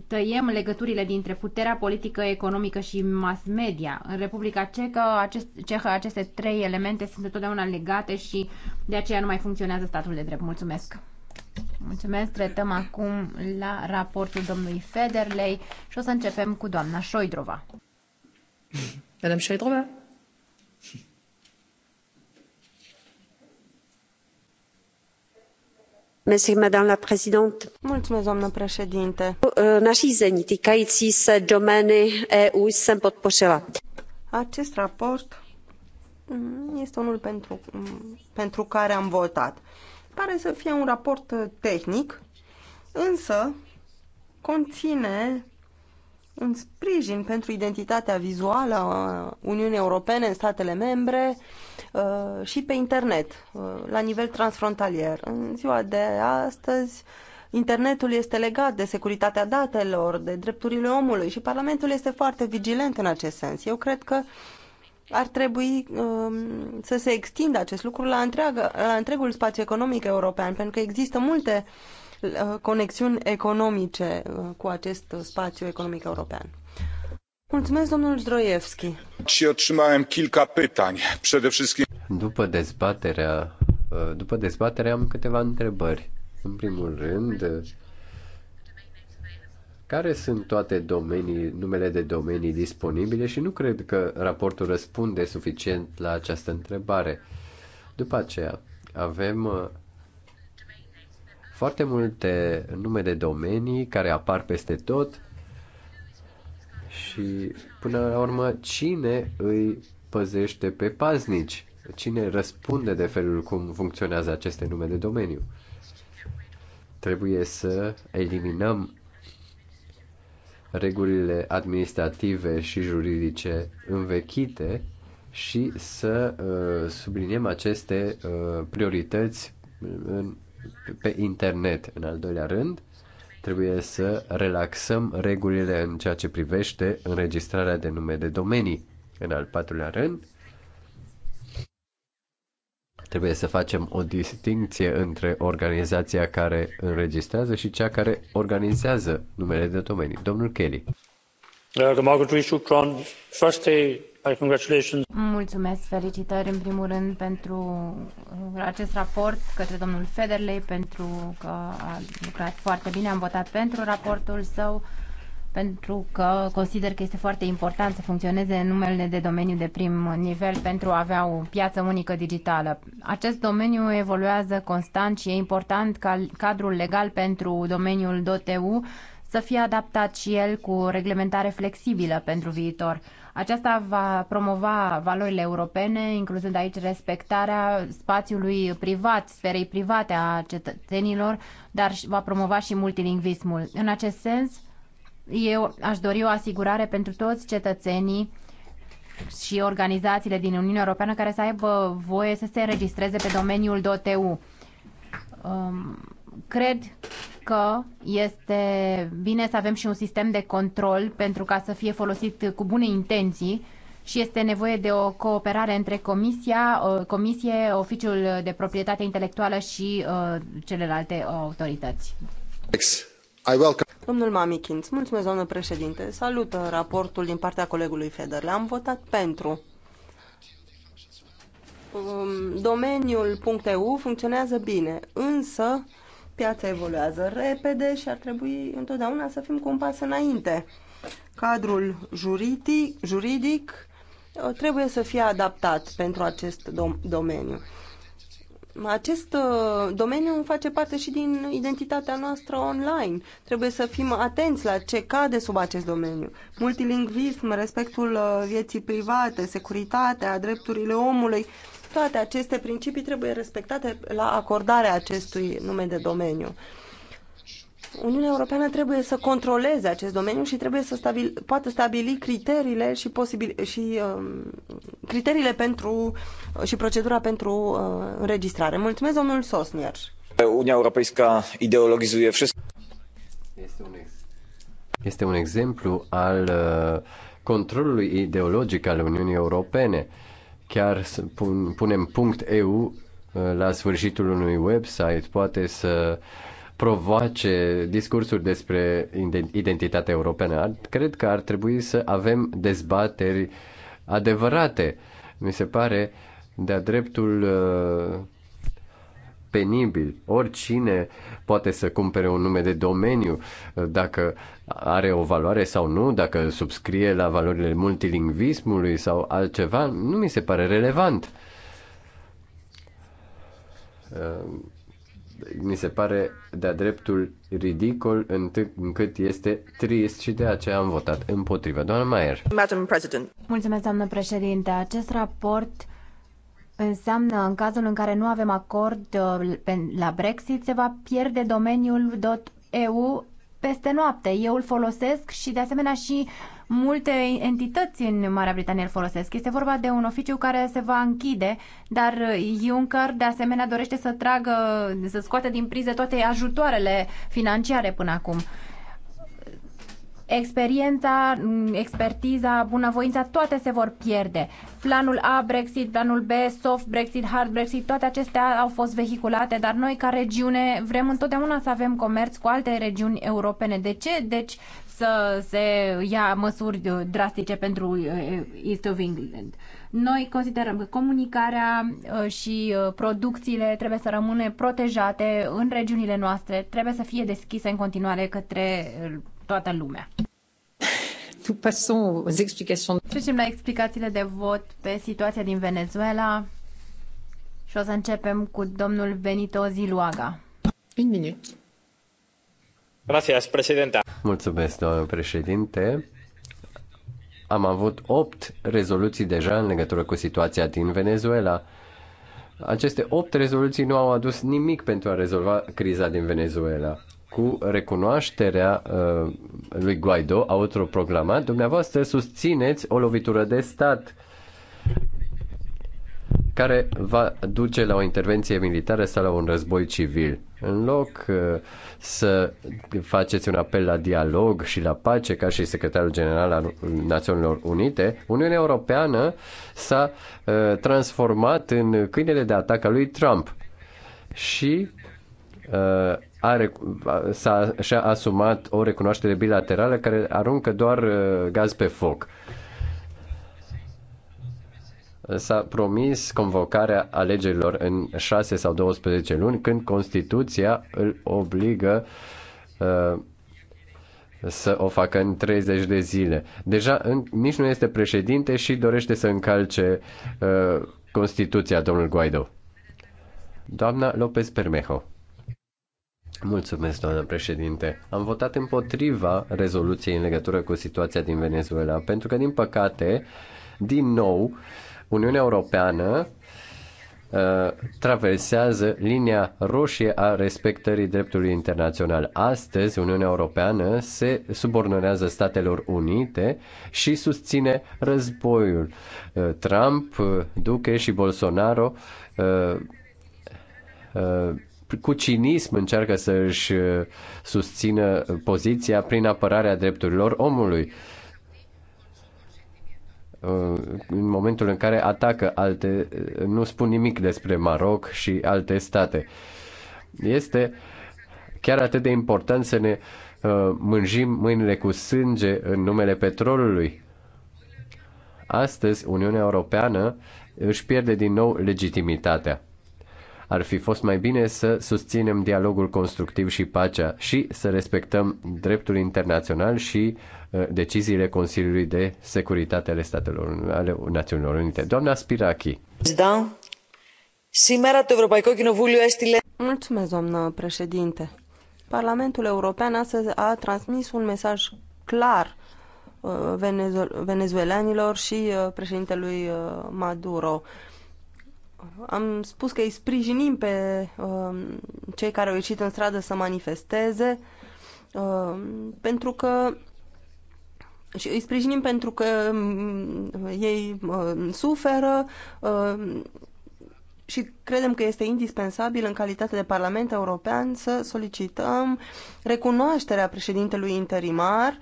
S9: tăiem legăturile dintre puterea politică, economică și mass media. În Republica Cehă, acest, Cehă aceste trei elemente sunt întotdeauna legate și de aceea nu mai funcționează statul de drept. Mulțumesc! Mulțumesc, tretăm acum la raportul domnului Federley și o să începem cu doamna Șoidrova.
S11: Madame Șoidrova?
S8: doamnă președintă uh, nařízení týkající se domény eu jsem podpořila. acest raport mm, este unul pentru, mm, pentru care am votat. Pare să fie un raport tehnic, însă conține un sprijin pentru identitatea vizuală a Uniunii Europene în statele membre uh, și pe internet, uh, la nivel transfrontalier. În ziua de astăzi, internetul este legat de securitatea datelor, de drepturile omului și Parlamentul este foarte vigilent în acest sens. Eu cred că ar trebui um, să se extindă acest lucru la, întreagă, la întregul spațiu economic european, pentru că există multe uh, Uh, conexiuni economice uh, cu acest spațiu economic european. Mulțumesc, domnul Zdroievski.
S1: Și otrzymałem kilka pytań. Przede wszystkim...
S10: După dezbaterea, uh, după dezbatere am câteva întrebări. În primul rând, care sunt toate domenii, numele de domenii disponibile și nu cred că raportul răspunde suficient la această întrebare. După aceea, avem foarte multe nume de domenii care apar peste tot și până la urmă cine îi păzește pe paznici? Cine răspunde de felul cum funcționează aceste nume de domeniu? Trebuie să eliminăm regulile administrative și juridice învechite și să uh, subliniem aceste uh, priorități în pe internet. În al doilea rând, trebuie să relaxăm regulile în ceea ce privește înregistrarea de nume de domenii. În al patrulea rând, trebuie să facem o distinție între organizația care înregistrează și cea care organizează numele de domenii. Domnul Kelly.
S5: Uh,
S9: Mulțumesc, felicitări în primul rând pentru uh, acest raport către domnul Federley pentru că a lucrat foarte bine, am votat pentru raportul său pentru că consider că este foarte important să funcționeze în numele de domeniu de prim nivel pentru a avea o piață unică digitală. Acest domeniu evoluează constant și e important ca cadrul legal pentru domeniul DOTU să fie adaptat și el cu reglementare flexibilă pentru viitor. Aceasta va promova valorile europene, incluzând aici respectarea spațiului privat, sferei private a cetățenilor, dar va promova și multilingvismul. În acest sens, eu aș dori o asigurare pentru toți cetățenii și organizațiile din Uniunea Europeană care să aibă voie să se înregistreze pe domeniul DOTU. Um, cred că este bine să avem și un sistem de control pentru ca să fie folosit cu bune intenții și este nevoie de o cooperare între comisia, uh, comisie, oficiul de proprietate
S8: intelectuală și uh, celelalte uh, autorități. Domnul Mamikins, mulțumesc, doamnă președinte. Salut uh, raportul din partea colegului Feder. L-am votat pentru. Um, domeniul .eu funcționează bine, însă piața evoluează repede și ar trebui întotdeauna să fim cu un pas înainte. Cadrul juridic, juridic uh, trebuie să fie adaptat pentru acest dom domeniu. Acest uh, domeniu face parte și din identitatea noastră online. Trebuie să fim atenți la ce cade sub acest domeniu. Multilingvism, respectul uh, vieții private, securitatea, drepturile omului, toate aceste principii trebuie respectate la acordarea acestui nume de domeniu. Uniunea Europeană trebuie să controleze acest domeniu și trebuie să stabil, poată stabili criteriile și, posibil, și uh, criteriile pentru uh, și procedura pentru uh, înregistrare. Mulțumesc, domnul Sosnier.
S2: Uniunea Europeană ideologizuie wszystko. Este
S10: un, ex- este un exemplu al uh, controlului ideologic al Uniunii Europene. Uh, chiar să pun, punem .eu uh, la sfârșitul unui website poate să provoace discursuri despre identitatea europeană. Cred că ar trebui să avem dezbateri adevărate. Mi se pare de-a dreptul uh, penibil. Oricine poate să cumpere un nume de domeniu dacă are o valoare sau nu, dacă subscrie la valorile multilingvismului sau altceva, nu mi se pare relevant. Uh, mi se pare de-a dreptul ridicol încât este trist și de aceea am votat împotriva. Doamna Maier.
S7: Madam President. Mulțumesc,
S9: doamnă președinte. Acest raport înseamnă în cazul în care nu avem acord uh, la Brexit, se va pierde domeniul .eu peste noapte. Eu îl folosesc și de asemenea și multe entități în Marea Britanie îl folosesc. Este vorba de un oficiu care se va închide, dar Juncker de asemenea dorește să tragă, să scoate din priză toate ajutoarele financiare până acum experiența, mm, expertiza, bunăvoința, toate se vor pierde. Planul A, Brexit, planul B, soft Brexit, hard Brexit, toate acestea au fost vehiculate, dar noi ca regiune vrem întotdeauna să avem comerț cu alte regiuni europene. De ce? Deci să se ia măsuri drastice pentru uh, East of England. Noi considerăm că comunicarea uh, și uh, producțiile trebuie să rămână protejate în regiunile noastre, trebuie să fie deschise în continuare către toată lumea. Trecem la explicațiile de vot pe situația din Venezuela și o să începem cu domnul Benito Ziluaga. Un minut.
S1: Gracias, președinte.
S10: Mulțumesc, domnule președinte. Am avut opt rezoluții deja în legătură cu situația din Venezuela. Aceste opt rezoluții nu au adus nimic pentru a rezolva criza din Venezuela cu recunoașterea uh, lui Guaido, autoproclamat, dumneavoastră susțineți o lovitură de stat care va duce la o intervenție militară sau la un război civil. În loc uh, să faceți un apel la dialog și la pace, ca și secretarul general al Națiunilor Unite, Uniunea Europeană s-a uh, transformat în câinele de atac al lui Trump și uh, are, s-a, și-a asumat o recunoaștere bilaterală care aruncă doar uh, gaz pe foc. S-a promis convocarea alegerilor în 6 sau 12 luni, când Constituția îl obligă uh, să o facă în 30 de zile. Deja în, nici nu este președinte și dorește să încalce uh, Constituția, domnul Guaido. Doamna López Permejo. Mulțumesc, doamnă președinte. Am votat împotriva rezoluției în legătură cu situația din Venezuela, pentru că, din păcate, din nou, Uniunea Europeană uh, traversează linia roșie a respectării dreptului internațional. Astăzi, Uniunea Europeană se subordonează Statelor Unite și susține războiul. Uh, Trump, uh, Duque și Bolsonaro cu cinism încearcă să își uh, susțină uh, poziția prin apărarea drepturilor omului uh, în momentul în care atacă alte, nu spun nimic despre Maroc și alte state. Este chiar atât de important să ne mânjim mâinile cu sânge în numele petrolului. Astăzi, Uniunea Europeană își pierde din nou legitimitatea. Ar fi fost mai bine să susținem dialogul constructiv și pacea și să respectăm dreptul internațional și uh, deciziile Consiliului de Securitate ale Statelor ale Națiunilor Unite. Doamna Spiraki.
S5: Da. Σήμερα το Ευρωπαϊκό Κοινοβούλιο έστειλε...
S8: Mulțumesc, doamnă președinte. Parlamentul European astăzi a transmis un mesaj clar uh, venezuelanilor și uh, președintelui Maduro am spus că îi sprijinim pe uh, cei care au ieșit în stradă să manifesteze, uh, pentru că și îi sprijinim pentru că uh, ei uh, suferă uh, și credem că este indispensabil în calitate de Parlament European să solicităm recunoașterea președintelui interimar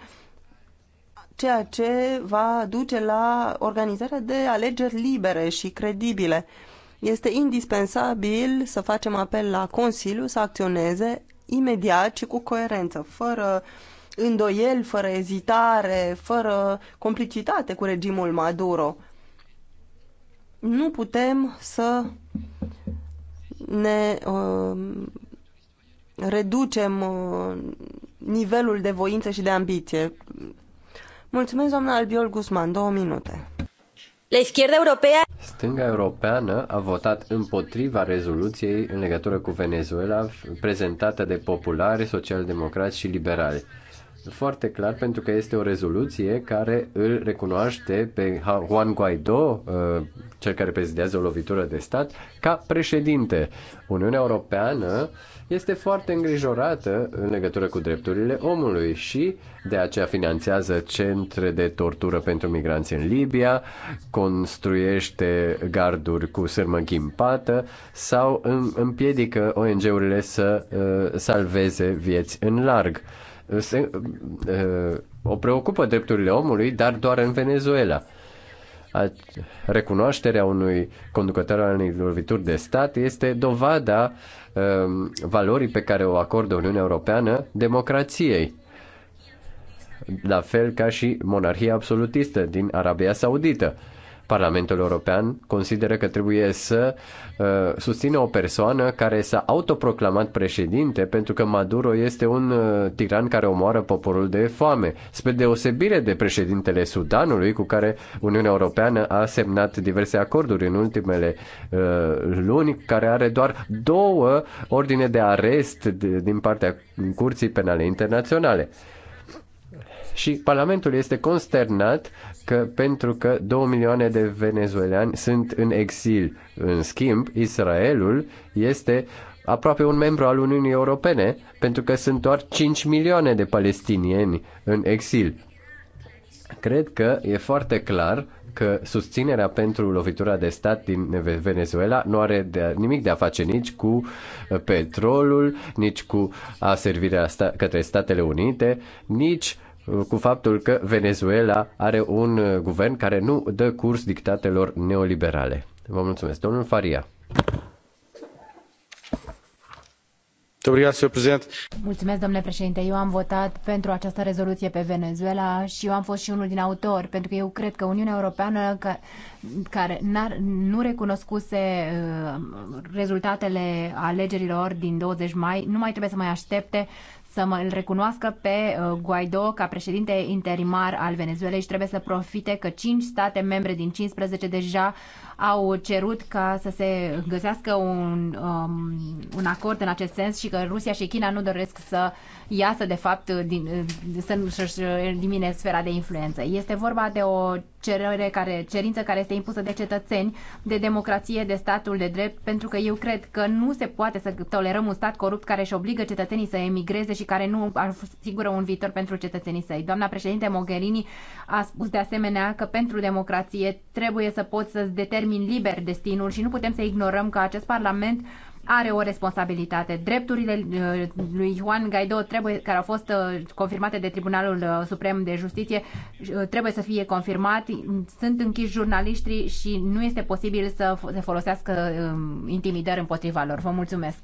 S8: ceea ce va duce la organizarea de alegeri libere și credibile. Uh, este indispensabil să facem apel la Consiliu să acționeze imediat și cu coerență, fără îndoieli, fără ezitare, fără complicitate cu regimul Maduro. Nu putem să ne uh, reducem uh, nivelul de voință și de ambiție. Mulțumesc, doamna Albiol Guzman. Două minute. La izquierda europea...
S10: Stânga europeană a votat împotriva rezoluției în legătură cu Venezuela prezentată de populare, socialdemocrați și liberali. Foarte clar, pentru că este o rezoluție care îl recunoaște pe Juan Guaido, uh, cel care prezidează o lovitură de stat, ca președinte. Uniunea Europeană este foarte îngrijorată în legătură cu drepturile omului și de aceea finanțează centre de tortură pentru migranți în Libia, construiește garduri cu sârmă ghimpată sau împiedică ONG-urile să uh, salveze vieți în larg. Se, uh, o preocupă drepturile omului, dar doar în Venezuela a, recunoașterea unui conducător al unei lovituri de stat este dovada Um, valorii pe care o acordă Uniunea Europeană democrației, la fel ca și monarhia absolutistă din Arabia Saudită. Parlamentul European consideră că trebuie să uh, susțină o persoană care s-a autoproclamat președinte pentru că Maduro este un uh, tiran care omoară poporul de foame, spre deosebire de președintele Sudanului cu care Uniunea Europeană a semnat diverse acorduri în ultimele uh, luni, care are doar două ordine de arest de, din partea Curții Penale Internaționale. Și Parlamentul este consternat că pentru că 2 milioane de venezuelani sunt în exil. În schimb, Israelul este aproape un membru al Uniunii Europene, pentru că sunt doar 5 milioane de palestinieni în exil. Cred că e foarte clar că susținerea pentru lovitura de stat din Venezuela nu are de, nimic de a face nici cu petrolul, nici cu aservirea sta- către Statele Unite, nici uh, cu faptul că Venezuela are un uh, guvern care nu dă curs dictatelor neoliberale. Vă mulțumesc. Domnul Faria.
S9: Mulțumesc, domnule președinte. Eu am votat pentru această rezoluție pe Venezuela și eu am fost și unul din autori, pentru că eu cred că Uniunea Europeană, care nu recunoscuse uh, rezultatele alegerilor din 20 mai, nu mai trebuie să mai aștepte să mă, îl recunoască pe uh, Guaido ca președinte interimar al Venezuelei și trebuie să profite că 5 state membre din 15 deja au cerut ca să se găsească un, um, un acord în acest sens și că Rusia și China nu doresc să iasă de fapt din, uh, să-și elimine sfera de influență. Este vorba de o cerere care, cerință care este impusă de cetățeni, de democrație, de statul de drept, pentru că eu cred că nu se poate să tolerăm un stat corupt care își obligă cetățenii să emigreze și care nu asigură un viitor pentru cetățenii săi. Doamna președinte Mogherini a spus de asemenea că pentru democrație trebuie să poți să-ți determini liber destinul și nu putem să ignorăm că acest parlament are o responsabilitate. Drepturile uh, lui Juan Guaido, trebuie, care au fost uh, confirmate de Tribunalul uh, Suprem de Justiție, trebuie să fie confirmat. Sunt închiși jurnaliștii și nu este posibil să se folosească um, intimidări împotriva lor. Vă mulțumesc!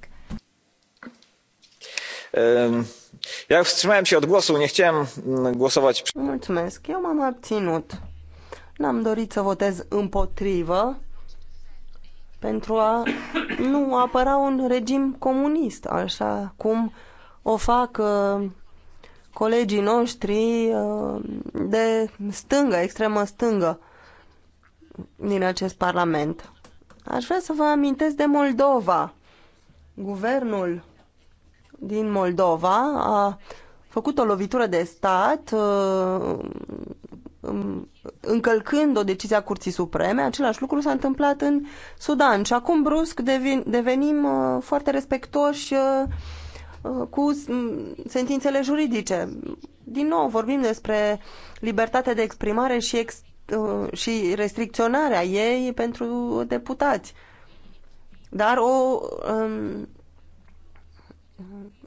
S1: Um, ja wstrzymałem się od głosu, nie
S8: chciałem mm, głosować. Mulțumesc, eu m-am abținut. N-am dorit să votez împotrivă, pentru a nu apăra un regim comunist, așa cum o fac uh, colegii noștri uh, de stângă, extremă stângă din acest parlament. Aș vrea să vă amintesc de Moldova. Guvernul din Moldova a făcut o lovitură de stat uh, încălcând o decizie a Curții Supreme. Același lucru s-a întâmplat în Sudan și acum brusc devin, devenim uh, foarte respectoși uh, uh, cu mm, sentințele juridice. Din nou vorbim despre libertatea de exprimare și, ex, și restricționarea ei pentru deputați. Dar o um,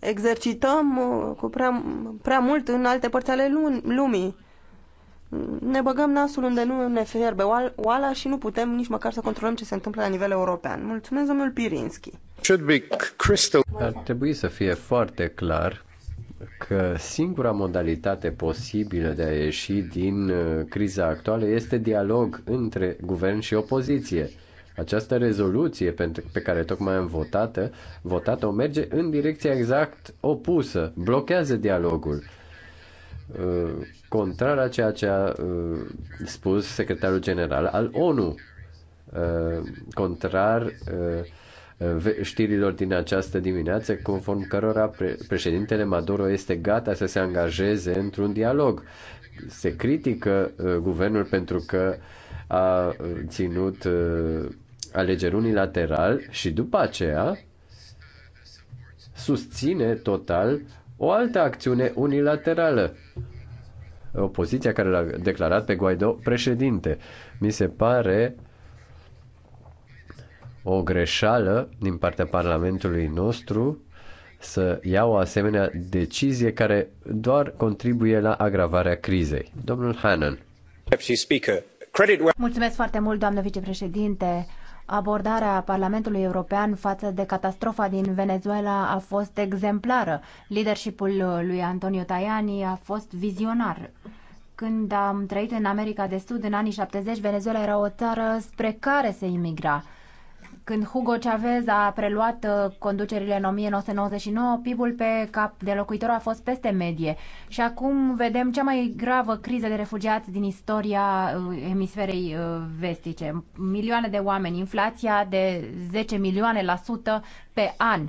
S8: exercităm cu prea, prea mult în alte părți ale lumii ne băgăm nasul unde nu ne fierbe oala și nu putem nici măcar să controlăm ce se întâmplă la nivel european. Mulțumesc, domnul Pirinski.
S10: Ar trebui să fie foarte clar că singura modalitate posibilă de a ieși din uh, criza actuală este dialog între guvern și opoziție. Această rezoluție pe care tocmai am votat-o votat merge în direcția exact opusă, blochează dialogul Uh, contrar a ceea ce a uh, spus secretarul general al ONU, uh, contrar știrilor din această dimineață, conform cărora președintele Maduro este gata să se angajeze într-un dialog. Se critică guvernul pentru că a ținut alegeri unilateral și după aceea susține total o altă acțiune unilaterală. Opoziția care l-a declarat pe Guaido președinte. Mi se pare o greșeală din partea Parlamentului nostru să ia o asemenea decizie care doar contribuie la agravarea crizei. Domnul Hannan.
S9: Mulțumesc foarte mult, doamnă vicepreședinte. Abordarea Parlamentului European față de catastrofa din Venezuela a fost exemplară. Leadershipul lui Antonio Tajani a fost vizionar. Când am trăit în America de Sud în anii 70, Venezuela era o țară spre care se imigra. Când Hugo Chavez a preluat uh, conducerile în 1999, PIB-ul pe cap de locuitor a fost peste medie și acum vedem cea mai gravă criză de refugiați din istoria uh, emisferei uh, vestice. Milioane de oameni, inflația de 10 milioane la sută pe an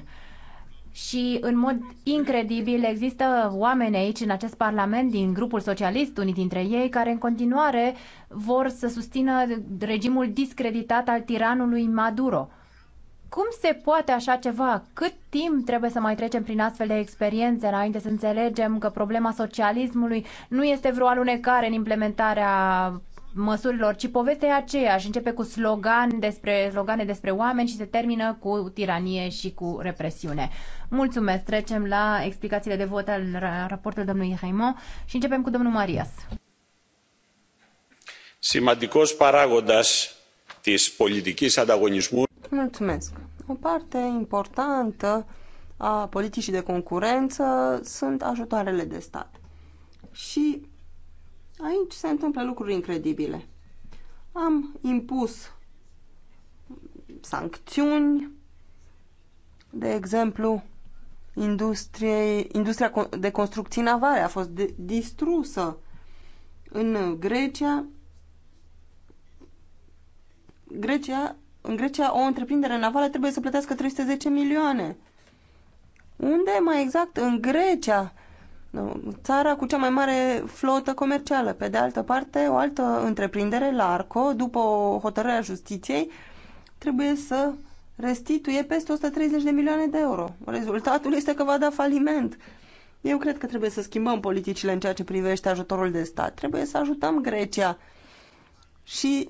S9: și în mod incredibil există oameni aici în acest parlament din grupul socialist, unii dintre ei, care în continuare vor să susțină regimul discreditat al tiranului Maduro. Cum se poate așa ceva? Cât timp trebuie să mai trecem prin astfel de experiențe înainte să înțelegem că problema socialismului nu este vreo alunecare în implementarea măsurilor, ci povestea aceeași. Începe cu slogan despre, slogane despre oameni și se termină cu tiranie și cu represiune. Mulțumesc. Trecem la explicațiile de vot al raportului domnului Raimond și începem cu domnul Marias.
S1: Σημαντικός παράγοντας της πολιτικής ανταγωνισμού.
S8: Mulțumesc. O parte importantă a politicii de concurență sunt ajutoarele de stat. Și Aici se întâmplă lucruri incredibile. Am impus sancțiuni, de exemplu, industrie, industria de construcții navale a fost de, distrusă în Grecia. Grecia, în Grecia o întreprindere navală trebuie să plătească 310 milioane. Unde mai exact? În Grecia țara cu cea mai mare flotă comercială. Pe de altă parte, o altă întreprindere, Larco, după o hotărâre a justiției, trebuie să restituie peste 130 de milioane de euro. Rezultatul este că va da faliment. Eu cred că trebuie să schimbăm politicile în ceea ce privește ajutorul de stat. Trebuie să ajutăm Grecia și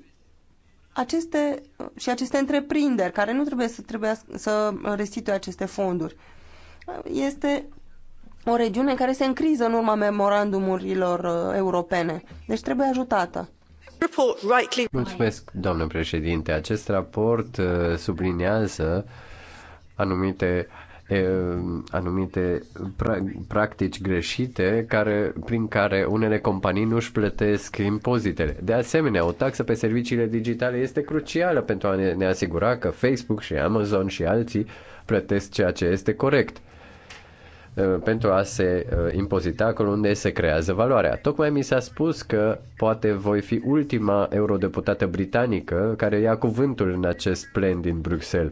S8: aceste, și aceste întreprinderi care nu trebuie să, trebuie să restituie aceste fonduri. Este o regiune care se încriză în urma memorandumurilor uh, europene. Deci trebuie ajutată.
S10: Mulțumesc, doamnă președinte. Acest raport uh, sublinează anumite anumite practici greșite care, prin care unele companii nu își plătesc impozitele. De asemenea, o taxă pe serviciile digitale este crucială pentru a ne, ne asigura că Facebook și Amazon și alții plătesc ceea ce este corect. Uh, pentru a se uh, impozita acolo unde se creează valoarea. Tocmai mi s-a spus că poate voi fi ultima eurodeputată britanică care ia cuvântul în acest plen din Bruxelles.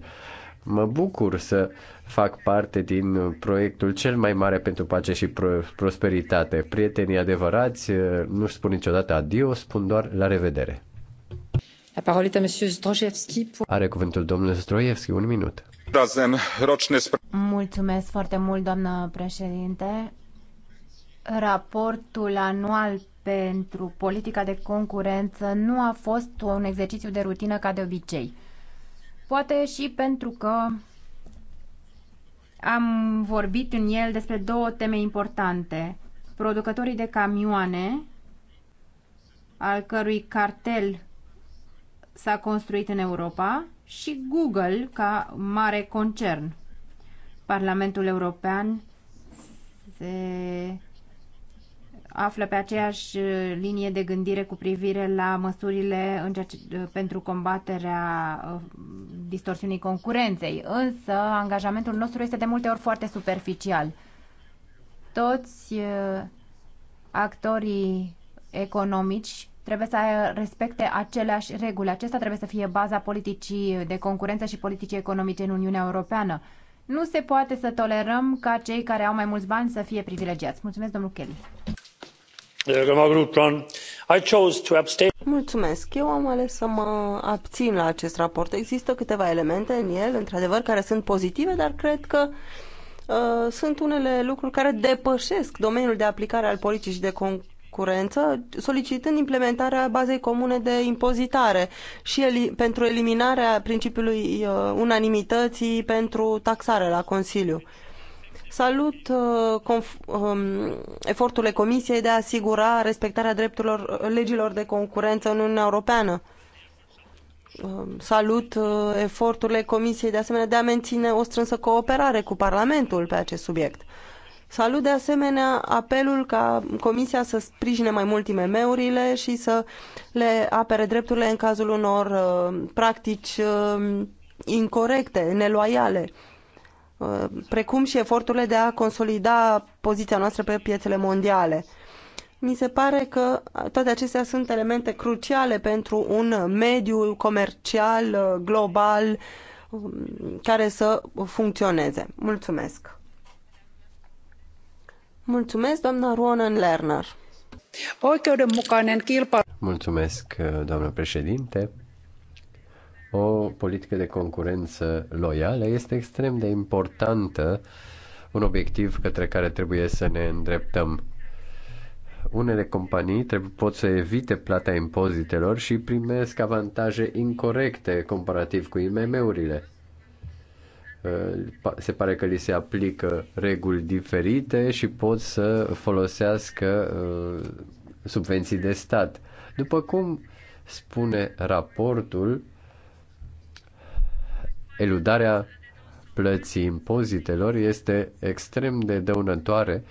S10: Mă bucur să fac parte din proiectul cel mai mare pentru pace și prosperitate. Prietenii adevărați uh, nu spun niciodată adio, spun doar la revedere. La monsieur Are cuvântul domnul Zdrojewski, un minut.
S9: Mulțumesc foarte mult, doamnă președinte. Raportul anual pentru politica de concurență nu a fost un exercițiu de rutină ca de obicei. Poate și pentru că am vorbit în el despre două teme importante. Producătorii de camioane, al cărui cartel s-a construit în Europa, și Google ca mare concern. Parlamentul European se află pe aceeași linie de gândire cu privire la măsurile pentru combaterea uh, distorsiunii concurenței, însă angajamentul nostru este de multe ori foarte superficial. Toți uh, actorii economici trebuie să respecte aceleași reguli. Acesta trebuie să fie baza politicii de concurență și politicii economice în Uniunea Europeană. Nu se poate să tolerăm ca cei care au mai mulți bani să fie privilegiați. Mulțumesc, domnul Kelly.
S8: Mulțumesc. Eu am ales să mă abțin la acest raport. Există câteva elemente în el, într-adevăr, care sunt pozitive, dar cred că uh, sunt unele lucruri care depășesc domeniul de aplicare al politicii de concurență concurență, solicitând implementarea bazei comune de impozitare și el, pentru eliminarea principiului uh, unanimității pentru taxare la Consiliu. Salut uh, conf, um, eforturile Comisiei de a asigura respectarea drepturilor legilor de concurență în Uniunea Europeană. Um, salut uh, eforturile Comisiei de asemenea de a menține o strânsă cooperare cu Parlamentul pe acest subiect. Uh, Salut de asemenea apelul ca Comisia să sprijine mai mult IMM-urile și să le apere drepturile în cazul unor uh, practici um, incorrecte, neloiale, uh, precum și eforturile de a consolida poziția noastră pe piețele mondiale. Mi se pare că toate acestea sunt elemente cruciale pentru un mediu comercial uh, global um, care să funcționeze. Mulțumesc! Mulțumesc, doamna Ruonen Lerner.
S10: Mulțumesc, doamnă președinte. O politică de concurență loială este extrem de importantă, un obiectiv către care trebuie să ne îndreptăm. Unele companii trebuie, pot să evite plata impozitelor și primesc avantaje incorrecte comparativ cu IMM-urile Uh, se pare că li se aplică reguli diferite și pot să folosească uh, subvenții de stat. După cum spune raportul, eludarea plății impozitelor este extrem de dăunătoare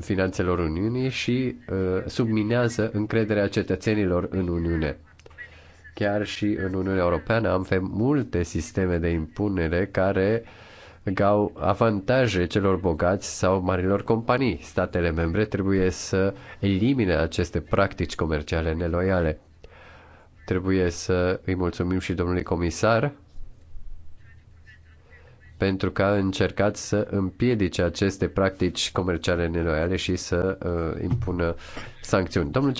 S10: finanțelor Uniunii și uh, subminează încrederea cetățenilor în Uniune. Chiar și în Uniunea Europeană am avem multe sisteme de impunere care au avantaje celor bogați sau marilor companii. Statele membre trebuie să elimine aceste practici comerciale neloiale. Trebuie să îi mulțumim și domnului comisar pentru că a încercat să împiedice aceste practici comerciale neloiale și să uh, impună sancțiuni. Domnul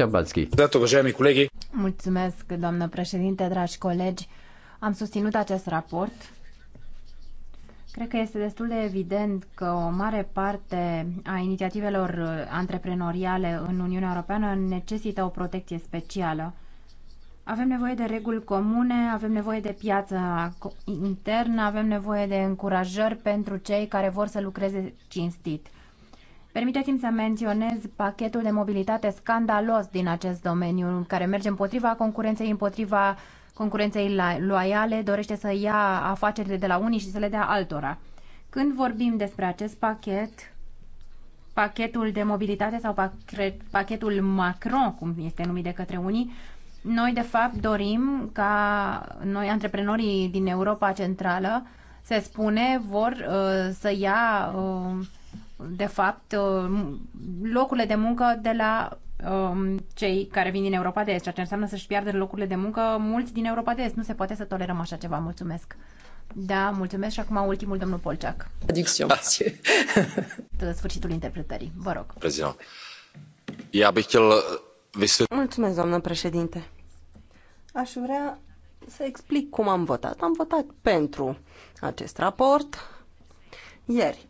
S10: colegi.
S9: Mulțumesc, doamnă președinte, dragi colegi. Am susținut acest raport. Cred că este destul de evident că o mare parte a inițiativelor uh, antreprenoriale în Uniunea Europeană necesită o protecție specială avem nevoie de reguli comune, avem nevoie de piață internă, avem nevoie de încurajări pentru cei care vor să lucreze cinstit. Permiteți-mi să menționez pachetul de mobilitate scandalos din acest domeniu, care merge împotriva concurenței, împotriva concurenței loiale, dorește să ia afacerile de la unii și să le dea altora. Când vorbim despre acest pachet, pachetul de mobilitate sau pachetul Macron, cum este numit de către unii, noi, de fapt, dorim ca noi, antreprenorii din Europa Centrală, se spune, vor uh, să ia, uh, de fapt, uh, locurile de muncă de la um, cei care vin din Europa de Est, ceea ce înseamnă să-și piardă locurile de muncă mulți din Europa de Est. Nu se poate să tolerăm așa ceva. Mulțumesc. Da, mulțumesc și acum ultimul, domnul Polceac. Adicțion. Sfârșitul interpretării. Vă rog.
S8: Mulțumesc, doamnă președinte Aș vrea să explic cum am votat. Am votat pentru acest raport ieri.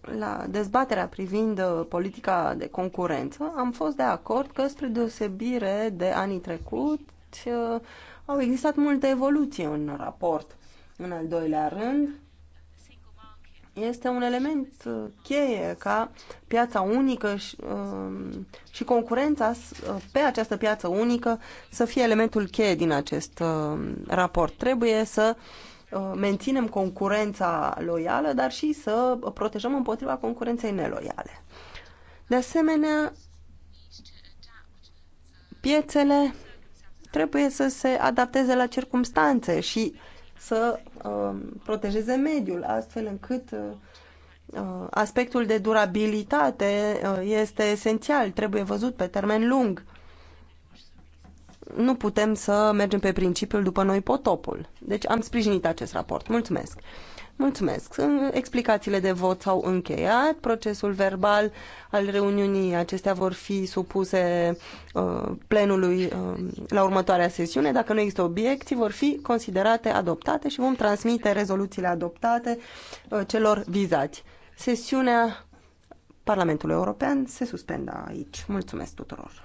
S8: La dezbaterea privind uh, politica de concurență, am fost de acord că, spre deosebire de anii trecuți, uh, au existat multe evoluții în raport. În al doilea rând, este un element uh, cheie ca piața unică și, um, și concurența uh, pe această piață unică să fie elementul cheie din acest uh, raport. Trebuie să menținem concurența loială, dar și să protejăm împotriva concurenței neloiale. De asemenea, piețele trebuie să se adapteze la circumstanțe și uh, să um, protejeze mediul, astfel încât uh, uh, aspectul de durabilitate uh, este esențial, trebuie văzut pe termen lung. Nu putem să mergem pe principiul după noi potopul. Deci am sprijinit acest raport. Mulțumesc! Mulțumesc. Explicațiile de vot s-au încheiat. Procesul verbal al reuniunii acestea vor fi supuse uh, plenului uh, la următoarea sesiune. Dacă nu există obiecții, vor fi considerate adoptate și vom transmite rezoluțiile adoptate uh, celor vizați. Sesiunea Parlamentului European se suspendă aici.
S3: Mulțumesc tuturor!